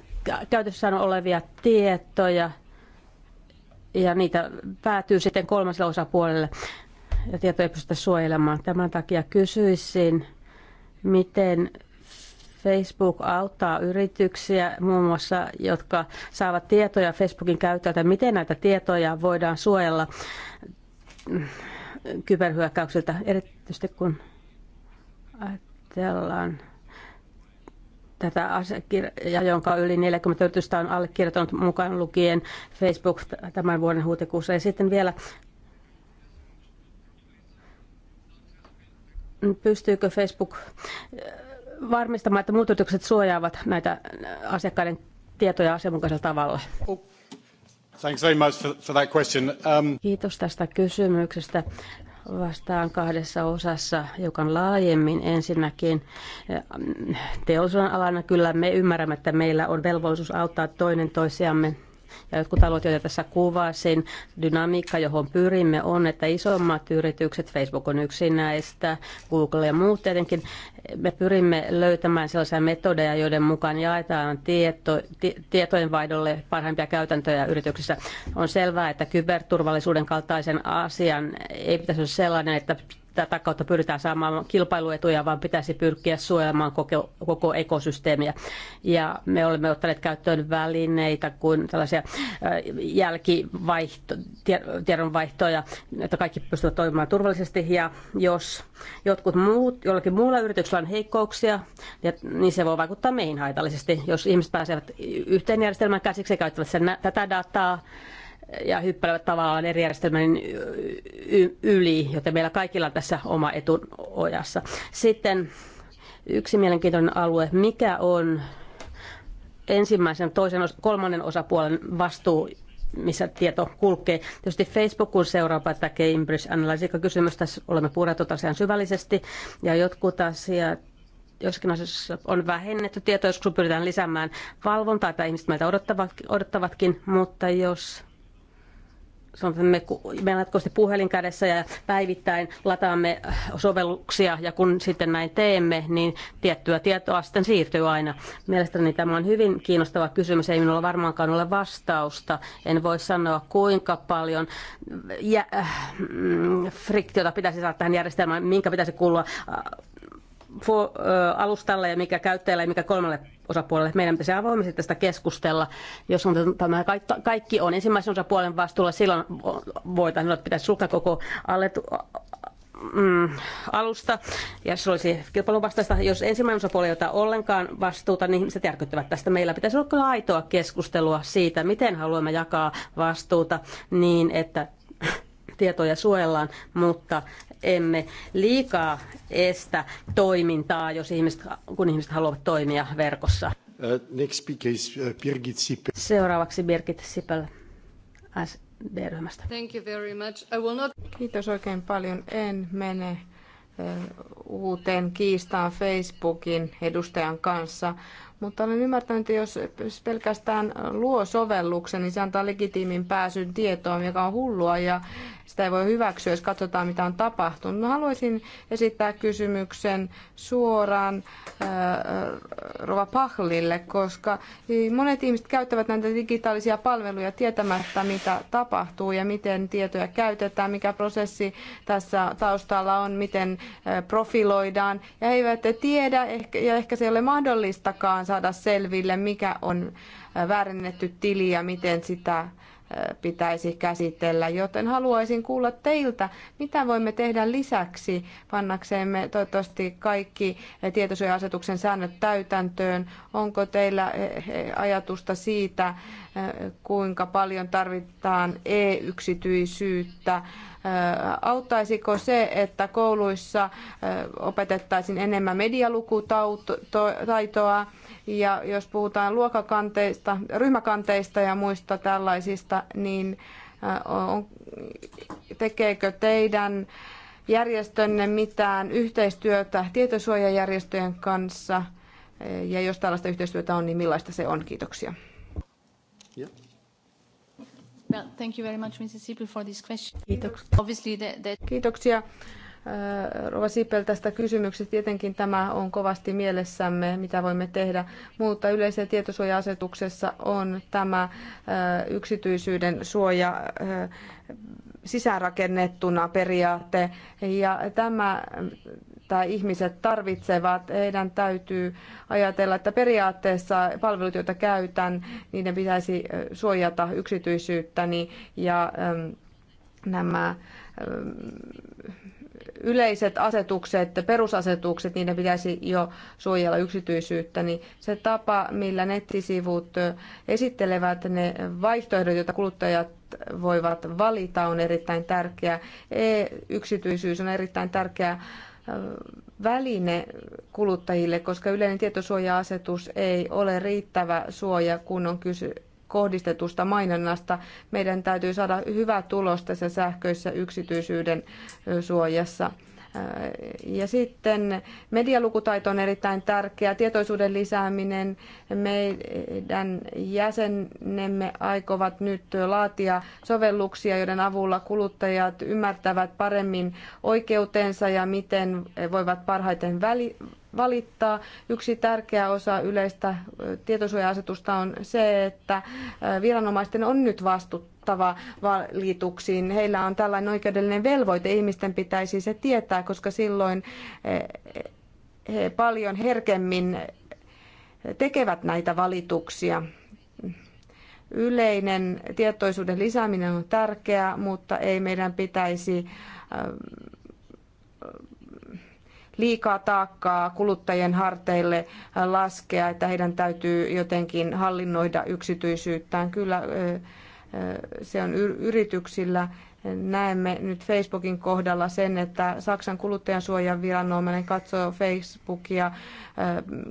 Speaker 7: käytössään olevia tietoja ja niitä päätyy sitten kolmaselle osapuolelle ja tietoja ei pystytä suojelemaan. Tämän takia kysyisin, miten Facebook auttaa yrityksiä muun muassa, jotka saavat tietoja Facebookin käyttäjältä, miten näitä tietoja voidaan suojella kyberhyökkäyksiltä, erityisesti kun ajatellaan tätä asiakirjaa, jonka yli 40 yritystä on allekirjoittanut mukaan lukien Facebook tämän vuoden huhtikuussa. Ja sitten vielä, pystyykö Facebook varmistamaan, että muut yritykset suojaavat näitä asiakkaiden tietoja asianmukaisella tavalla?
Speaker 2: Thanks very much for that question.
Speaker 7: Um... Kiitos tästä kysymyksestä. Vastaan kahdessa osassa, joka on laajemmin. Ensinnäkin eh, teollisuuden alana kyllä me ymmärrämme, että meillä on velvollisuus auttaa toinen toisiamme ja jotkut alueet, joita tässä kuvasin, dynamiikka, johon pyrimme, on, että isommat yritykset, Facebook on yksi näistä, Google ja muut tietenkin, me pyrimme löytämään sellaisia metodeja, joiden mukaan jaetaan tieto, vaihdolle parhaimpia käytäntöjä yrityksissä. On selvää, että kyberturvallisuuden kaltaisen asian ei pitäisi olla sellainen, että tätä kautta pyritään saamaan kilpailuetuja, vaan pitäisi pyrkiä suojelemaan koko, koko ekosysteemiä. Ja me olemme ottaneet käyttöön välineitä kuin tällaisia jälkivaihtoja, että kaikki pystyvät toimimaan turvallisesti. Ja jos jotkut muut, jollakin muulla yrityksellä on heikkouksia, niin se voi vaikuttaa meihin haitallisesti. Jos ihmiset pääsevät yhteen järjestelmään käsiksi ja käyttävät sen, tätä dataa, ja hyppäävät tavallaan eri järjestelmän yli, joten meillä kaikilla on tässä oma etuojassa. Sitten yksi mielenkiintoinen alue, mikä on ensimmäisen, toisen, kolmannen osapuolen vastuu missä tieto kulkee. Tietysti Facebook, kun seuraava tätä Cambridge analytica tässä olemme puhuneet tuota asian syvällisesti, ja jotkut asiat joskin asioissa on vähennetty tietoa, joskus pyritään lisäämään valvontaa, tai ihmiset meiltä odottavatkin, mutta jos me, me, jatkuvasti puhelin kädessä ja päivittäin lataamme äh, sovelluksia ja kun sitten näin teemme, niin tiettyä tietoa sitten siirtyy aina. Mielestäni tämä on hyvin kiinnostava kysymys, ei minulla varmaankaan ole vastausta. En voi sanoa kuinka paljon ja, äh, äh mm, friktiota pitäisi saada tähän järjestelmään, minkä pitäisi kuulua äh, alustalle ja mikä käyttäjälle ja mikä kolmelle osapuolelle. Meidän pitäisi avoimesti tästä keskustella. Jos on tämä kaikki on ensimmäisen osapuolen vastuulla, silloin voitaisiin, että pitäisi sulkea koko alet, mm, alusta, ja se olisi kilpailun vastaista. Jos ensimmäinen osapuoli ei ota ollenkaan vastuuta, niin ihmiset järkyttävät tästä. Meillä pitäisi olla kyllä aitoa keskustelua siitä, miten haluamme jakaa vastuuta niin, että tietoja suojellaan, mutta emme liikaa estä toimintaa, jos ihmiset, kun ihmiset haluavat toimia verkossa. Äh,
Speaker 6: next speaker is äh, Birgit
Speaker 7: Seuraavaksi Birgit Sipel SD-ryhmästä.
Speaker 5: Thank you very much. I will not... Kiitos oikein paljon. En mene äh, uuteen kiistaan Facebookin edustajan kanssa, mutta olen ymmärtänyt, että jos pelkästään luo sovelluksen, niin se antaa legitiimin pääsyn tietoon, joka on hullua ja sitä ei voi hyväksyä, jos katsotaan, mitä on tapahtunut. No, haluaisin esittää kysymyksen suoraan Rova Pahlille, koska monet ihmiset käyttävät näitä digitaalisia palveluja tietämättä, mitä tapahtuu ja miten tietoja käytetään, mikä prosessi tässä taustalla on, miten profiloidaan. Ja he eivät tiedä, ja ehkä se ei ole mahdollistakaan saada selville, mikä on väärennetty tili ja miten sitä pitäisi käsitellä, joten haluaisin kuulla teiltä, mitä voimme tehdä lisäksi pannakseemme toivottavasti kaikki tietosuoja-asetuksen säännöt täytäntöön. Onko teillä eh, eh, ajatusta siitä, kuinka paljon tarvitaan e-yksityisyyttä. Auttaisiko se, että kouluissa opetettaisiin enemmän medialukutaitoa ja jos puhutaan luokakanteista, ryhmäkanteista ja muista tällaisista, niin tekeekö teidän järjestönne mitään yhteistyötä tietosuojajärjestöjen kanssa? Ja jos tällaista yhteistyötä on, niin millaista se on? Kiitoksia
Speaker 1: thank you very much,
Speaker 5: for this question. Kiitoksia. Obviously the, äh, Rova Sipel tästä kysymyksestä. Tietenkin tämä on kovasti mielessämme, mitä voimme tehdä, mutta yleisessä tietosuoja-asetuksessa on tämä äh, yksityisyyden suoja äh, sisäänrakennettuna periaate. Ja tämä jota ihmiset tarvitsevat. Heidän täytyy ajatella, että periaatteessa palvelut, joita käytän, niiden pitäisi suojata yksityisyyttäni ja nämä yleiset asetukset, perusasetukset, niiden pitäisi jo suojella yksityisyyttä, niin se tapa, millä nettisivut esittelevät ne vaihtoehdot, joita kuluttajat voivat valita, on erittäin tärkeä. E yksityisyys on erittäin tärkeä väline kuluttajille, koska yleinen tietosuoja-asetus ei ole riittävä suoja, kun on kyse kohdistetusta mainonnasta. Meidän täytyy saada hyvä tulos tässä sähköisessä yksityisyyden suojassa. Ja sitten medialukutaito on erittäin tärkeä, tietoisuuden lisääminen. Meidän jäsenemme aikovat nyt laatia sovelluksia, joiden avulla kuluttajat ymmärtävät paremmin oikeutensa ja miten voivat parhaiten väli- valittaa. Yksi tärkeä osa yleistä tietosuoja-asetusta on se, että viranomaisten on nyt vastuttava valituksiin. Heillä on tällainen oikeudellinen velvoite, ihmisten pitäisi se tietää, koska silloin he paljon herkemmin tekevät näitä valituksia. Yleinen tietoisuuden lisääminen on tärkeää, mutta ei meidän pitäisi liikaa taakkaa kuluttajien harteille äh, laskea, että heidän täytyy jotenkin hallinnoida yksityisyyttään. Kyllä se on yrityksillä näemme nyt Facebookin kohdalla sen, että Saksan kuluttajansuojan viranomainen katsoo Facebookia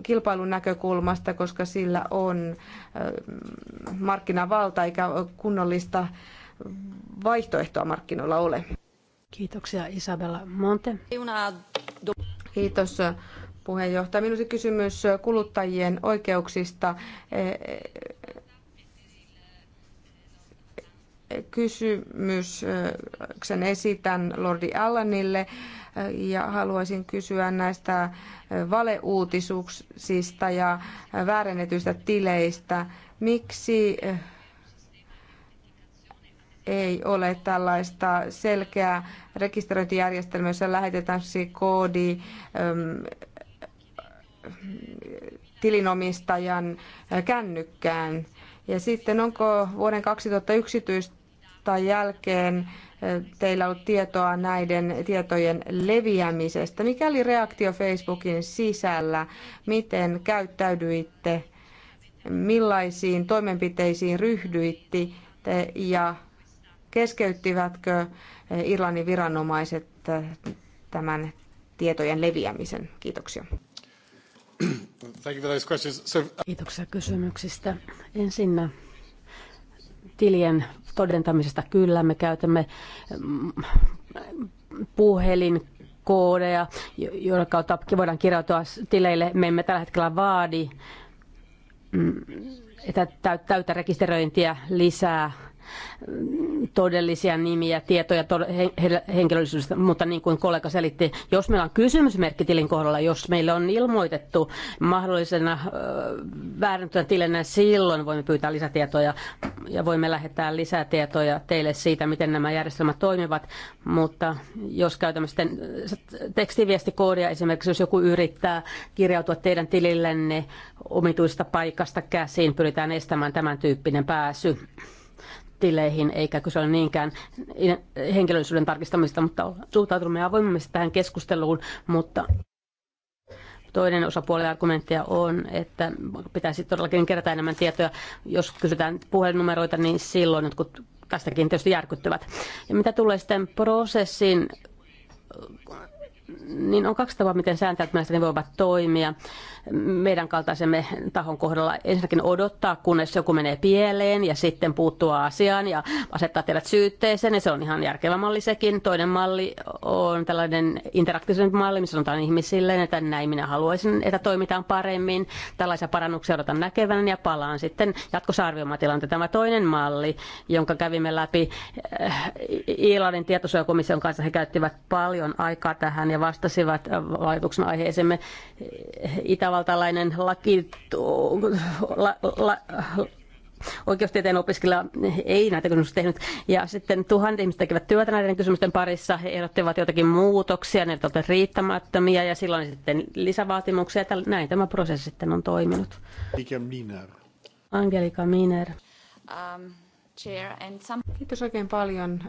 Speaker 5: kilpailun näkökulmasta, koska sillä on markkinavalta eikä kunnollista vaihtoehtoa markkinoilla ole. Kiitoksia Isabella Monte. Kiitos puheenjohtaja. Minun kysymys kuluttajien oikeuksista. E, e, kysymyksen esitän Lordi Allanille ja haluaisin kysyä näistä valeuutisuuksista ja väärennetyistä tileistä. Miksi ei ole tällaista selkeää rekisteröintijärjestelmää, jossa lähetetään koodi ähm, tilinomistajan äh, kännykkään. Ja sitten onko vuoden 2011 jälkeen äh, teillä ollut tietoa näiden tietojen leviämisestä? Mikä oli reaktio Facebookin sisällä? Miten käyttäydyitte? Millaisiin toimenpiteisiin ryhdyitte? ja keskeyttivätkö Irlannin viranomaiset tämän tietojen leviämisen? Kiitoksia. Kiitoksia kysymyksistä.
Speaker 7: Ensinnä tilien todentamisesta kyllä me käytämme mm, puhelin koodeja, joiden kautta voidaan kirjautua tileille. Me emme tällä hetkellä vaadi mm, täyttä rekisteröintiä lisää todellisia nimiä, tietoja henkilöllisyydestä, mutta niin kuin kollega selitti, jos meillä on kysymysmerkki tilin kohdalla, jos meillä on ilmoitettu mahdollisena väärentynä tilinä, silloin voimme pyytää lisätietoja ja voimme lähettää lisätietoja teille siitä, miten nämä järjestelmät toimivat, mutta jos käytämme sitten tekstiviestikoodia esimerkiksi, jos joku yrittää kirjautua teidän tilillenne omituista paikasta käsiin, pyritään estämään tämän tyyppinen pääsy tileihin, eikä kyse ole niinkään henkilöllisyyden tarkistamista, mutta suhtaudumme avoimemmin tähän keskusteluun, mutta toinen osapuoli argumenttia on, että pitäisi todellakin kerätä enemmän tietoja. Jos kysytään puhelinnumeroita, niin silloin jotkut tästäkin tietysti järkyttyvät. Ja mitä tulee sitten prosessin niin on kaksi tapaa, miten sääntöjät mielestäni voivat toimia meidän kaltaisemme tahon kohdalla. Ensinnäkin odottaa, kunnes joku menee pieleen ja sitten puuttua asiaan ja asettaa teidät syytteeseen. Ja se on ihan järkevä malli sekin. Toinen malli on tällainen interaktiivinen malli, missä sanotaan ihmisille, että näin minä haluaisin, että toimitaan paremmin. Tällaisia parannuksia odotan näkevän ja palaan sitten jatkossa arvioimaan tilanteen. Tämä toinen malli, jonka kävimme läpi eh, Iilanin tietosuojakomission kanssa, he käyttivät paljon aikaa tähän ja vasta vastasivat äh, valituksen aiheeseemme. Itävaltalainen laki, la, la, oikeustieteen opiskelija ei näitä kysymyksiä tehnyt. Ja sitten tuhannet ihmiset tekivät työtä näiden kysymysten parissa. He ehdottivat jotakin muutoksia, ne olivat riittämättömiä ja silloin sitten lisävaatimuksia. Näin tämä prosessi sitten on toiminut.
Speaker 2: Angelika Miner.
Speaker 5: Angelika Miner. Um, chair and some... Kiitos oikein paljon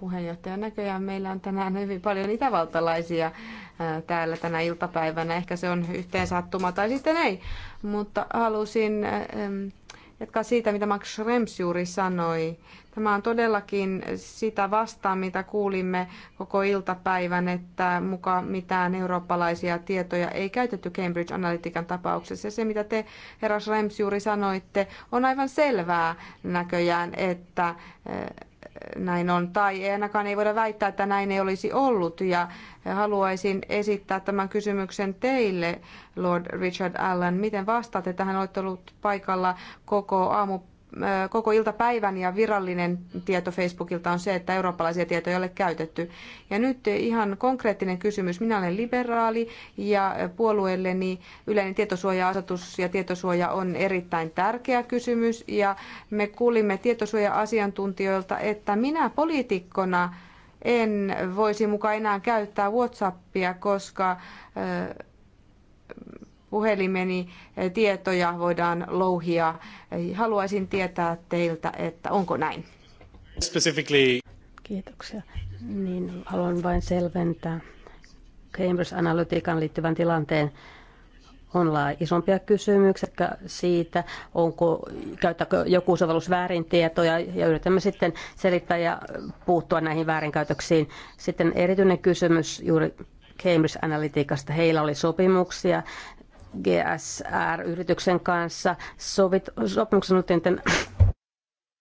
Speaker 5: puheenjohtaja. Näköjään meillä on tänään hyvin paljon itävaltalaisia äh, täällä tänä iltapäivänä. Ehkä se on yhteen sattuma tai sitten ei. Mutta halusin äh, ähm, jatkaa siitä, mitä Max Schrems juuri sanoi. Tämä on todellakin sitä vastaan, mitä kuulimme koko iltapäivän, että muka mitään eurooppalaisia tietoja ei käytetty Cambridge Analytican tapauksessa. Ja se, mitä te, herra Schrems, juuri sanoitte, on aivan selvää näköjään, että äh, näin on, tai ainakaan ei voida väittää, että näin ei olisi ollut. Ja haluaisin esittää tämän kysymyksen teille, Lord Richard Allen. Miten vastaatte tähän? Olette ollut paikalla koko aamu koko iltapäivän ja virallinen tieto Facebookilta on se, että eurooppalaisia tietoja ei ole käytetty. Ja nyt ihan konkreettinen kysymys. Minä olen liberaali ja puolueelleni yleinen tietosuoja-asetus ja tietosuoja on erittäin tärkeä kysymys. Ja me kuulimme tietosuoja-asiantuntijoilta, että minä poliitikkona en voisi mukaan enää käyttää WhatsAppia, koska puhelimeni eh, tietoja voidaan louhia. Eh, haluaisin tietää teiltä, että onko näin.
Speaker 2: Specifically.
Speaker 7: Kiitoksia. Niin, haluan vain selventää Cambridge Analytican liittyvän tilanteen on isompia kysymyksiä siitä, onko, käyttääkö joku sovellus väärin tietoja ja yritämme sitten selittää ja puuttua näihin väärinkäytöksiin. Sitten erityinen kysymys juuri Cambridge Analyticasta. Heillä oli sopimuksia GSR-yrityksen kanssa. Sovit, sopimuksen on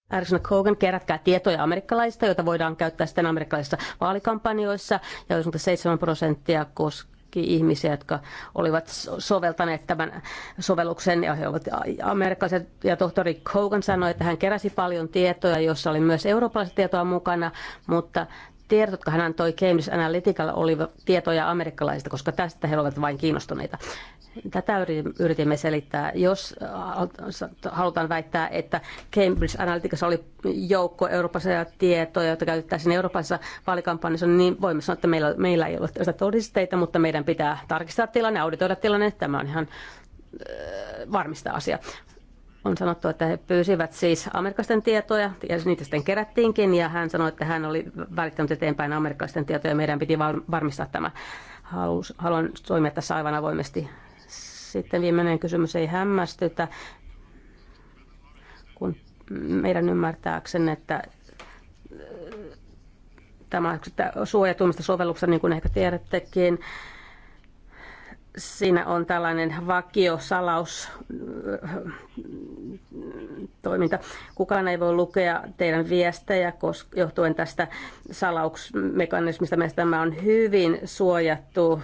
Speaker 7: Arizona Kogan, kerätkää tietoja amerikkalaisista, joita voidaan käyttää sitten amerikkalaisissa vaalikampanjoissa. Ja 7 prosenttia koski ihmisiä, jotka olivat soveltaneet tämän sovelluksen. Ja he ovat amerikkalaiset. Ja tohtori Kogan sanoi, että hän keräsi paljon tietoja, jossa oli myös eurooppalaista tietoa mukana, mutta tiedot, jotka hän antoi Cambridge Analyticalle, olivat tietoja amerikkalaisista, koska tästä he olivat vain kiinnostuneita. Tätä yritimme selittää. Jos äh, halutaan väittää, että Cambridge Analytica oli joukko eurooppalaisia tietoja, joita käytettäisiin Euroopassa vaalikampanjassa, niin voimme sanoa, että meillä, meillä ei ole sitä todisteita, mutta meidän pitää tarkistaa tilanne, auditoida tilanne. Tämä on ihan äh, varmistaa asia on sanottu, että he pyysivät siis amerikkalaisten tietoja, ja niitä sitten kerättiinkin, ja hän sanoi, että hän oli välittänyt eteenpäin amerikkalaisten tietoja, ja meidän piti varmistaa tämä. Halus, haluan toimia tässä aivan avoimesti. Sitten viimeinen kysymys ei hämmästytä, kun meidän ymmärtääkseni, että äh, tämä suojatumista sovelluksessa, niin kuin ehkä tiedättekin, siinä on tällainen salaus äh, toiminta. Kukaan ei voi lukea teidän viestejä johtuen tästä salauksmekanismista. Meistä tämä on hyvin suojattu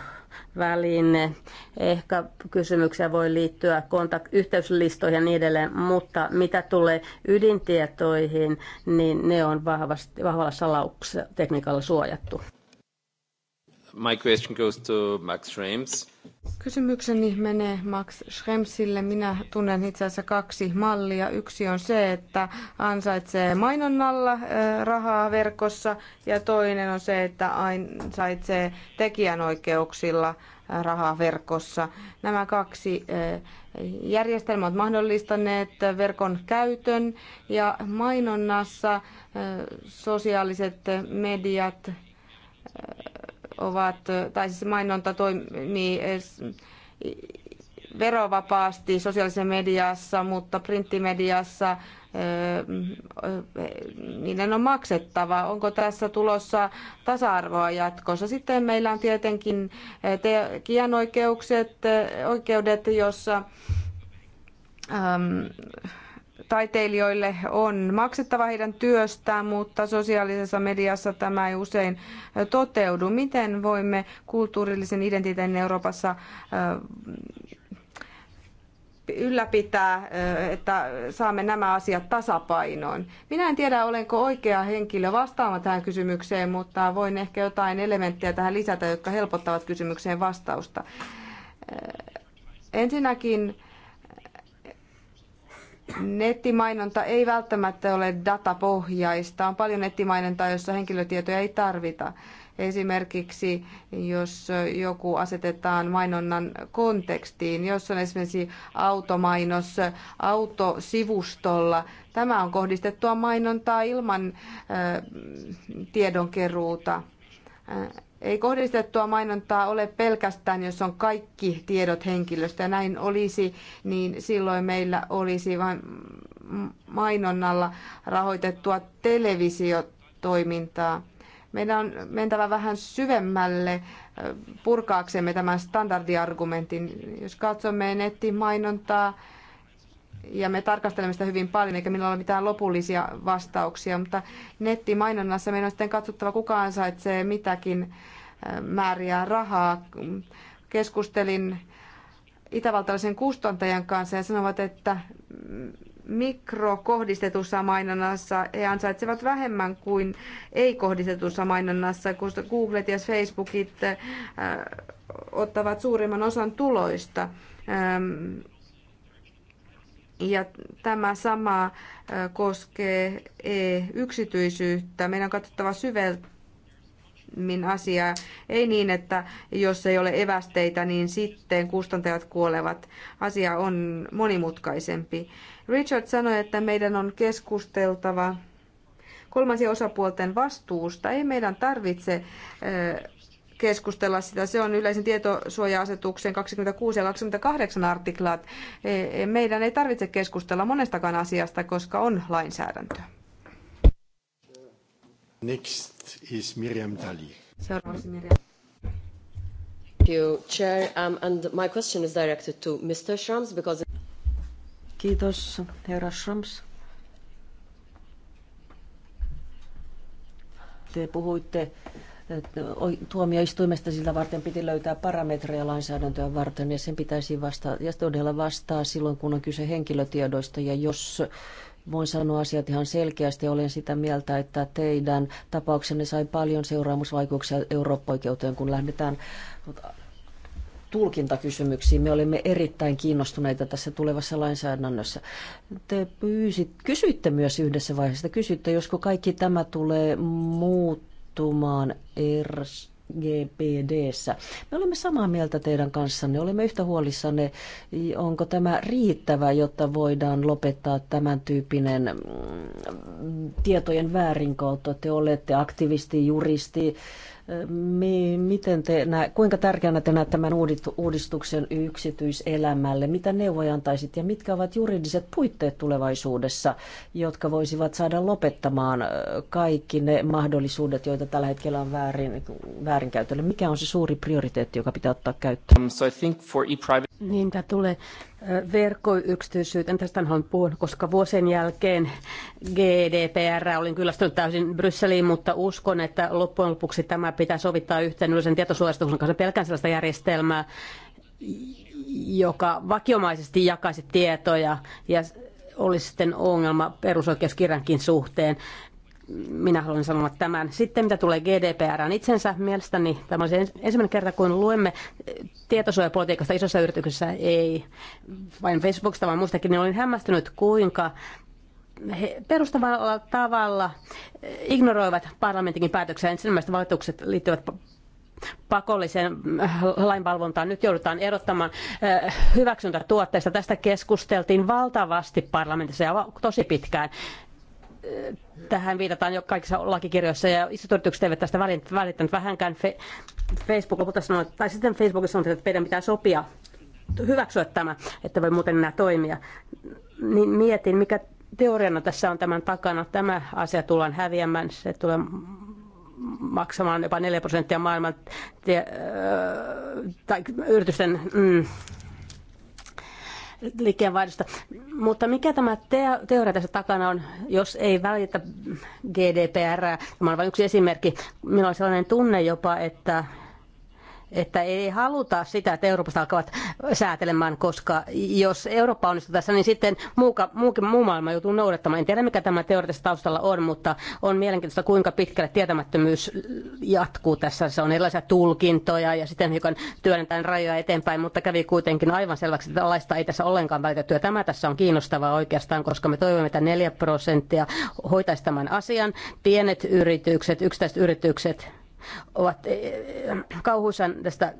Speaker 7: väline. Ehkä kysymyksiä voi liittyä kontakt- yhteyslistoihin ja niin edelleen, mutta mitä tulee ydintietoihin, niin ne on vahvasti, vahvalla salauksetekniikalla
Speaker 5: suojattu.
Speaker 1: My question goes to Max Schrems.
Speaker 5: Kysymykseni menee Max Schremsille. Minä tunnen itse asiassa kaksi mallia. Yksi on se, että ansaitsee mainonnalla rahaa verkossa ja toinen on se, että ansaitsee tekijänoikeuksilla rahaa verkossa. Nämä kaksi järjestelmät ovat mahdollistaneet verkon käytön ja mainonnassa sosiaaliset mediat ovat, tai siis mainonta toimii verovapaasti sosiaalisessa mediassa, mutta printtimediassa eh, niiden on maksettava. Onko tässä tulossa tasa-arvoa jatkossa? Sitten meillä on tietenkin eh, tekijänoikeudet, eh, oikeudet, jossa ehm, taiteilijoille on maksettava heidän työstään, mutta sosiaalisessa mediassa tämä ei usein toteudu. Miten voimme kulttuurillisen identiteetin Euroopassa ylläpitää, että saamme nämä asiat tasapainoon. Minä en tiedä, olenko oikea henkilö vastaamaan tähän kysymykseen, mutta voin ehkä jotain elementtejä tähän lisätä, jotka helpottavat kysymykseen vastausta. Ensinnäkin Nettimainonta ei välttämättä ole datapohjaista. On paljon nettimainontaa, jossa henkilötietoja ei tarvita. Esimerkiksi jos joku asetetaan mainonnan kontekstiin, jos on esimerkiksi automainos autosivustolla, tämä on kohdistettua mainontaa ilman äh, tiedonkeruuta. Äh, ei kohdistettua mainontaa ole pelkästään, jos on kaikki tiedot henkilöstä. Näin olisi, niin silloin meillä olisi vain mainonnalla rahoitettua televisiotoimintaa. Meidän on mentävä vähän syvemmälle purkaaksemme tämän standardiargumentin. Jos katsomme nettimainontaa, mainontaa ja me tarkastelemme sitä hyvin paljon, eikä minulla ole mitään lopullisia vastauksia, mutta nettimainonnassa meidän on sitten katsottava, kuka ansaitsee mitäkin äh, määriä rahaa. Keskustelin itävaltalaisen kustantajan kanssa ja sanovat, että mikrokohdistetussa mainonnassa he ansaitsevat vähemmän kuin ei-kohdistetussa mainonnassa, koska Googlet ja Facebookit äh, ottavat suurimman osan tuloista. Ähm, ja tämä sama koskee yksityisyyttä. Meidän on katsottava syvemmin asiaa. Ei niin, että jos ei ole evästeitä, niin sitten kustantajat kuolevat. Asia on monimutkaisempi. Richard sanoi, että meidän on keskusteltava kolmansien osapuolten vastuusta. Ei meidän tarvitse keskustella sitä. Se on yleisen tietosuoja-asetuksen 26 ja 28 artiklat. E, e, meidän ei tarvitse keskustella monestakaan asiasta, koska on lainsäädäntö.
Speaker 6: Next is Miriam Dali. Seuraavaksi Miriam. Thank you, Chair. Um, and my question is directed to Mr. Schrams because... Kiitos, herra Schrams. Te puhuitte tuomioistuimesta sillä varten piti löytää parametreja lainsäädäntöä varten ja sen pitäisi vastaa, ja todella vastaa silloin, kun on kyse henkilötiedoista ja jos voin sanoa asiat ihan selkeästi. Olen sitä mieltä, että teidän tapauksenne sai paljon seuraamusvaikutuksia Eurooppa-oikeuteen, kun lähdetään tulkintakysymyksiin. Me olemme erittäin kiinnostuneita tässä tulevassa lainsäädännössä. Te pyysit, kysyitte myös yhdessä vaiheessa, kysytte, josko kaikki tämä tulee muut tapahtumaan ERS GPDssä. Me olemme samaa mieltä teidän kanssanne, olemme yhtä huolissanne, onko tämä riittävä, jotta voidaan lopettaa tämän tyyppinen mm, tietojen väärinkoutto. Te olette aktivisti, juristi, Miten te nä, kuinka tärkeänä te näette tämän uudistuksen yksityiselämälle? Mitä neuvoja antaisit ja mitkä ovat juridiset puitteet tulevaisuudessa, jotka voisivat saada lopettamaan kaikki ne mahdollisuudet, joita tällä hetkellä on väärin, väärinkäytölle? Mikä on se suuri prioriteetti, joka pitää ottaa käyttöön? Um, so I think for e-private... tulee verkkoyksityisyyteen. Tästä haluan puhua,
Speaker 7: koska vuosien jälkeen GDPR olin kyllästynyt täysin Brysseliin, mutta uskon, että loppujen lopuksi tämä pitää sovittaa yhteen yleisen tietosuojastuksen kanssa pelkään sellaista järjestelmää, joka vakiomaisesti jakaisi tietoja ja olisi sitten ongelma perusoikeuskirjankin suhteen minä haluan sanoa tämän. Sitten mitä tulee GDPRään itsensä, mielestäni tämä on ensimmäinen kerta, kun luemme eh, tietosuojapolitiikasta isossa yrityksessä, ei vain Facebookista, vaan muistakin, niin olin hämmästynyt, kuinka he perustavalla tavalla eh, ignoroivat parlamentinkin päätöksiä. Ensimmäiset valitukset liittyvät pakolliseen eh, lainvalvontaan. Nyt joudutaan erottamaan hyväksyntätuotteista. Tästä keskusteltiin valtavasti parlamentissa ja tosi pitkään tähän viitataan jo kaikissa lakikirjoissa ja isot yritykset eivät tästä välittänyt vähänkään. Fe, Facebook lopulta sanoi, tai sitten Facebookissa sanoi, että meidän pitää sopia, hyväksyä tämä, että voi muuten enää toimia. Niin mietin, mikä teoriana tässä on tämän takana. Tämä asia tullaan häviämään, se tulee maksamaan jopa 4 prosenttia maailman tie, tai yritysten mm, liikkeenvaihdosta. Mutta mikä tämä teoria tässä takana on, jos ei välitä GDPR? Tämä on vain yksi esimerkki. Minulla on sellainen tunne jopa, että että ei haluta sitä, että Euroopasta alkavat säätelemään, koska jos Eurooppa onnistuu tässä, niin sitten muuka, muukin muu maailma joutuu noudattamaan. En tiedä, mikä tämä teoreettisesti taustalla on, mutta on mielenkiintoista, kuinka pitkälle tietämättömyys jatkuu tässä. Se on erilaisia tulkintoja ja sitten hiukan työnnetään rajoja eteenpäin, mutta kävi kuitenkin aivan selväksi, että tällaista ei tässä ollenkaan välitetty. Ja tämä tässä on kiinnostavaa oikeastaan, koska me toivomme, että 4 prosenttia hoitaisi tämän asian. Pienet yritykset, yksittäiset yritykset, ovat eh, kauhuisan tästä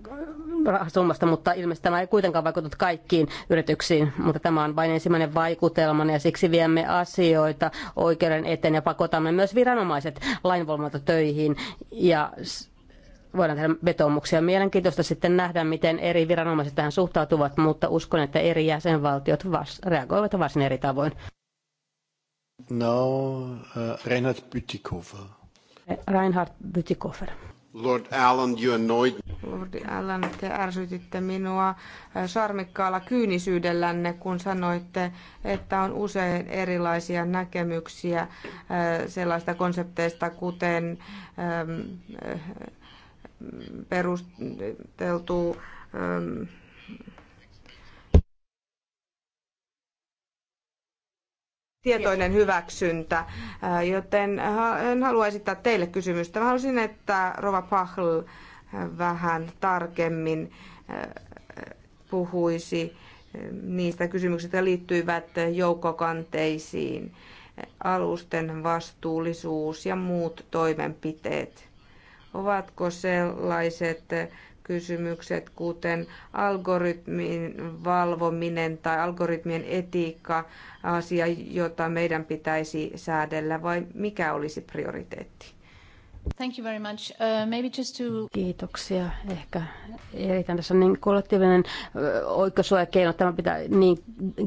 Speaker 7: rahasummasta, mutta ilmeisesti tämä ei kuitenkaan vaikuta kaikkiin yrityksiin, mutta tämä on vain ensimmäinen vaikutelma ja siksi viemme asioita oikeuden eteen ja pakotamme myös viranomaiset lainvoimalta töihin ja voidaan tehdä vetoomuksia. Mielenkiintoista sitten nähdä, miten eri viranomaiset tähän suhtautuvat, mutta uskon, että eri jäsenvaltiot vas- reagoivat varsin eri tavoin.
Speaker 2: No, uh, Reinhard Pytikova.
Speaker 7: Reinhard
Speaker 5: Bütikofer.
Speaker 2: Lord Allen, you annoyed
Speaker 5: Lord Allen, te ärsytitte minua sarmikkaalla äh, kyynisyydellänne, kun sanoitte, että on usein erilaisia näkemyksiä äh, sellaista konsepteista, kuten ähm, äh, perusteltu ähm, tietoinen hyväksyntä, joten en halua esittää teille kysymystä. Mä haluaisin, että Rova Pahl vähän tarkemmin puhuisi niistä kysymyksistä, jotka liittyivät joukkokanteisiin, alusten vastuullisuus ja muut toimenpiteet. Ovatko sellaiset kysymykset, kuten algoritmin valvominen tai algoritmien etiikka, asia, jota meidän pitäisi säädellä, vai mikä olisi prioriteetti?
Speaker 1: Thank you very much. Uh, maybe just to...
Speaker 7: Kiitoksia. Ehkä erittäin tässä on niin kollektiivinen oikeusuojakeino. Tämä pitää, niin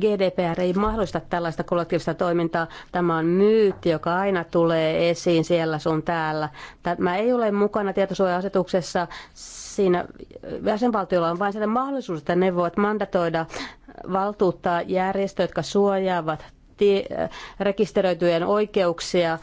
Speaker 7: GDPR ei mahdollista tällaista kollektiivista toimintaa. Tämä on myytti, joka aina tulee esiin siellä sun täällä. Tämä ei ole mukana tietosuoja-asetuksessa siinä jäsenvaltiolla on vain sellainen mahdollisuus, että ne voivat mandatoida valtuuttaa järjestöjä, jotka suojaavat rekisteröityjen oikeuksia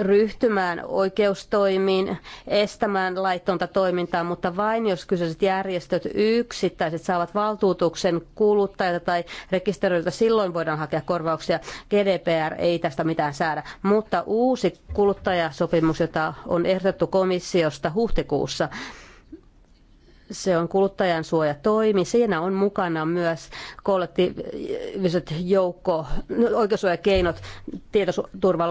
Speaker 7: ryhtymään oikeustoimiin, estämään laitonta toimintaa, mutta vain jos kyseiset järjestöt yksittäiset saavat valtuutuksen kuluttajilta tai rekisteröiltä, silloin voidaan hakea korvauksia. GDPR ei tästä mitään säädä, mutta uusi kuluttajasopimus, jota on ehdotettu komissiosta huhtikuussa, se on kuluttajan suojatoimi. Siinä on mukana myös kollektiiviset joukko, no, oikeusuojakeinot tietoturvan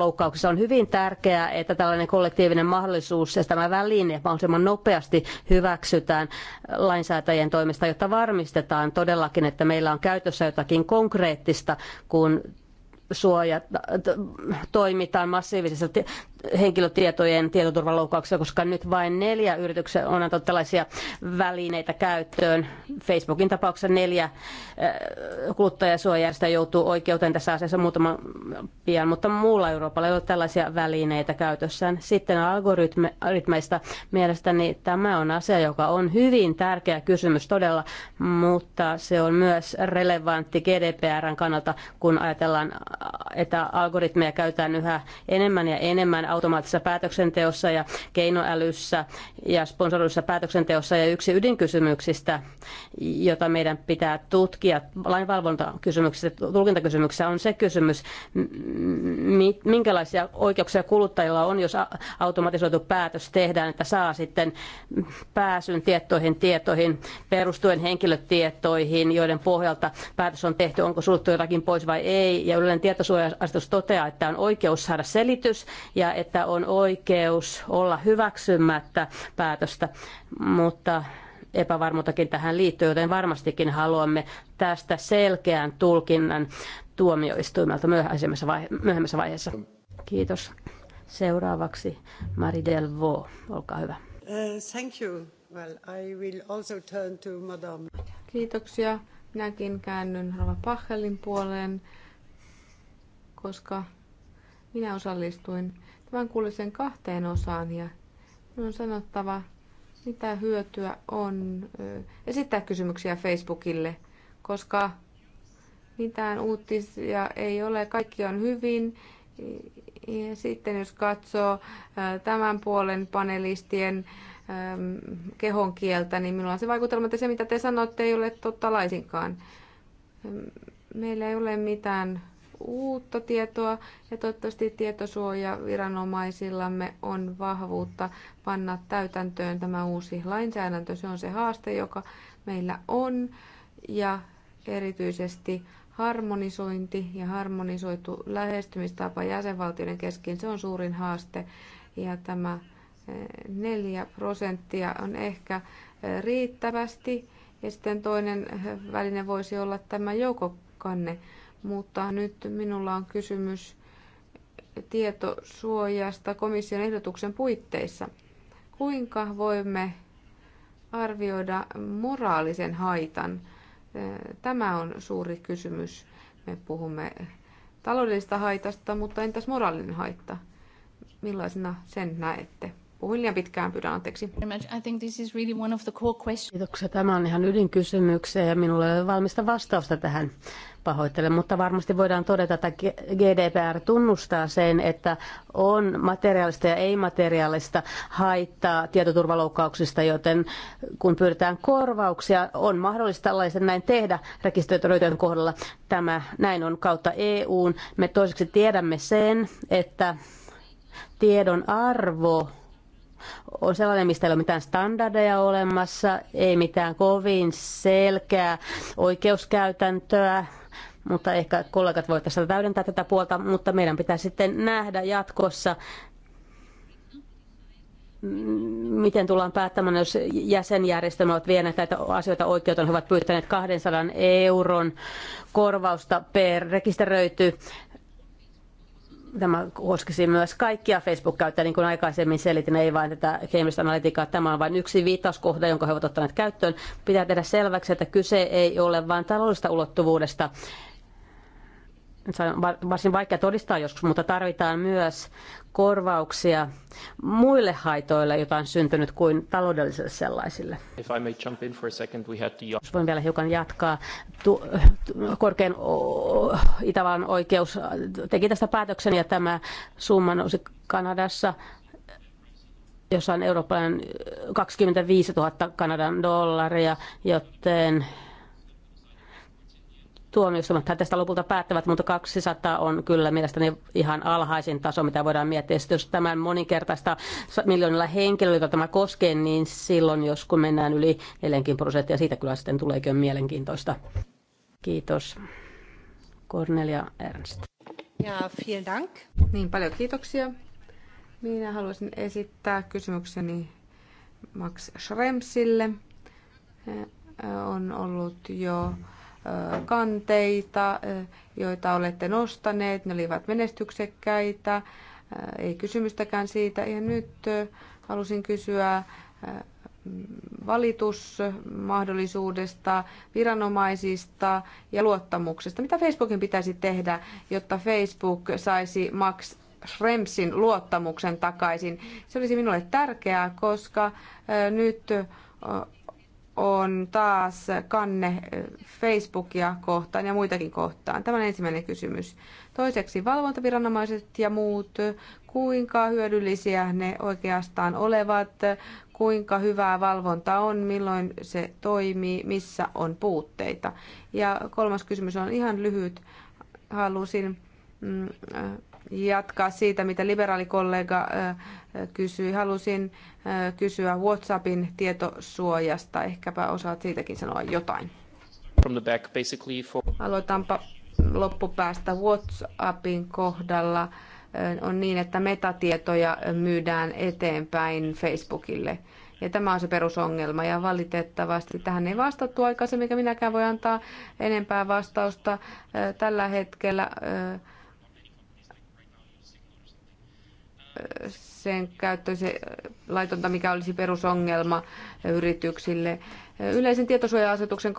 Speaker 7: On hyvin tärkeää, että tällainen kollektiivinen mahdollisuus ja tämä väline mahdollisimman nopeasti hyväksytään lainsäätäjien toimesta, jotta varmistetaan todellakin, että meillä on käytössä jotakin konkreettista, kun suoja, toimitaan massiivisessa henkilötietojen tietoturvaloukkauksia, koska nyt vain neljä yrityksiä on antanut tällaisia välineitä käyttöön. Facebookin tapauksessa neljä äh, kuluttajasuojajärjestöä joutuu oikeuteen tässä asiassa muutaman pian, mutta muulla Euroopalla ei ole tällaisia välineitä käytössään. Sitten algoritmeista mielestäni tämä on asia, joka on hyvin tärkeä kysymys todella, mutta se on myös relevantti GDPRn kannalta, kun ajatellaan, että algoritmeja käytetään yhä enemmän ja enemmän automaattisessa päätöksenteossa ja keinoälyssä ja sponsoroidussa päätöksenteossa. Ja yksi ydinkysymyksistä, jota meidän pitää tutkia lainvalvontakysymyksissä, tulkintakysymyksissä, on se kysymys, minkälaisia oikeuksia kuluttajilla on, jos automatisoitu päätös tehdään, että saa sitten pääsyn tiettoihin tietoihin perustuen henkilötietoihin, joiden pohjalta päätös on tehty, onko suluttu jotakin pois vai ei. Ja yleinen tietosuoja toteaa, että on oikeus saada selitys ja että on oikeus olla hyväksymättä päätöstä, mutta epävarmuutakin tähän liittyy, joten varmastikin haluamme tästä selkeän tulkinnan tuomioistuimelta vaihe- myöhemmässä vaiheessa. Kiitos. Seuraavaksi Marie Delvaux, olkaa hyvä.
Speaker 4: Uh, thank you. Well, I will also turn to Madame.
Speaker 5: Kiitoksia. Minäkin käännyn Rava Pachelin puoleen, koska minä osallistuin Tämän sen kahteen osaan ja on sanottava, mitä hyötyä on esittää kysymyksiä Facebookille, koska mitään uutisia ei ole, kaikki on hyvin. Ja sitten jos katsoo tämän puolen panelistien kehon kieltä, niin minulla on se vaikutelma, että se mitä te sanotte ei ole totta laisinkaan. Meillä ei ole mitään uutta tietoa ja toivottavasti tietosuoja viranomaisillamme on vahvuutta panna täytäntöön tämä uusi lainsäädäntö. Se on se haaste, joka meillä on ja erityisesti harmonisointi ja harmonisoitu lähestymistapa jäsenvaltioiden kesken, se on suurin haaste ja tämä 4 eh, prosenttia on ehkä eh, riittävästi. Ja sitten toinen eh, väline voisi olla tämä joukokanne mutta nyt minulla on kysymys tietosuojasta komission ehdotuksen puitteissa. Kuinka voimme arvioida moraalisen haitan? Tämä on suuri kysymys. Me puhumme taloudellisesta haitasta, mutta entäs moraalinen haitta? Millaisena sen näette? Puhuin liian pitkään, pyydän anteeksi. I think this is really one of the core
Speaker 7: questions. Kiitoksia. Tämä on ihan ydinkysymyksiä ja minulla ei ole valmista vastausta tähän pahoittelen, mutta varmasti voidaan todeta, että GDPR tunnustaa sen, että on materiaalista ja ei-materiaalista haittaa tietoturvaloukkauksista, joten kun pyydetään korvauksia, on mahdollista tällaisen näin tehdä rekisteröityjen kohdalla. Tämä näin on kautta EUn. Me toiseksi tiedämme sen, että tiedon arvo on sellainen, mistä ei ole mitään standardeja olemassa, ei mitään kovin selkeää oikeuskäytäntöä, mutta ehkä kollegat voivat tässä täydentää tätä puolta, mutta meidän pitää sitten nähdä jatkossa, miten tullaan päättämään, jos jäsenjärjestelmä ovat vieneet näitä asioita oikeuteen, he ovat pyytäneet 200 euron korvausta per rekisteröity Tämä koskisi myös kaikkia Facebook-käyttäjiä, niin kuin aikaisemmin selitin, ei vain tätä Cambridge Analyticaa. Tämä on vain yksi viittauskohde, jonka he ovat ottaneet käyttöön. Pitää tehdä selväksi, että kyse ei ole vain taloudellisesta ulottuvuudesta se on varsin vaikea todistaa joskus, mutta tarvitaan myös korvauksia muille haitoille, joita on syntynyt kuin taloudellisille sellaisille.
Speaker 6: If I may jump in for a second, we had Jos
Speaker 7: voin vielä hiukan jatkaa. Tu, tu, korkein o, Itävallan oikeus teki tästä päätöksen ja tämä summa nousi Kanadassa jossa on eurooppalainen 25 000 Kanadan dollaria, joten tuomioistuimet tästä lopulta päättävät, mutta 200 on kyllä mielestäni ihan alhaisin taso, mitä voidaan miettiä. Sitten jos tämän moninkertaista miljoonilla henkilöillä tämä koskee, niin silloin jos kun mennään yli 40 prosenttia, siitä kyllä sitten tuleekin mielenkiintoista. Kiitos. Cornelia Ernst.
Speaker 5: Ja vielen dank. Niin paljon kiitoksia. Minä haluaisin esittää kysymykseni Max Schremsille. On ollut jo kanteita, joita olette nostaneet. Ne olivat menestyksekkäitä, ei kysymystäkään siitä. Ja nyt halusin kysyä valitusmahdollisuudesta, viranomaisista ja luottamuksesta. Mitä Facebookin pitäisi tehdä, jotta Facebook saisi Max Schremsin luottamuksen takaisin? Se olisi minulle tärkeää, koska nyt on taas kanne Facebookia kohtaan ja muitakin kohtaan? Tämä on ensimmäinen kysymys. Toiseksi valvontaviranomaiset ja muut, kuinka hyödyllisiä ne oikeastaan olevat, kuinka hyvää valvonta on, milloin se toimii, missä on puutteita. Ja kolmas kysymys on ihan lyhyt. Halusin mm, jatkaa siitä, mitä liberaalikollega kysyi. Halusin kysyä WhatsAppin tietosuojasta. Ehkäpä osaat siitäkin sanoa jotain.
Speaker 6: From the back, basically for...
Speaker 5: Aloitanpa loppupäästä WhatsAppin kohdalla. On niin, että metatietoja myydään eteenpäin Facebookille. Ja tämä on se perusongelma ja valitettavasti tähän ei vastattu aikaisemmin, mikä minäkään voi antaa enempää vastausta. Tällä hetkellä sen käyttö se laitonta, mikä olisi perusongelma yrityksille. Yleisen tietosuoja-asetuksen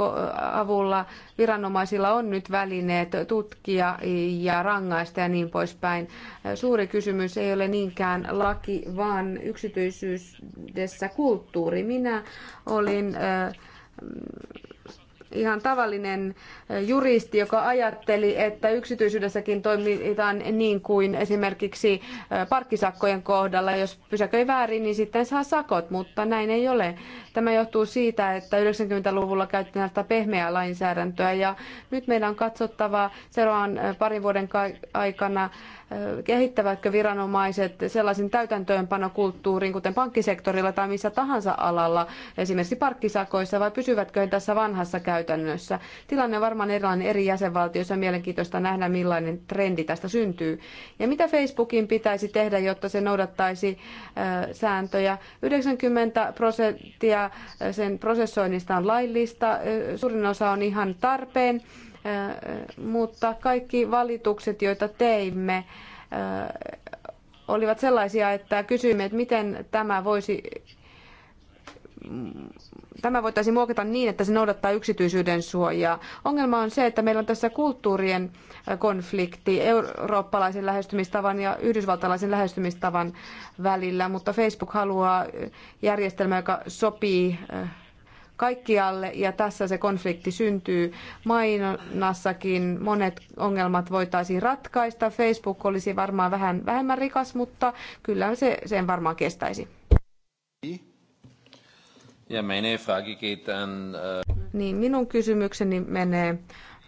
Speaker 5: avulla viranomaisilla on nyt välineet tutkia ja rangaista ja niin poispäin. Suuri kysymys ei ole niinkään laki, vaan yksityisyydessä kulttuuri. Minä olin äh, ihan tavallinen juristi, joka ajatteli, että yksityisyydessäkin toimitaan niin kuin esimerkiksi parkkisakkojen kohdalla. Jos pysäköi väärin, niin sitten saa sakot, mutta näin ei ole. Tämä johtuu siitä, että 90-luvulla käytetään sitä pehmeää lainsäädäntöä ja nyt meidän on katsottava seuraavan parin vuoden aikana kehittävätkö viranomaiset sellaisen täytäntöönpanokulttuurin, kuten pankkisektorilla tai missä tahansa alalla, esimerkiksi parkkisakoissa, vai pysyvätkö he tässä vanhassa käytännössä? Tilanne on varmaan erilainen eri jäsenvaltioissa, mielenkiintoista nähdä millainen trendi tästä syntyy. Ja mitä Facebookin pitäisi tehdä, jotta se noudattaisi sääntöjä? 90 prosenttia sen prosessoinnista on laillista, suurin osa on ihan tarpeen mutta kaikki valitukset, joita teimme, olivat sellaisia, että kysyimme, että miten tämä voisi tämä voitaisiin muokata niin, että se noudattaa yksityisyyden suojaa. Ongelma on se, että meillä on tässä kulttuurien konflikti eurooppalaisen lähestymistavan ja yhdysvaltalaisen lähestymistavan välillä, mutta Facebook haluaa järjestelmä, joka sopii kaikkialle ja tässä se konflikti syntyy. Mainonnassakin monet ongelmat voitaisiin ratkaista. Facebook olisi varmaan vähän vähemmän rikas, mutta kyllä se sen varmaan kestäisi. Ja meine Frage geht an, äh... Niin, minun kysymykseni menee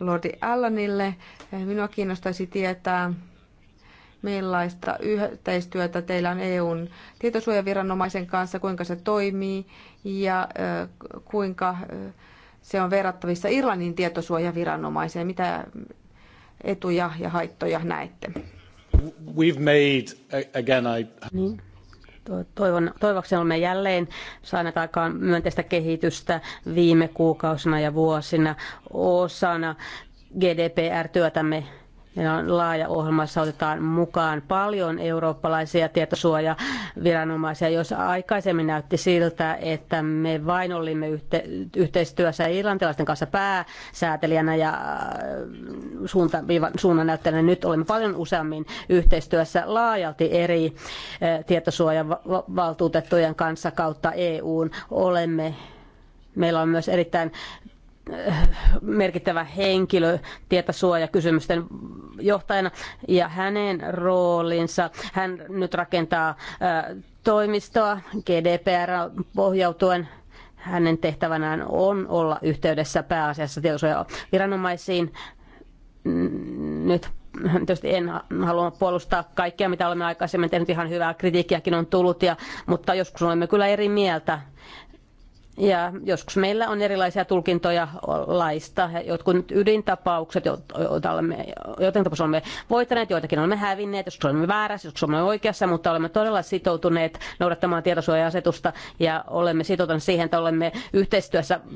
Speaker 5: Lordi Allanille. Minua kiinnostaisi tietää, millaista yhteistyötä teillä on EUn tietosuojaviranomaisen kanssa, kuinka se toimii ja kuinka se on verrattavissa Irlannin tietosuojaviranomaiseen. Mitä etuja ja haittoja näette?
Speaker 2: We've made, again, I...
Speaker 5: Niin. Toivon,
Speaker 7: toivoksi olemme jälleen saaneet aikaan myönteistä kehitystä viime kuukausina ja vuosina osana GDPR-työtämme Meillä on laaja ohjelma, jossa otetaan mukaan paljon eurooppalaisia tietosuojaviranomaisia. Jos aikaisemmin näytti siltä, että me vain olimme yhte- yhteistyössä irlantilaisten kanssa pääsäätelijänä ja äh, suunta- suunnannäyttäjänä, nyt olemme paljon useammin yhteistyössä laajalti eri äh, tietosuojavaltuutettujen kanssa kautta EUn. Olemme Meillä on myös erittäin merkittävä henkilö tietosuojakysymysten johtajana ja hänen roolinsa. Hän nyt rakentaa toimistoa GDPR pohjautuen hänen tehtävänään on olla yhteydessä pääasiassa tietosuojaviranomaisiin. Nyt tietysti en halua puolustaa kaikkea, mitä olemme aikaisemmin tehneet, ihan hyvää kritiikkiäkin on tullut, ja, mutta joskus olemme kyllä eri mieltä ja joskus meillä on erilaisia tulkintoja laista. Jotkut ydintapaukset, joita olemme, joten olemme voittaneet, joitakin olemme hävinneet, joskus olemme väärässä, joskus olemme oikeassa, mutta olemme todella sitoutuneet noudattamaan tietosuoja-asetusta ja olemme sitoutuneet siihen, että olemme yhteistyössä äh,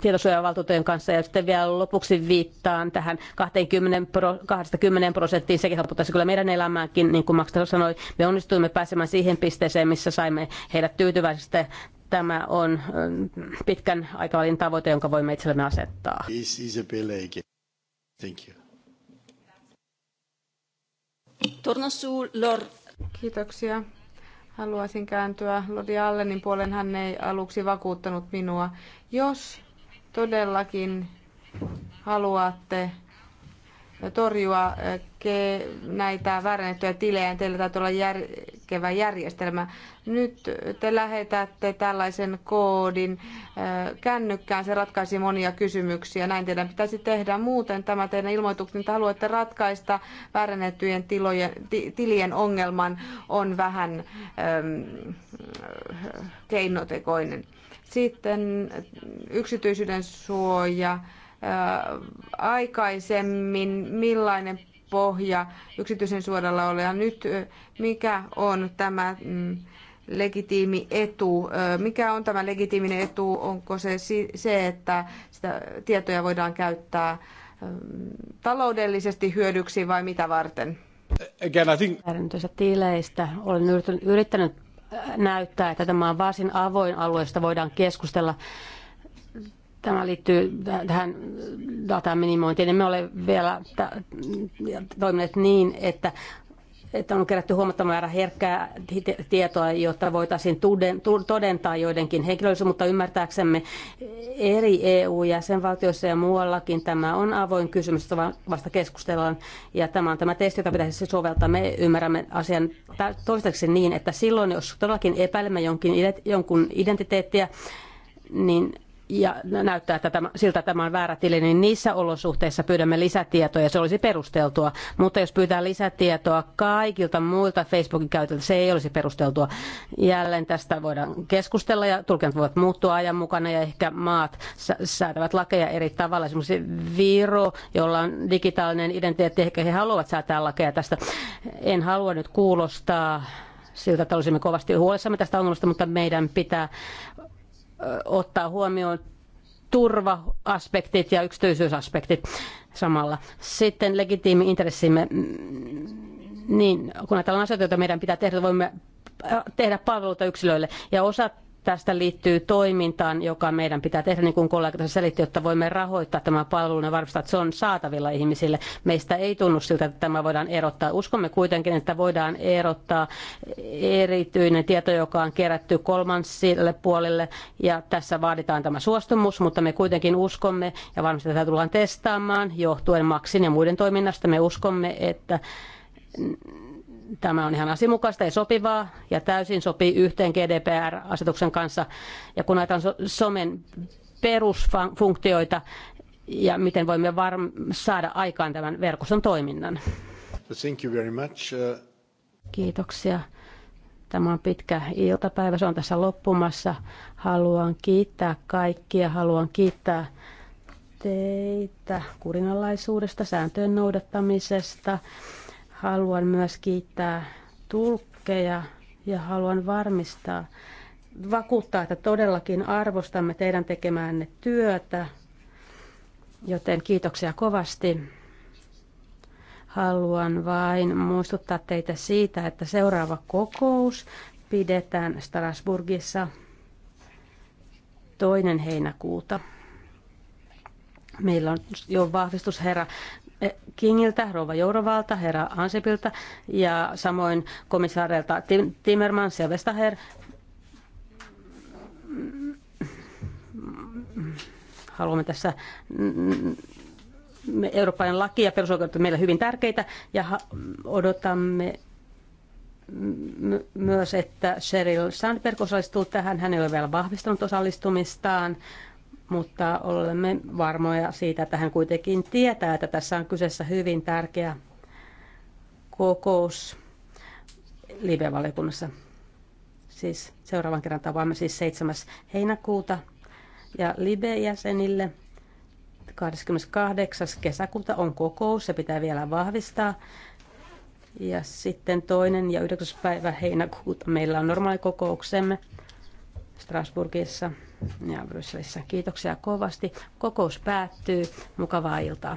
Speaker 7: tietosuojavaltuutojen kanssa. Ja sitten vielä lopuksi viittaan tähän 20, 20 prosenttiin, sekin helpottaisi kyllä meidän elämäänkin, niin kuin Max sanoi, me onnistuimme pääsemään siihen pisteeseen, missä saimme heidät tyytyväisesti Tämä on pitkän aikavälin tavoite, jonka voimme itsellemme
Speaker 6: asettaa. Thank you.
Speaker 5: Kiitoksia. Haluaisin kääntyä Lodi Allenin puolen. Hän ei aluksi vakuuttanut minua. Jos todellakin haluatte torjua eh, näitä väärennettyjä tilejä, teillä täytyy olla järkevä järjestelmä. Nyt te lähetätte tällaisen koodin eh, kännykkään, se ratkaisi monia kysymyksiä. Näin teidän pitäisi tehdä muuten tämä teidän ilmoituksen että haluatte ratkaista väärennettyjen tilojen, tilien ongelman, on vähän ähm, keinotekoinen. Sitten yksityisyyden suoja aikaisemmin, millainen pohja yksityisen suodalla oli ja nyt mikä on tämä mm, legitiimi etu. Mikä on tämä legitiiminen etu? Onko se se, että sitä tietoja voidaan käyttää taloudellisesti hyödyksi vai mitä varten?
Speaker 7: Again, I think... tileistä olen yrittänyt näyttää, että tämä on varsin avoin alue, josta voidaan keskustella Tämä liittyy tähän datan minimointiin. Me olemme vielä toimineet niin, että että on kerätty huomattava määrä herkkää tietoa, jotta voitaisiin todentaa joidenkin henkilöllisyys, mutta ymmärtääksemme eri EU-jäsenvaltioissa ja muuallakin tämä on avoin kysymys, josta vasta keskustellaan. Ja tämä on tämä testi, jota pitäisi soveltaa. Me ymmärrämme asian toistaiseksi niin, että silloin, jos todellakin epäilemme jonkin, jonkun identiteettiä, niin ja näyttää että tämä, siltä, tämä on väärä tili, niin niissä olosuhteissa pyydämme lisätietoja, se olisi perusteltua. Mutta jos pyytää lisätietoa kaikilta muilta Facebookin käytöltä, se ei olisi perusteltua. Jälleen tästä voidaan keskustella ja tulkinnat voivat muuttua ajan mukana ja ehkä maat säätävät lakeja eri tavalla. Esimerkiksi Viro, jolla on digitaalinen identiteetti, ehkä he haluavat säätää lakeja tästä. En halua nyt kuulostaa siltä, että olisimme kovasti huolissamme tästä ongelmasta, mutta meidän pitää ottaa huomioon turva-aspektit ja yksityisyysaspektit samalla. Sitten legitiimi intressimme, mm, niin kun ajatellaan asioita, joita meidän pitää tehdä, voimme tehdä palveluita yksilöille. Ja osa tästä liittyy toimintaan, joka meidän pitää tehdä, niin kuin kollega tässä selitti, jotta voimme rahoittaa tämän palvelun ja varmistaa, että se on saatavilla ihmisille. Meistä ei tunnu siltä, että tämä voidaan erottaa. Uskomme kuitenkin, että voidaan erottaa erityinen tieto, joka on kerätty kolmansille puolille, ja tässä vaaditaan tämä suostumus, mutta me kuitenkin uskomme, ja varmasti tätä tullaan testaamaan, johtuen maksin ja muiden toiminnasta, me uskomme, että Tämä on ihan asianmukaista ja sopivaa ja täysin sopii yhteen GDPR-asetuksen kanssa. Ja kun ajatellaan somen perusfunktioita ja miten voimme saada aikaan tämän verkoston toiminnan.
Speaker 2: Thank you very much.
Speaker 7: Kiitoksia. Tämä on pitkä iltapäivä, se on tässä loppumassa. Haluan kiittää kaikkia, haluan kiittää teitä kurinalaisuudesta, sääntöjen noudattamisesta. Haluan myös kiittää tulkkeja ja haluan varmistaa, vakuuttaa, että todellakin arvostamme teidän tekemäänne työtä, joten kiitoksia kovasti. Haluan vain muistuttaa teitä siitä, että seuraava kokous pidetään Strasburgissa toinen heinäkuuta. Meillä on jo vahvistus herra Kingiltä, Rova Jourovalta, herra Ansipilta ja samoin komissaareilta Tim- Timmermans ja Vestager. Haluamme tässä me mm, mm, Euroopan laki ja perusoikeudet ovat meille hyvin tärkeitä ja odotamme myös, että Sheryl Sandberg osallistuu tähän. Hän ei ole vielä vahvistanut osallistumistaan mutta olemme varmoja siitä, että hän kuitenkin tietää, että tässä on kyseessä hyvin tärkeä kokous live-valiokunnassa. Siis seuraavan kerran tapaamme siis 7. heinäkuuta ja live-jäsenille 28. kesäkuuta on kokous, se pitää vielä vahvistaa. Ja sitten toinen ja 9. päivä heinäkuuta meillä on normaali kokouksemme Strasbourgissa ja Brysselissä. Kiitoksia kovasti. Kokous päättyy. Mukavaa iltaa.